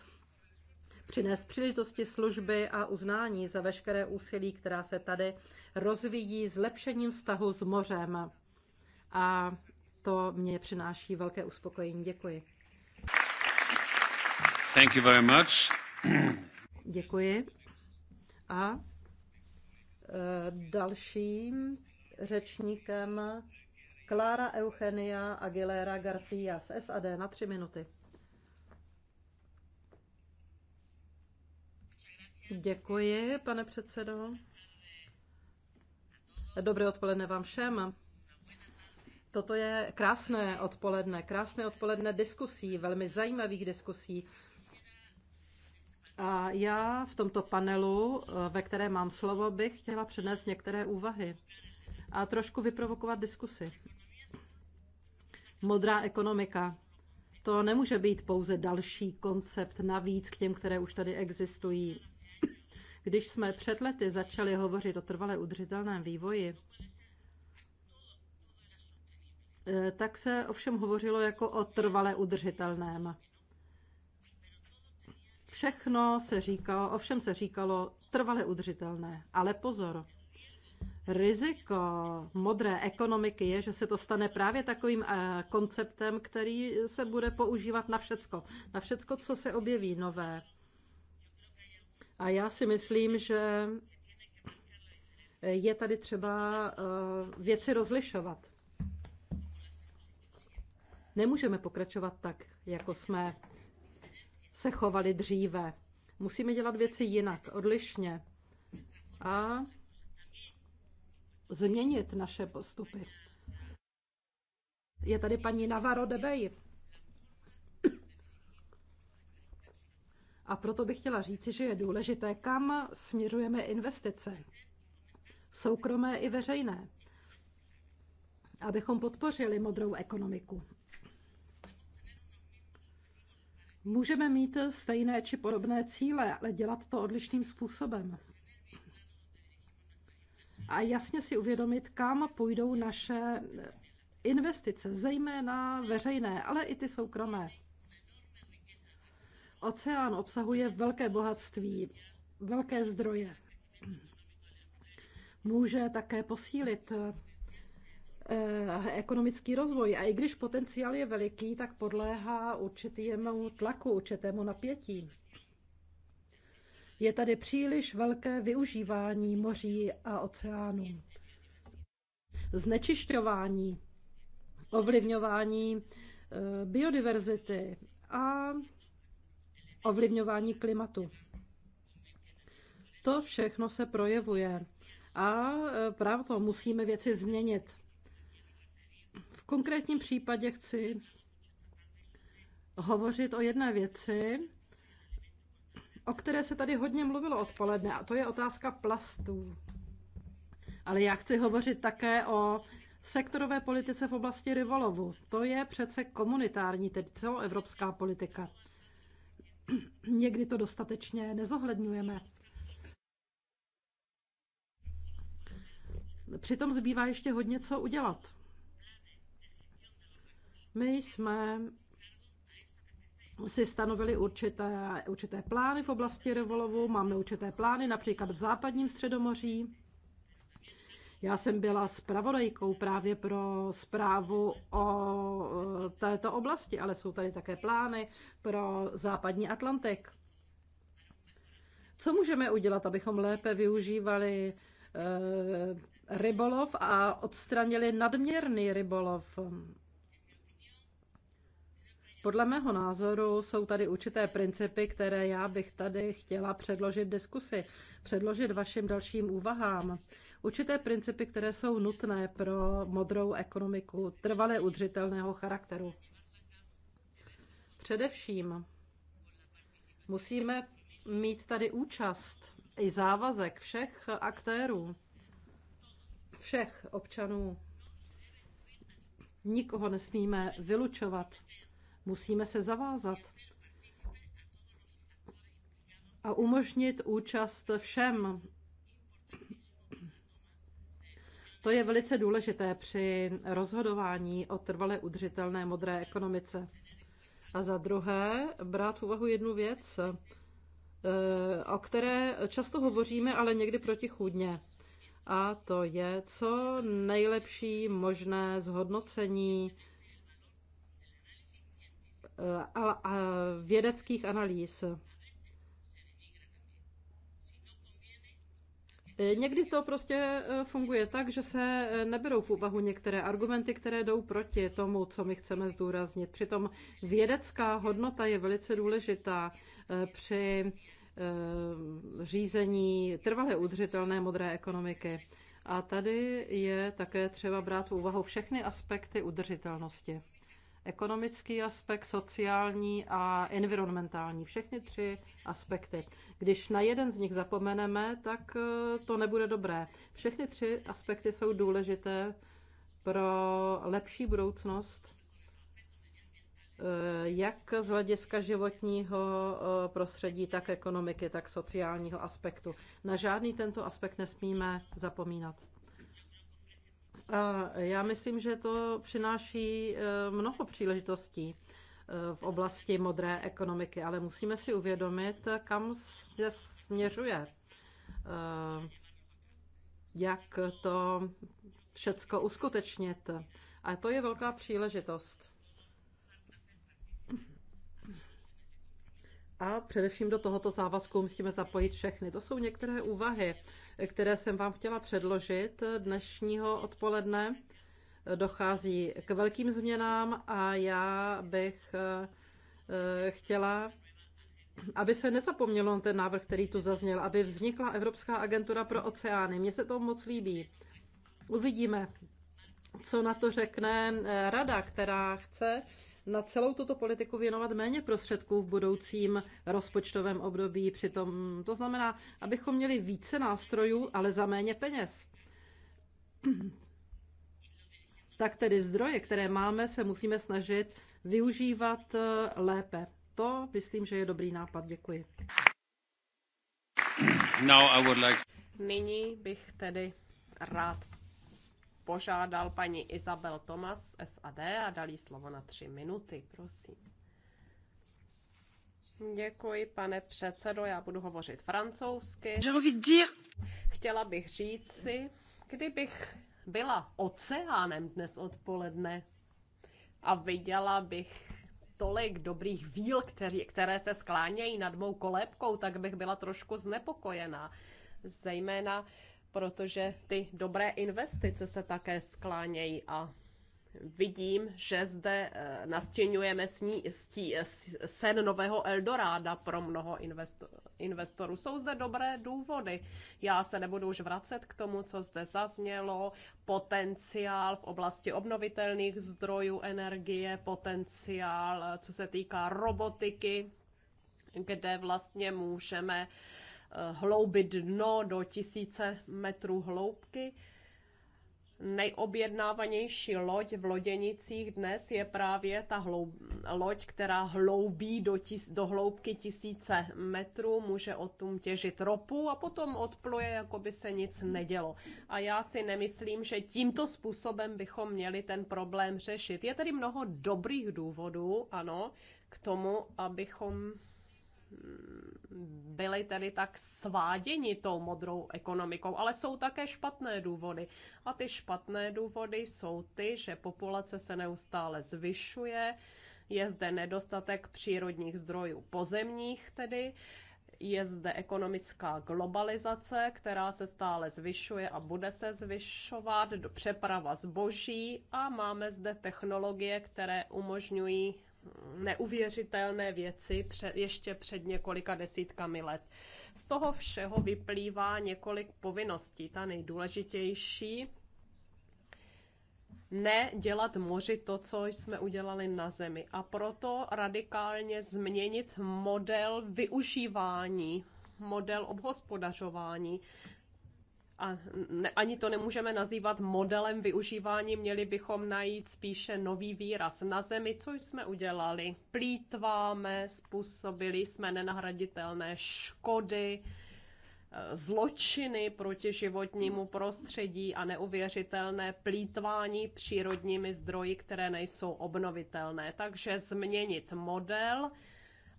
přinést příležitosti služby a uznání za veškeré úsilí, která se tady rozvíjí zlepšením vztahu s mořem. A to mě přináší velké uspokojení. Děkuji. Thank you very much. Děkuji. A e, dalším řečníkem Klára Eugenia Aguilera Garcia z SAD na tři minuty. Děkuji, pane předsedo. Dobré odpoledne vám všem. Toto je krásné odpoledne, krásné odpoledne diskusí, velmi zajímavých diskusí. A já v tomto panelu, ve kterém mám slovo, bych chtěla přednést některé úvahy a trošku vyprovokovat diskusy. Modrá ekonomika. To nemůže být pouze další koncept navíc k těm, které už tady existují. Když jsme před lety začali hovořit o trvale udržitelném vývoji, eh, tak se ovšem hovořilo jako o trvale udržitelném. Všechno se říkalo, ovšem se říkalo trvale udržitelné, ale pozor. Riziko modré ekonomiky je, že se to stane právě takovým eh, konceptem, který se bude používat na všecko. Na všecko, co se objeví nové. A já si myslím, že je tady třeba eh, věci rozlišovat. Nemůžeme pokračovat tak, jako jsme se chovali dříve. Musíme dělat věci jinak, odlišně a změnit naše postupy. Je tady paní Navarro Debej. A proto bych chtěla říci, že je důležité, kam směřujeme investice, soukromé i veřejné, abychom podpořili modrou ekonomiku. Můžeme mít stejné či podobné cíle, ale dělat to odlišným způsobem. A jasně si uvědomit, kam půjdou naše investice, zejména veřejné, ale i ty soukromé. Oceán obsahuje velké bohatství, velké zdroje. Může také posílit eh, eh, ekonomický rozvoj. A i když potenciál je veliký, tak podléhá určitému tlaku, určitému napětí. Je tady příliš velké využívání moří a oceánů. Znečišťování, ovlivňování eh, biodiverzity a ovlivňování klimatu. To všechno se projevuje a e, právě musíme věci změnit. V konkrétním případě chci hovořit o jedné věci, o které se tady hodně mluvilo odpoledne, a to je otázka plastů. Ale já chci hovořit také o sektorové politice v oblasti rybolovu. To je přece komunitární, tedy celoevropská politika. *clears throat* Někdy to dostatečně nezohledňujeme. Přitom zbývá ještě hodně co udělat. My jsme si stanovili určité, určité plány v oblasti revolovu, máme určité plány například v západním středomoří. Já jsem byla spravodajkou právě pro zprávu o e, této oblasti, ale jsou tady také plány pro západní Atlantik. Co můžeme udělat, abychom lépe využívali e, rybolov a odstranili nadměrný rybolov? Podle mého názoru jsou tady určité principy, které já bych tady chtěla předložit diskusi, předložit vašim dalším úvahám určité principy, které jsou nutné pro modrou ekonomiku trvalé udržitelného charakteru. Především musíme mít tady účast i závazek všech aktérů, všech občanů. Nikoho nesmíme vylučovat. Musíme se zavázat a umožnit účast všem to je velice důležité při rozhodování o trvale udržitelné modré ekonomice. A za druhé, brát v úvahu jednu věc, eh, o které často hovoříme, ale někdy protichůdně. A to je co nejlepší možné zhodnocení eh, vědeckých analýz. Eh, někdy to prostě eh, funguje tak, že se eh, neberou v úvahu některé argumenty, které jdou proti tomu, co my chceme zdůraznit. Přitom vědecká hodnota je velice důležitá při řízení trvalé udržitelné modré ekonomiky. A tady je také třeba brát v úvahu všechny aspekty udržitelnosti ekonomický aspekt, sociální a environmentální. Všechny tři aspekty. Když na jeden z nich zapomeneme, tak eh, to nebude dobré. Všechny tři aspekty jsou důležité pro lepší budoucnost, eh, jak z hlediska životního eh, prostředí, tak ekonomiky, tak sociálního aspektu. Na žádný tento aspekt nesmíme zapomínat. A já myslím, že to přináší eh, mnoho příležitostí eh, v oblasti modré ekonomiky, ale musíme si uvědomit, kam se směřuje, eh, jak to všecko uskutečnit. A to je velká příležitost. A především do tohoto závazku musíme zapojit všechny. To jsou některé úvahy, které jsem vám chtěla předložit dnešního odpoledne. Dochází k velkým změnám a já bych eh, eh, chtěla, aby se nezapomnělo na ten návrh, který tu zazněl, aby vznikla Evropská agentura pro oceány. Mně se to moc líbí. Uvidíme, co na to řekne eh, rada, která chce na celou tuto politiku věnovat méně prostředků v budoucím rozpočtovém období. Přitom to znamená, abychom měli více nástrojů, ale za méně peněz. *clears throat* Tak tedy zdroje, které máme, se musíme snažit využívat eh, lépe. To myslím, že je dobrý nápad. Děkuji. Now I would like... Nyní bych tedy rád požádal paní Izabel Tomas SAD a dal jí slovo na tři minuty, prosím. Děkuji, pane předsedo, já budu hovořit francouzsky. Chtěla bych říct si, kdybych byla oceánem dnes odpoledne a viděla bych tolik dobrých víl, který, které se sklánějí nad mou kolébkou, tak bych byla trošku znepokojená. Zejména protože ty dobré investice se také sklánějí a vidím, že zde eh, nastěňujeme sní, stí, sen nového Eldoráda pro mnoho investorů. Jsou zde dobré důvody. Já se nebudu už vracet k tomu, co zde zaznělo. Potenciál v oblasti obnovitelných zdrojů energie, potenciál, eh, co se týká robotiky, kde vlastně můžeme uh, Eh, hloubit dno do tisíce metrů hloubky. Nejobjednávanější loď v loděnicích dnes je právě ta hloub, loď, která hloubí do, tis, do hloubky tisíce metrů, může o tom těžit ropu a potom odpluje, jako by se nic nedělo. A já si nemyslím, že tímto způsobem bychom měli ten problém řešit. Je tady mnoho dobrých důvodů, ano, k tomu, abychom byli tedy tak sváděni tou modrou ekonomikou, ale jsou také špatné důvody. A ty špatné důvody jsou ty, že populace se neustále zvyšuje, je zde nedostatek přírodních zdrojů pozemních tedy, je zde ekonomická globalizace, která se stále zvyšuje a bude se zvyšovat, do přeprava zboží a máme zde technologie, které umožňují neuvěřitelné věci před, ještě před několika desítkami let. Z toho všeho vyplývá několik povinností. Ta nejdůležitější nedělat moři to, co jsme udělali na zemi. A proto radikálně změnit model využívání, model obhospodařování a ne, ani to nemůžeme nazývat modelem využívání, měli bychom najít spíše nový výraz. Na zemi, co jsme udělali? Plítváme, způsobili jsme nenahraditelné škody, eh, zločiny proti životnímu prostředí a neuvěřitelné plítvání přírodními zdroji, které nejsou obnovitelné. Takže změnit model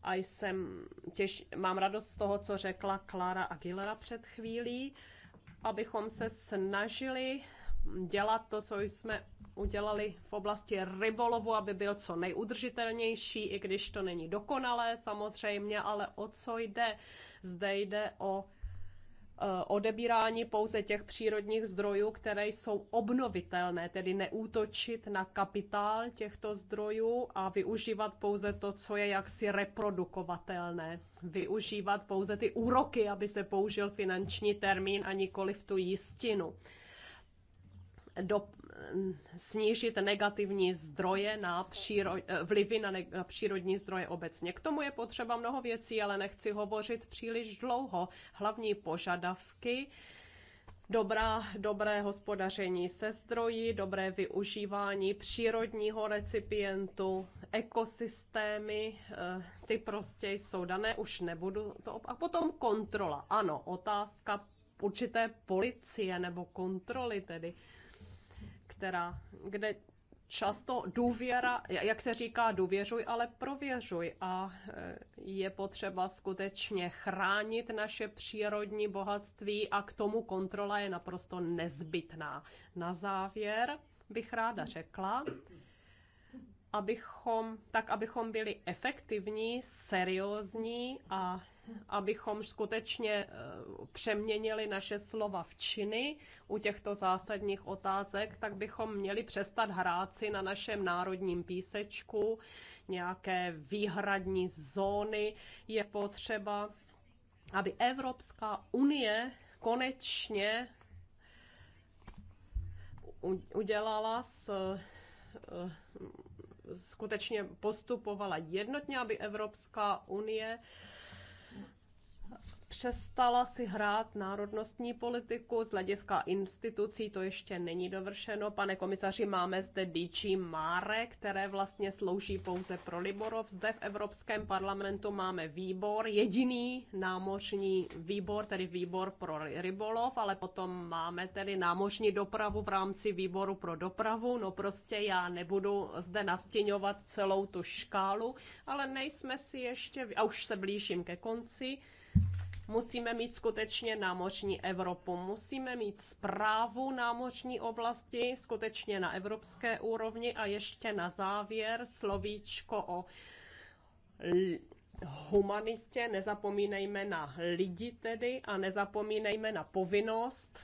a jsem těž, mám radost z toho, co řekla Klara Aguilera před chvílí abychom se snažili dělat to, co jsme udělali v oblasti rybolovu, aby byl co nejudržitelnější, i když to není dokonalé samozřejmě, ale o co jde? Zde jde o Eh, odebírání pouze těch přírodních zdrojů, které jsou obnovitelné, tedy neútočit na kapitál těchto zdrojů a využívat pouze to, co je jaksi reprodukovatelné. Využívat pouze ty úroky, aby se použil finanční termín a nikoli v tu jistinu. Do, snížit negativní zdroje na příro, vlivy na, ne, na přírodní zdroje obecně. K tomu je potřeba mnoho věcí, ale nechci hovořit příliš dlouho. Hlavní požadavky dobrá, dobré hospodaření se zdroji, dobré využívání přírodního recipientu, ekosystémy, eh, ty prostě jsou dané, už nebudu to... A potom kontrola, ano, otázka určité policie nebo kontroly tedy která, kde často důvěra, jak se říká, důvěřuj, ale prověřuj. A e, je potřeba skutečně chránit naše přírodní bohatství a k tomu kontrola je naprosto nezbytná. Na závěr bych ráda řekla, abychom, tak abychom byli efektivní, seriózní a abychom skutečně eh, přeměnili naše slova v činy u těchto zásadních otázek, tak bychom měli přestat hrát si na našem národním písečku nějaké výhradní zóny. Je potřeba, aby Evropská unie konečně udělala s eh, skutečně postupovala jednotně, aby Evropská unie přestala si hrát národnostní politiku. Z hlediska institucí to ještě není dovršeno. Pane komisaři, máme zde DG Mare, které vlastně slouží pouze pro Liborov. Zde v Evropském parlamentu máme výbor, jediný námořní výbor, tedy výbor pro rybolov, ale potom máme tedy námořní dopravu v rámci výboru pro dopravu. No prostě já nebudu zde nastěňovat celou tu škálu, ale nejsme si ještě, a už se blížím ke konci, Musíme mít skutečně námořní Evropu, musíme mít zprávu námořní oblasti skutečně na evropské úrovni a ještě na závěr slovíčko o humanitě, nezapomínejme na lidi tedy a nezapomínejme na povinnost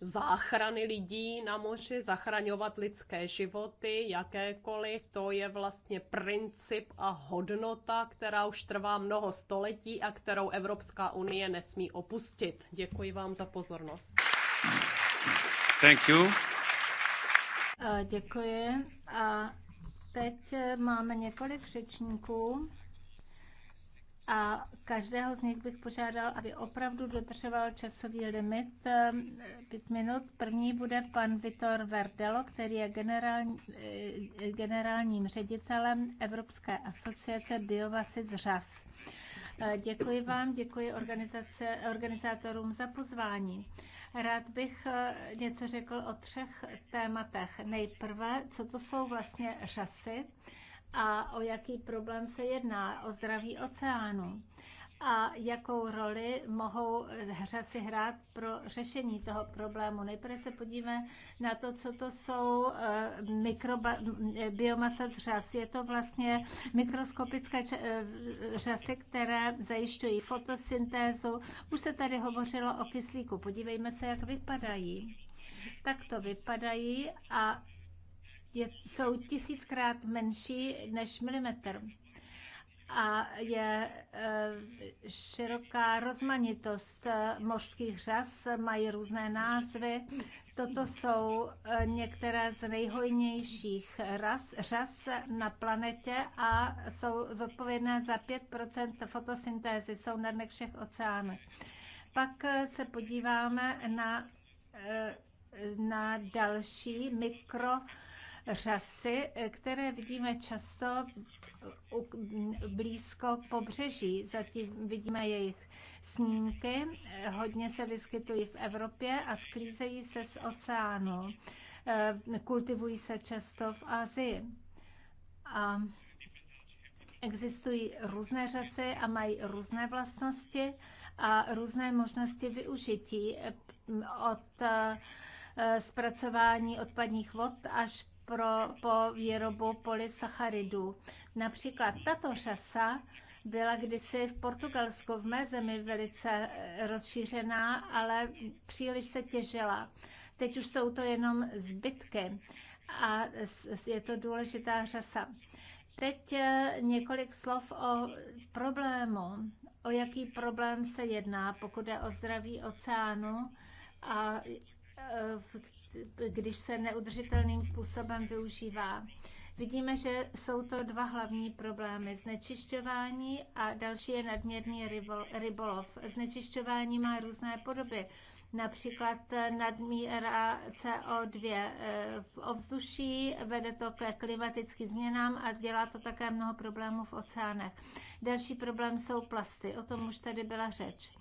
záchrany lidí na moři, zachraňovat lidské životy, jakékoliv. To je vlastně princip a hodnota, která už trvá mnoho století a kterou Evropská unie nesmí opustit. Děkuji vám za pozornost. Thank you. Eh, děkuji. A teď eh, máme několik řečníků a každého z nich bych požádal, aby opravdu dodržoval časový limit eh, pět minut. První bude pan Vitor Verdelo, který je generální, eh, generálním ředitelem Evropské asociace Biovasic ŘAS. Eh, děkuji vám, děkuji organizace, organizátorům za pozvání. Rád bych něco řekl o třech tématech. Nejprve, co to jsou vlastně řasy, a o jaký problém se jedná, o zdraví oceánu a jakou roli mohou hře si hrát pro řešení toho problému. Nejprve se podíme na to, co to jsou eh, eh, biomasa z řas. Je to vlastně mikroskopické eh, řasy, které zajišťují fotosyntézu. Už se tady hovořilo o kyslíku. Podívejme se, jak vypadají. Tak to vypadají a je, jsou tisíckrát menší než milimetr a je eh, široká rozmanitost eh, mořských řas, mají různé názvy. Toto jsou eh, některé z nejhojnějších ras, řas na planetě a jsou zodpovědné za 5 fotosyntézy, jsou na dnech všech oceánů. Pak se podíváme na, na další mikro řasy, které vidíme často blízko pobřeží. Zatím vidíme jejich snímky, hodně se vyskytují v Evropě a sklízejí se z oceánu. Eh, kultivují se často v Asii. A existují různé řasy a mají různé vlastnosti a různé možnosti využití eh, od eh, zpracování odpadních vod až pro, po výrobu polysacharidů. Například tato řasa byla kdysi v Portugalsku, v mé zemi, velice eh, rozšířená, ale příliš se těžila. Teď už jsou to jenom zbytky a je to důležitá řasa. Teď eh, několik slov o problému. O jaký problém se jedná, pokud je o zdraví oceánu a eh, když se neudržitelným způsobem využívá. Vidíme, že jsou to dva hlavní problémy. Znečišťování a další je nadměrný rybolov. Znečišťování má různé podoby například nadmíra CO2 eh, v ovzduší, vede to ke klimatickým změnám a dělá to také mnoho problémů v oceánech. Další problém jsou plasty, o tom už tady byla řeč.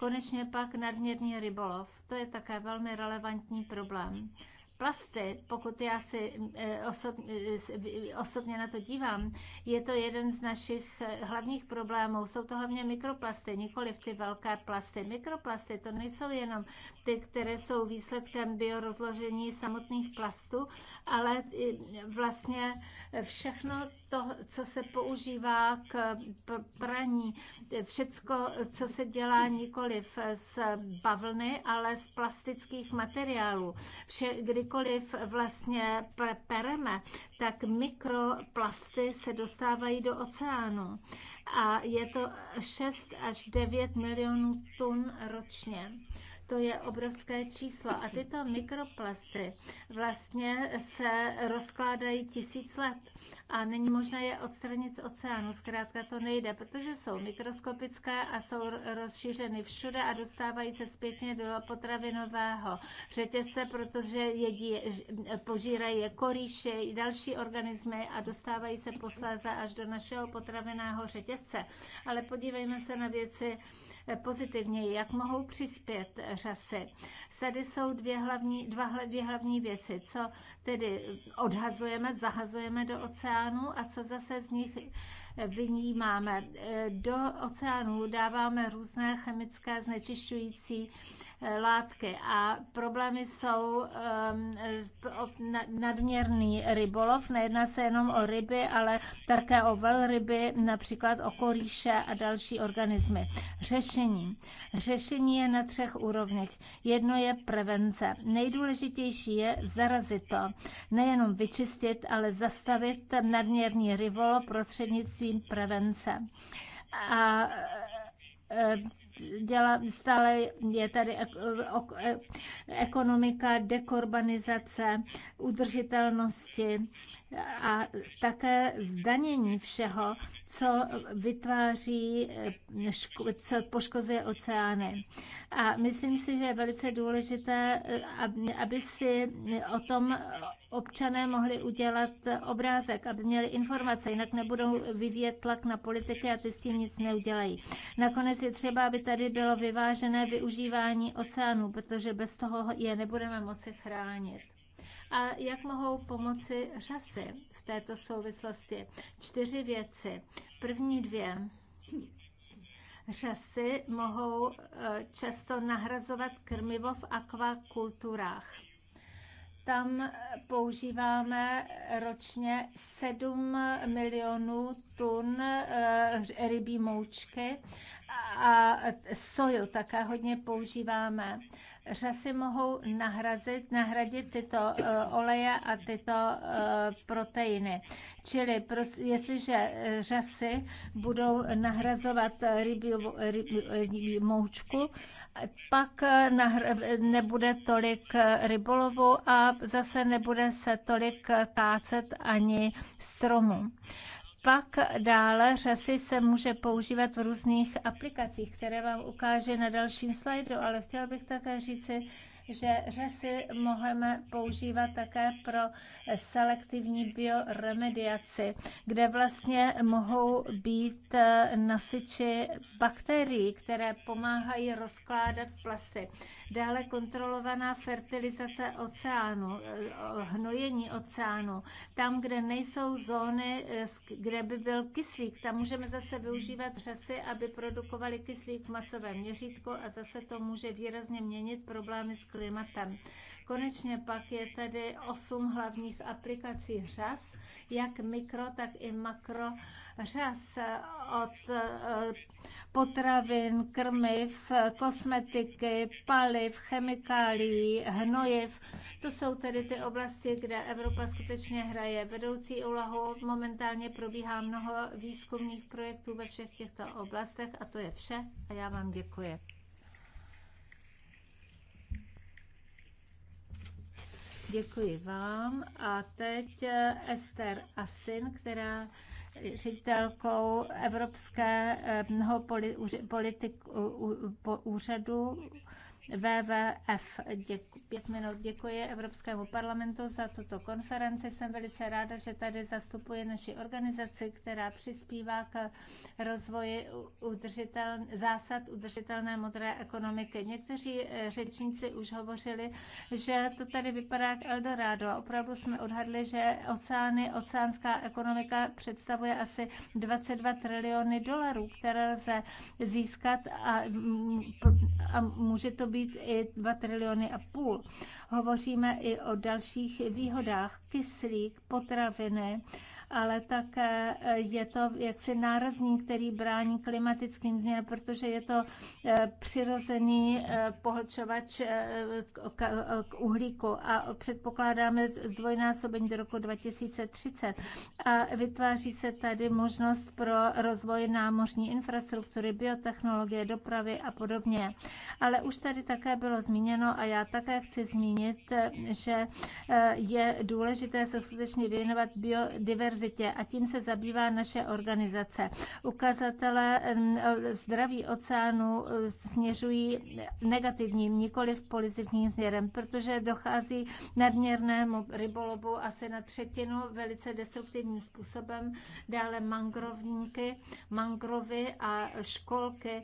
Konečně pak nadměrný rybolov. To je také velmi relevantní problém plasty, pokud já si eh, osobně, eh, osobně na to dívám, je to jeden z našich eh, hlavních problémů. Jsou to hlavně mikroplasty, nikoli ty velké plasty. Mikroplasty to nejsou jenom ty, které jsou výsledkem biorozložení samotných plastů, ale vlastně všechno to, co se používá k praní, všecko, co se dělá nikoli z bavlny, ale z plastických materiálů. Vše, kdy kdykoliv vlastně pereme, tak mikroplasty se dostávají do oceánu. A je to 6 až 9 milionů tun ročně to je obrovské číslo. A tyto mikroplasty vlastně se rozkládají tisíc let a není možné je odstranit z oceánu. Zkrátka to nejde, protože jsou mikroskopické a jsou rozšířeny všude a dostávají se zpětně do potravinového řetězce, protože jedí, požírají je korýši i další organismy a dostávají se posléze až do našeho potravinového řetězce. Ale podívejme se na věci pozitivně, jak mohou přispět řasy. Sady jsou dvě hlavní, dva, dvě hlavní věci, co tedy odhazujeme, zahazujeme do oceánu a co zase z nich vynímáme. Do oceánu dáváme různé chemické znečišťující látky. A problémy jsou um, nadměrný rybolov. Nejedná se jenom o ryby, ale také o velryby, například o koríše a další organismy. Řešení. Řešení je na třech úrovních. Jedno je prevence. Nejdůležitější je zarazit to. Nejenom vyčistit, ale zastavit nadměrný rybolov prostřednictvím prevence. A dělá, stále je tady e, ekonomika, dekorbanizace, udržitelnosti a také zdanění všeho co vytváří, eh, co poškozuje oceány. A myslím si, že je velice důležité, eh, aby si o tom občané mohli udělat obrázek, aby měli informace, jinak nebudou vyvíjet tlak na politiky a ty s tím nic neudělají. Nakonec je třeba, aby tady bylo vyvážené využívání oceánů, protože bez toho je nebudeme moci chránit a jak mohou pomoci řasy v této souvislosti. Čtyři věci. První dvě řasy mohou eh, často nahrazovat krmivo v akvakulturách. Tam používáme ročně 7 milionů tun eh, rybí moučky a soju také hodně používáme řasy mohou nahrazit, nahradit tyto eh, oleje a tyto eh, proteiny. Čili jestliže eh, řasy budou nahrazovat rybí, rybí, rybí moučku, pak nebude tolik rybolovu a zase nebude se tolik kácet ani Uh, pak dále řasy se může používat v různých aplikacích, které vám ukáže na dalším slajdu, ale chtěla bych také říci, že řasy můžeme používat také pro selektivní bioremediaci, kde vlastně mohou být eh, nasyči bakterií, které pomáhají rozkládat plasty. Dále kontrolovaná fertilizace oceánu, eh, hnojení oceánu. Tam, kde nejsou zóny, eh, kde by byl kyslík, tam můžeme zase využívat řasy, aby produkovali kyslík v masovém měřítku a zase to může výrazně měnit problémy s klimatem. Konečně pak je tedy osm hlavních aplikací řas, jak mikro, tak i makro řas od eh, potravin, krmiv, kosmetiky, paliv, chemikálií, hnojiv. To jsou tedy ty oblasti, kde Evropa skutečně hraje vedoucí úlohu. Momentálně probíhá mnoho výzkumných projektů ve všech těchto oblastech a to je vše a já vám děkuji. Děkuji vám. A teď eh, Ester Asin, která je ředitelkou Evropského eh, politik, úřadu WWF. Děku, pět minut děkuji Evropskému parlamentu za tuto konferenci. Jsem velice ráda, že tady zastupuje naši organizaci, která přispívá k rozvoji udržitel, zásad udržitelné modré ekonomiky. Někteří eh, řečníci už hovořili, že to tady vypadá jak Eldorado. Opravdu jsme odhadli, že oceány, oceánská ekonomika představuje asi 22 triliony dolarů, které lze získat a, a může to být být i 2 triliony a půl. Hovoříme i o dalších výhodách, kyslík, potraviny, ale také eh, je to jaksi nárazník, který brání klimatickým změnám, protože je to eh, přirozený eh, pohlčovač k uhlíku a předpokládáme zdvojnásobení do roku 2030. A vytváří se tady možnost pro rozvoj námořní infrastruktury, biotechnologie, dopravy a podobně. Ale už tady také bylo zmíněno a já také chci zmínit, že je důležité se skutečně věnovat biodiverzitě univerzitě a tím se zabývá naše organizace. Ukazatele zdraví oceánu e, směřují negativním, nikoli v pozitivním směrem, protože dochází nadměrnému rybolovu asi na třetinu velice destruktivním způsobem, dále mangrovníky, mangrovy a školky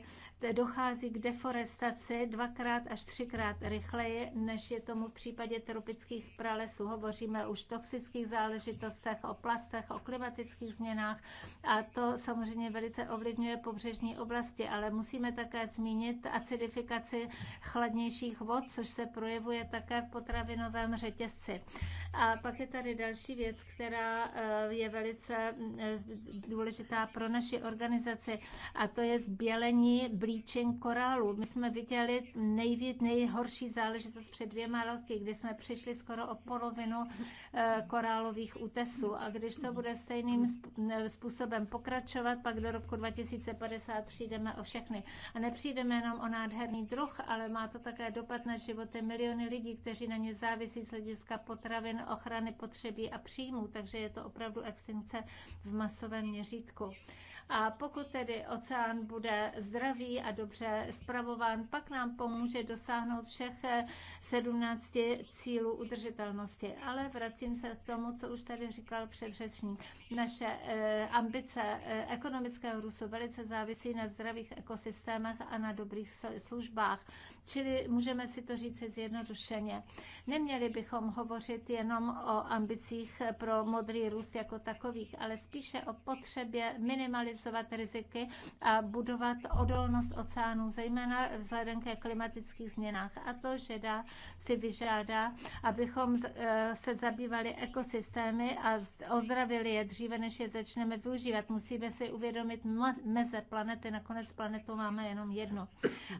dochází k deforestaci dvakrát až třikrát rychleji, než je tomu v případě tropických pralesů. Hovoříme už o toxických záležitostech, o plastech, o klimatických změnách a to samozřejmě velice ovlivňuje pobřežní oblasti, ale musíme také zmínit acidifikaci chladnějších vod, což se projevuje také v potravinovém řetězci. A pak je tady další věc, která eh, je velice eh, důležitá pro naši organizaci a to je zbělení blíž bleaching korálu. My jsme viděli nejvíc, nejhorší záležitost před dvěma roky, kdy jsme přišli skoro o polovinu eh, korálových útesů. A když to bude stejným eh, způsobem pokračovat, pak do roku 2050 přijdeme o všechny. A nepřijdeme jenom o nádherný druh, ale má to také dopad na životy miliony lidí, kteří na ně závisí z hlediska potravin, ochrany potřebí a příjmů. Takže je to opravdu extinkce v masovém měřítku. A pokud tedy oceán bude zdravý a dobře spravován, pak nám pomůže dosáhnout všech 17 cílů udržitelnosti. Ale vracím se k tomu, co už tady říkal předřečník. Naše eh, ambice eh, ekonomického růstu velice závisí na zdravých ekosystémech a na dobrých službách. Čili můžeme si to říct zjednodušeně. Neměli bychom hovořit jenom o ambicích pro modrý růst jako takových, ale spíše o potřebě minimalizovat riziky a budovat odolnost oceánů, zejména vzhledem ke klimatických změnách. A to, že dá, si vyžádá, abychom eh, se zabývali ekosystémy a ozdravili je dřív dříve, než je začneme využívat. Musíme si uvědomit meze planety, nakonec planetu máme jenom jednu.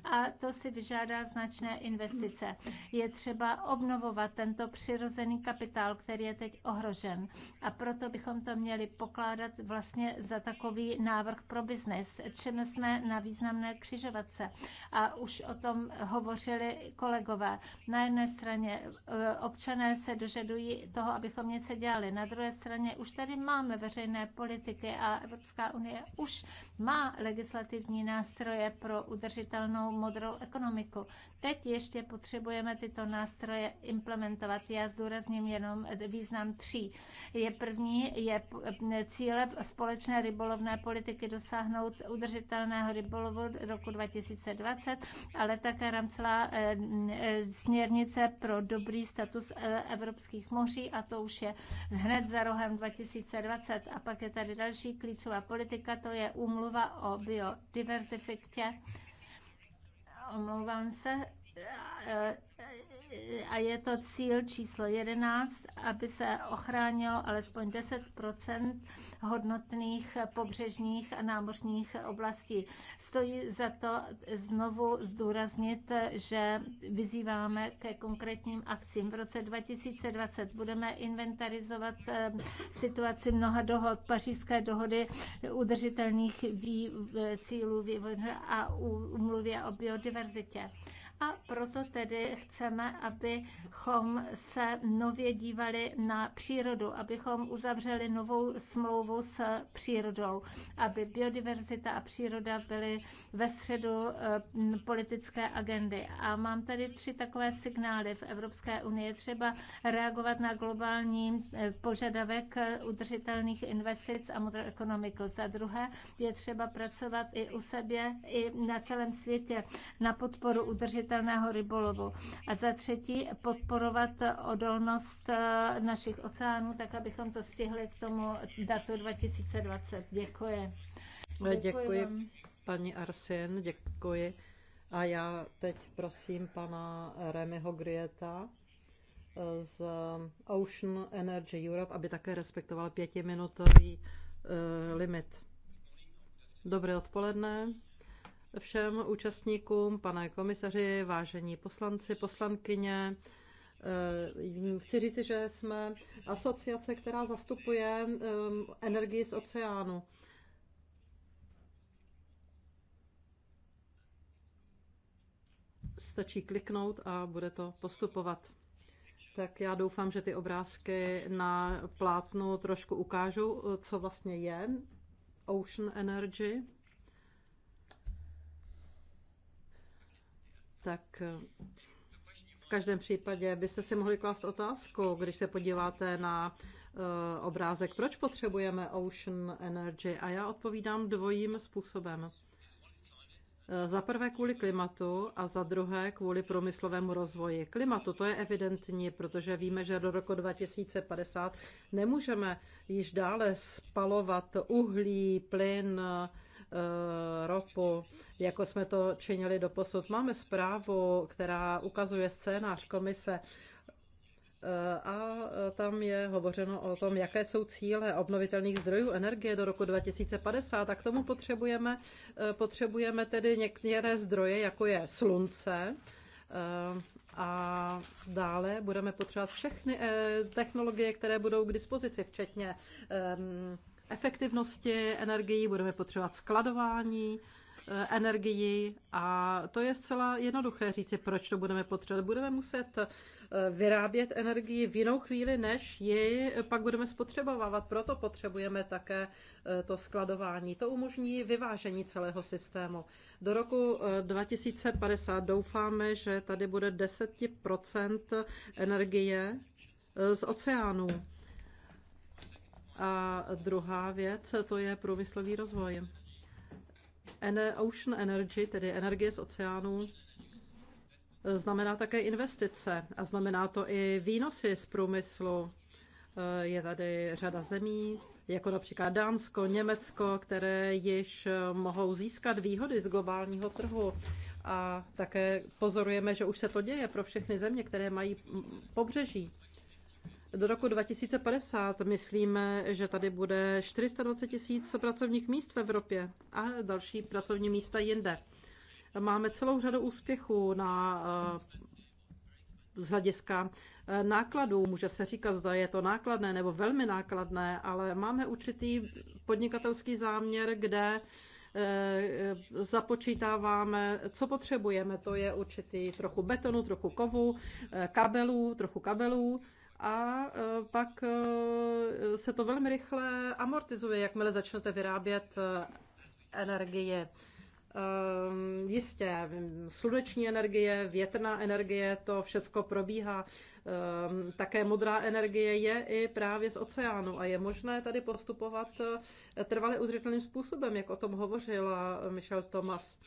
A to si vyžádá značné investice. Je třeba obnovovat tento přirozený kapitál, který je teď ohrožen. A proto bychom to měli pokládat vlastně za takový návrh pro biznes. Čem jsme na významné křižovatce. A už o tom hovořili kolegové. Na jedné straně e, občané se dožadují toho, abychom něco dělali. Na druhé straně už tady máme máme veřejné politiky a Evropská unie už má legislativní nástroje pro udržitelnou modrou ekonomiku. Teď ještě potřebujeme tyto nástroje implementovat. Já zdůrazním jenom význam tří. Je první, je cíle společné rybolovné politiky dosáhnout udržitelného rybolovu roku 2020, ale také rámcová eh, eh, směrnice pro dobrý status eh, evropských moří a to už je hned za rohem 2020 2020. A pak je tady další klíčová politika, to je umluva o biodiverzifiktě. Omlouvám se a je to cíl číslo 11, aby se ochránilo alespoň 10 hodnotných pobřežních a námořních oblastí. Stojí za to znovu zdůraznit, že vyzýváme ke konkrétním akcím. V roce 2020 budeme inventarizovat eh, situaci mnoha dohod, pařížské dohody udržitelných vý, cílů vývoje a úmluvy o biodiverzitě a proto tedy chceme, abychom se nově dívali na přírodu, abychom uzavřeli novou smlouvu s přírodou, aby biodiverzita a příroda byly ve středu eh, politické agendy. A mám tady tři takové signály v Evropské unii. Třeba reagovat na globální eh, požadavek eh, udržitelných investic a modrou ekonomiku. Za druhé je třeba pracovat i u sebe, i na celém světě na podporu udržitelných udržitelného rybolovu. A za třetí podporovat odolnost eh, našich oceánů, tak abychom to stihli k tomu datu 2020. Eh, děkuji. Děkuji, děkuji paní Arsien, děkuji. A já teď prosím pana Remyho Grieta eh, z Ocean Energy Europe, aby také respektoval pětiminutový limit. Dobré odpoledne všem účastníkům, pane komisaři, vážení poslanci, poslankyně. Eh, chci říct, že jsme asociace, která zastupuje eh, energii z oceánu. Stačí kliknout a bude to postupovat. Tak já doufám, že ty obrázky na plátnu trošku ukážou, eh, co vlastně je Ocean Energy. tak eh, v každém případě byste si mohli klást otázku, když se podíváte na eh, obrázek, proč potřebujeme Ocean Energy. A já odpovídám dvojím způsobem. Eh, za prvé kvůli klimatu a za druhé kvůli průmyslovému rozvoji. Klimatu to je evidentní, protože víme, že do roku 2050 nemůžeme již dále spalovat uhlí, plyn, Eh, ropu, jako jsme to činili do posud. Máme zprávu, která ukazuje scénář komise eh, a tam je hovořeno o tom, jaké jsou cíle obnovitelných zdrojů energie do roku 2050 a k tomu potřebujeme, eh, potřebujeme tedy některé zdroje, jako je slunce, a dále budeme potřebovat všechny technologie, které budou k dispozici, včetně ehm, efektivnosti energií, budeme potřebovat skladování eh, energii a to je zcela jednoduché říci, proč to budeme potřebovat. Budeme muset eh, vyrábět energii v jinou chvíli, než ji pak budeme spotřebovávat. Proto potřebujeme také eh, to skladování. To umožní vyvážení celého systému. Do roku 2050 doufáme, že tady bude 10% energie z oceánů. A druhá věc, to je průmyslový rozvoj. Ocean energy, tedy energie z oceánů, znamená také investice a znamená to i výnosy z průmyslu. Eh, je tady řada zemí, jako například Dánsko, Německo, které již eh, mohou získat výhody z globálního trhu. A také pozorujeme, že už se to děje pro všechny země, které mají pobřeží. Do roku 2050 myslíme, že tady bude 420 tisíc pracovních míst v Evropě a další pracovní místa jinde. Máme celou řadu úspěchů na eh, z hlediska eh, nákladů. Může se říkat, zda je to nákladné nebo velmi nákladné, ale máme určitý podnikatelský záměr, kde eh, započítáváme, co potřebujeme. To je určitý trochu betonu, trochu kovu, kabelů, trochu kabelů a eh, pak eh, se to velmi rychle amortizuje, jakmile začnete vyrábět eh, energie. Jistě, sluneční energie, větrná energie, to všecko probíhá. Také modrá energie je i právě z oceánu a je možné tady postupovat trvale udržitelným způsobem, jak o tom hovořila Michel Thomas.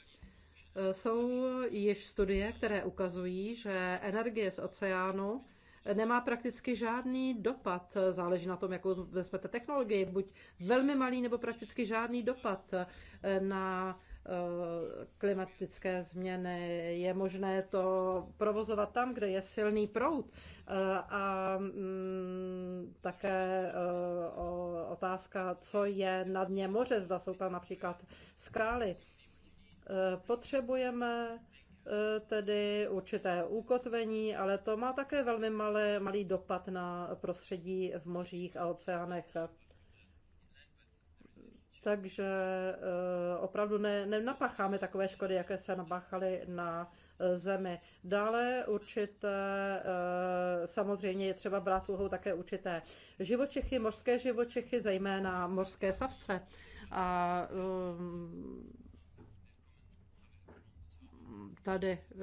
Jsou již studie, které ukazují, že energie z oceánu nemá prakticky žádný dopad. Záleží na tom, jakou vezmete technologii. Buď velmi malý, nebo prakticky žádný dopad na eh, klimatické změny. Je možné to provozovat tam, kde je silný proud. Eh, a mm, také eh, otázka, co je na dně moře, zda jsou tam například skály. Potřebujeme E, tedy určité ukotvení, ale to má také velmi malé, malý dopad na prostředí v mořích a oceánech. Takže e, opravdu ne, nenapácháme takové škody, jaké se napáchaly na e, zemi. Dále určité, samozřejmě je třeba brát úhou také určité živočichy, mořské živočichy, zejména mořské savce. A um, tady eh,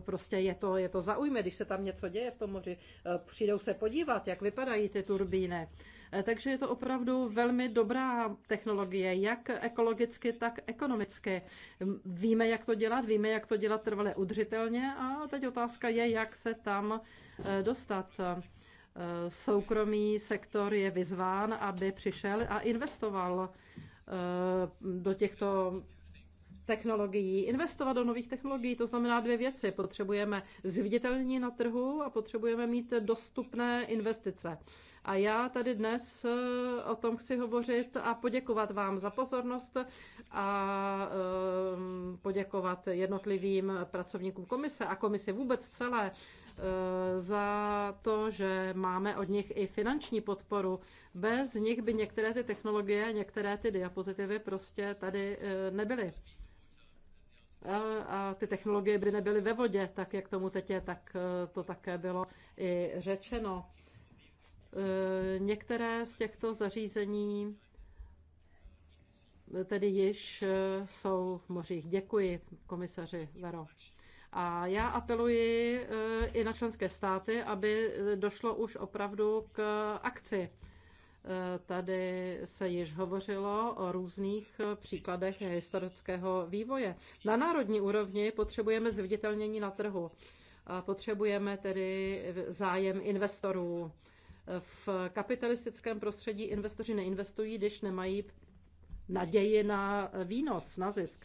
prostě je to, je to zaujme, když se tam něco děje v tom moři, eh, přijdou se podívat, jak vypadají ty turbíny. Eh, takže je to opravdu velmi dobrá technologie, jak ekologicky, tak ekonomicky. Víme, jak to dělat, víme, jak to dělat trvale udržitelně a teď otázka je, jak se tam dostat. Soukromý sektor je vyzván, aby přišel a investoval do těchto technologií, investovat do nových technologií. To znamená dvě věci. Potřebujeme zviditelní na trhu a potřebujeme mít dostupné investice. A já tady dnes eh, o tom chci hovořit a poděkovat vám za pozornost a eh, poděkovat jednotlivým pracovníkům komise a komisi vůbec celé eh, za to, že máme od nich i finanční podporu. Bez nich by některé ty technologie, některé ty diapozitivy prostě tady nebyly a ty technologie by nebyly ve vodě, tak jak tomu teď je, tak e, to také bylo i řečeno. E, některé z těchto zařízení e, tedy již jsou v mořích. Děkuji, komisaři Vero. A já apeluji i na členské státy, aby došlo už opravdu k akci Eh, tady se již hovořilo o různých eh, příkladech historického vývoje. Na národní úrovni potřebujeme zviditelnění na trhu. Potřebujeme tedy zájem investorů. Eh, v kapitalistickém prostředí investoři neinvestují, když nemají naději na výnos, na zisk.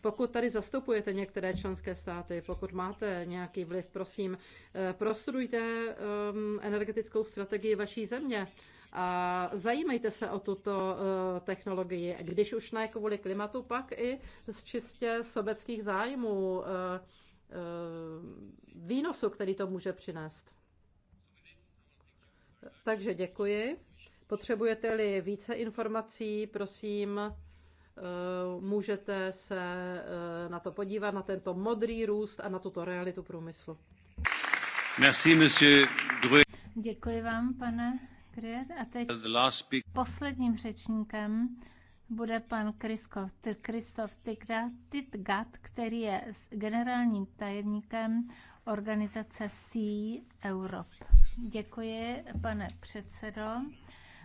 Pokud tady zastupujete některé členské státy, pokud máte nějaký vliv, prosím, eh, prostudujte ehm, energetickou strategii vaší země a zajímejte se o tuto eh, technologii, když už ne kvůli klimatu, pak i z čistě sobeckých zájmů eh, výnosu, který to může přinést. Takže děkuji. Potřebujete-li více informací, prosím, Eh, můžete se eh, na to podívat, na tento modrý růst a na tuto realitu průmyslu. Merci, monsieur Děkuji vám, pane Griet. A teď posledním řečníkem bude pan Kristof Tigrat, který je generálním tajemníkem organizace Sea Europe. Děkuji, pane předsedo.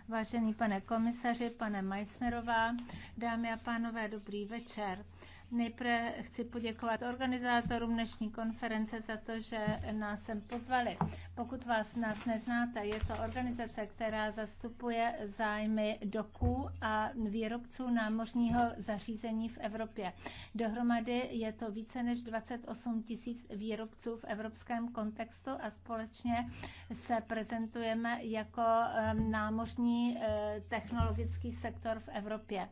Vážený pane komisaři, pane Meissnerová, dámy a pánové, dobrý večer. Nejprve chci poděkovat organizátorům dnešní konference za to, že nás sem pozvali. Pokud vás nás neznáte, je to organizace, která zastupuje zájmy doků a výrobců námořního zařízení v Evropě. Dohromady je to více než 28 tisíc výrobců v evropském kontextu a společně se prezentujeme jako eh, námořní eh, technologický sektor v Evropě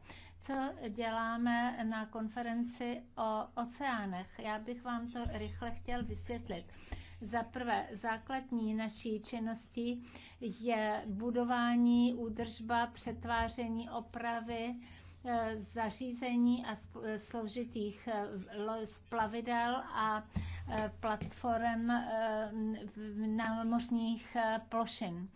co děláme na konferenci o oceánech. Já bych vám to rychle chtěl vysvětlit. Za prvé, základní naší činností je budování, údržba, přetváření, opravy, e, zařízení a e, složitých e, plavidel a platform námořních plošin.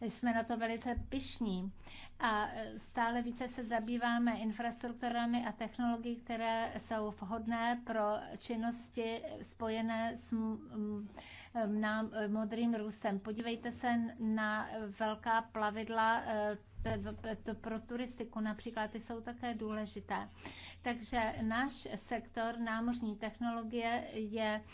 Jsme na to velice pyšní a e, stále více se zabýváme infrastrukturami a technologií, které jsou vhodné pro činnosti spojené s e, nám e, modrým růstem. Podívejte se na velká plavidla pro turistiku například, ty jsou také důležité. Takže náš sektor námořní technologie je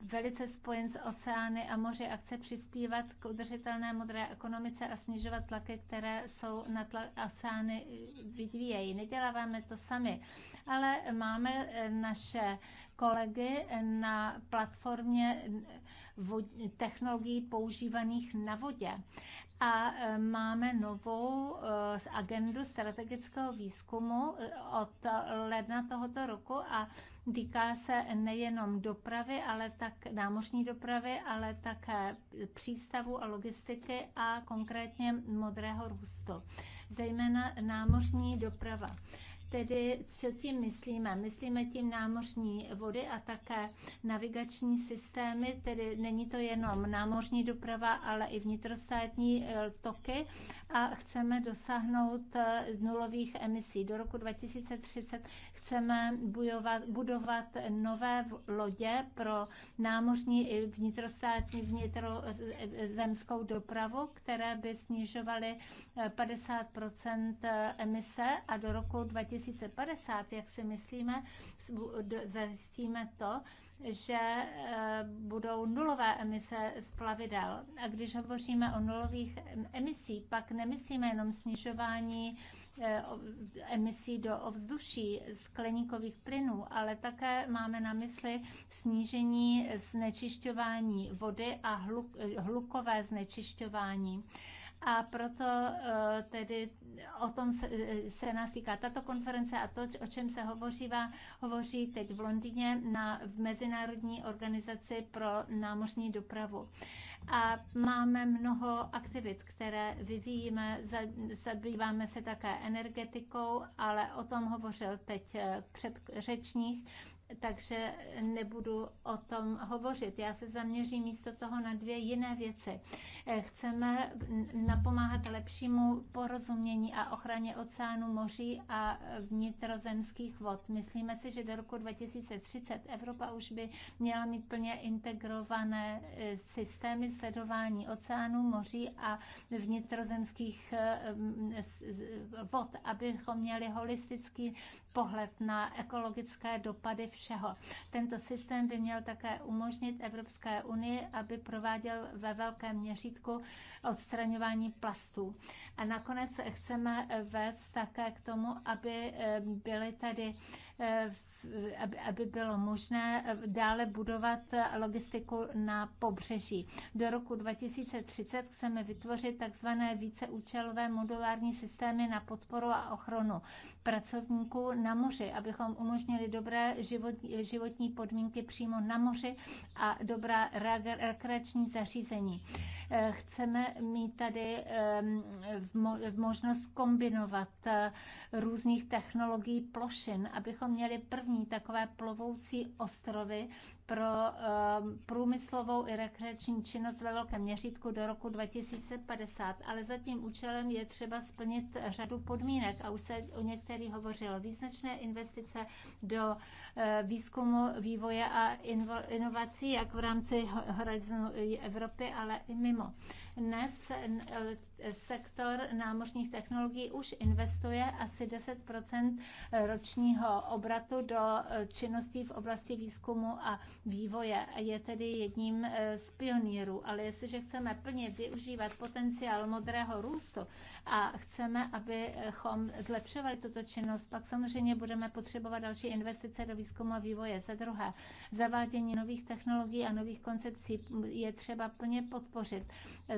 velice spojen s oceány a moři a chce přispívat k udržitelné modré ekonomice a snižovat tlaky, které jsou na tlak oceány vyvíjejí. Neděláváme to sami, ale máme eh, naše kolegy na platformě technologií používaných na vodě a e, máme novou e, agendu strategického výzkumu e, od ledna tohoto roku a týká se nejenom dopravy, ale tak námořní dopravy, ale také přístavu a logistiky a konkrétně modrého růstu, zejména námořní doprava tedy co tím myslíme. Myslíme tím námořní vody a také navigační systémy, tedy není to jenom námořní doprava, ale i vnitrostátní eh, toky a chceme dosáhnout eh, nulových emisí. Do roku 2030 chceme bujovat, budovat nové lodě pro námořní i vnitrostátní vnitrozemskou eh, dopravu, které by snižovaly 50 eh, emise a do roku 2050, jak si myslíme, zajistíme to, že eh, budou nulové emise z plavidel. A když hovoříme o nulových emisí, pak nemyslíme jenom snižování eh, emisí do ovzduší skleníkových plynů, ale také máme na mysli snížení znečišťování vody a hluk, eh, hlukové znečišťování a proto eh, tedy o tom se, eh, se nás týká tato konference a to, o čem se hovoří, hovoří teď v Londýně na v Mezinárodní organizaci pro námořní dopravu. A máme mnoho aktivit, které vyvíjíme, zabýváme se také energetikou, ale o tom hovořil teď eh, předřečník takže nebudu o tom hovořit. Já se zaměřím místo toho na dvě jiné věci. Eh, chceme napomáhat lepšímu porozumění a ochraně oceánu, moří a vnitrozemských vod. Myslíme si, že do roku 2030 Evropa už by měla mít plně integrované eh, systémy sledování oceánů, moří a vnitrozemských eh, mm, vod, abychom měli holistický pohled na ekologické dopady všeho. Tento systém by měl také umožnit Evropské unii, aby prováděl ve velkém měřítku odstraňování plastů. A nakonec chceme vést také k tomu, aby eh, byly tady v eh, aby bylo možné eh, dále budovat eh, logistiku na pobřeží. Do roku 2030 chceme vytvořit takzvané víceúčelové modulární systémy na podporu a ochranu pracovníků na moři, abychom umožnili dobré životní podmínky přímo na moři a dobrá rekreační zařízení. Eh, chceme mít tady možnost kombinovat eh, různých technologií plošin, abychom měli první takové plovoucí ostrovy, pro ehm, průmyslovou i rekreační činnost ve velkém měřítku do roku 2050, ale za tím účelem je třeba splnit řadu podmínek a už se o některých hovořilo. Význačné investice do ehm, výzkumu, vývoje a inovací, jak v rámci Horizonu Evropy, ale i mimo. Dnes e, sektor námořních technologií už investuje asi 10 ročního obratu do e, činností v oblasti výzkumu a vývoje. Je tedy jedním e, z pionýrů, ale jestliže chceme plně využívat potenciál modrého růstu a chceme, abychom zlepšovali tuto činnost, pak samozřejmě budeme potřebovat další investice do výzkumu a vývoje. Za druhé, zavádění nových technologií a nových koncepcí je třeba plně podpořit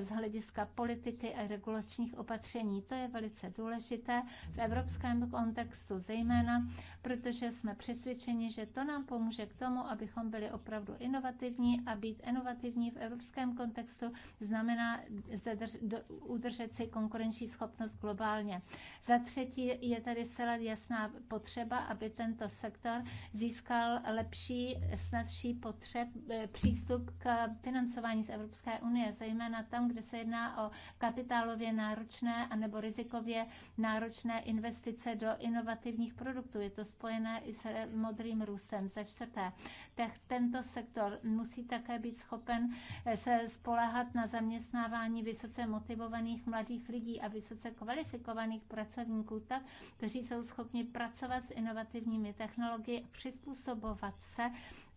z hlediska politiky a regulačních opatření. To je velice důležité v evropském kontextu zejména, protože jsme přesvědčeni, že to nám pomůže k tomu, abychom byli opravdu inovativní a být inovativní v evropském kontextu znamená udržet si konkurenční schopnost globálně. Za třetí je tady celá jasná potřeba, aby tento sektor získal lepší, snadší potřeb, e, přístup k financování z Evropské unie, zejména tam, kde kde se jedná o kapitálově náročné anebo rizikově náročné investice do inovativních produktů. Je to spojené i s modrým růstem. Za čtvrté, tento sektor musí také být schopen eh, se spolehat na zaměstnávání vysoce motivovaných mladých lidí a vysoce kvalifikovaných pracovníků, tak, kteří jsou schopni pracovat s inovativními technologiemi přizpůsobovat se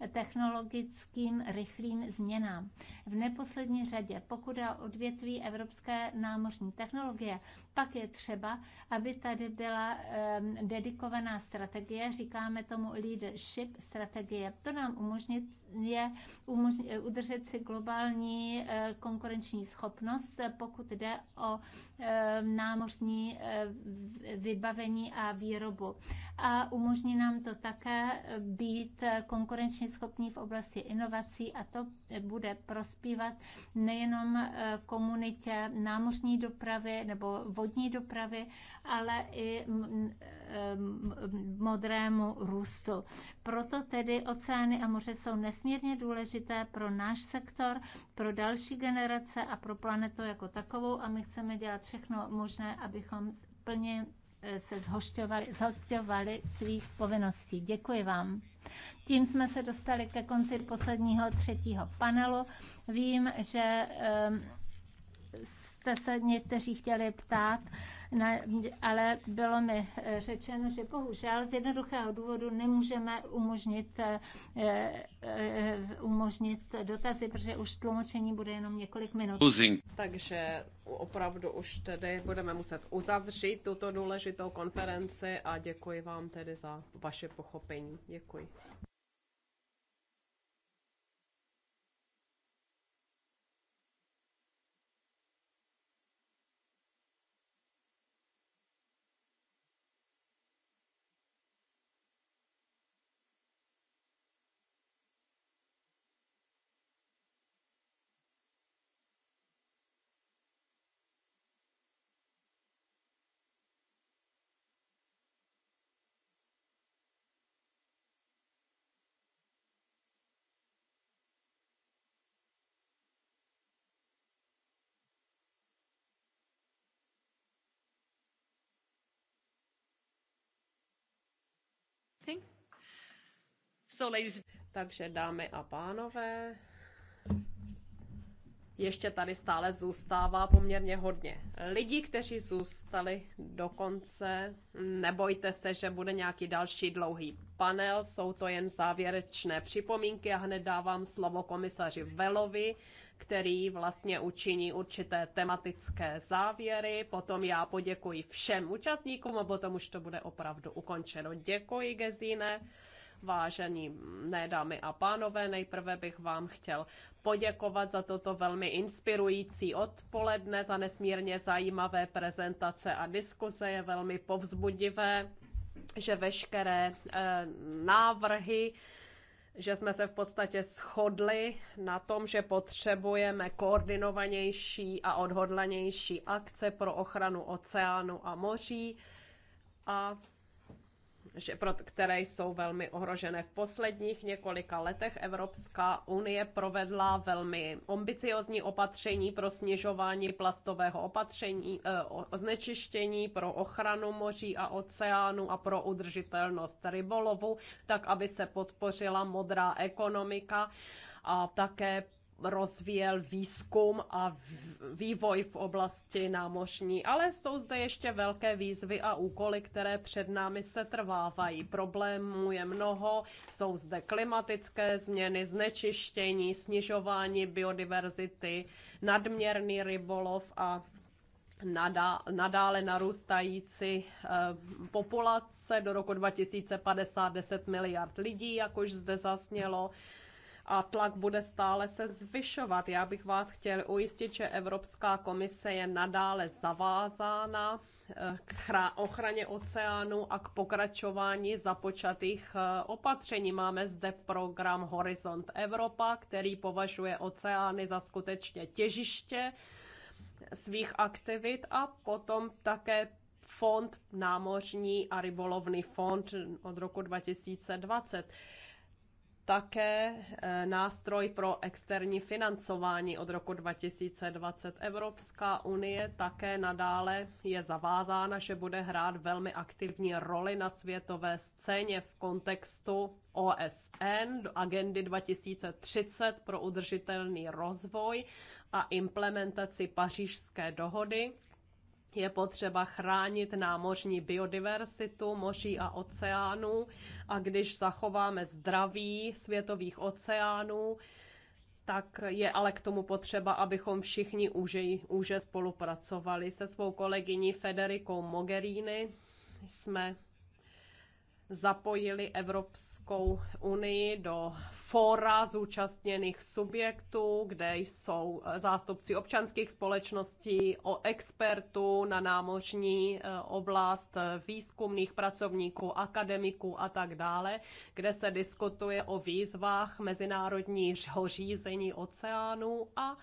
technologickým rychlým změnám. V neposlední řadě, pokud je odvětví evropské námořní technologie, pak je třeba, aby tady byla dedikovaná strategie, říkáme tomu leadership strategie. To nám umožní je udržet si globální eh, konkurenční schopnost, pokud jde o eh, námořní eh, vybavení a výrobu. A umožní nám to také být konkurenčně schopní v oblasti inovací a to bude prospívat nejenom komunitě námořní dopravy nebo vodní dopravy, ale i modrému růstu proto tedy oceány a moře jsou nesmírně důležité pro náš sektor, pro další generace a pro planetu jako takovou a my chceme dělat všechno možné, abychom plně eh, se zhošťovali, zhošťovali svých povinností. Děkuji vám. Tím jsme se dostali ke konci posledního třetího panelu. Vím, že eh, jste se někteří chtěli ptát, ale bylo mi eh, řečeno, že bohužel z jednoduchého důvodu nemůžeme umožnit, eh, eh, umožnit dotazy, protože už tlumočení bude jenom několik minut. Takže opravdu už tedy budeme muset uzavřít tuto důležitou konferenci a děkuji vám tedy za vaše pochopení. Děkuji. meeting. So, ladies... Takže dámy a pánové, ještě tady stále zůstává poměrně hodně lidí, kteří zůstali do konce. Nebojte se, že bude nějaký další dlouhý panel, jsou to jen závěrečné připomínky a hned dávám slovo komisaři Velovi, který vlastně učiní určité tematické závěry. Potom já poděkuji všem účastníkům a potom už to bude opravdu ukončeno. Děkuji, Gezíne. Vážení ne, dámy a pánové, nejprve bych vám chtěl poděkovat za toto velmi inspirující odpoledne, za nesmírně zajímavé prezentace a diskuze. Je velmi povzbudivé, že veškeré eh, návrhy, že jsme se v podstatě shodli na tom, že potřebujeme koordinovanější a odhodlanější akce pro ochranu oceánu a moří a že pro, které jsou velmi ohrožené. V posledních několika letech Evropská unie provedla velmi ambiciozní opatření pro snižování plastového opatření, e, znečištění pro ochranu moří a oceánu a pro udržitelnost rybolovu, tak aby se podpořila modrá ekonomika a také rozvíjel výzkum a vývoj v oblasti námořní, ale jsou zde ještě velké výzvy a úkoly, které před námi se trvávají. Problémů je mnoho, jsou zde klimatické změny, znečištění, snižování biodiverzity, nadměrný rybolov a nadále narůstající eh, populace do roku 2050 10 miliard lidí, jak už zde zasnělo a tlak bude stále se zvyšovat. Já bych vás chtěl ujistit, že Evropská komise je nadále zavázána eh, k ochraně oceánu a k pokračování započatých eh, opatření. Máme zde program Horizont Evropa, který považuje oceány za skutečně těžiště svých aktivit a potom také fond námořní a rybolovný fond od roku 2020 také eh, nástroj pro externí financování od roku 2020. Evropská unie také nadále je zavázána, že bude hrát velmi aktivní roli na světové scéně v kontextu OSN, agendy 2030 pro udržitelný rozvoj a implementaci pařížské dohody je potřeba chránit námořní biodiverzitu moří a oceánů a když zachováme zdraví světových oceánů, tak je ale k tomu potřeba, abychom všichni úže, úže spolupracovali se svou kolegyní Federikou Mogherini. Jsme zapojili Evropskou unii do fóra zúčastněných subjektů, kde jsou eh, zástupci občanských společností, o expertů na námořní eh, oblast, výzkumných pracovníků, akademiků a tak dále, kde se diskutuje o výzvách mezinárodního řízení oceánu a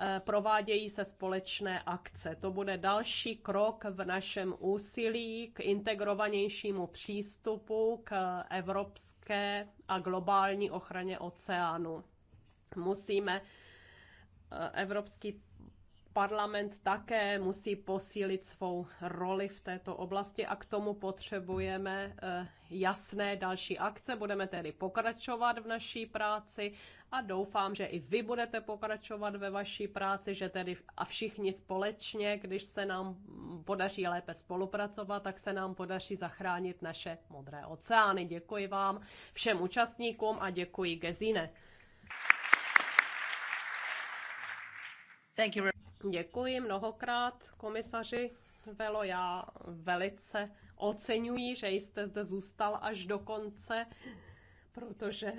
Eh, provádějí se společné akce. To bude další krok v našem úsilí k integrovanějšímu přístupu k evropské a globální ochraně oceánu. Musíme eh, Evropský Parlament také musí posílit svou roli v této oblasti a k tomu potřebujeme eh, jasné další akce. Budeme tedy pokračovat v naší práci a doufám, že i vy budete pokračovat ve vaší práci, že tedy a všichni společně, když se nám podaří lépe spolupracovat, tak se nám podaří zachránit naše modré oceány. Děkuji vám všem účastníkům a děkuji Gezine. Thank you. Děkuji mnohokrát, komisaři Velo. Já velice oceňuji, že jste zde zůstal až do konce, protože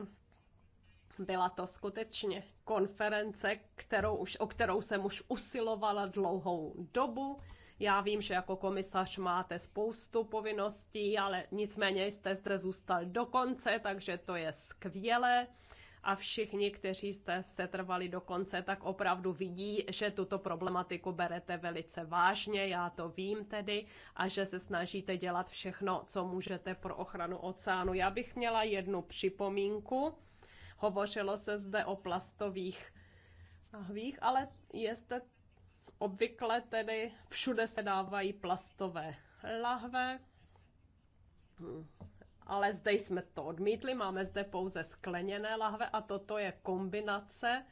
byla to skutečně konference, kterou už, o kterou jsem už usilovala dlouhou dobu. Já vím, že jako komisař máte spoustu povinností, ale nicméně jste zde zůstal do konce, takže to je skvělé a všichni, kteří jste se trvali do konce, tak opravdu vidí, že tuto problematiku berete velice vážně, já to vím tedy, a že se snažíte dělat všechno, co můžete pro ochranu oceánu. Já bych měla jednu připomínku. Hovořilo se zde o plastových lahvích, ale jeste obvykle tedy všude se dávají plastové lahve. Hmm ale zde jsme to odmítli, máme zde pouze skleněné lahve a toto je kombinace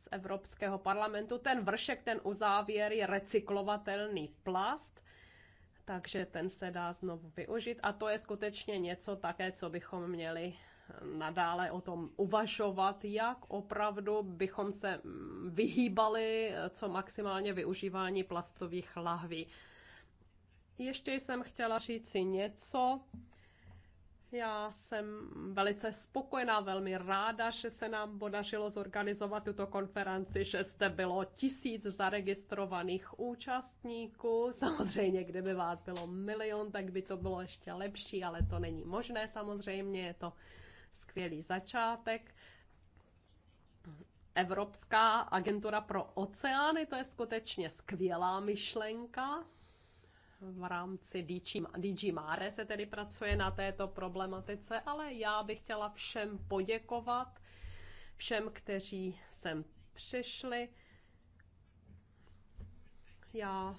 z Evropského parlamentu. Ten vršek, ten uzávěr je recyklovatelný plast, takže ten se dá znovu využít a to je skutečně něco také, co bychom měli nadále o tom uvažovat, jak opravdu bychom se vyhýbali co maximálně využívání plastových lahví. Ještě jsem chtěla říct si něco já jsem velice spokojená, velmi ráda, že se nám podařilo zorganizovat tuto konferenci, že zde bylo tisíc zaregistrovaných účastníků. Samozřejmě, kdyby vás bylo milion, tak by to bylo ještě lepší, ale to není možné samozřejmě, je to skvělý začátek. Evropská agentura pro oceány, to je skutečně skvělá myšlenka v rámci DG, DG Mare se tedy pracuje na této problematice, ale já bych chtěla všem poděkovat, všem, kteří sem přišli. Já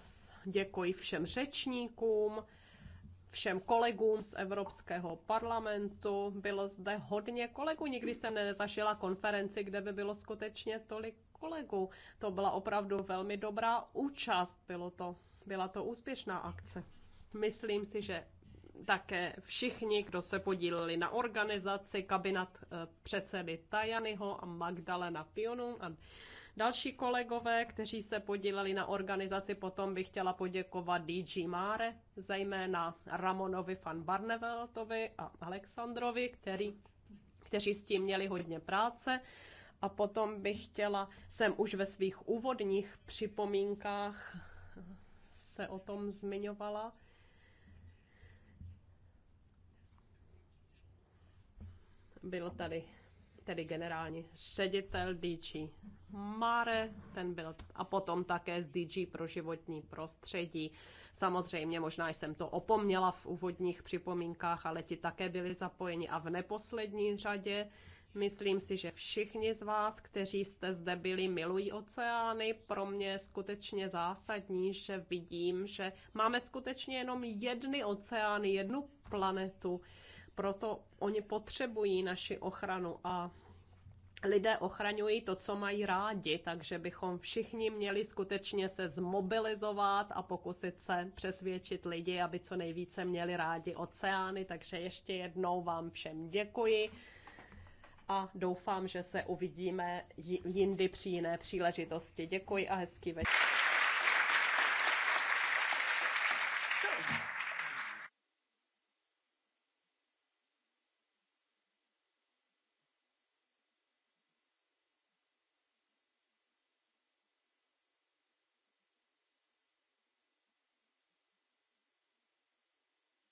děkuji všem řečníkům, všem kolegům z Evropského parlamentu. Bylo zde hodně kolegů. Nikdy jsem nezažila konferenci, kde by bylo skutečně tolik kolegů. To byla opravdu velmi dobrá účast. Bylo to byla to úspěšná akce. Myslím si, že také všichni, kdo se podíleli na organizaci, kabinat eh, předsedy Tajanyho a Magdalena Pionu a další kolegové, kteří se podíleli na organizaci. Potom bych chtěla poděkovat DG Mare, zejména Ramonovi van Barneveltovi a Alexandrovi, který, kteří s tím měli hodně práce. A potom bych chtěla, jsem už ve svých úvodních připomínkách se o tom zmiňovala. Byl tady tedy generální ředitel DG Mare, ten byl a potom také z DG pro životní prostředí. Samozřejmě možná jsem to opomněla v úvodních připomínkách, ale ti také byli zapojeni a v neposlední řadě Myslím si, že všichni z vás, kteří jste zde byli, milují oceány. Pro mě je skutečně zásadní, že vidím, že máme skutečně jenom jedny oceány, jednu planetu. Proto oni potřebují naši ochranu a lidé ochraňují to, co mají rádi, takže bychom všichni měli skutečně se zmobilizovat a pokusit se přesvědčit lidi, aby co nejvíce měli rádi oceány. Takže ještě jednou vám všem děkuji a doufám, že se uvidíme jindy při jiné příležitosti. Děkuji a hezký večer.